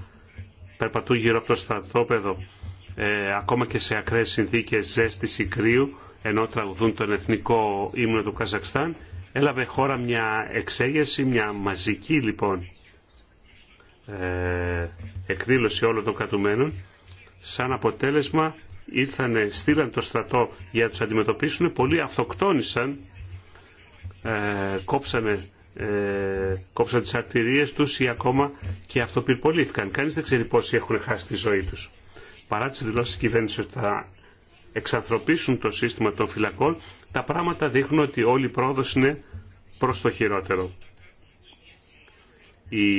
περπατούν γύρω από το στρατόπεδο ε, ακόμα και σε ακραίες συνθήκες ζέστης ή κρύου ενώ τραγουδούν τον εθνικό ύμνο του Καζακστάν έλαβε χώρα μια εξέγερση, μια μαζική λοιπόν ε, εκδήλωση όλων των κατουμένων. Σαν αποτέλεσμα ήρθαν, στείλαν το στρατό για να τους αντιμετωπίσουν, πολλοί αυτοκτόνησαν, ε, κόψανε, ε, κόψαν τις αρτηρίες τους ή ακόμα και αυτοπυρπολήθηκαν. Κανείς δεν ξέρει πόσοι έχουν χάσει τη ζωή τους. Παρά τις δηλώσεις της κυβέρνησης ότι θα εξανθρωπίσουν το σύστημα των φυλακών, τα πράγματα δείχνουν ότι όλη η πρόοδος είναι προς το χειρότερο οι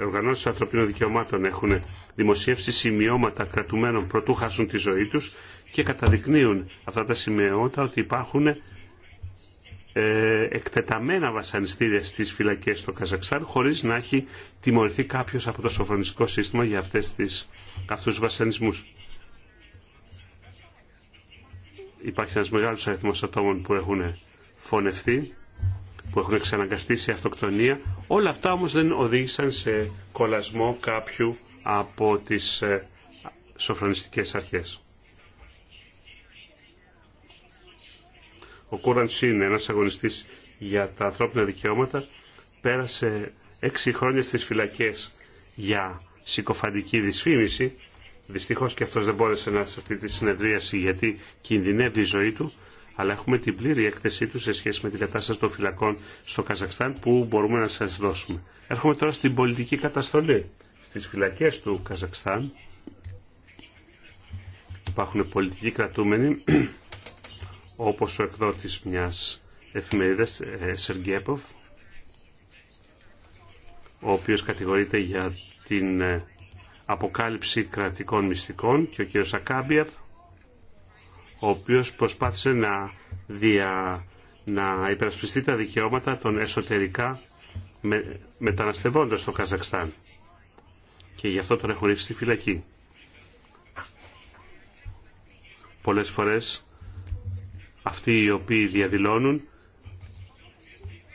οργανώσει ανθρωπίνων δικαιωμάτων έχουν δημοσιεύσει σημειώματα κρατουμένων προτού χάσουν τη ζωή τους και καταδεικνύουν αυτά τα σημειώματα ότι υπάρχουν ε, εκτεταμένα βασανιστήρια στις φυλακές στο Καζακστάν χωρίς να έχει τιμωρηθεί κάποιος από το σοφρονιστικό σύστημα για αυτές τις, αυτούς βασανισμούς. Υπάρχει ένας μεγάλος αριθμός ατόμων που έχουν φωνευτεί που έχουν εξαναγκαστεί σε αυτοκτονία. Όλα αυτά όμως δεν οδήγησαν σε κολασμό κάποιου από τις ε, σοφρονιστικές αρχές. Ο Κούραν είναι ένας αγωνιστής για τα ανθρώπινα δικαιώματα. Πέρασε έξι χρόνια στις φυλακές για συκοφαντική δυσφήμιση. Δυστυχώς και αυτός δεν μπόρεσε να έρθει σε αυτή τη συνεδρίαση γιατί κινδυνεύει η ζωή του αλλά έχουμε την πλήρη έκθεσή του σε σχέση με την κατάσταση των φυλακών στο Καζακστάν που μπορούμε να σας δώσουμε. Έρχομαι τώρα στην πολιτική καταστολή. Στις φυλακές του Καζακστάν υπάρχουν πολιτικοί κρατούμενοι [clears throat] όπως ο εκδότης μιας εφημερίδας ε, Σεργέποφ ο οποίος κατηγορείται για την ε, αποκάλυψη κρατικών μυστικών και ο κ. Ακάμπιαπ ο οποίος προσπάθησε να, δια, να υπερασπιστεί τα δικαιώματα των εσωτερικά με, μεταναστευόντων στο Καζακστάν. Και γι' αυτό τον έχουν ρίξει στη φυλακή. Πολλές φορές αυτοί οι οποίοι διαδηλώνουν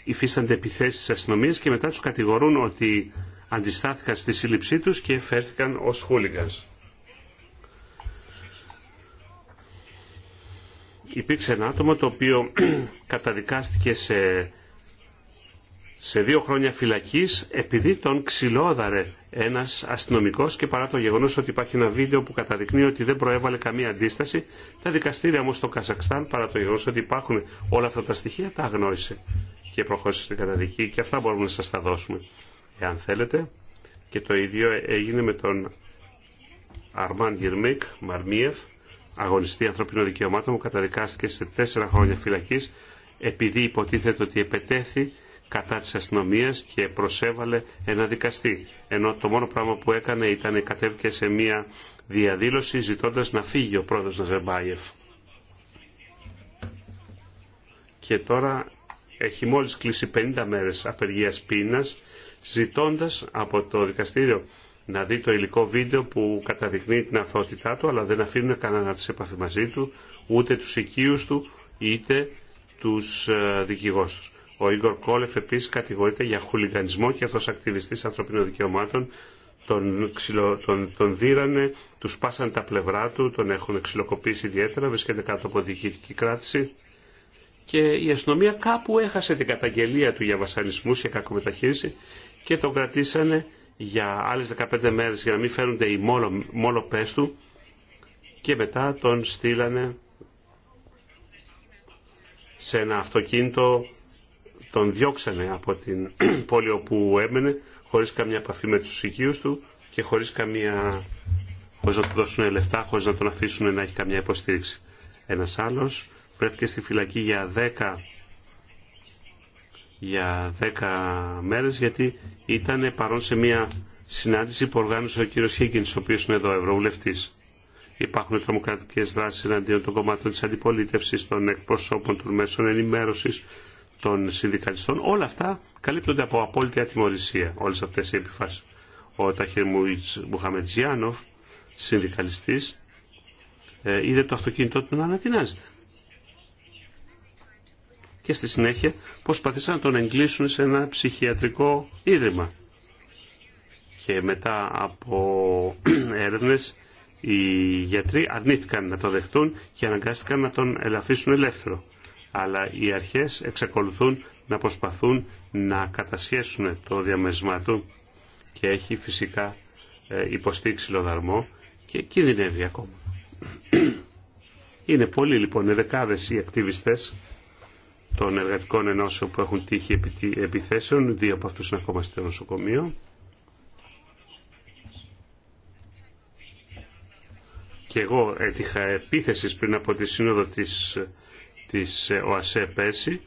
υφίστανται επιθέσεις αστυνομίας και μετά τους κατηγορούν ότι αντιστάθηκαν στη σύλληψή τους και φέρθηκαν ως χούλιγκας. υπήρξε ένα άτομο το οποίο [clears throat] καταδικάστηκε σε, δύο χρόνια φυλακής επειδή τον ξυλόδαρε ένας αστυνομικός και παρά το γεγονός ότι υπάρχει ένα βίντεο που καταδεικνύει ότι δεν προέβαλε καμία αντίσταση, τα δικαστήρια όμω στο Καζακστάν παρά το γεγονός ότι υπάρχουν όλα αυτά τα στοιχεία τα αγνώρισε και προχώρησε στην καταδική και αυτά μπορούμε να σας τα δώσουμε εάν θέλετε. Και το ίδιο έγινε με τον Αρμάν Γερμίκ Μαρμίεφ, αγωνιστή ανθρωπίνων δικαιωμάτων που καταδικάστηκε σε τέσσερα χρόνια φυλακής επειδή υποτίθεται ότι επετέθη κατά της αστυνομίας και προσέβαλε ένα δικαστή. Ενώ το μόνο πράγμα που έκανε ήταν κατέβηκε σε μια διαδήλωση ζητώντας να φύγει ο πρόεδρος Ναζεμπάγεφ. Και τώρα έχει μόλις κλείσει 50 μέρες απεργίας πείνας ζητώντας από το δικαστήριο να δει το υλικό βίντεο που καταδεικνύει την αθότητά του, αλλά δεν αφήνουν κανένα σε επαφή μαζί του, ούτε τους οικείους του, είτε τους ε, δικηγόρους του. Ο Ίγκορ Κόλεφ επίση κατηγορείται για χουλιγανισμό και αυτό ακτιβιστή ανθρωπίνων δικαιωμάτων τον, ξυλο, τον, τον δίρανε, του σπάσανε τα πλευρά του, τον έχουν ξυλοκοπήσει ιδιαίτερα, βρίσκεται κάτω από διοικητική κράτηση και η αστυνομία κάπου έχασε την καταγγελία του για Βασανισμού, και κακομεταχείριση και τον κρατήσανε για άλλες 15 μέρες για να μην φαίνονται οι μόλο, του και μετά τον στείλανε σε ένα αυτοκίνητο τον διώξανε από την [clears throat] πόλη όπου έμενε χωρίς καμία επαφή με τους οικείους του και χωρίς καμία χωρίς να του δώσουν λεφτά, χωρίς να τον αφήσουν να έχει καμία υποστήριξη. Ένας άλλος βρέθηκε στη φυλακή για 10 για 10 μέρες γιατί ήταν παρόν σε μια συνάντηση που οργάνωσε ο κύριος Χίγκινς, ο οποίος είναι εδώ ευρωβουλευτής. Υπάρχουν τρομοκρατικέ δράσει εναντίον των κομμάτων τη αντιπολίτευση των εκπροσώπων των μέσων ενημέρωση των συνδικαλιστών. Όλα αυτά καλύπτονται από απόλυτη ατιμορρησία, όλε αυτέ οι επιφάσει. Ο Ταχύρ Μουχαμετζιάνοφ, συνδικαλιστή, ε, είδε το αυτοκίνητό του να ανατινάζεται. Και στη συνέχεια προσπαθήσαν να τον εγκλήσουν σε ένα ψυχιατρικό ίδρυμα. Και μετά από [clears throat] έρευνες οι γιατροί αρνήθηκαν να το δεχτούν και αναγκάστηκαν να τον ελαφίσουν ελεύθερο. Αλλά οι αρχές εξακολουθούν να προσπαθούν να κατασχέσουν το διαμεσμά του και έχει φυσικά ε, υποστεί ξυλοδαρμό και κινδυνεύει ακόμα. [clears throat] Είναι πολλοί λοιπόν, είναι δεκάδες οι ακτιβιστές των εργατικών ενώσεων που έχουν τύχει επιθέσεων. Δύο από αυτούς είναι ακόμα στο νοσοκομείο. Και εγώ έτυχα επίθεση πριν από τη σύνοδο της, της ΟΑΣΕ πέρσι.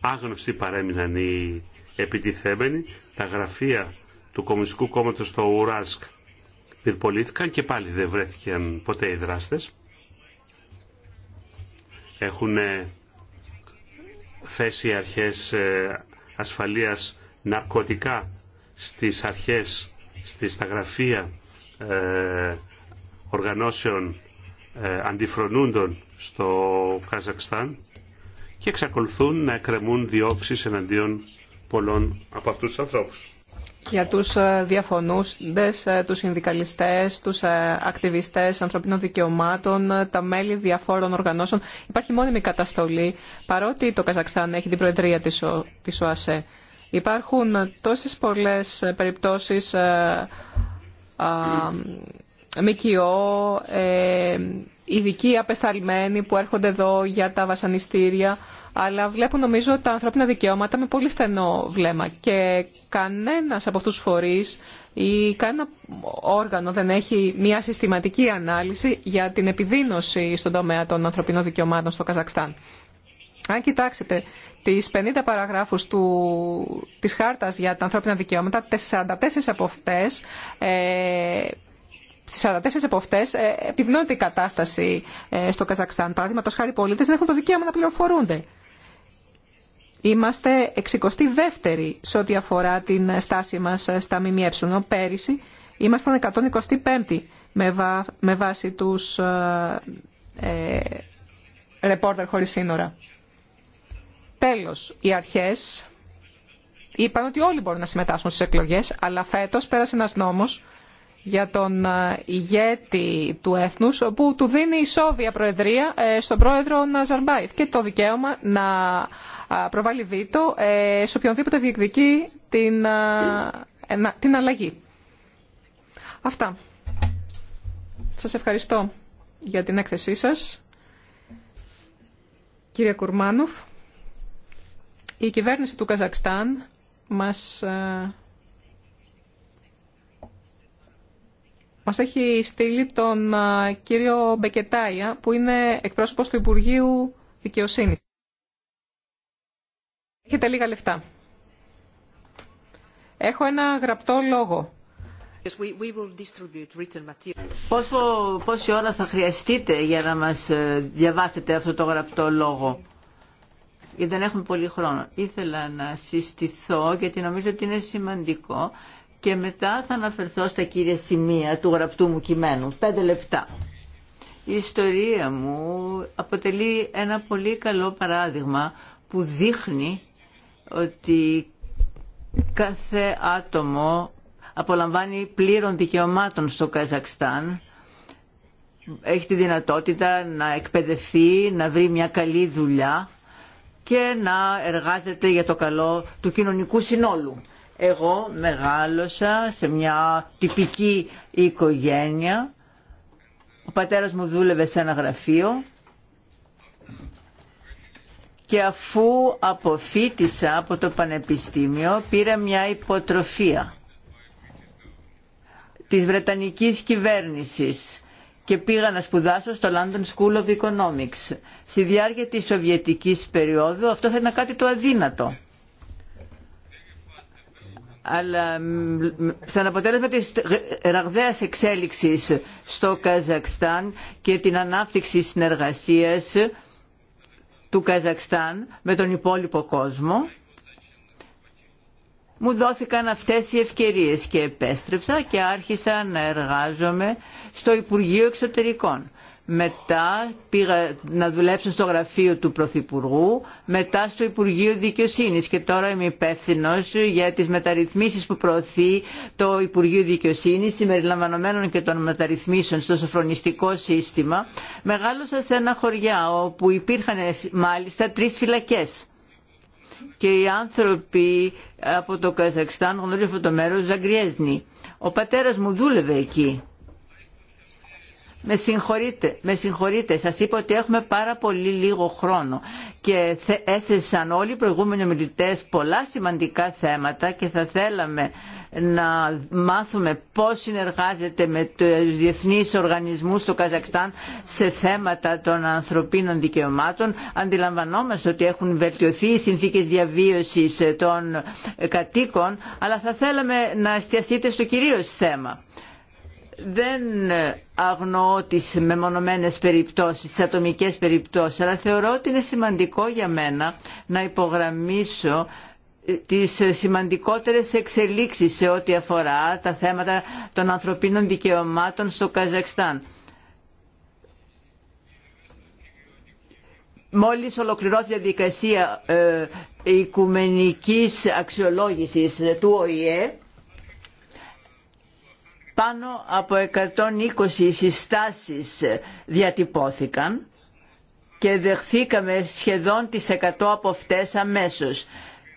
Άγνωστοι παρέμειναν οι επιτιθέμενοι. Τα γραφεία του Κομμουνιστικού Κόμματος στο Ουράσκ πυρπολήθηκαν και πάλι δεν βρέθηκαν ποτέ οι δράστες. Έχουν θέσει αρχές ε, ασφαλείας ναρκωτικά στις αρχές, στις στα γραφεία ε, οργανώσεων ε, αντιφρονούντων στο Καζακστάν και εξακολουθούν να εκκρεμούν διώξεις εναντίον πολλών από αυτούς τους ανθρώπους για τους ε, διαφωνούντες, ε, τους συνδικαλιστές, τους ε, ακτιβιστές ανθρωπίνων δικαιωμάτων, τα μέλη διαφόρων οργανώσεων. Υπάρχει μόνιμη καταστολή, παρότι το Καζακστάν έχει την προεδρία της, της ΟΑΣΕ. Υπάρχουν τόσες πολλές περιπτώσεις α, α, ΜΚΟ, ε, ειδικοί απεσταλμένοι που έρχονται εδώ για τα βασανιστήρια αλλά βλέπω νομίζω τα ανθρώπινα δικαιώματα με πολύ στενό βλέμμα και κανένας από αυτούς τους φορείς ή κανένα όργανο δεν έχει μια συστηματική ανάλυση για την επιδείνωση στον τομέα των ανθρωπίνων δικαιωμάτων στο Καζακστάν. Αν κοιτάξετε τις 50 παραγράφους του, της χάρτας για τα ανθρώπινα δικαιώματα, 44 από αυτές ε, Στι 44 από αυτέ ε, επιδεινώνεται η κατάσταση ε, στο Καζακστάν. Παραδείγματο χάρη, οι πολίτε δεν έχουν το δικαίωμα να πληροφορούνται. Είμαστε 62η σε ό,τι αφορά την στάση μας στα ΜΜΕ. Πέρυσι ήμασταν 125η με, βάση τους ε, ε, ρεπόρτερ χωρίς σύνορα. Τέλος, οι αρχές είπαν ότι όλοι μπορούν να συμμετάσχουν στις εκλογές, αλλά φέτος πέρασε ένας νόμος για τον ε, ηγέτη του έθνους, όπου του δίνει η Σόβια Προεδρία ε, στον πρόεδρο Ναζαρμπάιφ και το δικαίωμα να προβάλλει βήτο ε, σε οποιονδήποτε διεκδικεί την, την αλλαγή. Αυτά. Σας ευχαριστώ για την έκθεσή σας. Κύριε Κουρμάνοφ, η κυβέρνηση του Καζακστάν μας, μας έχει στείλει τον κύριο Μπεκετάια, που είναι εκπρόσωπος του Υπουργείου Δικαιοσύνης. Έχετε λίγα λεφτά. Έχω ένα γραπτό λόγο. Πόσο, πόση ώρα θα χρειαστείτε για να μας ε, διαβάσετε αυτό το γραπτό λόγο. Γιατί δεν έχουμε πολύ χρόνο. Ήθελα να συστηθώ γιατί νομίζω ότι είναι σημαντικό και μετά θα αναφερθώ στα κύρια σημεία του γραπτού μου κειμένου. Πέντε λεπτά. Η ιστορία μου αποτελεί ένα πολύ καλό παράδειγμα που δείχνει ότι κάθε άτομο απολαμβάνει πλήρων δικαιωμάτων στο Καζακστάν. Έχει τη δυνατότητα να εκπαιδευτεί, να βρει μια καλή δουλειά και να εργάζεται για το καλό του κοινωνικού συνόλου. Εγώ μεγάλωσα σε μια τυπική οικογένεια. Ο πατέρας μου δούλευε σε ένα γραφείο και αφού αποφύτησα από το Πανεπιστήμιο πήρα μια υποτροφία της Βρετανικής κυβέρνησης και πήγα να σπουδάσω στο London School of Economics. Στη διάρκεια της Σοβιετικής περίοδου αυτό θα ήταν κάτι το αδύνατο. Αλλά σαν αποτέλεσμα της ραγδαίας εξέλιξης στο Καζακστάν και την ανάπτυξη συνεργασίας του Καζακστάν με τον υπόλοιπο κόσμο μου δόθηκαν αυτές οι ευκαιρίες και επέστρεψα και άρχισα να εργάζομαι στο Υπουργείο Εξωτερικών μετά πήγα να δουλέψω στο γραφείο του Πρωθυπουργού, μετά στο Υπουργείο Δικαιοσύνης και τώρα είμαι υπεύθυνο για τις μεταρρυθμίσει που προωθεί το Υπουργείο Δικαιοσύνης συμπεριλαμβανομένων και των μεταρρυθμίσεων στο σοφρονιστικό σύστημα. Μεγάλωσα σε ένα χωριά όπου υπήρχαν ε, μάλιστα τρεις φυλακές και οι άνθρωποι από το Καζακστάν γνωρίζουν αυτό το μέρο Ζαγκριέζνη. Ο πατέρα μου δούλευε εκεί με συγχωρείτε, με σας είπα ότι έχουμε πάρα πολύ λίγο χρόνο και έθεσαν όλοι οι προηγούμενοι μιλητές πολλά σημαντικά θέματα και θα θέλαμε να μάθουμε πώς συνεργάζεται με τους διεθνείς οργανισμούς στο Καζακστάν σε θέματα των ανθρωπίνων δικαιωμάτων. Αντιλαμβανόμαστε ότι έχουν βελτιωθεί οι συνθήκες διαβίωσης των κατοίκων, αλλά θα θέλαμε να εστιαστείτε στο κυρίως θέμα δεν αγνοώ τις μεμονωμένες περιπτώσεις, τις ατομικές περιπτώσεις, αλλά θεωρώ ότι είναι σημαντικό για μένα να υπογραμμίσω ε, τις σημαντικότερες εξελίξεις σε ό,τι αφορά τα θέματα των ανθρωπίνων δικαιωμάτων στο Καζακστάν. Μόλις ολοκληρώθηκε η διαδικασία ε, οικουμενικής αξιολόγησης του ΟΗΕ, πάνω από 120 συστάσεις διατυπώθηκαν και δεχθήκαμε σχεδόν τις 100 από αυτές αμέσως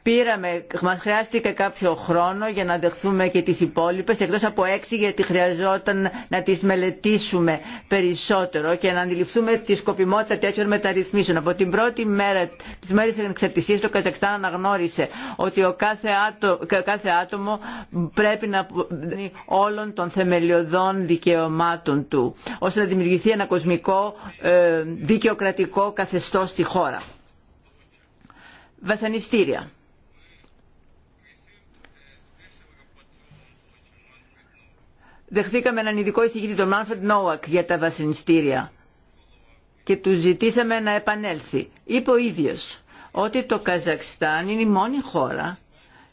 πήραμε, μας χρειάστηκε κάποιο χρόνο για να δεχθούμε και τις υπόλοιπες, εκτός από έξι γιατί χρειαζόταν να τις μελετήσουμε περισσότερο και να αντιληφθούμε τη σκοπιμότητα τέτοιων μεταρρυθμίσεων. Από την πρώτη μέρα της μέρης της εξαρτησίας το Καζακστάν αναγνώρισε ότι ο κάθε, κάθε άτομο πρέπει να δίνει όλων των θεμελιωδών δικαιωμάτων του, ώστε να δημιουργηθεί ένα κοσμικό ε, δικαιοκρατικό καθεστώς στη χώρα βασανιστήρια δεχθήκαμε έναν ειδικό εισηγητή, τον Μάνφρεντ Νόουακ, για τα βασανιστήρια και του ζητήσαμε να επανέλθει. Είπε ο ίδιος ότι το Καζακστάν είναι η μόνη χώρα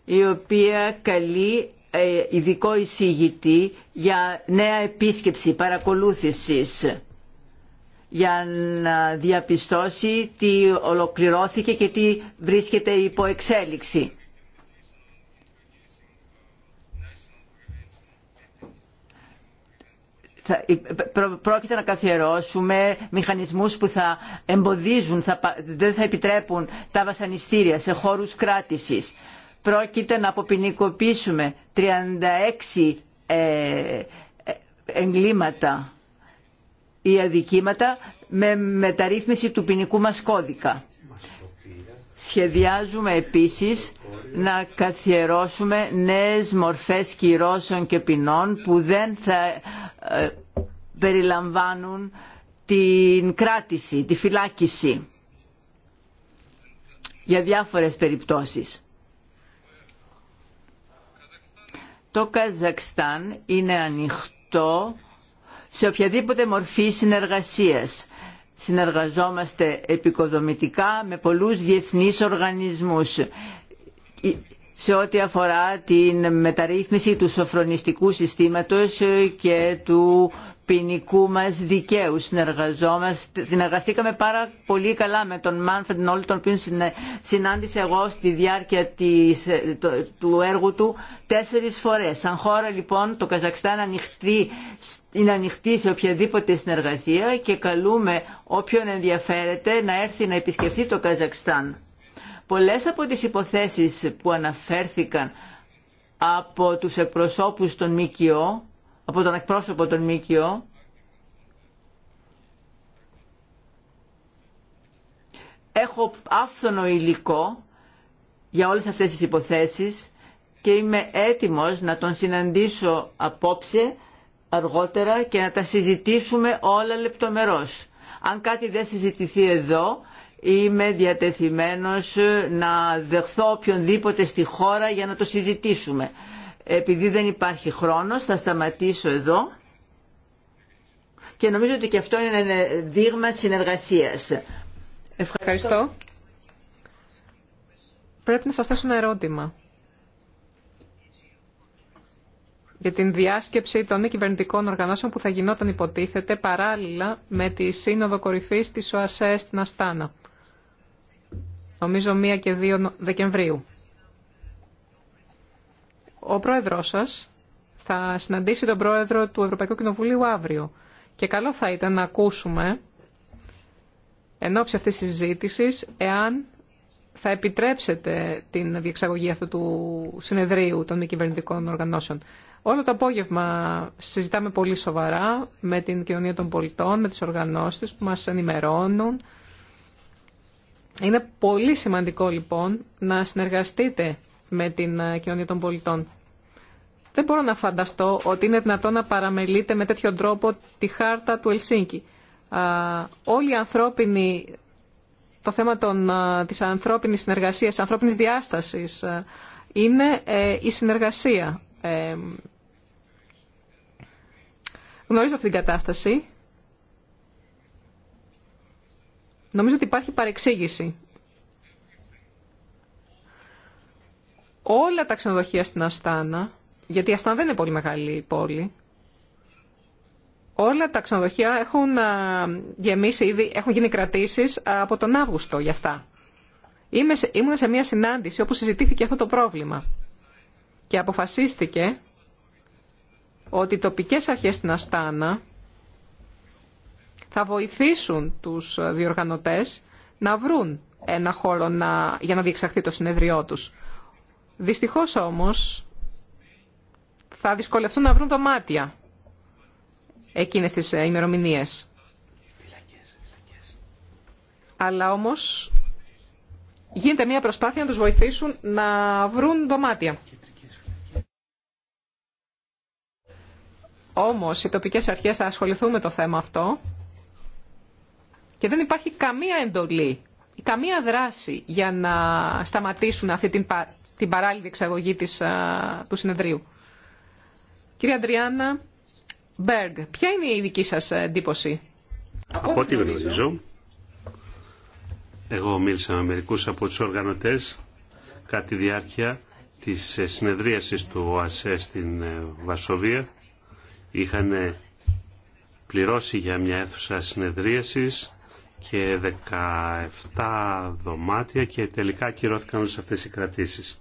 η οποία καλεί ε, ειδικό εισηγητή για νέα επίσκεψη παρακολούθησης για να διαπιστώσει τι ολοκληρώθηκε και τι βρίσκεται υπό εξέλιξη. Ε, πρόκειται να καθιερώσουμε μηχανισμούς που θα εμποδίζουν, θα, δεν θα επιτρέπουν τα βασανιστήρια σε χώρους κράτησης. Πρόκειται να αποποινικοποιήσουμε 36 ε, ε, εγκλήματα ή αδικήματα με μεταρρύθμιση του ποινικού μας κώδικα. Σχεδιάζουμε επίσης να καθιερώσουμε νέες μορφές κυρώσεων και ποινών που δεν θα ε, περιλαμβάνουν την κράτηση, τη φυλάκιση για διάφορες περιπτώσεις. Το Καζακστάν είναι ανοιχτό σε οποιαδήποτε μορφή συνεργασίας συνεργαζόμαστε επικοδομητικά με πολλούς διεθνείς οργανισμούς σε ό,τι αφορά την μεταρρύθμιση του σοφρονιστικού συστήματος και του ποινικού μα δικαίου. Συνεργαστήκαμε πάρα πολύ καλά με τον Μάνφρεντ Νόλ, τον οποίο συνάντησε εγώ στη διάρκεια του έργου του τέσσερις φορέ. Σαν χώρα λοιπόν το Καζακστάν ανοιχτή, είναι ανοιχτή σε οποιαδήποτε συνεργασία και καλούμε όποιον ενδιαφέρεται να έρθει να επισκεφθεί το Καζακστάν. Πολλέ από τις υποθέσεις που αναφέρθηκαν από τους εκπροσώπους των ΜΚΟ από τον εκπρόσωπο των ΜΚΟ έχω άφθονο υλικό για όλες αυτές τις υποθέσεις και είμαι έτοιμος να τον συναντήσω απόψε αργότερα και να τα συζητήσουμε όλα λεπτομερώς. Αν κάτι δεν συζητηθεί εδώ, είμαι διατεθειμένος να δεχθώ οποιονδήποτε στη χώρα για να το συζητήσουμε. Επειδή δεν υπάρχει χρόνος θα σταματήσω εδώ και νομίζω ότι και αυτό είναι ένα δείγμα συνεργασίας. Ευχαριστώ. Πρέπει να σας θέσω ένα ερώτημα για την διάσκεψη των μη κυβερνητικών οργανώσεων που θα γινόταν υποτίθεται παράλληλα με τη Σύνοδο Κορυφής της ΟΑΣΕ στην Αστάνα. Νομίζω 1 και 2 Δεκεμβρίου. Ο πρόεδρός σας θα συναντήσει τον πρόεδρο του Ευρωπαϊκού Κοινοβουλίου αύριο και καλό θα ήταν να ακούσουμε εν ώψη αυτής της συζήτησης εάν θα επιτρέψετε την διεξαγωγή αυτού του συνεδρίου των μη κυβερνητικών οργανώσεων. Όλο το απόγευμα συζητάμε πολύ σοβαρά με την κοινωνία των πολιτών, με τις οργανώσεις που μας ενημερώνουν. Είναι πολύ σημαντικό λοιπόν να συνεργαστείτε με την ε, κοινωνία των πολιτών. Δεν μπορώ να φανταστώ ότι είναι δυνατόν να παραμελείτε με τέτοιο τρόπο τη χάρτα του Ελσίνκη. Όλοι οι ανθρώπινοι, το θέμα των, ε, της ανθρώπινης συνεργασίας, ανθρώπινης διάστασης, ε, είναι η συνεργασία. Γνωρίζω αυτή την κατάσταση. Νομίζω ότι υπάρχει παρεξήγηση όλα τα ξενοδοχεία στην Αστάνα, γιατί η Αστάνα δεν είναι πολύ μεγάλη πόλη, όλα τα ξενοδοχεία έχουν γεμίσει ήδη, έχουν γίνει κρατήσεις από τον Αύγουστο για αυτά. Είμαι σε, ήμουν σε μια συνάντηση όπου συζητήθηκε αυτό το πρόβλημα και αποφασίστηκε ότι οι τοπικές αρχές στην Αστάνα θα βοηθήσουν τους διοργανωτές να βρουν ένα χώρο να, για να διεξαχθεί το συνεδριό τους. Δυστυχώς όμως θα δυσκολευτούν να βρουν δωμάτια εκείνες τις ε, ημερομηνίες. Αλλά όμως γίνεται μια προσπάθεια να τους βοηθήσουν να βρουν δωμάτια. Όμως οι τοπικές αρχές θα ασχοληθούν με το θέμα αυτό και δεν υπάρχει καμία εντολή, καμία δράση για να σταματήσουν αυτή την την παράλληλη εξαγωγή της, του συνεδρίου. Κυρία Αντριάννα Μπέργκ, ποια είναι η δική σας εντύπωση. Από, τι ό,τι γνωρίζω, εγώ μίλησα με μερικούς από τους οργανωτές κατά τη διάρκεια της συνεδρίασης του ΟΑΣΕ στην ε, Βασοβία. Είχαν ε, πληρώσει για μια αίθουσα συνεδρίασης και 17 δωμάτια και τελικά ακυρώθηκαν σε αυτές οι κρατήσεις.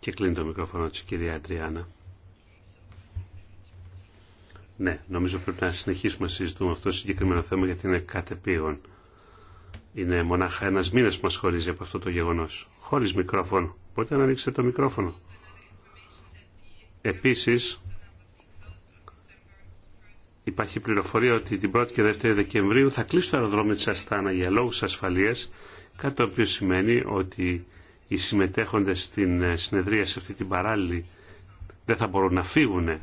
Και κλείνει το μικρόφωνο της κυρία Αντριάννα. Ναι, νομίζω πρέπει να συνεχίσουμε να συζητούμε αυτό το συγκεκριμένο θέμα γιατί είναι κατεπίγον. Είναι μονάχα ένα μήνα που μα χωρίζει από αυτό το γεγονό. Χωρί μικρόφωνο. Μπορείτε να ανοίξετε το μικρόφωνο. Επίση, υπάρχει πληροφορία ότι την 1η και 2η Δεκεμβρίου θα κλείσει το αεροδρόμιο τη Αστάνα για λόγου ασφαλεία. Κάτι το οποίο σημαίνει ότι οι συμμετέχοντες στην ε, συνεδρία σε αυτή την παράλληλη δεν θα μπορούν να φύγουν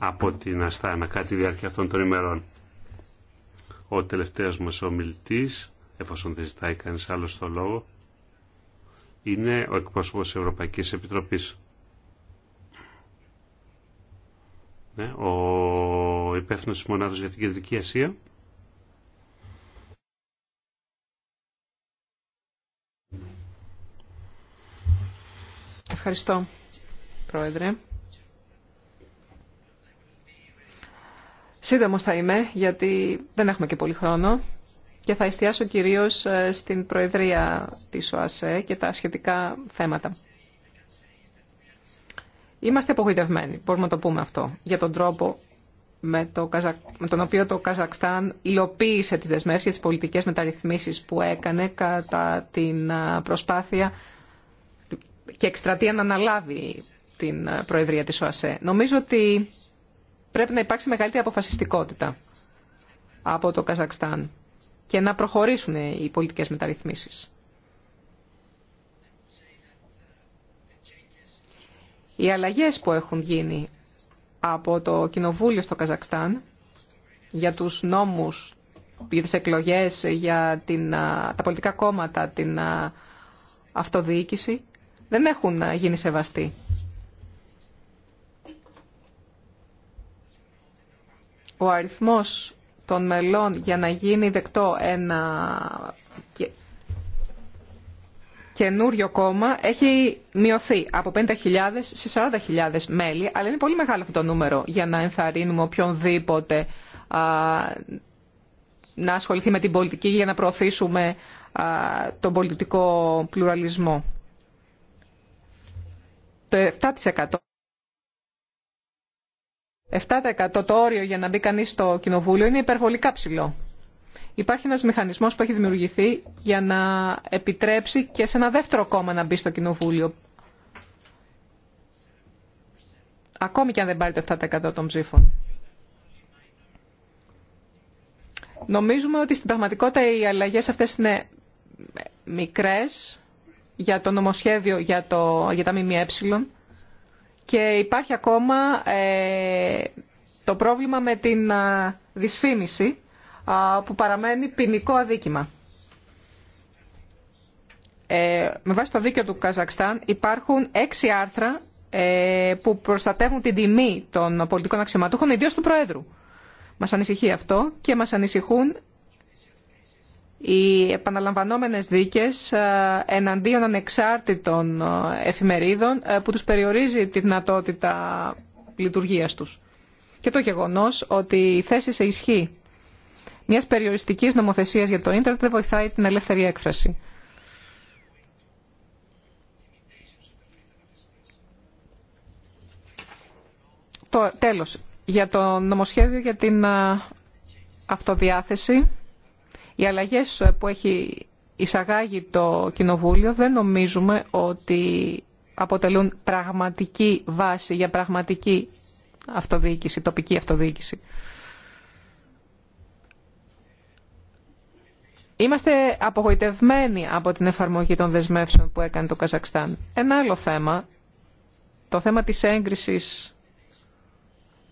από την Αστάνα κάτι διάρκεια αυτών των ημερών. Ο τελευταίος μας ομιλητής, εφόσον δεν ζητάει κανείς άλλο το λόγο, είναι ο εκπρόσωπος της Ευρωπαϊκής Επιτροπής. Ναι, ο υπεύθυνος της Μονάδος για την Κεντρική Ασία. Ευχαριστώ, Πρόεδρε. Σύντομος θα είμαι, γιατί δεν έχουμε και πολύ χρόνο και θα εστιάσω κυρίως ε, στην Προεδρία της ΟΑΣΕ και τα σχετικά θέματα. Είμαστε απογοητευμένοι, μπορούμε να το πούμε αυτό, για τον τρόπο με, το τον οποίο το Καζακστάν υλοποίησε τις δεσμεύσεις και τις πολιτικές μεταρρυθμίσεις που έκανε κατά την ε, προσπάθεια και εκστρατεία να αναλάβει την ε, Προεδρία της ΟΑΣΕ. Νομίζω ότι πρέπει να υπάρξει μεγαλύτερη αποφασιστικότητα από το Καζακστάν και να προχωρήσουν οι πολιτικές μεταρρυθμίσεις. Οι αλλαγές που έχουν γίνει από το Κοινοβούλιο στο Καζακστάν για τους νόμους, για τις εκλογές, για την, ε, τα πολιτικά κόμματα, την ε, αυτοδιοίκηση, δεν έχουν γίνει σεβαστοί. Ο αριθμός των μελών για να γίνει δεκτό ένα καινούριο κόμμα έχει μειωθεί από 50.000 σε 40.000 μέλη, αλλά είναι πολύ μεγάλο αυτό το νούμερο για να ενθαρρύνουμε οποιονδήποτε να ασχοληθεί με την πολιτική για να προωθήσουμε α, τον πολιτικό πλουραλισμό το 7%. 7% το όριο για να μπει κανείς στο κοινοβούλιο είναι υπερβολικά ψηλό. Υπάρχει ένας μηχανισμός που έχει δημιουργηθεί για να επιτρέψει και σε ένα δεύτερο κόμμα να μπει στο κοινοβούλιο. Ακόμη και αν δεν πάρει το 7% των ψήφων. Νομίζουμε ότι στην πραγματικότητα οι αλλαγές αυτές είναι μικρές για το νομοσχέδιο για, το, για τα ΜΜΕ και υπάρχει ακόμα ε, το πρόβλημα με την α, δυσφήμιση που παραμένει ποινικό αδίκημα. Ε, με βάση το δίκαιο του Καζακστάν υπάρχουν έξι άρθρα ε, που προστατεύουν την τιμή των πολιτικών αξιωματούχων, ιδίως του Προέδρου. Μας ανησυχεί αυτό και μας ανησυχούν οι επαναλαμβανόμενες δίκες ε, εναντίον ανεξάρτητων ε, εφημερίδων ε, που τους περιορίζει τη δυνατότητα λειτουργίας τους. Και το γεγονός ότι η θέση σε ισχύ μιας περιοριστικής νομοθεσίας για το ίντερνετ δεν βοηθάει την ελεύθερη έκφραση. Το, τέλος, για το νομοσχέδιο για την αυτοδιάθεση οι αλλαγές που έχει εισαγάγει το Κοινοβούλιο δεν νομίζουμε ότι αποτελούν πραγματική βάση για πραγματική αυτοδιοίκηση, τοπική αυτοδιοίκηση. Είμαστε απογοητευμένοι από την εφαρμογή των δεσμεύσεων που έκανε το Καζακστάν. Ένα άλλο θέμα, το θέμα της έγκρισης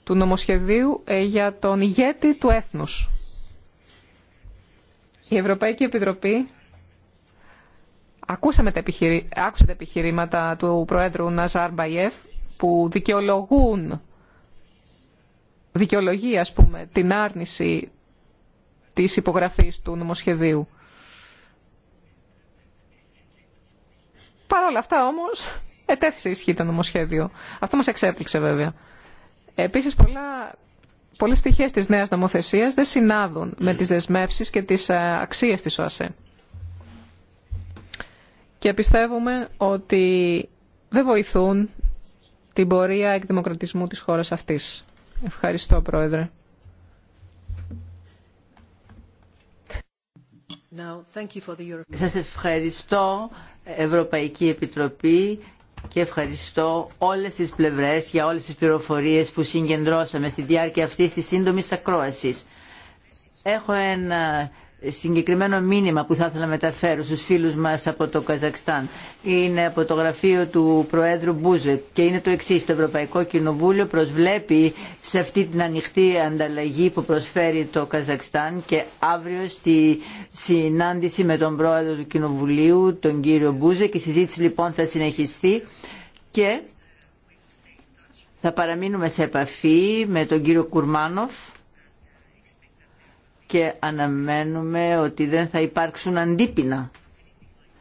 του νομοσχεδίου ε, για τον ηγέτη του έθνους. Η Ευρωπαϊκή Επιτροπή ακούσαμε τα άκουσε τα επιχειρήματα του Προέδρου Ναζάρ Μπαϊεφ που δικαιολογούν δικαιολογεί ας πούμε την άρνηση της υπογραφής του νομοσχεδίου. Παρ' όλα αυτά όμως ετέθησε ισχύ το νομοσχέδιο. Αυτό μας εξέπληξε βέβαια. Επίσης πολλά πολλές στοιχείες της νέας νομοθεσίας δεν συνάδουν με τις δεσμεύσεις και τις ε, αξίες της ΟΑΣΕ. Και πιστεύουμε ότι δεν βοηθούν την πορεία εκδημοκρατισμού της χώρας αυτής. Ευχαριστώ, Πρόεδρε. Σας ευχαριστώ, Ευρωπαϊκή Επιτροπή και ευχαριστώ όλες τις πλευρές για όλες τις πληροφορίες που συγκεντρώσαμε στη διάρκεια αυτής της σύντομης ακρόασης. Έχω ένα συγκεκριμένο μήνυμα που θα ήθελα να μεταφέρω στους φίλους μας από το Καζακστάν είναι από το γραφείο του Προέδρου Μπούζεκ και είναι το εξής. Το Ευρωπαϊκό Κοινοβούλιο προσβλέπει σε αυτή την ανοιχτή ανταλλαγή που προσφέρει το Καζακστάν και αύριο στη συνάντηση με τον Πρόεδρο του Κοινοβουλίου, τον κύριο Μπούζεκ. Η συζήτηση λοιπόν θα συνεχιστεί και θα παραμείνουμε σε επαφή με τον κύριο Κουρμάνοφ και αναμένουμε ότι δεν θα υπάρξουν αντίπεινα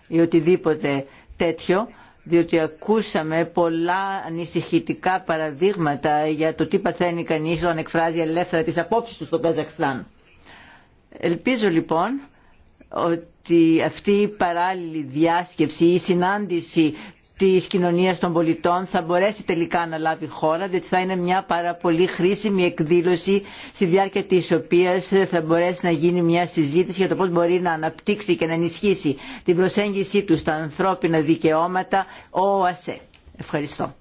ή οτιδήποτε τέτοιο διότι ακούσαμε πολλά ανησυχητικά παραδείγματα για το τι παθαίνει κανείς όταν εκφράζει ελεύθερα τις απόψεις του στον Καζακστάν. Ελπίζω λοιπόν ότι αυτή η παράλληλη διάσκεψη ή συνάντηση τη κοινωνίας των πολιτών θα μπορέσει τελικά να λάβει χώρα, διότι θα είναι μια πάρα πολύ χρήσιμη εκδήλωση στη διάρκεια της οποίας θα μπορέσει να γίνει μια συζήτηση για το πώς μπορεί να αναπτύξει και να ενισχύσει την προσέγγιση του στα ανθρώπινα δικαιώματα ο ΟΑΣΕ. Ευχαριστώ.